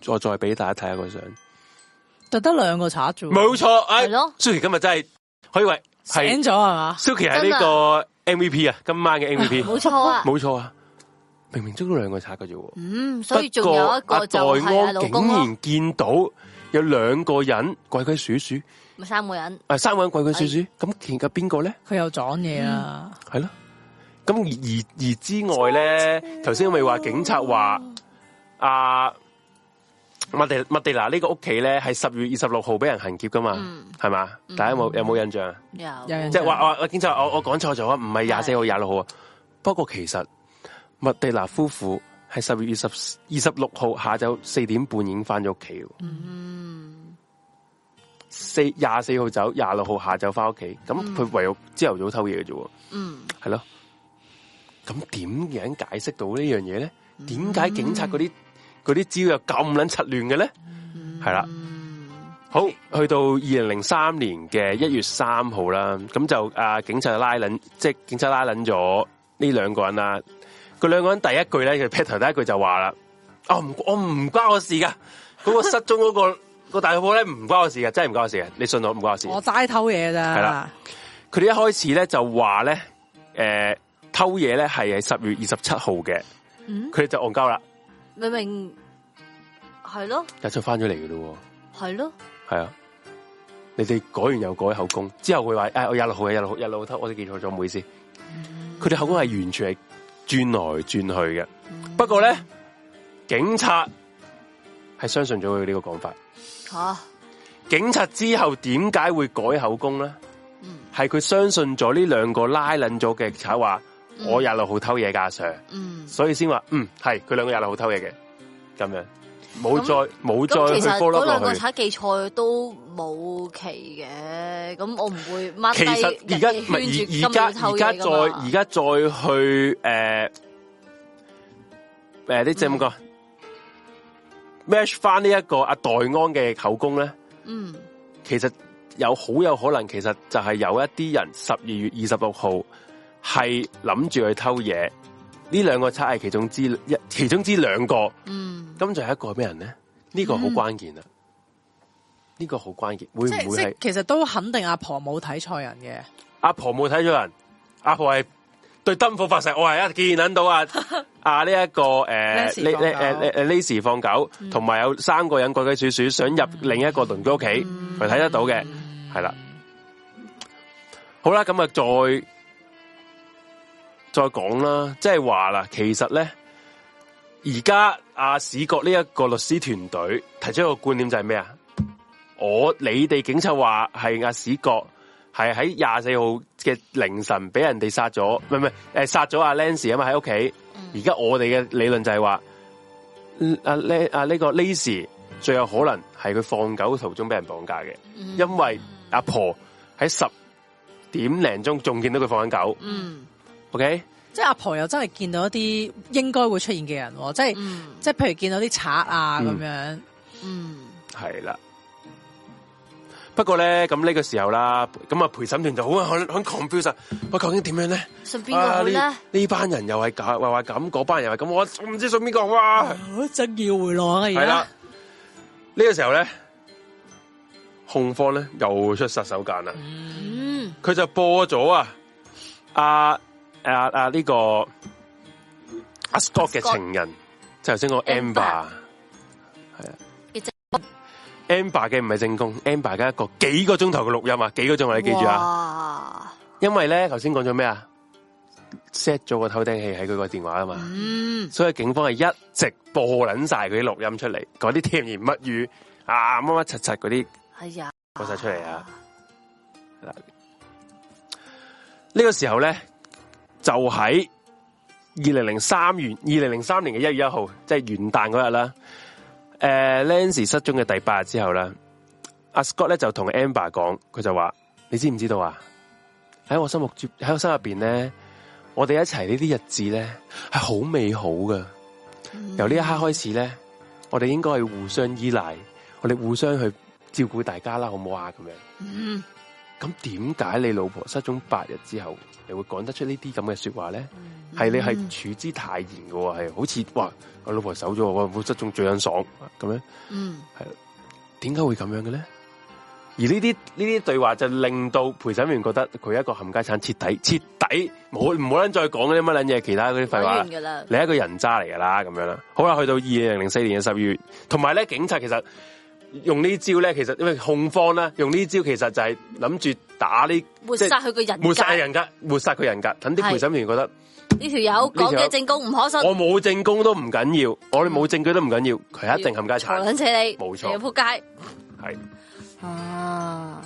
再再俾大家睇下個相，就得兩個賊做。冇錯，係咯。Suki 今日真係可以話醒咗啊嘛。Suki 係呢個 MVP 啊，今晚嘅 MVP。冇錯，冇錯啊。明明捉咗兩個賊嘅啫。嗯，所以仲有一個代安，竟然見到有兩個人鬼鬼鼠鼠，咪三個人，誒，三個人鬼鬼鼠鼠。咁而家邊個咧？佢又撞嘢啊，係咯。咁而而之外咧，頭先咪話警察話哇啊麥地麥地娜呢個屋企咧係十月二十六號俾人行劫噶嘛，係嘛、嗯？大家有有冇、嗯、印象？有，即係話話警察，對我我講錯咗，唔係廿四號廿六號啊。對不過其實麥地娜夫婦係十月二十二十六號下晝四點半已經翻咗屋企。喎、嗯，四廿四號走，廿六號下晝翻屋企。咁佢唯有朝頭早偷嘢嘅啫。嗯，係咯。咁點樣解釋到呢樣嘢咧？點解、嗯、警察嗰啲嗰啲招又咁撚柒亂嘅咧？係啦、嗯，好去到二零零三年嘅一月三號啦，咁就、啊、警察拉捻，即係警察拉捻咗呢兩個人啦。個兩個人第一句咧，佢劈頭第一句就話啦，啊、哦、唔，我唔關我事噶，嗰、那個失蹤嗰、那個 個大肚婆咧唔關我事噶，真係唔關我事啊！你信我唔關我事。我齋偷嘢咋？係啦的，佢哋、啊、一開始咧就話咧，誒、呃。偷嘢咧係係十月二十七號嘅，佢哋、嗯、就戇鳩啦。明明係咯，日出返翻咗嚟噶咯，係咯，係啊。你哋改完又改口供，之後會話誒、哎，我廿六號，廿六號，廿六號偷，我哋記錯咗，唔好意思。佢哋、嗯、口供係完全係轉來轉去嘅。嗯、不過咧，警察係相信咗佢呢個講法。吓、啊，警察之後點解會改口供咧？係係佢相信咗呢兩個拉捻咗嘅賊話。我廿六號偷嘢架上，Sir, 嗯、所以先話嗯係佢兩個廿六號偷嘢嘅，咁樣冇再冇再去 follow 落去。兩個睇記都冇期嘅，咁我唔會 match 其實而家咪而家而家再而家再去誒誒，你整五個 match 翻呢一個阿代安嘅口供咧。嗯，其實有好有可能，其實就係有一啲人十二月二十六號。係諗住去偷嘢，呢兩個差係其中之一，其中之兩個。嗯，咁就係一個咩人咧？呢、呢個好關鍵啦、啊，呢、嗯、個好關鍵。會唔會係？其實都肯定阿婆冇睇錯人嘅。阿婆冇睇錯人，阿婆係對燈火發誓：哎「我係一見諗到啊 啊呢一、呢個誒呢呢誒誒 Laci 放狗，同埋、呃呃嗯、有三個人鬼鬼鼠鼠想入另一個鄰居屋企，係睇、嗯、得到嘅，係啦、嗯。嗯、好啦，咁啊再。再講啦，即係話啦，其實咧，而家阿 Scott 呢一個律師團隊提出一個觀點就係咩啊，啊、嗯、啊？我你哋警察話係阿 Scott 係喺廿四號嘅凌晨俾人哋殺咗，唔係唔係，誒殺咗阿 Laci 啊嘛，喺屋企。而家我哋嘅理論就係話，阿 L 呢個 Laci 最有可能係佢放狗途中俾人綁架嘅，嗯、因為阿婆喺十點零鐘仲見到佢放緊狗。嗯 OK，即係阿婆又真係見到一啲應該會出現嘅人，即係即係譬如見到啲賊啊咁樣，嗯，係啦、嗯。不過咧咁呢那這個時候啦，咁啊陪審團就好啊，好 confusing，我究竟點樣咧？信邊個好咧？呢班人又係假話話咁，嗰班人又係咁，我我唔知信邊個好真要、啊、回來嘅嘢。係啦，呢、這個時候咧，控方咧又出殺手鐧啦。嗯，佢就播咗啊，阿。啊啊！呢、啊這個阿、啊、Scott 嘅情人，就係頭先個 Amber，係啊，Amber 嘅唔係正宮，Amber 嘅一個幾個鐘頭嘅錄音啊，幾個鐘啊，你記住啊，因為咧頭先講咗咩啊，set 咗個偷聽器喺佢個電話啊嘛，嗯、所以警方係一直播捻晒佢啲錄音出嚟，嗰啲甜言蜜語啊乜乜柒柒嗰啲，係啊，播晒出嚟啊，嗱、啊，呢、啊啊啊啊哎啊啊、個時候咧。就喺二零零三月二零零三年嘅一月一號，即係元旦嗰日啦。誒，Laci 失蹤嘅第八日之後啦，阿 Scott 咧就同 Amber 講，佢就話：你知唔知道啊？喺我心目喺我心入邊咧，我哋一齊呢啲日子咧係好美好噶。由呢一刻開始咧，我哋應該係互相依賴，我哋互相去照顧大家啦，好唔好啊？咁樣。咁點解你老婆失蹤八日之後，你會講得出呢啲咁嘅說話咧？係、嗯嗯、你係處之泰然嘅喎，係好似哇，我老婆走咗，我失蹤最欣爽咁樣。嗯，係點解會咁樣嘅咧？而呢啲呢啲對話就令到陪審員覺得佢一個冚家鏟，徹底徹底冇，唔好得再講啲乜捻嘢，其他嗰啲廢話，了了你一個人渣嚟噶啦咁樣啦。好啦，去到二零零四年嘅十二月，同埋咧，警察其實。用呢招咧，其實因為控方啦，用呢招其實就係諗住打呢抹殺佢個人格，抹殺佢人格，抹殺佢人格。等啲陪審員覺得呢條友講嘅證供唔可信，我冇證供都唔緊要，我哋冇證據都唔緊要，佢一定冚家鏟。冇錯，仆街。係啊，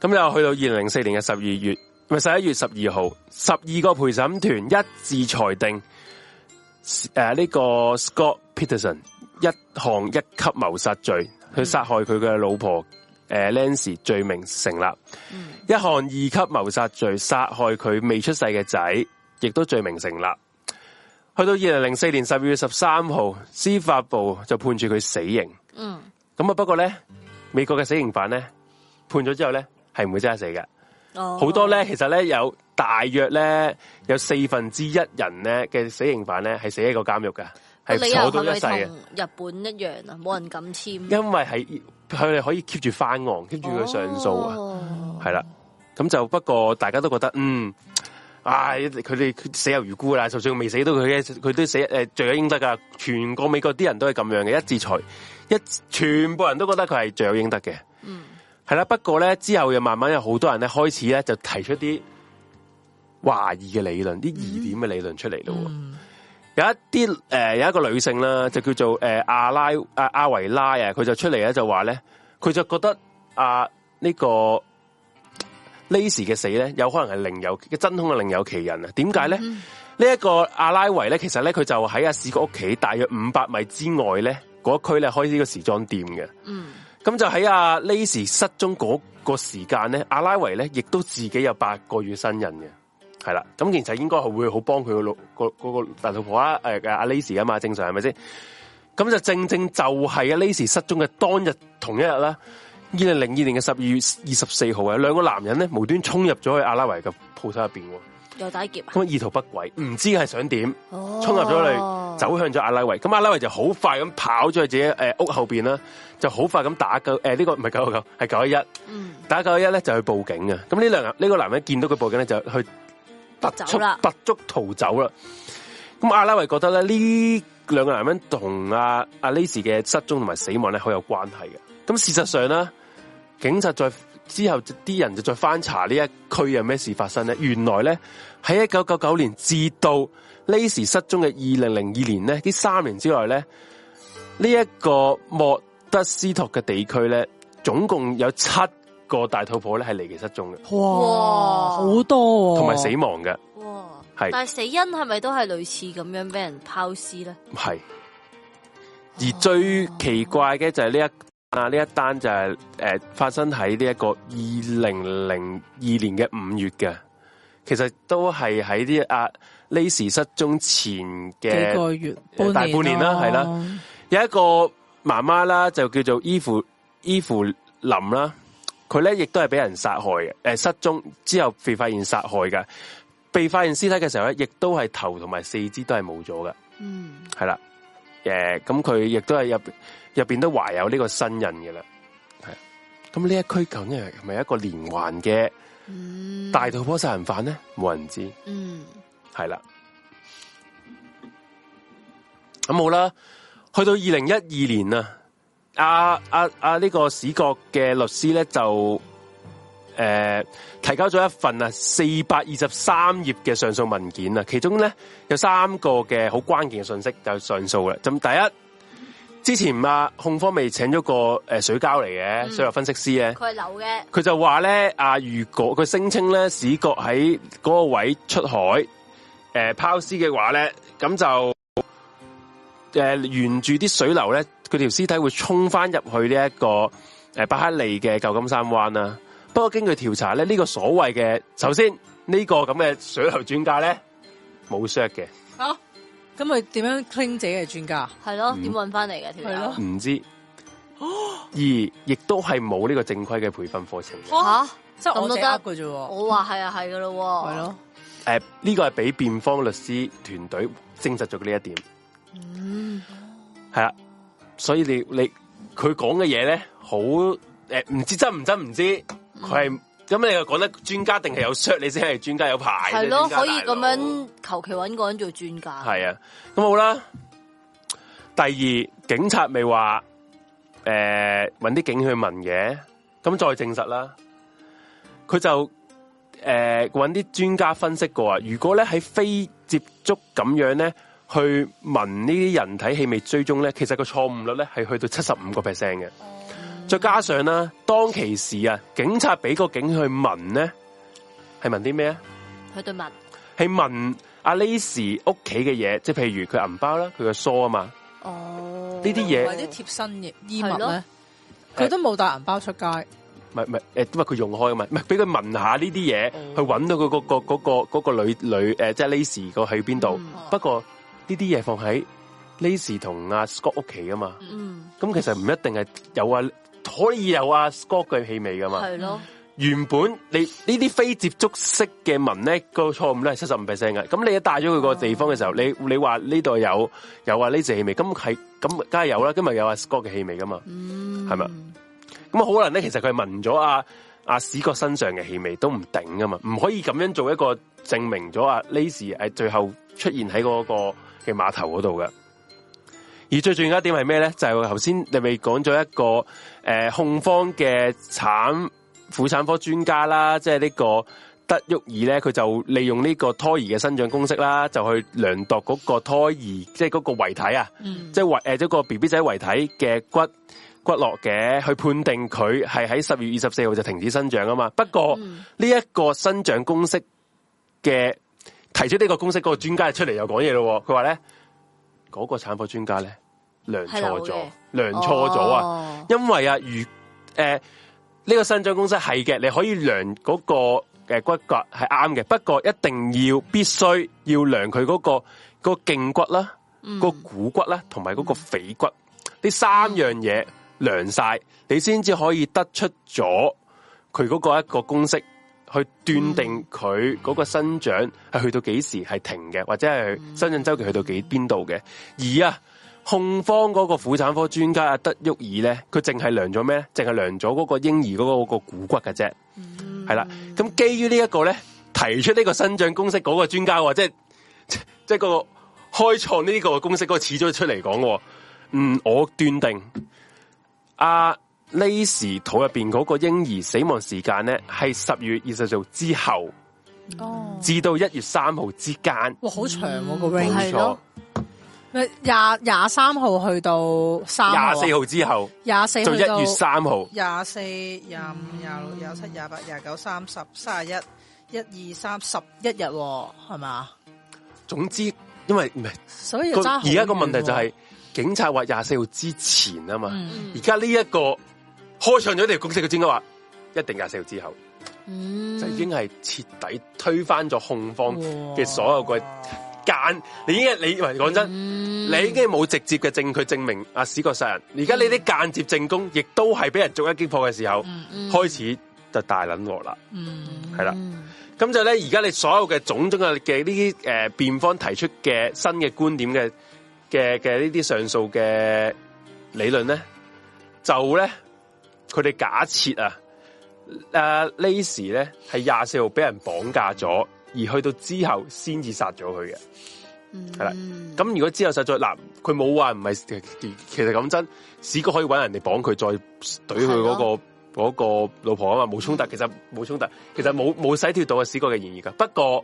咁又去到二零零四年嘅十二月，咪十一月十二號，十二個陪審團一致裁定，誒呢個 Scott Peterson。一項一級謀殺罪，去殺害佢嘅老婆，誒、呃、Laci 罪名成立；嗯、一項二級謀殺罪，殺害佢未出世嘅仔，亦都罪名成立。去到二零零四年十二月十三號，司法部就判處佢死刑。嗯，咁啊，不過咧，美國嘅死刑犯咧判咗之後咧，係唔會真係死嘅。好、哦、多咧，其實咧有大約咧有四分之一人咧嘅死刑犯咧係死喺個監獄噶。坐到一世日本一樣啊，冇人敢簽啊。因為係佢哋可以 keep 住翻案，keep 住佢上訴啊，係啦。咁、oh. 就不過大家都覺得，嗯，唉、啊，佢哋死有餘辜啦。就算未死到佢嘅，佢都死誒，罪有應得噶。全個美國啲人都係咁樣嘅，一致裁，一全部人都覺得佢係罪有應得嘅。嗯，係啦。不過咧，之後又慢慢有好多人咧開始咧就提出啲懷疑嘅理論，啲、mm. 疑點嘅理論出嚟咯。Mm. 有一啲誒、呃，有一個女性啦，就叫做誒、呃、阿拉阿阿維拉啊，佢就出嚟咧就話咧，佢就覺得啊、這個、的死呢個 Laci 嘅死咧，有可能係另有嘅真兇係另有其人啊。點解咧？呢一、嗯嗯、個阿拉維咧，其實咧佢就喺阿 Scott 屋企大約五百米之外咧嗰區咧開呢個時裝店嘅。嗯，嗯那在、啊，咁就喺阿 Laci 失蹤嗰個時間咧，阿拉維咧亦都自己有八個月身孕嘅。係啦，咁其實應該係會好幫佢個老個、嗰個大老婆啊誒嘅阿 Lacy 吖嘛，正常係咪先？咁就正正就係阿 Lacy 失蹤嘅當日同一日啦，二零零二年嘅十二月二十四號啊，兩個男人咧無端衝入咗去阿拉維嘅鋪頭入邊，又打劫，咁意圖不軌，唔知係想點，衝入咗去，哦，走向咗阿拉維，咁阿拉維就好快咁跑咗去自己誒屋後邊啦，就好快咁打九誒呢個唔係九九九，係九一一，打九一一咧就去報警㗎。咁呢兩呢個男人見到佢報警咧就去。逃出，拔足了逃走啦！咁阿拉維覺得咧，呢兩個男人同阿阿 Laci 嘅失蹤同埋死亡咧，好有關係嘅。咁事實上咧，警察再之後啲人就再翻查呢一區有咩事發生咧。原來咧，喺一九九九年至到 Laci 失蹤嘅二零零二年咧，呢三年之內咧，呢、這、一個莫德斯托嘅地區咧，總共有七。個大肚婆咧係離奇失蹤嘅，哇好多、啊，同埋死亡嘅，哇係，是但係死因係咪都係類似咁樣俾人拋屍咧？係，而最奇怪嘅就係呢一啊呢一單就係、是、誒、呃、發生喺呢一個二零零二年嘅五月嘅，其實都係喺啲阿 Laci 失蹤前嘅幾個月，大半年啦、啊，係啦，有一個媽媽啦就叫做伊芙伊芙林啦。佢咧亦都係俾人殺害嘅，誒、呃、失蹤之後被發現殺害㗎。被發現屍體嘅時候咧，亦都係頭同埋四肢都係冇咗嘅，嗯，係啦，誒、呃，咁佢亦都係入入邊都懷有呢個身孕嘅啦，係，咁呢一區究竟係咪一個連環嘅大肚婆殺人犯咧？冇人知，嗯，係啦，咁好啦，去到二零一二年啊。阿阿阿呢個史國嘅律師咧就誒、呃、提交咗一份啊四百二十三頁嘅上訴文件啊，其中咧有三個嘅好關鍵嘅訊息就上訴啦。咁第一，之前啊，控方未請咗個誒水交嚟嘅、嗯、水流分析師咧，佢係流嘅，佢就話咧阿如果佢聲稱咧史國喺嗰個位出海誒、呃、拋屍嘅話咧，咁就誒、呃、沿住啲水流咧。佢條屍體會沖翻入去呢一個誒巴克利嘅舊金山灣啊。不過根據調查咧，呢、這個所謂嘅首先呢、這個咁嘅水流專家咧冇 s h r t 嘅吓，咁佢點樣傾自己嘅專家係咯？點搵翻嚟嘅？係咯、嗯？唔了知哦，啊、而亦都係冇呢個正規嘅培訓課程吓，啊啊、即係我得嘅啫。我話係了啊係嘅咯，係咯，誒呢個係俾辯方律師團隊證實咗呢一點，係啦、嗯。所以你你佢講嘅嘢咧，好誒，唔知真唔真唔知。佢係咁你又講得專家，定係有 shirt 你先係專家有牌？係咯的，可以咁樣求其搵個人做專家。係啊，咁好啦。第二警察咪話誒，揾啲警去問嘢，咁再證實啦。佢就誒揾啲專家分析過啊，如果咧喺非接觸咁樣咧。去聞呢啲人體氣味追蹤咧，其實個錯誤率咧係去到七十五個 percent 嘅。嗯、再加上咧、啊，當其時啊，警察俾個警去聞咧，係聞啲咩啊？去對聞？係聞阿 Laci 屋企嘅嘢，即係譬如佢銀包啦，佢個梳啊嘛。哦。呢啲嘢。啲貼身嘅衣物咧，佢都冇帶銀包出街。唔係唔係，誒，因為佢用開啊嘛，唔係俾佢聞下呢啲嘢，去揾、嗯、到佢、嗰、嗰個嗰、嗰個、嗰個嗰個女女誒，即係 Laci 個去邊度。嗯、不過。呢啲嘢放喺 Laci 同阿 Scott 屋企噶嘛？嗯，咁其實唔一定係有啊，可以有阿、啊、Scott 嘅氣味噶嘛？係咯、嗯，原本你呢啲非接觸式嘅聞咧，那個錯誤都係七十五 percent 嘅。咁你一帶咗佢個地方嘅時候，哦、你你話呢度有有啊 Laci 氣味，咁係咁梗係有啦，今日有阿、啊、Scott 嘅氣味噶嘛？係咪？咁啊可能咧，其實佢聞咗阿阿史哥身上嘅氣味都唔頂噶嘛，唔可以咁樣做一個證明咗阿 Laci 係最後出現喺嗰、那個。嘅碼頭嗰度嘅，而最重要一點係咩咧？就係頭先你咪講咗一個誒、呃，控方嘅產婦產科專家啦，即係呢個德沃爾咧，佢就利用呢個胎兒嘅生長公式啦，就去量度嗰個胎兒，即係嗰個遺體啊，嗯、即係遺誒即個 B B 仔遺體嘅骨骨落嘅，去判定佢係喺十月二十四號就停止生長啊嘛。不過呢一個生長公式嘅。提出呢個公式，個專家出嚟又講嘢咯。佢話咧，嗰個產科專家咧量錯咗，量錯咗啊！哦、因為啊，如誒呢、呃呢個生長公式係嘅，你可以量嗰個誒骨骼係啱嘅，不過一定要必須要量佢、嗰個、嗰個脛骨啦，嗯、個股骨、骨啦，同埋個腓骨，呢、嗯、三樣嘢量晒，你先至可以得出咗佢個一個公式。去斷定佢嗰個生長係去到幾時係停嘅，或者係生長周期去到幾邊度嘅。而啊，控方嗰個婦產科專家阿德沃爾咧，佢淨係量咗咩？淨係量咗嗰個嬰兒嗰、嗰個、嗰個股骨嘅啫。係啦、嗯，咁基於呢一個呢，提出呢個生長公式嗰個專家話，即係即係個開創呢個公式嗰個始祖出嚟講喎。嗯，我斷定阿。啊呢時肚入邊嗰個嬰兒死亡時間咧，係十月二十號之後，哦，oh. 至到一月三號之間，哇，好長嗰個 range，係咯，廿廿三號去到三廿四號之後，廿四號就一月三號，廿四、廿五、廿六、廿七、廿八、廿九、三十、三十一、一、二、三十一日，係嘛？啊、是總之，因為唔係，所以而家個問題就係、是、警察話廿四號之前啊嘛，而家呢一個。開場咗條公式嘅，專家話一定廿四號之後、嗯、就已經係徹底推翻咗控方嘅所有個間哇，你已經你以為講真，嗯、你已經冇直接嘅證據證明阿史國殺人。而家你啲間接證供亦都係俾人逐一擊破嘅時候，嗯嗯、開始就大捻鑊啦。係啦、嗯，咁就咧而家你所有嘅種種嘅嘅呢啲誒辯方提出嘅新嘅觀點嘅嘅嘅呢啲上訴嘅理論咧，就咧。佢哋假設啊，誒、啊、Laci 咧係廿四號俾人綁架咗，而去到之後先至殺咗佢嘅，係啦、嗯。咁如果之後實在嗱，佢冇話唔係，其實講真，史哥可以搵人哋綁佢，再懟佢嗰個嗰個老婆啊嘛，冇衝突、嗯、突，其實冇衝突，其實冇冇洗脫到嘅史哥嘅嫌疑噶。不過，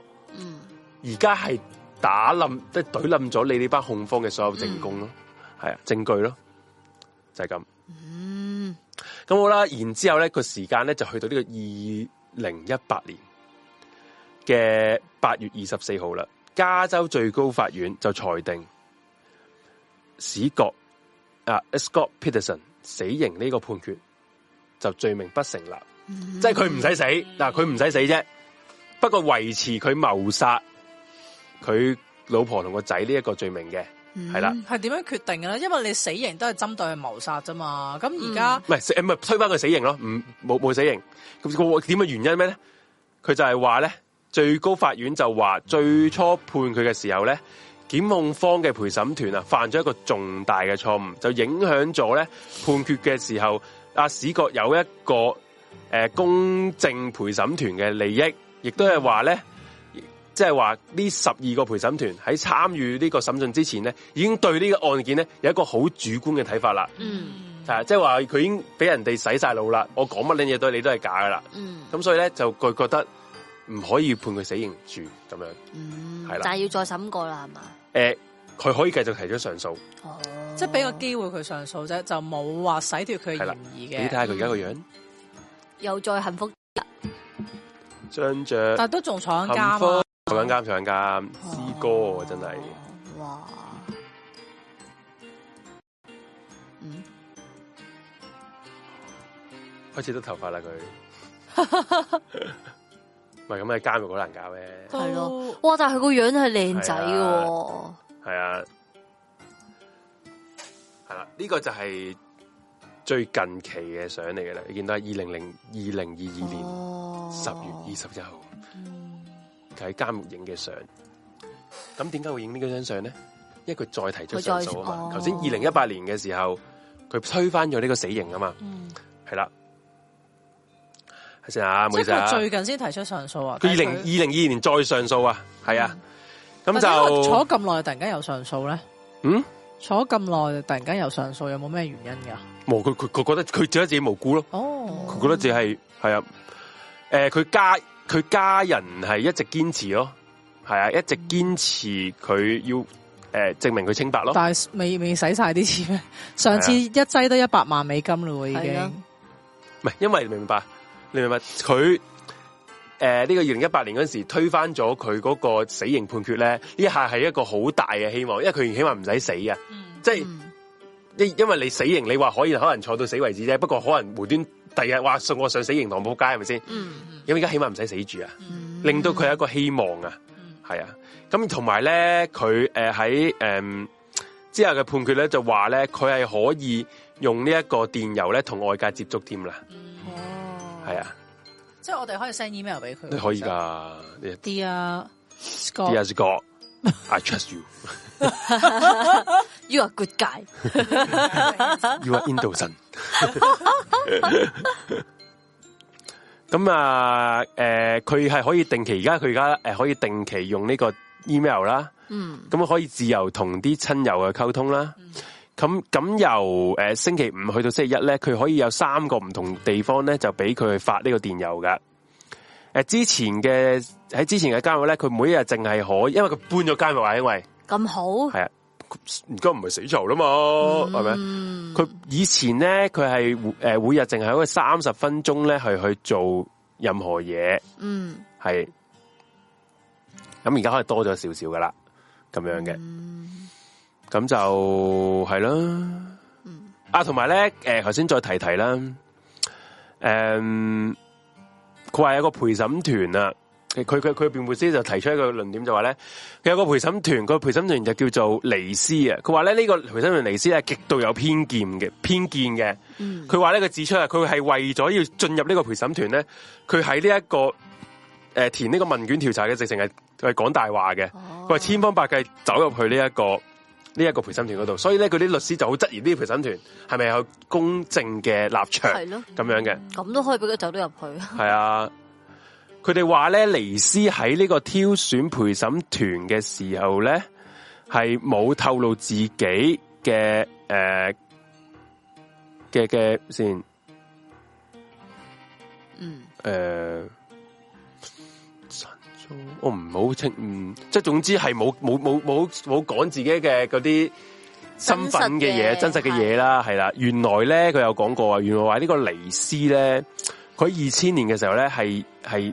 而家係打冧即係懟冧咗你呢班控方嘅所有證供咯，係啊、嗯，證據咯，就係、是、咁。咁好啦，然之後咧，個時間咧就去到呢個二零一八年嘅八月二十四號啦。加州最高法院就裁定史國啊，uh，Scott Peterson 死刑呢個判決就罪名不成立，mm hmm. 即係佢唔使死嗱，佢唔使死啫，不過維持佢謀殺佢老婆同個仔呢一個罪名嘅。係啦，係點、嗯、樣決定嘅咧？因為你死刑都係針對去謀殺啫嘛。咁而家唔係唔係推翻佢死刑咯？唔冇冇死刑？咁點嘅原因咩咧？佢就係話咧，最高法院就話最初判佢嘅時候咧，檢控方嘅陪審團啊犯咗一個重大嘅錯誤，就影響咗咧判決嘅時候，阿、啊、Scott 有一個誒、呃、公正陪審團嘅利益，亦都係話咧。即係話，呢十二個陪審團喺參與呢個審訊之前咧，已經對呢個案件咧有一個好主觀嘅睇法啦。嗯，係即係話佢已經俾人哋洗晒腦啦。我講乜嘢都你都係假噶啦。嗯，咁所以咧就佢覺得唔可以判佢死刑住咁樣。嗯，係啦。但係要再審過啦，係嘛？誒、呃，佢可以繼續提出上訴。哦、即係俾個機會佢上訴啫，就冇話洗脫佢嫌疑嘅。你睇下佢而家個樣、嗯，又再幸，著、啊、幸福。張但係都仲坐緊監做緊監，上監，上一啊、師哥真係。哇！嗯，開始得頭髮啦佢。唔係咁啊，監獄好難搞咩？係咯，哇！但係佢個樣係靚仔嘅。係啊，係啦，呢個就係最近期嘅相嚟嘅啦。你見到係二零零二零二二年十月二十一號。啊嗯喺監獄影嘅相，咁點解會影呢張相咧？因為佢再提出上訴啊嘛。頭先二零一八年嘅時候，佢推翻咗呢個死刑啊嘛。係啦，係先吓，妹仔，最近先提出上訴啊。佢二零二零二二年再上訴啊，係啊。咁就坐咁耐，突然間又上訴咧？嗯，坐咁耐，突然間又上訴，有冇咩原因噶？冇，佢佢佢覺得佢覺得自己無辜咯。哦，佢覺得自己係係啊，誒，佢加。佢家人係一直堅持咯，係啊，一直堅持佢要誒、呃、證明佢清白咯，但係未未使晒啲錢咩？ 上次一劑都一百萬美金咯喎，啊、已經唔係，啊、因為明白你明白佢誒呢個二零一八年嗰陣時推翻咗佢嗰個死刑判決咧，呢下係一個好大嘅希望，因為佢起碼唔使死啊，嗯、即係因、嗯、因為你死刑，你話可以可能坐到死為止啫，不過可能無端。第日話送我上死刑堂撲街係咪先？咁而家起碼唔使死住啊，mm hmm. 令到佢有一個希望啊，係啊、mm。咁同埋咧，佢誒喺誒之後嘅判決咧就話咧，佢係可以用呢一個電郵咧同外界接觸添啦。哦、mm，係、hmm. 啊的，即係我哋可以 send email 俾佢，你可以噶。你 Dear Scott。I trust you. You are good guy. You are i n 印度人。咁啊 an， 誒，佢係可以定期，而家佢而家誒可以定期用呢個 email 啦。嗯，咁可以自由同啲親友嘅溝通啦。咁咁由誒星期五去到星期一咧，佢可以有三個唔同地方咧，就俾佢去發呢個電郵噶。之前嘅，喺之前嘅監獄咧，佢每日淨係可以，因為佢搬咗監獄啊，因為咁好係啊，而家唔係死囚啦嘛，係咪，嗯？佢以前咧，佢係誒每日淨係可以三十分鐘咧，係去做任何嘢，嗯是，啊，係咁而家可以多咗少少㗎喇，咁樣嘅，咁、嗯、就係啦，是啊，同埋咧，誒，頭、呃、先再提提啦，誒、呃。佢話有一個陪審團啊，佢佢佢辯護師就提出一個論點就話咧，佢有個陪審團個陪審團就叫做尼斯啊，佢話咧呢、呢個陪審團尼斯係極度有偏見嘅，偏見嘅，佢話、嗯、呢，佢指出啊，佢係為咗要進入呢個陪審團咧，佢喺呢一個誒、呃、填呢個問卷調查嘅直程係係講大話嘅，佢話、哦、千方百計走入去呢、呢、一個。呢一個陪審團嗰度，所以咧佢啲律師就好質疑呢啲陪審團係咪有公正嘅立場，咁的樣嘅，咁都可以俾佢走都入去。係 啊，佢哋話咧，尼斯喺呢個挑選陪審團嘅時候咧，係冇透露自己嘅誒嘅嘅先，嗯，誒、呃。好我唔好清，嗯，即係總之係冇冇冇冇冇講自己嘅嗰啲身份嘅嘢，真實嘅嘢啦，係啦的。原來咧佢有講過啊，原來話呢個尼斯咧，佢二千年嘅時候咧係係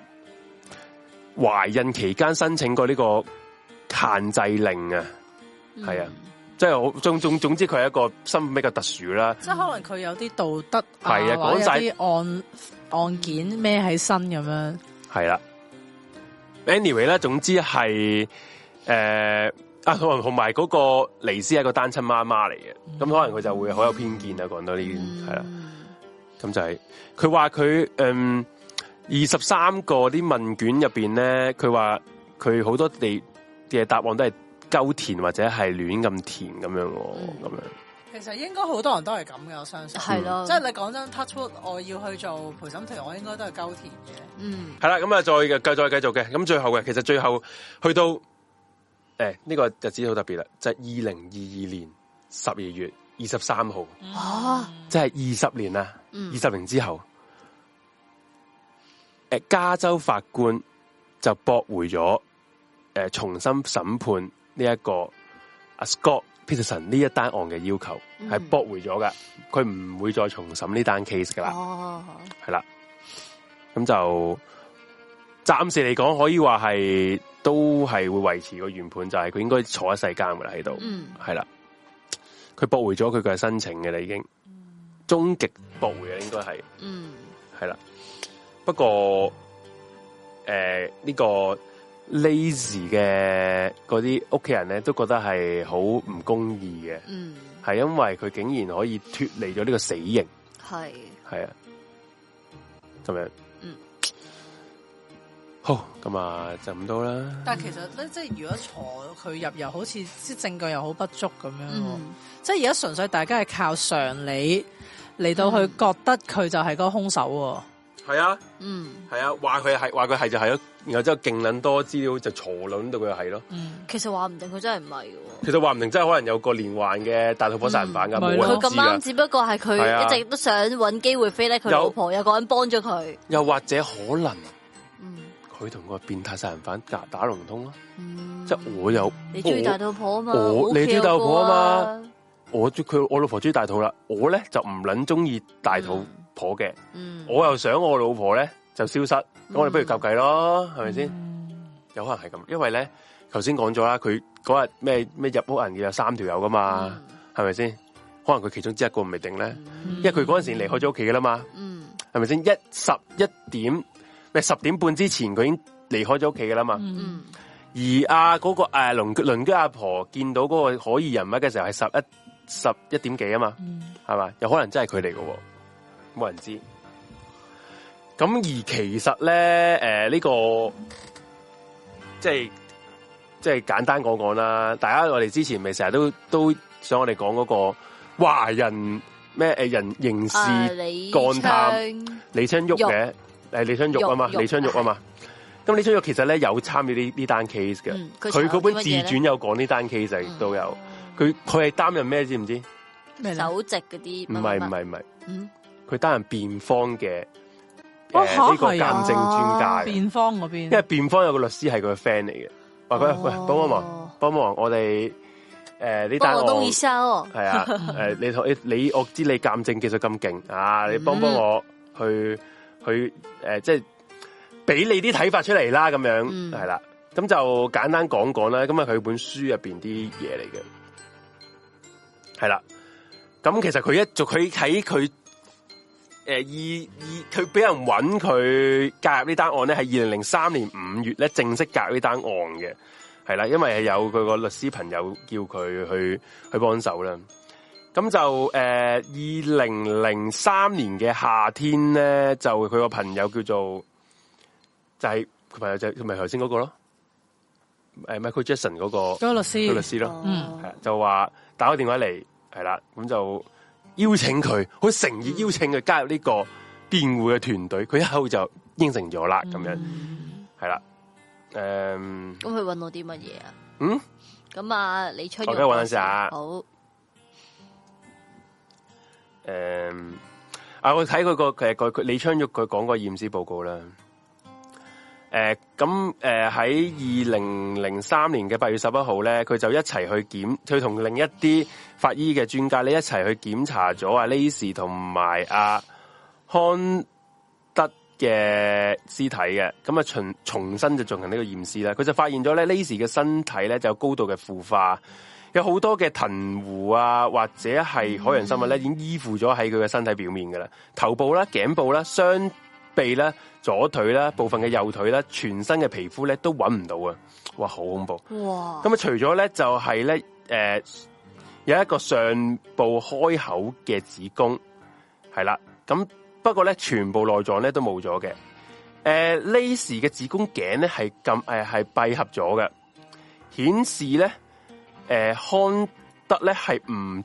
懷孕期間申請過呢個限制令啊，係啊、嗯，即係、就是、我總總總之佢係一個身份比較特殊啦，即係可能佢有啲道德係啊，講晒啲案案件孭喺身咁樣，係啦。Anyway 咧，總之係誒、呃、啊，可能同埋嗰個尼斯係個單親媽媽嚟嘅，咁可能佢就會好有偏見啊，講到呢啲係啦，咁就係佢話佢嗯二十三個啲問卷入邊咧，佢話佢好多地嘅答案都係鳩填或者係亂咁填咁樣，咁樣。其實應該好多人都係咁嘅，我相信。係咯是的，即係你講真，touch wood 我要去做陪審團，我應該都係溝田嘅。嗯，係啦，咁啊，再繼再繼續嘅，咁最後嘅，其實最後去到誒呢、欸這個日子好特別啦，就係二零二二年十二月二十三號。嗯、即係二十年啊，二十、嗯、年之後，誒加州法官就駁回咗誒重新審判呢一個阿 Scott。Peterson 呢一單案嘅要求係駁回咗噶，佢唔、mm hmm. 會再重審呢單 case 噶啦，係啦、oh, oh, oh.，咁就暫時嚟講，可以話係都係會維持個原判，就係佢應該坐一世監噶啦喺度，係啦、mm，佢、hmm. 駁回咗佢嘅申請嘅啦，已經，終極駁回嘅應該係，係啦、mm hmm.，不過誒呢、呃這個。Laci 嘅嗰啲屋企人咧，都覺得係好唔公義嘅，係、嗯、因為佢竟然可以脱離咗呢個死刑，係係是啊，咁樣嗯，好咁啊，就咁多啦。但其實咧，即係如果坐佢入獄，好似啲證據又好不足咁樣喎，嗯、即係而家純粹大家係靠常理嚟到去覺得佢就係個兇手喎。嗯係啊，嗯，係啊，話佢係話佢係就係咯，然後之後勁捻多資料就嘈捻到佢又係咯，其實話唔定佢真係唔係嘅，其實話唔定真係可能有個連環嘅大肚婆殺人犯噶，唔係佢咁啱，只不過係佢一直都想揾機會飛咧，佢老婆有個人幫咗佢，又或者可能，嗯，佢同個變態殺人犯夾打龍通咯，即係我有你中意大肚婆嘛，我你中意大肚婆嘛，我佢我老婆中意大肚啦，我咧就唔捻中意大肚。婆嘅，嗯，我又想我老婆咧就消失，咁、嗯、我哋不如計計咯，係咪先？有吧可能係咁，因為咧，頭先講咗啦，佢嗰日咩咩入屋人要有三條友噶嘛，係咪先？可能佢其中之一個唔係定咧，嗯、因為佢嗰陣時離開咗屋企噶啦嘛，嗯，係咪先？一十一點咩十點半之前佢已經離開咗屋企噶啦嘛，嗯，嗯，而阿、啊、嗰、那個誒鄰鄰居阿婆見到嗰個可疑人物嘅時候係十一十一點幾啊嘛，係嘛、嗯？有可能真係佢嚟喎。冇人知，咁而其實咧，誒、呃、呢、這個即係即係簡單講講啦。大家我哋之前咪成日都都想我哋講嗰個華人咩誒人，人刑事幹探李昌槍鈺嘅誒玉、啊、李昌鈺啊嘛玉李昌鈺啊嘛。咁玉李昌鈺，玉，玉其實咧有參與呢呢單 case 嘅，佢嗰、嗯、本自傳有講呢單 case，就都有佢佢係擔任咩，知唔知？首席嗰啲唔係唔係唔係。佢擔任辯方嘅呢、哦呃這個鑑證專家、啊，辯方邊，因為辯方有個律師係佢嘅 friend 嚟嘅，話佢、哦、喂，幫幫忙，幫幫忙我哋，呃呃、幫我哋誒、哦啊， 你帶我，係啊，誒，你同你，我知你鑑證技術咁勁啊，你幫幫我去、嗯、去誒、呃，即係俾你啲睇法出嚟啦，咁樣係啦，咁、嗯啊、就簡單講講啦，咁啊佢本書入邊啲嘢嚟嘅，係啦、啊，咁其實佢一做佢喺佢。他誒，二二佢俾人搵佢介入呢單案咧，係二零零三年五月咧正式介入呢單案嘅，係啦，因為係有佢個律師朋友叫佢去去幫手啦。咁就誒，二零零三年嘅夏天咧，就佢個朋友叫做就係、係、佢朋友就咪頭先嗰個咯，誒、uh,，Michael Jackson 嗰、嗰個嗰個律師個律師咯，嗯，就話打個電話嚟，係啦，咁就。邀請佢，好誠意邀請佢加入呢個辯護嘅團隊，佢一后就應承咗啦，咁樣係啦。誒，咁佢揾到啲乜嘢啊？嗯，嗯，咁啊，李昌玉，我而家揾下，好。誒，啊，我睇佢、個誒，其實佢，李昌玉佢講個驗屍報告啦。誒，咁誒喺二零零三年嘅八月十一號咧，佢就一齊去檢，佢同另一啲法醫嘅專家咧一齊去檢查咗啊，Laci 同埋，啊，阿康德嘅屍體嘅，咁啊重重新就進行呢個驗屍啦。佢就發現咗咧，Laci 嘅身體咧就有高度嘅腐化，有好多嘅藤壺啊或者係海洋生物咧，嗯，已經依附咗喺佢嘅身體表面噶啦，頭部啦，啊，頸部啦、啊、雙臂啦、啊。左腿啦，部分嘅右腿啦，全身嘅皮膚咧都揾唔到啊！哇，好恐怖！哇！咁啊、就是，除咗咧，就係咧，誒，有一個上部開口嘅子宮，係啦。咁不過咧，全部內臟咧都冇咗嘅。誒、呃，Laci 嘅子宮頸咧係咁誒係閉合咗嘅，顯示咧誒康德咧係唔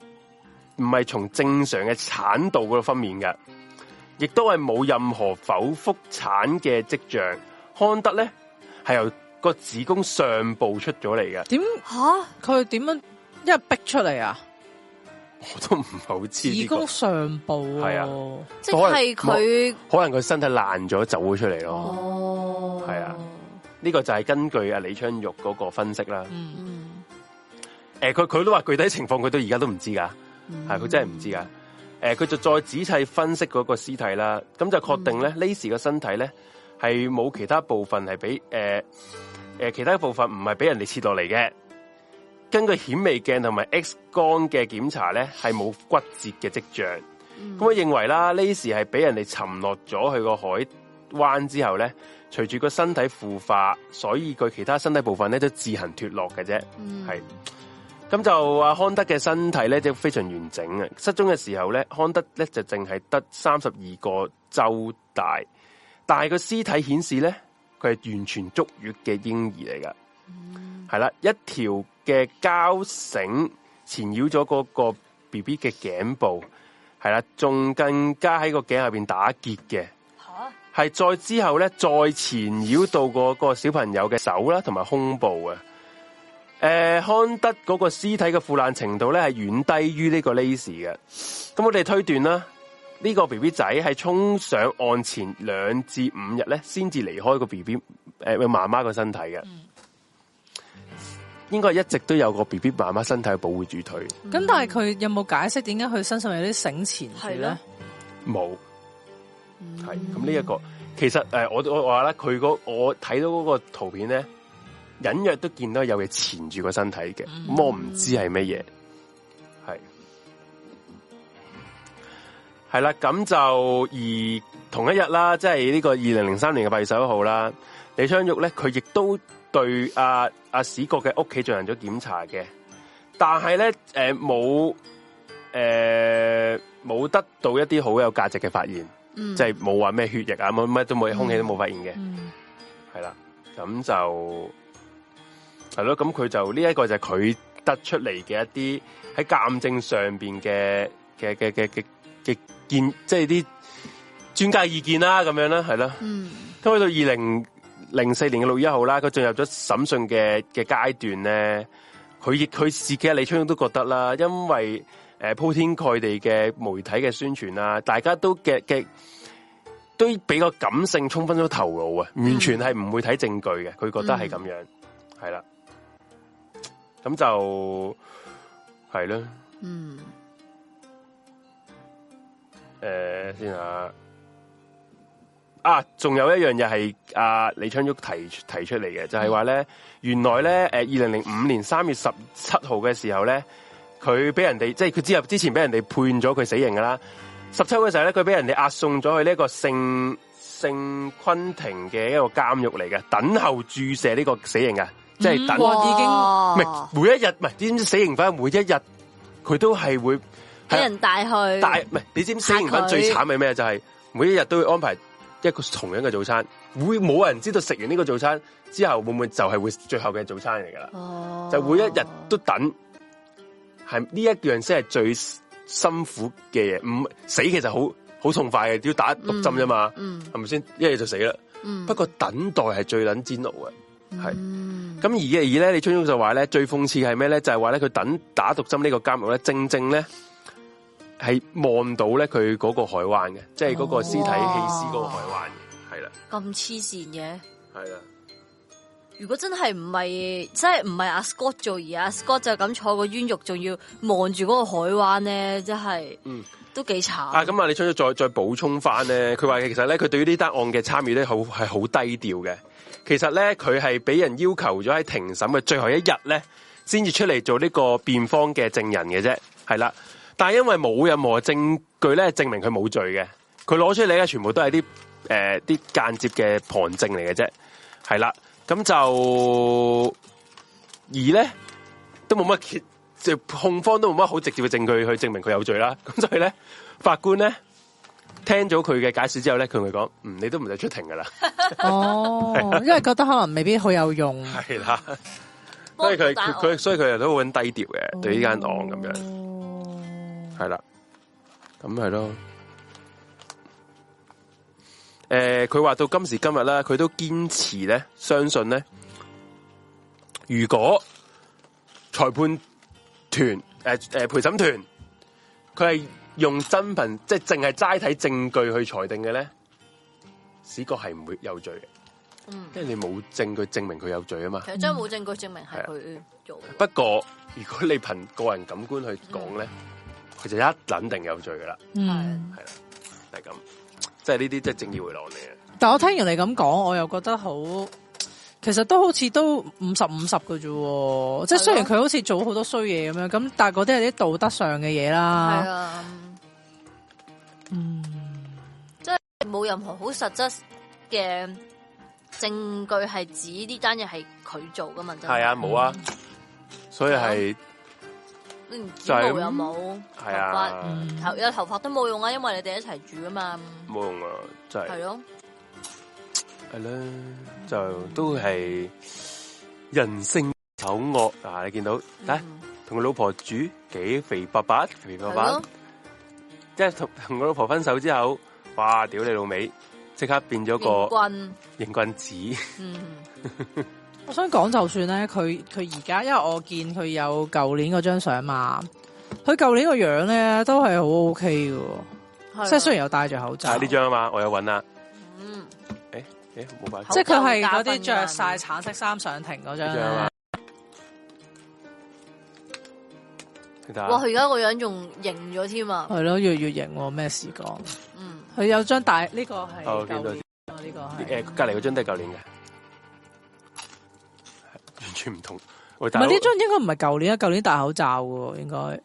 唔係從正常嘅產道嗰度分娩嘅。亦都係冇任何剖腹產嘅跡象，康德咧係由個子宮上部出咗嚟嘅。點吓佢點樣因為逼出嚟、這個、啊？我都唔好知。子宮上部係啊，即係佢可能佢身體爛咗走咗出嚟咯。哦，係啊，呢、這個就係根據啊李昌玉嗰個分析啦。嗯嗯。誒、欸，佢佢都話具體情況佢到而家都唔知噶，係佢、嗯、真係唔知噶。誒，佢、呃、就再仔細分析嗰個屍體啦，咁就確定咧 Laci 個、嗯、身體咧係冇其他部分係俾、誒誒、其他部分唔係俾人哋切落嚟嘅。根據顯微鏡同埋 X 光嘅檢查咧，係冇骨折嘅跡象。咁佢、嗯、認為啦，Laci 係俾人哋沉落咗去個海灣之後咧，隨住個身體腐化，所以佢其他身體部分咧都自行脱落嘅啫，係、嗯。咁就康德嘅身體咧，就非常完整嘅。失蹤嘅時候咧，康德咧就淨係得三十二個周大，但係個屍體顯示咧，佢係完全足月嘅嬰兒嚟噶。係啦，嗯，一條嘅膠繩纏繞咗嗰個 B B 嘅頸部，係啦，仲更加喺個頸下邊打結嘅。吓，啊，係再之後咧，再纏繞到嗰，嗰個嗰個小朋友嘅手啦，同埋胸部啊。誒、呃，康德嗰個屍體嘅腐爛程度咧，係遠低於呢個 Lacy 嘅，咁我哋推斷啦，呢、這個 B B 仔係沖上岸前兩至五日咧，先至離開個 B B 誒媽媽個身體嘅，嗯、應該係一直都有個 B B 媽媽身體保護住佢。咁、嗯、但係佢有冇解釋點解佢身上有啲繩纏住咧？冇呢，係咁呢一個，其實誒，我話我話啦，佢、那個我睇到嗰個圖片咧。隱約都見到有嘢纏住個身體嘅，摸唔、mm hmm. 知係乜嘢，係係啦，咁就而同一、就是、日啦，即係呢個二零零三年嘅八月十一號啦。李昌鈺咧，佢亦都對阿、啊、阿、啊、史國嘅屋企進行咗檢查嘅，但係咧，誒冇誒冇得到一啲好有價值嘅發現，即係冇話咩血液啊，乜乜都冇，空氣都冇發現嘅，係啦、mm，咁、hmm. 就。係咯，咁佢就呢一個就係佢得出嚟嘅一啲喺鑑證上邊嘅嘅嘅嘅嘅嘅見，即係啲專家意見啦、啊，咁樣啦，係啦。嗯，咁去到二零零四年嘅六月一號啦，佢進入咗審訊嘅嘅階段咧，佢亦佢自己李春都覺得啦，因為誒鋪天蓋地嘅媒體嘅宣傳啦，大家都嘅嘅都比較感性，沖昏咗頭腦啊，完全係唔會睇證據嘅，佢覺得係咁樣，係啦、嗯。咁就係啦，嗯，誒，先下，啊，仲有一樣嘢係阿李昌旭提提出嚟嘅，就係話咧，原來咧，誒，二零零五年三月十七號嘅時候咧，佢俾人哋，即係佢之後之前俾人哋判咗佢死刑噶啦，十七嗰時候咧，佢俾人哋押送咗去呢一個聖聖昆廷嘅一個監獄嚟嘅，等候注射呢個死刑嘅。即係等，哇已經係每一日，唔係你知唔知死刑犯每一日佢都係會俾人帶去帶，唔係你知唔知？死刑犯他最慘係咩？就係、是、每一日都會安排一個同樣嘅早餐，會冇人知道食完呢個早餐之後會唔會就係會最後嘅早餐嚟噶啦。哦、就每一日都等，係呢一樣先係最辛苦嘅嘢。唔死其實好好痛快嘅，要打毒針啫嘛，係咪先？一日就死啦。嗯、不過等待係最捻煎熬嘅。係，咁是、嗯、而而咧，你锺聰就話咧，最諷刺係咩咧？就係話咧，佢等打毒針呢個監獄咧，正正咧係望到咧佢嗰個海灣嘅，哦、即係嗰個屍體棄屍嗰個海灣嘅，係啦。咁黐線嘅。係啦的。如果真係唔係，即係唔係阿 Scott 做，而阿 Scott 就咁坐個冤獄，仲要望住嗰個海灣咧，真係，嗯，都幾慘。啊，咁啊，你锺聰再再補充翻咧，佢話其實咧，佢對於呢單案嘅參與咧，好係好低調嘅。其實咧，佢係俾人要求咗喺庭審嘅最後一日咧，先至出嚟做呢個辯方嘅證人嘅啫，係啦。但係因為冇任何證據咧，證明佢冇罪嘅，佢攞出嚟嘅全部都係啲誒啲間接嘅旁證嚟嘅啫，係啦。咁就而咧都冇乜，即控方都冇乜好直接嘅證據去證明佢有罪啦。咁所以咧，法官咧。聽咗佢嘅解釋之後咧，佢同佢講：嗯，你都唔使出庭噶啦。哦，因為覺得可能未必好有用。係啦，他他他他他他他所以佢佢所以佢都好低調嘅、嗯、對呢間案咁樣。係啦，咁係咯。誒、呃，佢話到今時今日咧，佢都堅持咧，相信咧，如果裁判團誒誒陪審團，佢係。用真憑即係淨係齋睇證據去裁定嘅咧，史國係唔會有罪嘅，嗯、因為你冇證據證明佢有罪啊嘛。其實真係冇證據證明係佢做嘅。不過如果你憑個人感官去講咧，佢、嗯、就一撚定有罪噶啦。係係啦，係咁的，即係呢啲即係正義回廊嚟嘅。但我聽完你咁講，我又覺得好。其實都好似都五十五十嘅啫，即係雖然佢好似做好多衰嘢咁樣，咁但係嗰啲係啲道德上嘅嘢啦。係啊，嗯，即係冇任何好實質嘅證據係指呢單嘢係佢做噶嘛？真係？係啊，冇啊，嗯、所以係，你唔知毛有冇？係、就是、頭髮啊，頭有、嗯、頭髮都冇用啊，因為你哋一齊住噶嘛，冇用啊，真係係咯。係啦，就都係人性醜惡啊！你見到，睇，同個老婆煮幾肥卜卜，肥卜卜，了即係同同佢老婆分手之後，哇！屌你老味，即刻變咗個淫棍，棍子。嗯， 我想講，就算咧，佢佢而家，因為我見佢有舊年嗰張相嘛，佢舊年個樣咧都係好 OK 嘅，即係的雖然有戴住口罩。啊，呢張啊嘛，我有揾啦。 即係佢係嗰啲着晒橙色衫上庭嗰張。啊、哇！佢而家個樣仲型咗添啊！係咯，越越型，咩事講？嗯，佢有張大呢、這個係。哦、我看到了，呢個隔籬嗰張都係舊年嘅，完全唔同。唔係呢張應該唔係舊年啊，舊年戴口罩嘅應該。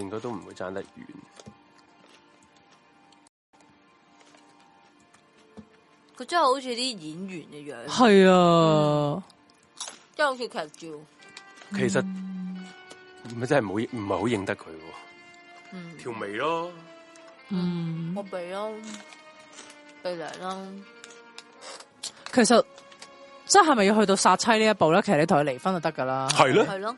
應該都唔會爭得遠。佢真係好似啲演員一樣，係啊，即係好似劇照。其實唔係真係冇，唔係好認得佢。喎？條眉咯，嗯，我鼻咯，鼻梁咯。其實真係咪要去到殺妻呢一步咧？其實你同佢離婚就得噶啦。係囉，係咯，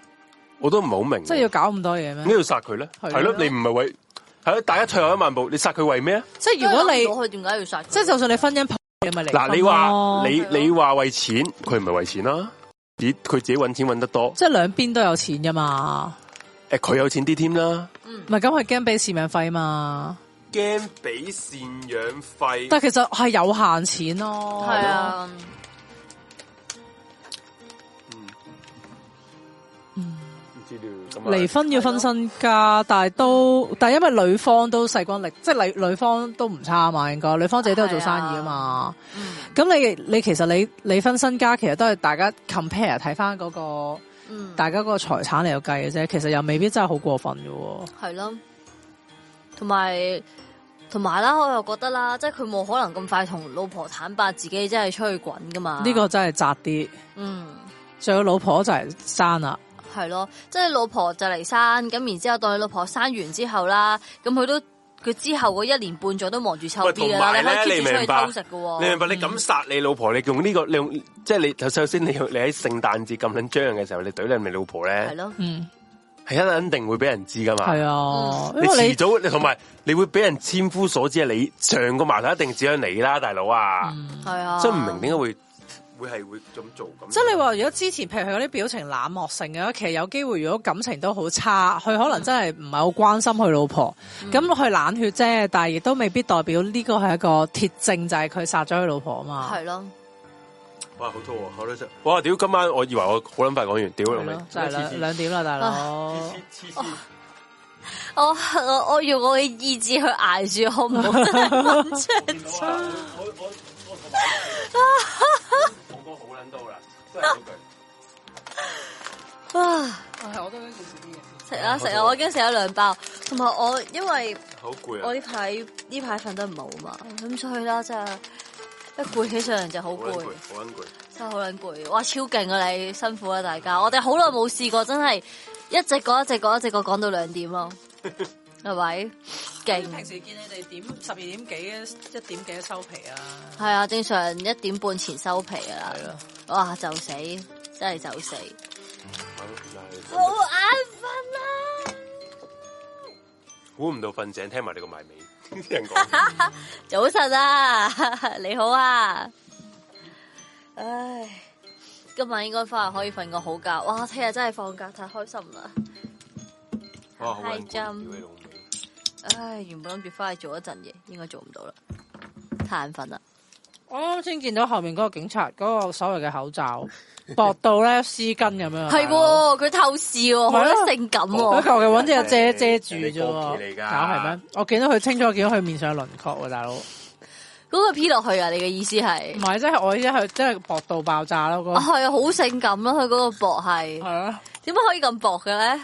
我都唔係好明。即係要搞咁多嘢咩？咩要殺佢咧？係咯，你唔係為，係咯，大家退後一萬步，你殺佢為咩啊？即係如果你點解要殺？即係就算你婚姻。嗱、啊，你話你你話為錢，佢唔係為錢啦、啊，佢自己搵錢搵得多，即係兩邊都有錢噶嘛。誒、啊，佢有錢啲添啦，唔係咁佢驚俾贍養費嘛，驚俾贍養費。但係其實係有限錢咯，係啊。離婚要分身家，的但係都但係因為女方都細骨力，即係女女方都唔差嘛，應該女方自己都有做生意啊嘛。咁，的你你其實你你分身家其實都係大家 compare 睇翻嗰個，嗯、大家嗰個財產嚟度計嘅啫，其實又未必真係好過分嘅。係咯，同埋同埋啦，我又覺得啦，即係佢冇可能咁快同老婆坦白自己真係出去滾噶嘛。呢個真係窄啲，嗯，仲有老婆就係生啦。係咯，即係、就是、老婆就嚟生，咁然之後當你老婆生完之後啦，咁佢都佢之後嗰一年半載都忙住抽啲噶你可以 keep 住去偷食㗎，你明白？你咁殺你，你老婆，嗯、你用呢、這個，你用即係你首先你你喺聖誕節咁緊張嘅時候，你對你係咪老婆咧？係咯，嗯，係肯定會俾人知噶嘛。係啊，你遲早你同埋你會俾人千夫所指啊！你上個矛頭一定只有你啦，大佬啊，係、嗯、是啊，真唔明點解會。會係會咁做咁，即係你話如果之前譬如佢啲表情冷漠性嘅，其實有機會如果感情都好差，佢可能真係唔係好關心佢老婆，咁佢、嗯、冷血啫，但係亦都未必代表呢個係一個鐵證，就係佢殺咗佢老婆啊嘛。係咯了。哇，好肚餓，好叻仔！哇，屌，今晚我以為我好撚快講完，屌，仲未，就係兩兩點啦，大佬、啊。我我我用我嘅意志去挨住，好唔好？出出。啊！我都想食啲嘢食啊食啊！我已經食咗兩包，同埋我因為我累、啊、好攰啊！我呢排呢排瞓得唔好啊嘛，咁吧所以啦，真係一攰起上嚟就好攰，好攰，真係好撚攰！哇，超勁啊你，辛苦啊大家！對 我哋好耐冇試過，真係一直講一直講一直講講到兩點咯，係咪？ 勁平時見你哋點十二點幾、一點幾收皮啊？係啊，正常一點半前收皮噶啦。係啊。哇！就死，真係就死，嗯嗯嗯嗯、好眼瞓啦！估唔到瞓醒，聽埋你個埋尾早晨啊哈哈，你好啊！唉，今晚應該翻去可以瞓個好覺。哇！聽日真係放假，太開心啦！太浸哇。唉，原本諗住翻去做一陣嘢，應該做唔到啦，太眼瞓啦。我剛先見到後面嗰個警察嗰個所謂嘅口罩薄到咧絲巾咁樣，係佢透視，好得性感。佢求其搵隻嘢遮遮住啫。啊，係咩？我見到佢清楚，見到佢面上輪廓，大佬嗰個 P 落去啊！你嘅意思係唔係？即係我依家佢真係薄到爆炸咯！嗰個係啊，好性感咯！佢嗰個薄係係啊，點解可以咁薄嘅咧？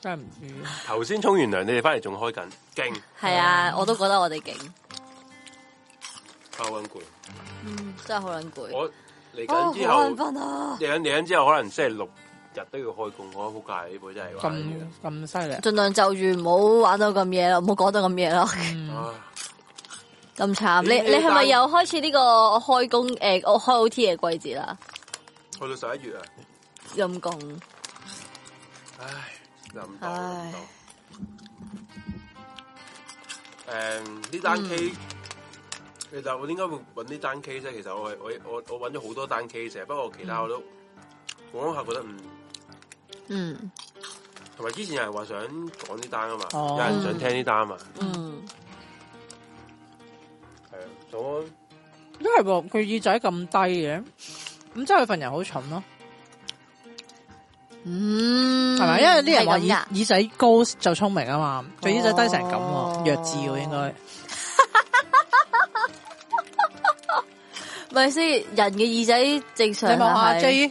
真係唔知。頭先沖完涼，你哋翻嚟仲開緊勁？係啊，我都覺得我哋勁。好攰，嗯，真係好攰。我嚟緊之後，嚟緊嚟緊之後，可能星期六日都要開工，我好介呢部真係。咁咁犀利，盡量就住唔好玩到咁嘢咯，唔好講到咁嘢咯。咁慘，你你係咪又開始呢個開工誒？我開 O T 嘅季節啦，去到十一月啊，陰功。唉，咁講，誒，呢單 K。其實我點解會揾啲單 K 啫？其實我係我我我揾咗好多單 K 成，不過其他我都講、嗯、下覺得唔，嗯，同埋、嗯、之前有人話想講啲單啊嘛，哦、有人想聽啲單啊嘛，嗯，係、嗯、啊，做都係喎，佢耳仔咁低嘅，咁即係份人好蠢咯，嗯，係咪？因為啲人話耳耳仔高就聰明啊嘛，佢耳仔低成咁，哦、弱智應該。咪先，人嘅耳仔正常係，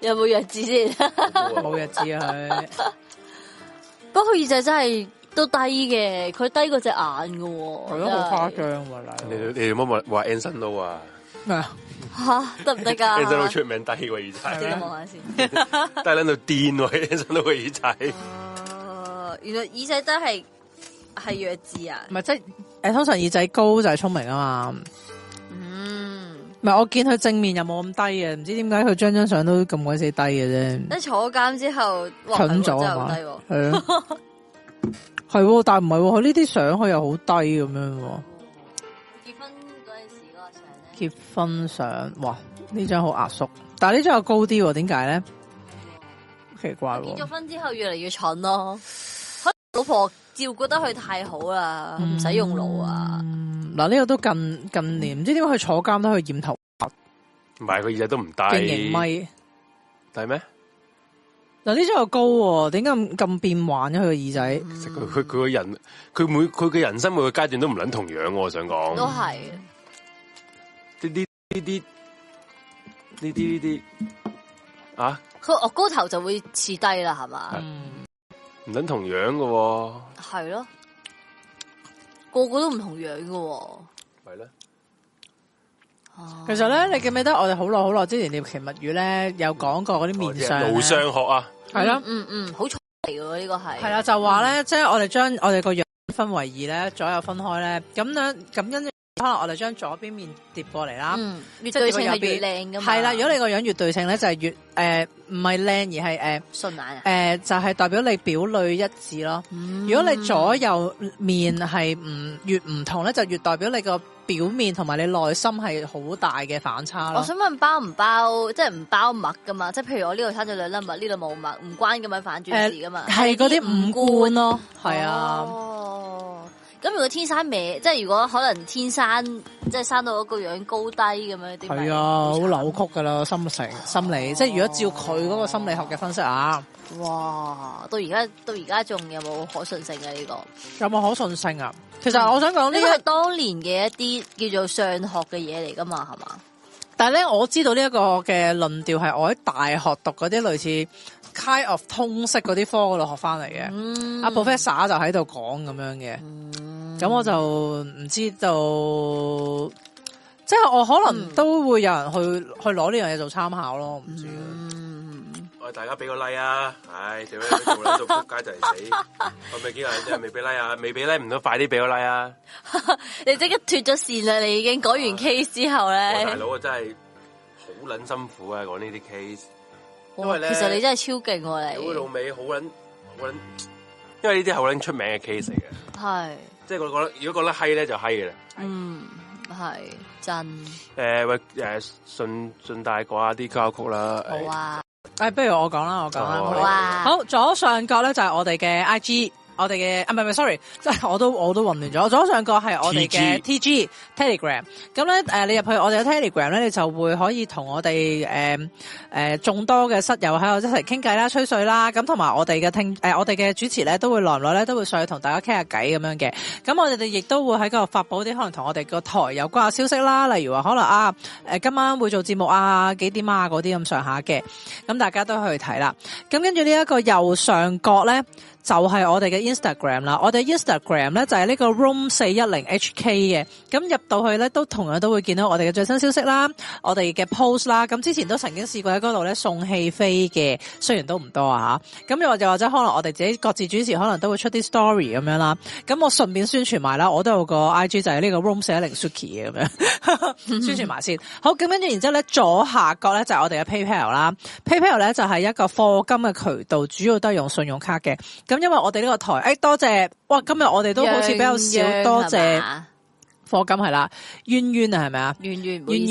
有冇弱智先？冇弱智啊。佢，不過佢耳仔真係都低嘅，佢低過隻眼噶。係咯，好誇張，你你有冇話 Anson Lo 啊？咩啊？吓得唔得噶？Anson Lo 好出名低個耳仔，我睇下先。低到癲喎，Anson Lo 個耳仔。哦，原來耳仔真係係弱智啊！唔係即係，誒，通常耳仔高就係聰明啊嘛。唔係，我見佢正面又冇咁低嘅，唔知點解佢張張相都咁鬼死低嘅啫。你坐監之後蠢咗低嘛？係啊，係，但係唔係佢呢啲相，佢又好低咁樣。結婚嗰陣時嗰個相結婚相，哇，呢張好壓縮，但係、啊、呢張又高啲、啊，點解咧？奇怪、啊，結咗婚之後越嚟越蠢咯、啊，可能老婆照顧得佢太好啦，唔使用腦啊。嗯嗱，呢個都近近年，唔知點解佢坐監都去染頭髮，唔係佢耳仔都唔低，定型咪低咩？嗱，呢張又高，點解咁變幻咧？佢個耳仔，佢佢佢個人，佢每佢嘅人生每個階段都唔捻同樣，我想講，都係，呢啲呢啲，呢啲呢啲，啊，佢個高頭就會似低啦，係嘛？唔捻同樣嘅，係咯。個個都唔同樣喎、哦，係咧呢。啊、其實咧，你記唔記得我哋好耐好耐之前念《奇物語》呢咧，有講過嗰啲面相，冇相學啊，係啦嗯嗯，好出奇喎。呢個係，係、嗯、啦，就話咧，嗯、即係我哋將我哋個樣分為二咧，左右分開咧，咁樣咁跟住。可能我哋將左邊面疊過嚟啦、嗯，越對稱係越靚噶嘛。係啦，如果你個樣越對稱咧，就係、是、越誒唔係靚，而係誒順眼。誒、呃，就係、是、代表你表裏一致咯。嗯、如果你左右面係唔越唔同咧，就越代表你個表面同埋你內心係好大嘅反差咯。我想問包唔包，即係唔包癦噶嘛？即係譬如我呢度差咗兩粒癦，呢度冇癦，唔關咁樣反轉事噶嘛？係嗰啲五官咯，係、嗯、啊。哦咁如果天生歪，即係如果可能天生即係生到嗰個樣高低咁樣，係啊，好慘扭曲噶啦，心情、啊、心理，即係如果照佢嗰個心理學嘅分析啊，哇，到而家到而家仲有冇可信性啊？呢、呢個？有冇可信性啊？其實我想講呢、嗯，呢個係當年嘅一啲叫做上學嘅嘢嚟噶嘛，係嘛？但係咧，我知道呢一個嘅論調係我喺大學讀嗰啲類似。type of 通識嗰啲科嗰度學翻嚟嘅，阿 professor 就喺度講咁樣嘅，咁我就唔知道，即係我可能都會有人去去攞呢樣嘢做參考咯，唔知啦。我哋大家俾個 like 啊，唉，做咩做緊做扑街就嚟死？我未見人即係未俾 like 啊，未俾 like 唔到，快啲俾個 like 啊！你即刻脫咗線啦！你已經改完 case 之後咧，大佬啊真係好捻辛苦啊！講呢啲 case。因為咧，其實你真係超勁喎、啊，你。嗰老尾好撚，因為呢啲好撚出名嘅 case 嚟嘅。係。是 即係我覺，覺得，如果覺得閪咧就閪嘅啦。嗯，係真。誒，喂，誒，順順帶講下啲交曲啦。好啊。誒、哎，不如我講啦，我講啦。好啊。好，左上角咧就係我哋嘅 I G。我哋嘅啊，唔係唔係，sorry，即係我都我都混亂咗。左上角係我哋嘅 TG, TG Telegram，咁咧、呃、你入去我哋嘅 Telegram 咧，你就會可以同我哋誒誒眾多嘅室友喺度一齊傾偈啦、吹水啦，咁同埋我哋嘅聽誒、呃，我哋嘅主持咧都會來來咧都會上去同大家傾下偈咁樣嘅。咁我哋哋亦都會喺度發布啲可能同我哋個台有關嘅消息啦，例如話可能啊、呃、今晚會做節目啊幾點啊嗰啲咁上下嘅，咁大家都去睇啦。咁跟住呢一個右上角咧。就係我哋嘅 Instagram 啦，我哋 Instagram 咧就係呢個 room 四一零 HK 嘅，咁入到去咧都同樣都會見到我哋嘅最新消息啦，我哋嘅 post 啦，咁之前都曾經試過喺嗰度咧送戲飛嘅，雖然都唔多啊，咁又或者可能我哋自己各自主持，可能都會出啲 story 咁樣啦，咁我順便宣傳埋啦，我都有個 IG 就係呢個 room 四一零 Suki 咁樣宣傳埋先，好，咁跟住然之後咧左下角咧就係我哋嘅 PayPal 啦，PayPal 咧就係一個課金嘅渠道，主要都係用信用卡嘅咁。因為我哋呢個台，誒、哎，多謝，哇，今日我哋都好似比較少樣樣多謝。課金係啦，淵淵啊，係咪啊？淵淵淵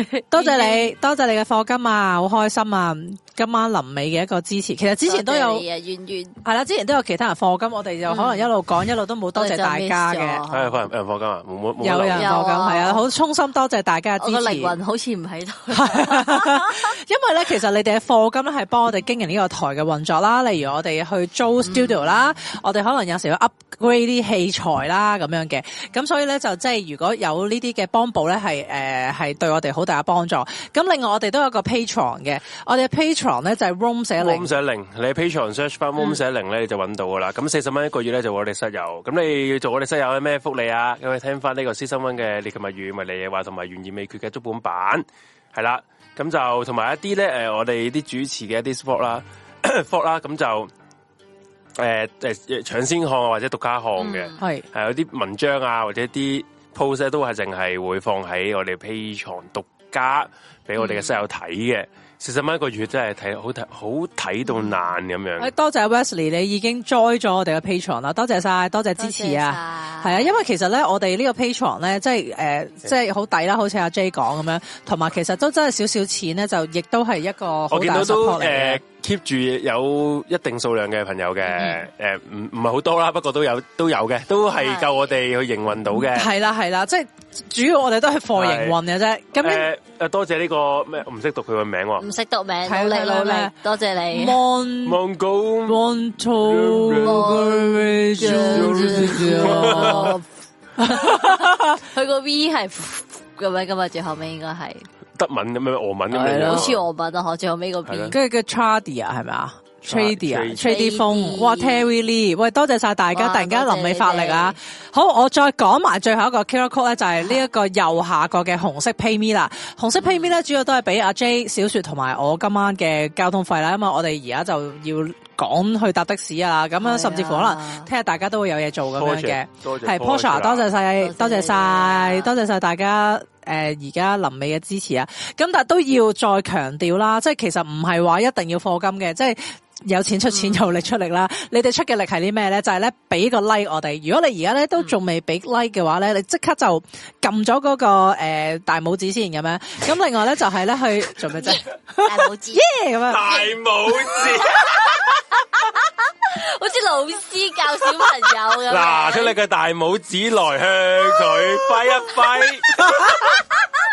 淵，多謝你，鸚鸚多謝你嘅課金啊，好開心啊！今晚臨尾嘅一個支持，其實之前都有，淵淵係啦，之前都有其他人課金，我哋就可能一路講，一路都冇多謝大家嘅。有人課金有金啊，係啊，好衷心多謝大家嘅支持。我個靈魂好似唔喺度， 因為咧，其實你哋嘅課金係係幫我哋經營呢個台嘅運作啦，例如我哋去租 studio 啦，嗯、我哋可能有時要 upgrade 啲器材啦，咁樣嘅，咁所以咧就即係。如果有呢啲嘅幫補咧，係誒係對我哋好大嘅幫助。咁另外我哋都有個 Patreon 嘅，我哋嘅 Patreon 咧就係、是、Room410 Room410，嗯、你 Patreon search 翻 Room410 咧，你就揾到噶啦。咁四十蚊一個月咧，就我哋室友。咁你要做我哋室友咧，咩福利啊？咁你聽翻呢個私新温嘅琴日語咪嚟嘅話，同埋懸疑未決嘅足本版係啦。咁、嗯、就同埋一啲咧我哋啲主持嘅一啲 spot 啦啦，咁就誒搶先看或者獨家看嘅，係係是、啊、有啲文章啊或者啲。post 都係淨係會放喺我哋 Patreon 獨家俾我哋嘅室友睇嘅，四十蚊一個月真係睇好睇好睇到難咁樣。多謝，謝 Wesley，你已經 join 咗我哋嘅 Patreon 啦，多謝晒多謝，謝支持啊，係啊多謝，因為其實咧我哋呢個 Patreon 咧，即係誒，即係好抵啦，好似阿 J 講咁樣，同埋其實都真係少少錢咧，就亦都係一個好大 support keep 住有一定數量嘅朋友嘅，誒，唔唔係好多啦，不過都有都有嘅，都係夠我哋去營運到嘅。係啦係啦，即係主要我哋都係貨營運嘅啫。咁樣誒，多謝呢個咩，唔識讀佢個名，唔識讀名，努力努力，多謝你。m o n t g o m e r y 佢個 V 係各位今日最後尾應該係。德文咁樣俄文咁樣，好似俄文啊！好，最後尾嗰邊，跟住叫 Trady 啊，係咪啊？Trady 啊，Trady 風，哇！Terry Lee，喂，多謝晒大家，突然間臨尾發力啊！好，我再講埋最後一個 QR Code 咧，就係呢一個右下角嘅紅色 PayMe 啦。紅色 PayMe 咧，主要都係俾阿 J 小雪同埋我今晚嘅交通費啦。因為，我哋而家就要趕去搭的士啊，咁啊，甚至乎可能聽日大家都會有嘢做咁樣嘅。係 Pasha，多謝多謝晒，多謝晒大家。誒，而家、呃、臨尾嘅支持啊，咁但係都要再強調啦，即係其實唔係話一定要課金嘅，即係。有錢出錢，有力出力啦、嗯！你哋出嘅力係啲咩咧？就係咧俾個 like 我哋。如果你而家咧都仲未俾 like 嘅話咧，你即刻就撳咗嗰個誒、呃、大拇指先咁樣,、就是 yeah, 樣。咁另外咧就係咧去做咩啫？大拇指，耶咁樣。大拇指，好似老師教小朋友咁。嗱、啊，出你個大拇指來向佢揮 一揮。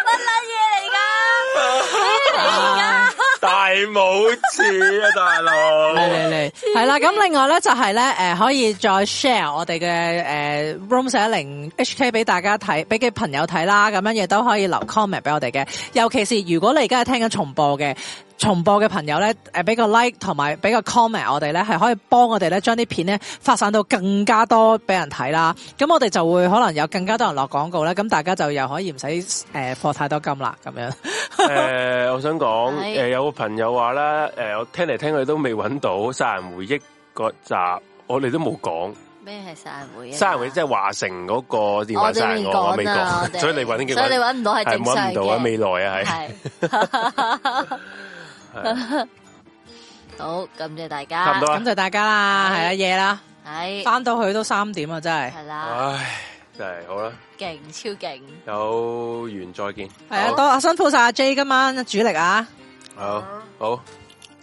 乜嘢嚟噶？嚟噶？啊 大拇指啊，大佬！嚟嚟嚟，係啦。咁激另外咧就係、是、咧，誒、呃、可以再 share 我哋嘅誒 room 四一零 HK 俾大家睇，俾佢朋友睇啦。咁樣亦都可以留 comment 俾我哋嘅。尤其是如果你而家係聽緊重播嘅。重播嘅朋友咧，誒、呃，俾個 like 同埋俾個 comment，我哋咧係可以幫我哋咧，將啲片咧發散到更加多俾人睇啦。咁我哋就會可能有更加多人落廣告啦。咁大家就又可以唔使誒，課、呃、太多金啦。咁樣、呃。誒， 我想講，誒是、呃，有個朋友話咧，誒、呃，我聽嚟聽去都未揾到《殺人回憶》嗰集，我哋都冇講。咩係《殺人回憶》？《殺人回憶》即係華城嗰個電話殺我未講啊，所以你揾呢？所以你揾唔到係正常嘅。未來啊，係是。 好，感謝大家，感謝大家啦，係啊，夜啦，係，翻到去都三點啊，真係，係啦，唉，真係好啦，勁，超勁，有緣再見，係啊，多，辛苦晒阿 J 今晚主力啊，好，好，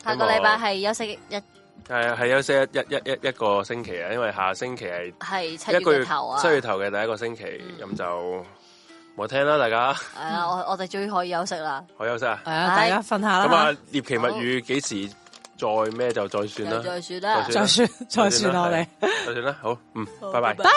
下個禮拜係休息一，係啊，係休息一一一一個星期啊，因為下星期係係七月頭啊，七月頭嘅第一個星期飲酒。我聽啦，大家。係啊，我我哋終於可以休息啦。好休息啊。係啊，大家瞓下啦。咁啊，獵奇物語幾時再咩就再算啦。再算啦。再算，再算我哋。再算啦，好，嗯，拜拜。拜。